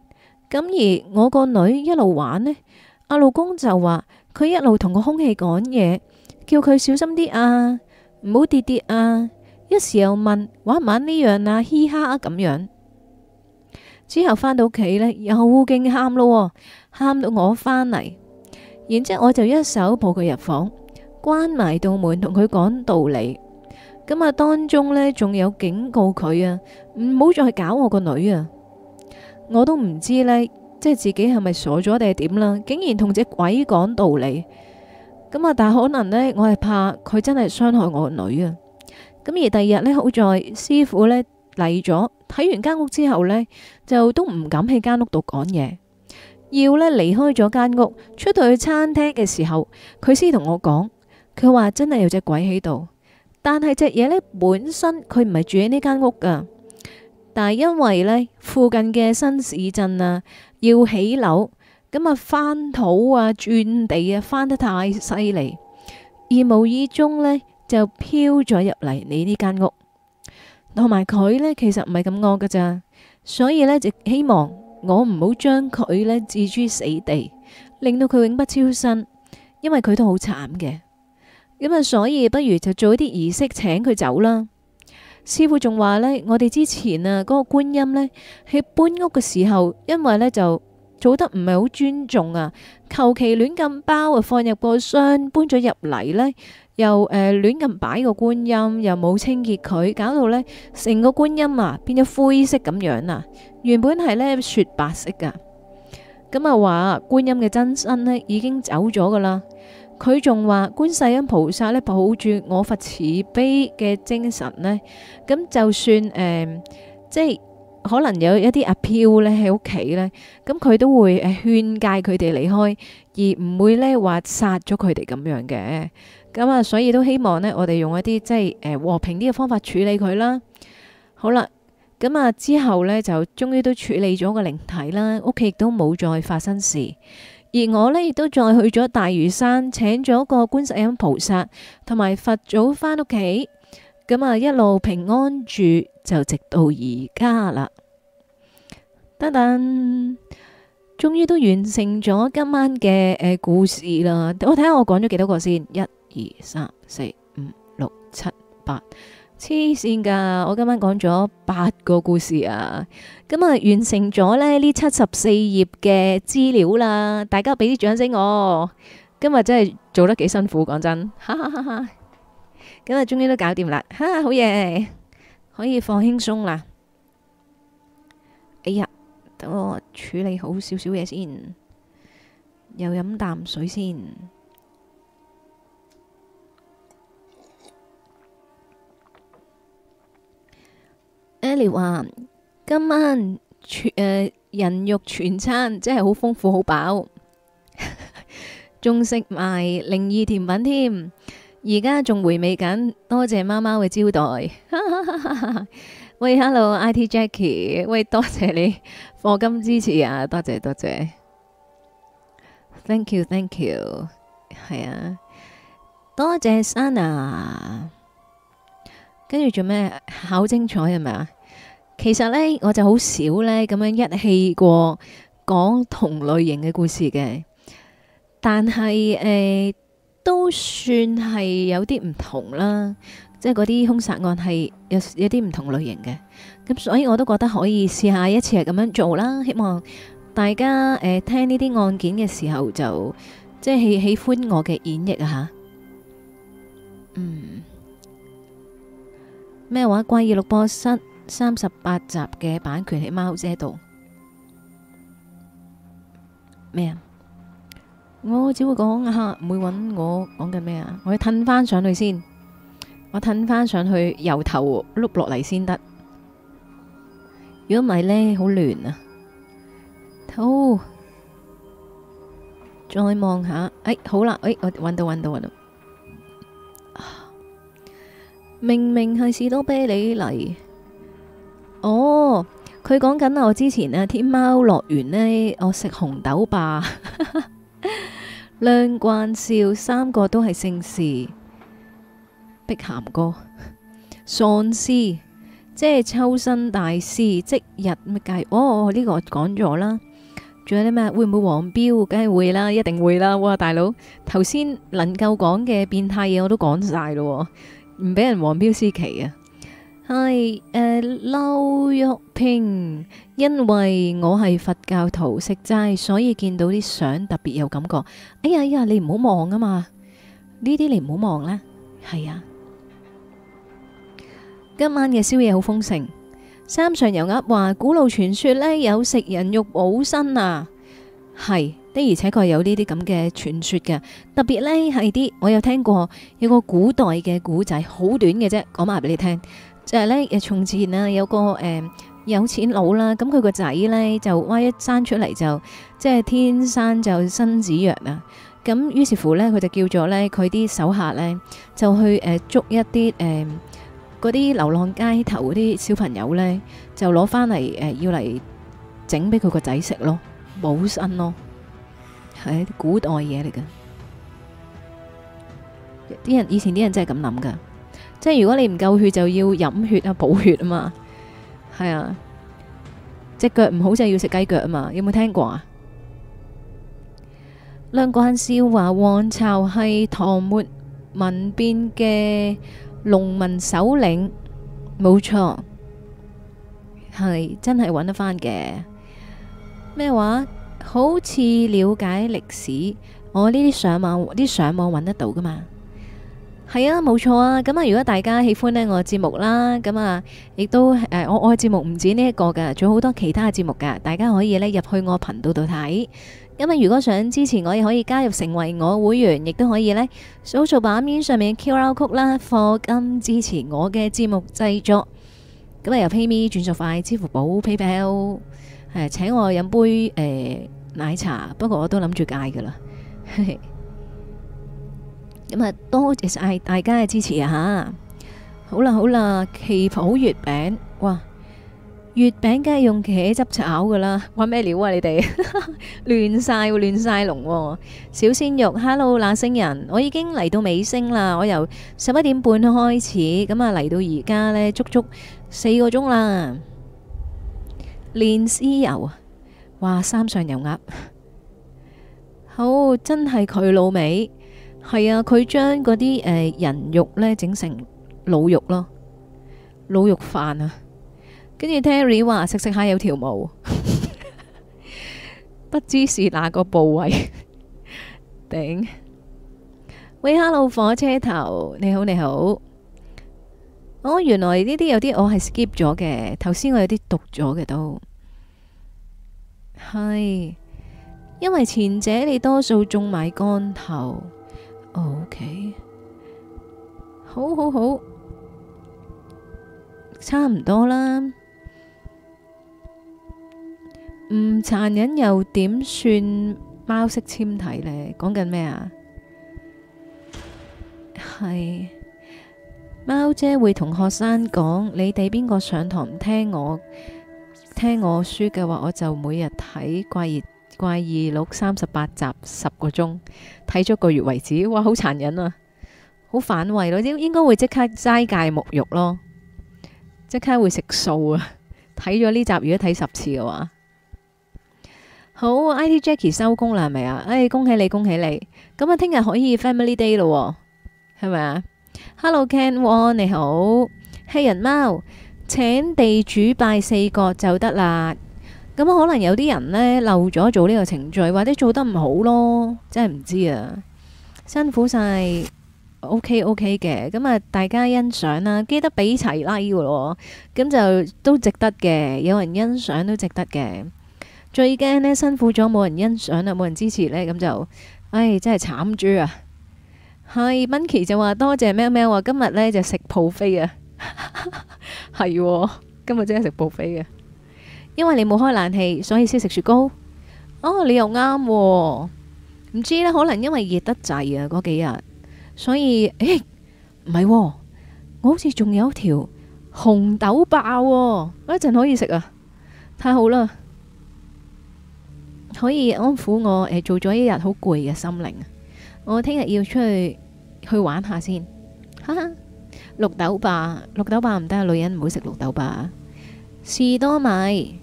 咁而我個女一路玩呢，阿老公就話佢一路同個空氣講嘢，叫佢小心啲啊，唔好跌跌啊。一時又問玩唔玩呢樣啊，嘻哈啊咁樣。之後翻到屋企呢，又勁喊咯喎，喊到我翻嚟。然之後我就一手抱佢入房，關埋道門，同佢講道理。咁啊，當中呢，仲有警告佢啊，唔好再搞我個女啊！我都唔知呢，即係自己係咪傻咗定係點啦，竟然同隻鬼講道理。咁啊，但可能呢，我係怕佢真係傷害我個女啊。咁而第二日呢，好在師傅呢嚟咗，睇完間屋之後呢，就都唔敢喺間屋度講嘢，要呢，離開咗間屋，出到去餐廳嘅時候，佢先同我講，佢話真係有隻鬼喺度。但係隻嘢呢本身佢唔係住喺呢間屋噶，但係因為呢附近嘅新市鎮啊要起樓，咁啊翻土啊轉地啊翻得太犀利，而無意中呢，就飄咗入嚟你呢間屋，同埋佢呢，其實唔係咁惡噶咋，所以呢，就希望我唔好將佢呢置諸死地，令到佢永不超生，因為佢都好慘嘅。咁啊，所以不如就做一啲儀式請佢走啦。師傅仲話呢，我哋之前啊，嗰個觀音呢，喺搬屋嘅時候，因為呢就做得唔係好尊重啊，求其亂咁包啊，放入個箱搬咗入嚟呢，又誒亂咁擺個觀音，又冇清潔佢，搞到呢成個觀音啊變咗灰色咁樣啊，原本係呢雪白色噶。咁啊話觀音嘅真身呢已經走咗噶啦。佢仲話觀世音菩薩咧，抱住我佛慈悲嘅精神呢。咁就算誒、呃，即係可能有一啲阿飄咧喺屋企呢，咁佢都會誒勸戒佢哋離開，而唔會呢話殺咗佢哋咁樣嘅。咁啊，所以都希望呢，我哋用一啲即係、呃、和平啲嘅方法處理佢啦。好啦，咁啊之後呢，就終於都處理咗個靈體啦，屋企亦都冇再發生事。而我呢，亦都再去咗大嶼山，請咗個觀世音菩薩同埋佛祖返屋企，咁啊一路平安住，就直到而家啦。噔噔，終於都完成咗今晚嘅、誒、呃、故事啦！我睇下我講咗幾多個先，一、二、三、四、五、六、七、八，黐線㗎！我今晚講咗八個故事啊！咁啊，完成咗咧呢七十四頁嘅資料啦！大家俾啲掌聲我，今日真係做得幾辛苦，講真，哈哈！今日終於都搞掂啦！哈，好嘢，可以放輕鬆啦！哎呀，等我處理好少少嘢先，又飲啖水先。Ellie 話。今晚全誒人肉全餐，真係好豐富，好飽，仲食埋靈異甜品添。而家仲回味緊，多謝媽媽嘅招待。 [LAUGHS] 喂，Hello，IT Jackie，喂，多謝你課金支持啊，多謝多謝，thank you，thank you，係 you. 啊，多謝 Sana，跟住做咩好精彩係咪啊？是其實呢，我就好少呢咁樣一氣過講同類型嘅故事嘅，但係誒、呃、都算係有啲唔同啦，即係嗰啲兇殺案係有有啲唔同類型嘅，咁所以我都覺得可以試下一次係咁樣做啦。希望大家誒、呃、聽呢啲案件嘅時候就即係喜喜歡我嘅演繹啊嚇，嗯咩話？關於錄播室，三十八集嘅版權喺貓姐度咩啊？我只會講下，唔會搵我講緊咩啊？我要褪翻上去先，我褪翻上去由頭碌落嚟先得。如果唔係呢，好亂啊！好，再望下，哎，好啦，哎，我搵到搵到搵到，明明係士多啤梨嚟。哦，佢講緊我之前啊，天貓樂園呢，我食紅豆霸，梁冠少三個都係姓氏，碧咸哥，喪屍即係秋生大師，即日咪計？哦，呢個講咗啦，仲有啲咩？會唔會黃標？梗係會啦，一定會啦！哇，大佬，頭先能夠講嘅變態嘢我都講曬咯，唔俾人黃標思奇啊！係誒，劉、呃、玉平，因為我係佛教徒食齋，所以見到啲相特別有感覺。哎呀，哎呀，你唔好望啊嘛，呢啲你唔好望啦，係啊，今晚嘅宵夜好豐盛。山上油鴨話，古老傳說呢有食人肉補身啊，係，的而且確有呢啲咁嘅傳說嘅，特別呢係啲我有聽過有個古代嘅古仔，好短嘅啫，講埋俾你聽。就係、是、呢，從前啊、呃，有個誒有錢佬啦，咁佢個仔呢，就哇一生出嚟，就即係天生就身子弱啊，咁於是乎呢，佢就叫咗呢，佢啲手下呢，就去誒、呃、捉一啲誒嗰啲流浪街頭嗰啲小朋友呢，就攞翻嚟誒要嚟整俾佢個仔食咯，補身咯，係、哎、古代嘢嚟嘅，啲人以前啲人真係咁諗噶。即係如果你唔夠血就要飲血啊補血啊嘛，係啊，隻腳唔好就要食雞腳啊嘛，有冇聽過啊？梁貫昭話，黃巢係唐末民變嘅農民首領，冇錯，係真係揾得返嘅。咩話？好似了解歷史，我呢啲上網啲上網揾得到噶嘛？係啊，冇錯啊！咁啊，如果大家喜歡呢我嘅節目啦，咁啊，亦都誒，我我嘅節目唔止呢、這、一個㗎，仲有好多其他嘅節目噶，大家可以呢入去我頻道度睇。咁啊，如果想支持我，亦可以加入成為我會員，亦都可以呢，掃掃版面上面嘅 QR Code 啦，課金，支持我嘅節目製作。咁啊，由 PayMe 轉數快，支付寶 PayPal，誒，請我飲杯誒、呃、奶茶，不過我都諗住戒噶啦。 [LAUGHS] 咁啊，多謝晒大家嘅支持啊！吓，好啦好啦，祈福月餅，哇，月餅梗係用茄汁炒噶啦，話咩料啊？你哋亂晒，亂晒龍，小鮮肉，Hello 那星人，我已經嚟到尾聲啦，我由十一點半開始，咁啊嚟到而家呢，足足四個鐘啦，煉屍油啊，哇，三上油鴨，好真係佢老味。係啊，佢將嗰啲誒人肉呢整成滷肉咯，滷肉飯啊，跟住 Terry 話食食下有條毛， [LAUGHS] 不知是哪個部位。 [LAUGHS] 頂。喂，Hello 火車頭，你好你好。哦，原來呢啲有啲我係 skip 咗嘅，頭先我有啲讀咗嘅都係，因為前者你多數種埋乾頭。O、okay. K，好，好，好，差唔多啦。唔殘忍又點算？貓式簽體呢？講緊咩啊？係貓姐會同學生講，你哋邊個上堂唔聽我聽我書嘅話，我就每日睇怪熱。怪二六三十八集十個鐘睇咗個月為止，哇，好殘忍啊，好反胃、啊、該咯，應應該會即刻齋戒沐浴咯，即刻會食素啊！睇咗呢集，如果睇十次嘅話，好，I T Jackie 收工啦，係咪啊？哎，恭喜你，恭喜你！咁啊，聽日可以 Family Day 咯，係咪啊？Hello Ken，、oh, 你好，h、hey, 黑人貓，請地主拜四角就得啦。咁可能有啲人呢，漏咗做呢個程序，或者做得唔好咯，真係唔知啊！辛苦晒，O K O K 嘅，咁啊，大家欣賞啦，記得俾齊拉噶咯，咁就都值得嘅，有人欣賞都值得嘅。最驚呢，辛苦咗冇人欣賞啊，冇人支持、哎、呢。咁就，唉，真係慘豬啊！係，Micky 就話多謝喵喵，今日呢就食 buffet 啊，係，今日真係食 buffet 嘅。因為你冇開冷氣，所以先食雪糕。哦，你又啱喎，唔知呢？可能因為熱得滯啊嗰幾日，所以誒，唔係喎，我好似仲有條紅豆霸喎，一陣可以食啊！太好啦，可以安撫我誒、呃，做咗一日好攰嘅心靈。我聽日要出去去玩下先。哈，哈，綠豆霸，綠豆霸唔得，女人唔好食綠豆霸，士多米。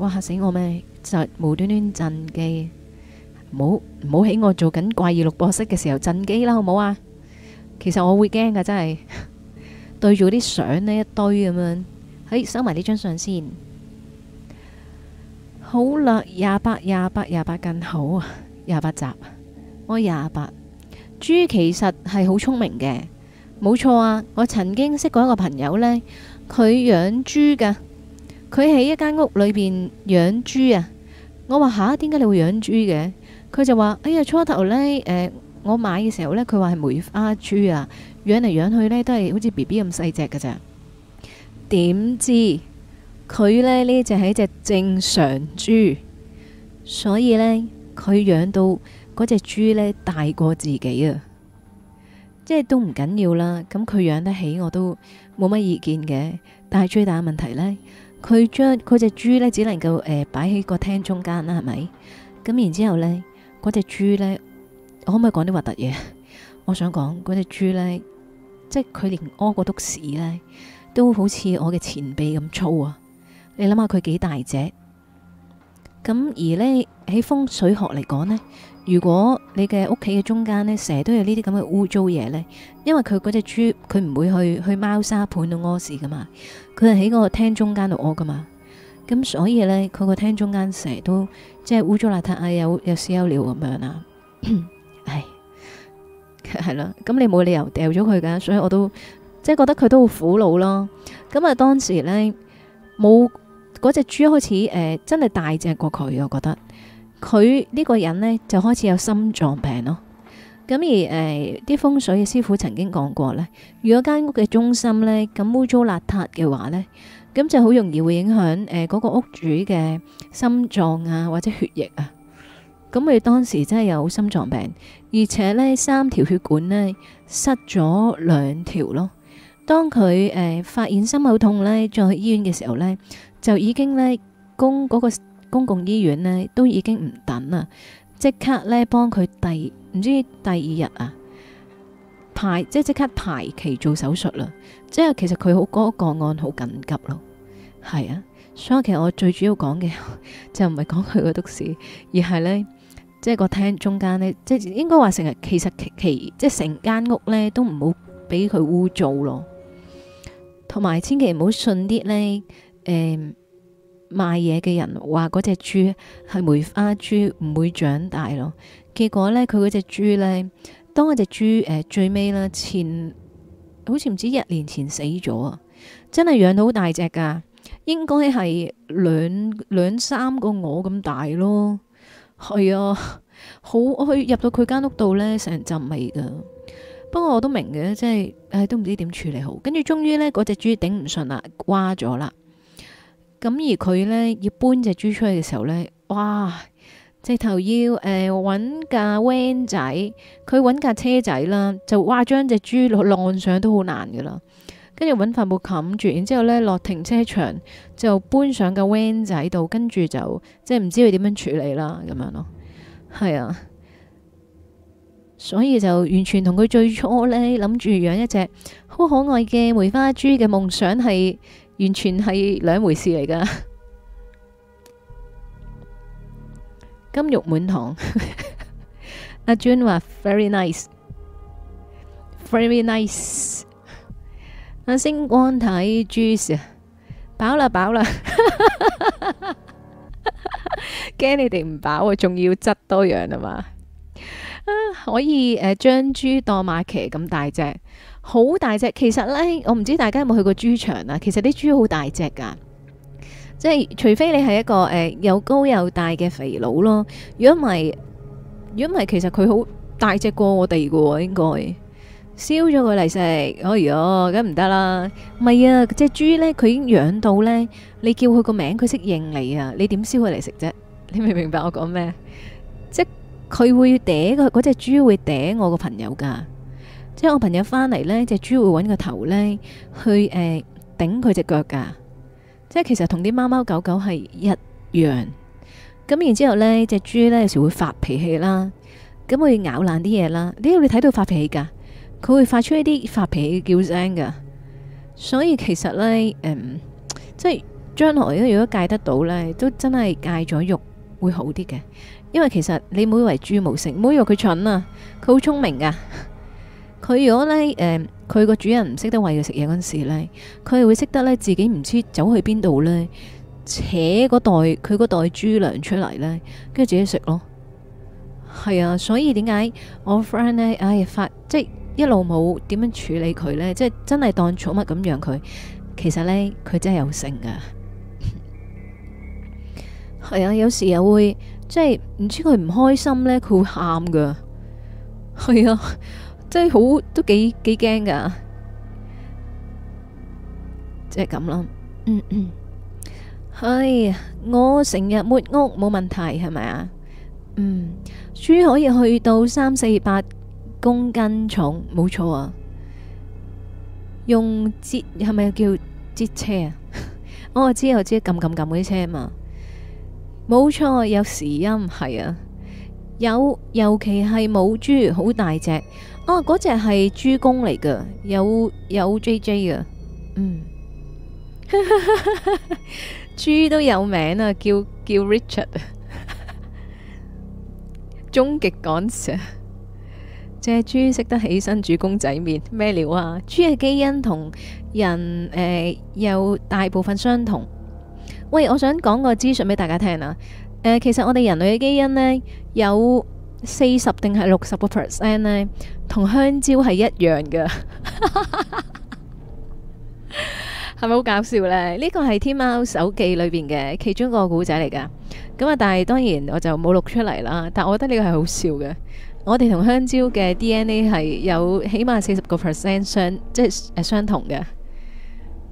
哇，吓死我咩！就無端端震機，唔好唔好喺我做緊怪異錄播室嘅時候震機啦，好唔好啊？其實我會驚噶，真係對住啲相呢一堆咁樣，哎，收埋呢張相先。好啦，廿八廿八廿八更好啊，廿八集，我廿八。豬其實係好聰明嘅，冇錯啊！我曾經識過一個朋友呢，佢養豬噶。佢喺一間屋裏邊養豬啊！我話吓，點解你會養豬嘅？佢就話：哎呀，初頭呢，呃，我買嘅時候呢，佢話係梅花豬啊，養嚟養去呢，都係好似 B B 咁細隻嘅咋。點知佢呢，呢隻係一隻正常豬，所以呢，佢養到嗰隻豬呢，大過自己啊！即係都唔緊要啦，咁佢養得起我都冇乜意見嘅。但係最大問題呢。佢將佢隻豬咧只能夠誒擺喺個廳中間啦，係咪？咁然之後咧，嗰隻豬呢，我可唔可以講啲核突嘢？ [LAUGHS] 我想講嗰隻豬呢，即係佢連屙個篤屎呢，都好似我嘅前臂咁粗啊！你諗下佢幾大隻？咁而呢，喺風水學嚟講呢。如果你嘅屋企嘅中間呢，成日都有呢啲咁嘅污糟嘢呢，因為佢嗰隻豬佢唔會去去貓砂盤度屙屎噶嘛，佢係喺個廳中間度屙噶嘛，咁所以呢，佢個廳中間成日都即係污糟邋遢，呀有有屎有尿咁樣啦，唉係啦，咁 [COUGHS] [COUGHS] 你冇理由掉咗佢噶，所以我都即係覺得佢都好苦惱咯。咁啊，當時呢，冇嗰隻豬開始誒，真係大隻過佢，我覺得。佢呢個人呢，就開始有心臟病咯，咁而誒啲、哎、風水嘅師傅曾經講過，呢如果間屋嘅中心呢，咁污糟邋遢嘅話呢，咁就好容易會影響誒嗰、哎那個屋主嘅心臟啊或者血液啊，咁佢當時真係有心臟病，而且呢，三條血管呢，塞咗兩條咯。當佢誒、哎、發現心口痛呢，再去醫院嘅時候呢，就已經呢，供嗰、那個。公共醫院呢都已經唔等啦，即刻咧幫佢第唔知第二日啊，排即係即刻排期做手術啦，即係其實佢好嗰個案好緊急咯，係啊，所以其實我最主要講嘅 [LAUGHS] 就唔係講佢個篤士，而係呢，即係個廳中間呢，即係應該話成日其實其其即係成間屋呢都唔好俾佢污糟咯，同埋千祈唔好信啲呢。誒、嗯。賣嘢嘅人話嗰隻豬係梅花豬，唔會長大咯。結果呢，佢嗰隻豬呢，當嗰隻豬誒，最尾啦，前好似唔知一年前死咗啊！真係養到好大隻噶，應該係兩兩三個我咁大咯。係啊，好我去入到佢間屋度呢，成陣味噶。不過我明、啊、都明嘅，即係都唔知點處理好。跟住終於呢，嗰隻豬頂唔順啦，瓜咗啦。咁而佢呢，要搬隻豬出去嘅時候呢，哇！直頭要誒搵、呃、架 van 仔，佢揾架車仔啦，就哇將隻豬落岸上都好難噶啦。跟住揾帆布冚住，然之後呢落停車場就搬上架 van 仔度，跟住就即係唔知佢點樣處理啦咁樣咯。係啊，所以就完全同佢最初呢，諗住養一隻好可愛嘅梅花豬嘅夢想係。完全係兩回事嚟噶，金玉滿堂。阿 June 話 very nice，very nice。阿星光睇豬食飽啦飽啦，驚你哋唔飽啊，仲要質多樣啊嘛。啊，可以誒，將豬當馬騎咁大隻。好大隻，其實呢，我唔知大家有冇去過豬場啊？其實啲豬好大隻噶，即係除非你係一個誒又、呃、高又大嘅肥佬咯。如果唔係，如果唔係，其實佢好大隻過我哋噶喎。應該燒咗佢嚟食，哎呀，梗唔得啦！唔係啊，隻豬呢，佢已經養到樣呢。你叫佢個名，佢識應你啊！你點燒佢嚟食啫？你明唔明白我講咩？即係佢會嗲嗰隻豬會嗲我個朋友噶。即係我朋友返嚟，呢隻豬會搵個頭呢去誒頂佢隻腳噶即係其實同啲貓貓狗狗係一樣。咁然之後呢，隻豬呢有時會發脾氣啦，咁會咬爛啲嘢啦。呢，你睇到發脾氣噶，佢會發出一啲發脾氣嘅叫聲噶。所以其實呢，誒、嗯，即係將來如果戒得到呢，都真係戒咗肉會好啲嘅。因為其實你唔好以為豬無食，唔好以為佢蠢啊，佢好聰明噶。佢如果呢，誒、呃，佢個主人唔識得餵佢食嘢嗰陣時咧，佢會識得呢，自己唔知走去邊度呢，扯嗰袋佢嗰袋豬糧出嚟呢，跟住自己食咯。係啊，所以點解我 friend 呢？唉、哎，發即係一路冇點樣處理佢呢，即係真係當寵物咁養佢，其實呢，佢真係有性噶。係 [LAUGHS] 啊，有時又會即係唔知佢唔開心呢，佢會喊噶。係啊。真係好都幾幾驚噶，即係咁咯。嗯嗯，係我成日抹屋冇問題係咪啊？嗯，豬、嗯嗯、可以去到三四百公斤重，冇錯啊。用接係咪叫接車啊？ [LAUGHS] 我知我知，撳撳撳嗰啲車嘛，冇錯，有時音係啊，有，尤其係母豬好大隻。哦，嗰隻係豬公嚟㗎，有有 J J 啊，嗯，豬都有名啊，叫叫 Richard，終極趕蛇，隻豬識得起身煮公仔麵咩料啊？豬嘅基因同人誒有大部分相同。喂，我想講個資訊俾大家聽啊，誒，其實我哋人類嘅基因呢有，四十定係六十個 percent 呢，同香蕉係一樣噶，係咪好搞笑呢？呢個係天貓手記裏邊嘅其中一個古仔嚟噶，咁啊，但係當然我就冇錄出嚟啦。但我覺得呢個係好笑嘅，我哋同香蕉嘅 DNA 係有起碼四十個 percent 相，即係相同嘅，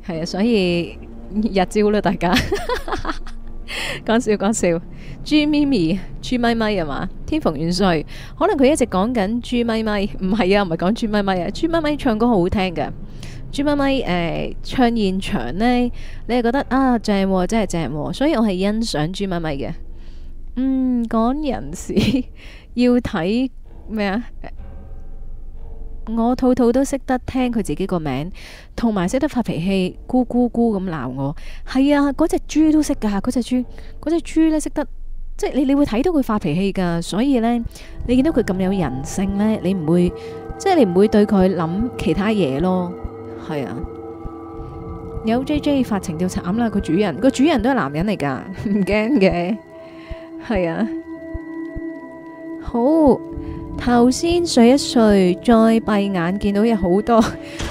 係啊，所以日照啦大家。 [LAUGHS] 講笑講笑，豬咪咪，豬咪咪啊嘛？天蓬元帥，可能佢一直講緊豬咪咪，唔係啊，唔係講豬咪咪啊，豬咪咪唱歌好好聽噶，豬咪咪誒、呃、唱現場呢，你係覺得啊正啊，真係正，啊，所以我係欣賞豬咪咪嘅。嗯，講人事要睇咩啊？我套套都識得聽佢自己個名，同埋識得發脾氣，咕咕咕咁鬧我。係啊，嗰隻豬都識噶，嗰隻豬，嗰隻豬咧識得，即係你你會睇到佢發脾氣噶。所以咧，你見到佢咁有人性咧，你唔會，即係你唔會對佢諗其他嘢咯。係啊，有 J J 發情就慘啦，佢主人個主人都係男人嚟噶，唔驚嘅。係啊，好。頭先睡一睡，再閉眼見到有好多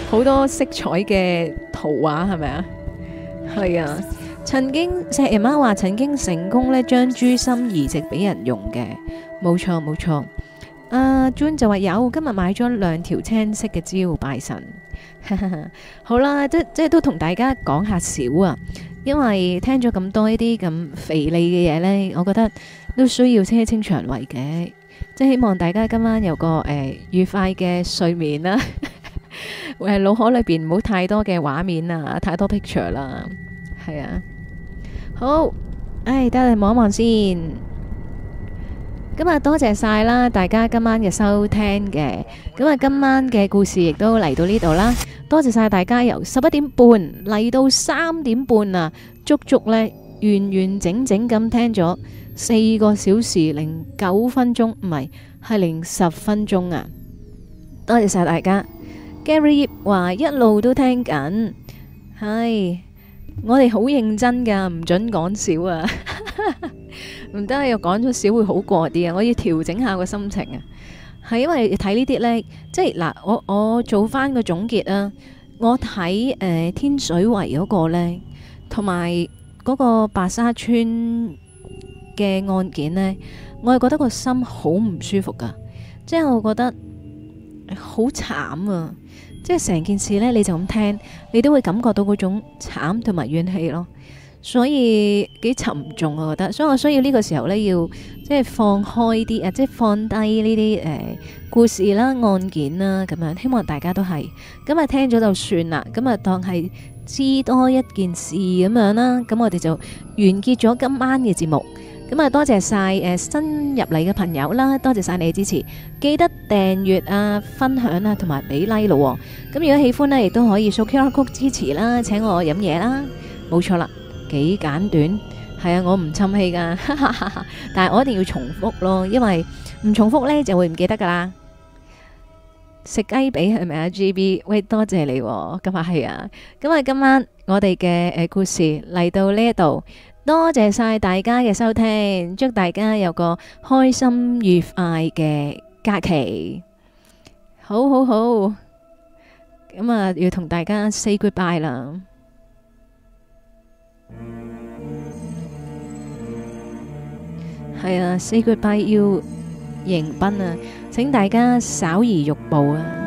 好多色彩嘅圖畫，係咪啊？係啊！曾經石爺媽話曾經成功咧將豬心移植俾人用嘅，冇錯冇錯。阿、啊、Jun 就話有，今日買咗兩條青色嘅蕉拜神。 [LAUGHS] 好啦，即即係都同大家講下少啊，因為聽咗咁多呢啲咁肥膩嘅嘢咧，我覺得都需要清清腸胃嘅。即係希望大家今晚有個誒愉快嘅睡眠啦，誒腦海裏邊唔好太多嘅畫面啊，太多 picture 啦，係啊，好，誒等我望一望先。咁啊，多謝晒啦，大家今晚嘅收聽嘅，咁啊，今晚嘅故事亦都嚟到呢度啦，多謝晒大家由十一點半嚟到三點半啊，足足呢完完整整咁聽咗。四個小時零九分鐘，唔係，係零十分鐘啊！多謝晒大家。Gary 話一路都聽緊，係我哋好認真噶，唔準講少啊，唔得又講咗少會好過啲啊。我要調整下個心情啊，係因為睇呢啲咧，即係嗱，我我做翻個總結啦。我睇誒天水圍嗰個咧，同埋嗰個白沙村，嘅案件呢，我係覺得個心好唔舒服噶，即係我覺得好慘啊，即係成件事呢，你就咁聽，你都會感覺到嗰種慘同埋怨氣咯，所以幾沉重，我覺得。所以我需要呢個時候呢，要即係放開啲啊，即係放低呢啲誒故事啦、案件啦，咁樣。希望大家都係咁啊，聽咗就算啦，咁啊當係知多一件事咁樣啦。咁我哋就完結咗今晚嘅節目。咁啊，多謝晒誒新入嚟嘅朋友啦，多謝晒你嘅支持，記得訂閱啊、分享啊同埋俾 like 咯。咁如果喜歡呢，亦都可以掃 QR Code 支持啦，請我飲嘢啦，冇錯啦，幾簡短係啊，我唔沉氣噶，哈哈哈哈，但係我一定要重複咯，因為唔重複呢，就會唔記得噶啦。食雞髀係咪啊？GB，喂，多謝你，今日係啊。咁啊，今晚我哋嘅誒故事嚟到呢一度。多謝晒大家嘅收聽，祝大家有個開心愉快嘅假期。好，好，好，咁啊，要同大家 say goodbye 啦。係啊，say goodbye 要迎賓啊，請大家稍而欲步啊。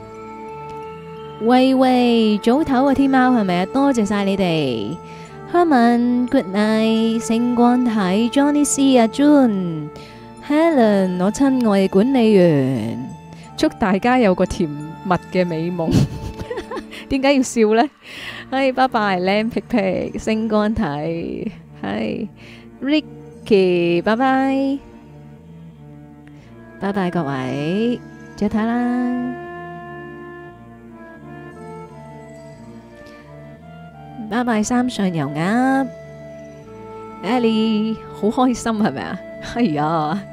喂喂，早唞啊，天貓係咪啊？多謝晒你哋，hello，good night，星光體，Johnny C 啊，June，Helen，我親愛嘅管理員，祝大家有個甜蜜嘅美夢。點解要笑呢？哎，拜拜，靚皮皮，星光體，係，Ricky，拜拜，拜拜各位，再睇啦。買買衫上油鴨，Ellie 好開心係咪啊？哎呀！ [LAUGHS]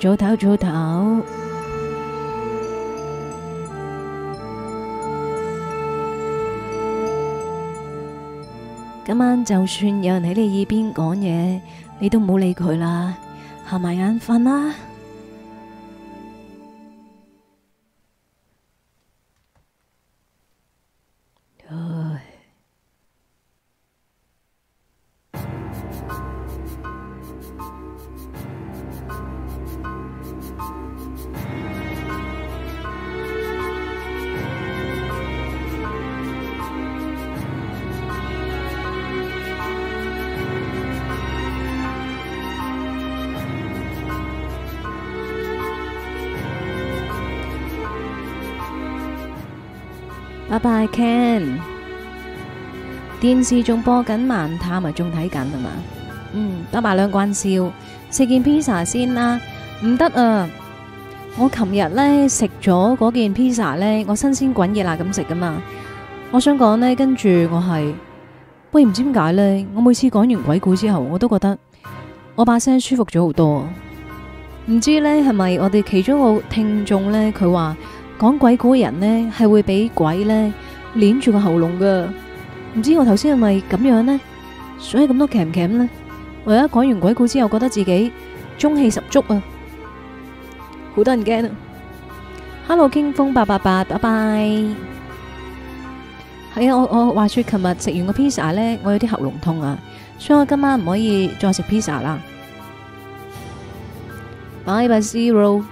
早唞早唞。今晚就算有人喺你耳邊講嘢，你都唔好理佢啦，合埋眼瞓啦。拜拜 Ken，電視仲播緊《盲探》啊，仲睇緊係嘛？嗯，打埋兩關笑，食件披薩先啦。唔得啊，我琴日咧食咗嗰件披薩咧，我新鮮滾熱辣咁食噶嘛。我想講呢，跟住我係，喂，唔知點解咧，我每次講完鬼故之後，我都覺得我把聲舒服咗好多。唔知咧係咪我哋其中一個聽眾咧，佢話？講鬼故嘅人呢，係會俾鬼呢捏住個喉嚨噶。唔知我頭先係咪咁樣呢？所以咁多鉗唔鉗咧？我而家講完鬼故之後，覺得自己中氣十足啊！好多人驚啊！Hello，驚風八八八，拜拜。係啊，我我話說，琴日食完個披薩呢，我有啲喉嚨痛啊，所以我今晚唔可以再食披薩啦。Bye bye zero。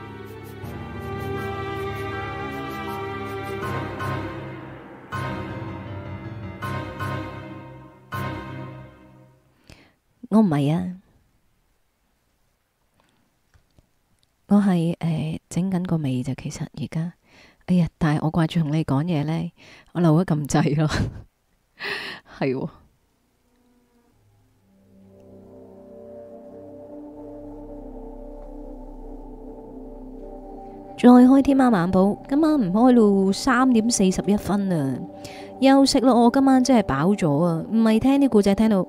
我唔係啊，我，我係誒整緊個味就其實而家，哎呀！但係我掛住同你講嘢呢，我留咗撳掣咯，係喎。再開天貓晚報，今晚唔開咯，三點四十一分啊！休息啦，我今晚真係飽咗啊！唔係聽啲故仔聽到。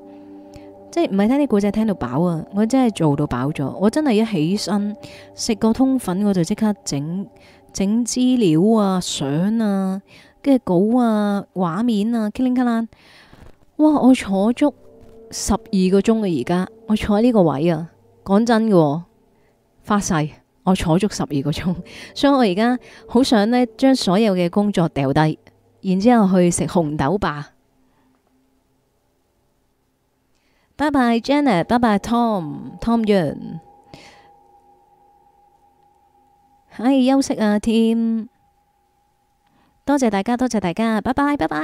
即係唔係聽啲古仔聽到飽啊！我真係做到飽咗，我真係一起身食個通粉，我就即刻整整資料啊、相啊、跟住，稿啊、畫面啊，鏗呤鏗啷！哇！我坐足十二個鐘啊！而家我坐呢個位啊，講真噶，哦，發誓我坐足十二個鐘， [LAUGHS] 所以我而家好想呢，將所有嘅工作掉低，然之後去食紅豆霸。拜拜，Jenna，拜拜，Tom，Tom Yun，可以休息啊，Tim，多謝大家，多謝大家，拜拜，拜拜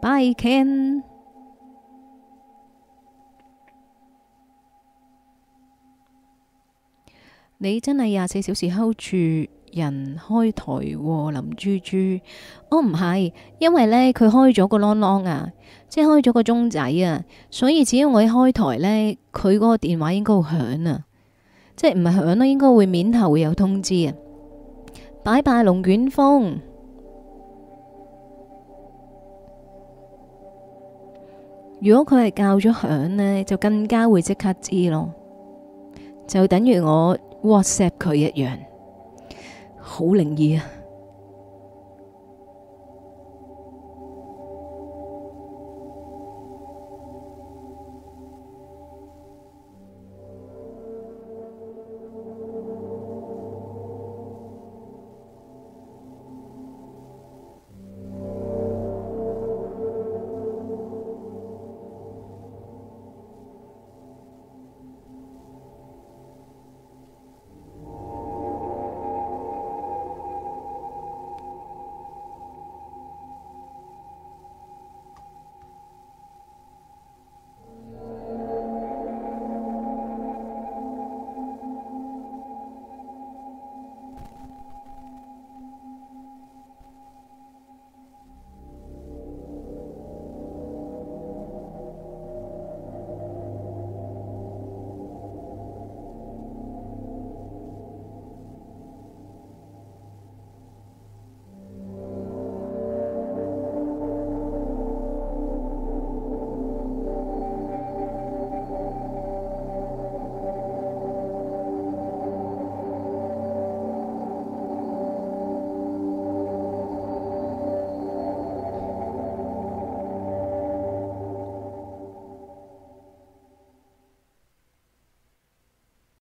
，Bye，Ken，你真係廿四小時 hold 住。人開台、喔、林珠珠。哦，唔係，因為呢，佢開咗個啷啷啊，即係開咗個鐘仔啊，所以只要我一開台呢，佢個電話應該會響啊，即係唔係響咧，應該會面頭會有通知啊。拜拜，龍捲風，如果佢係教咗響呢，就更加會即刻知咯，就等於我 WhatsApp 佢一樣。好靈異啊！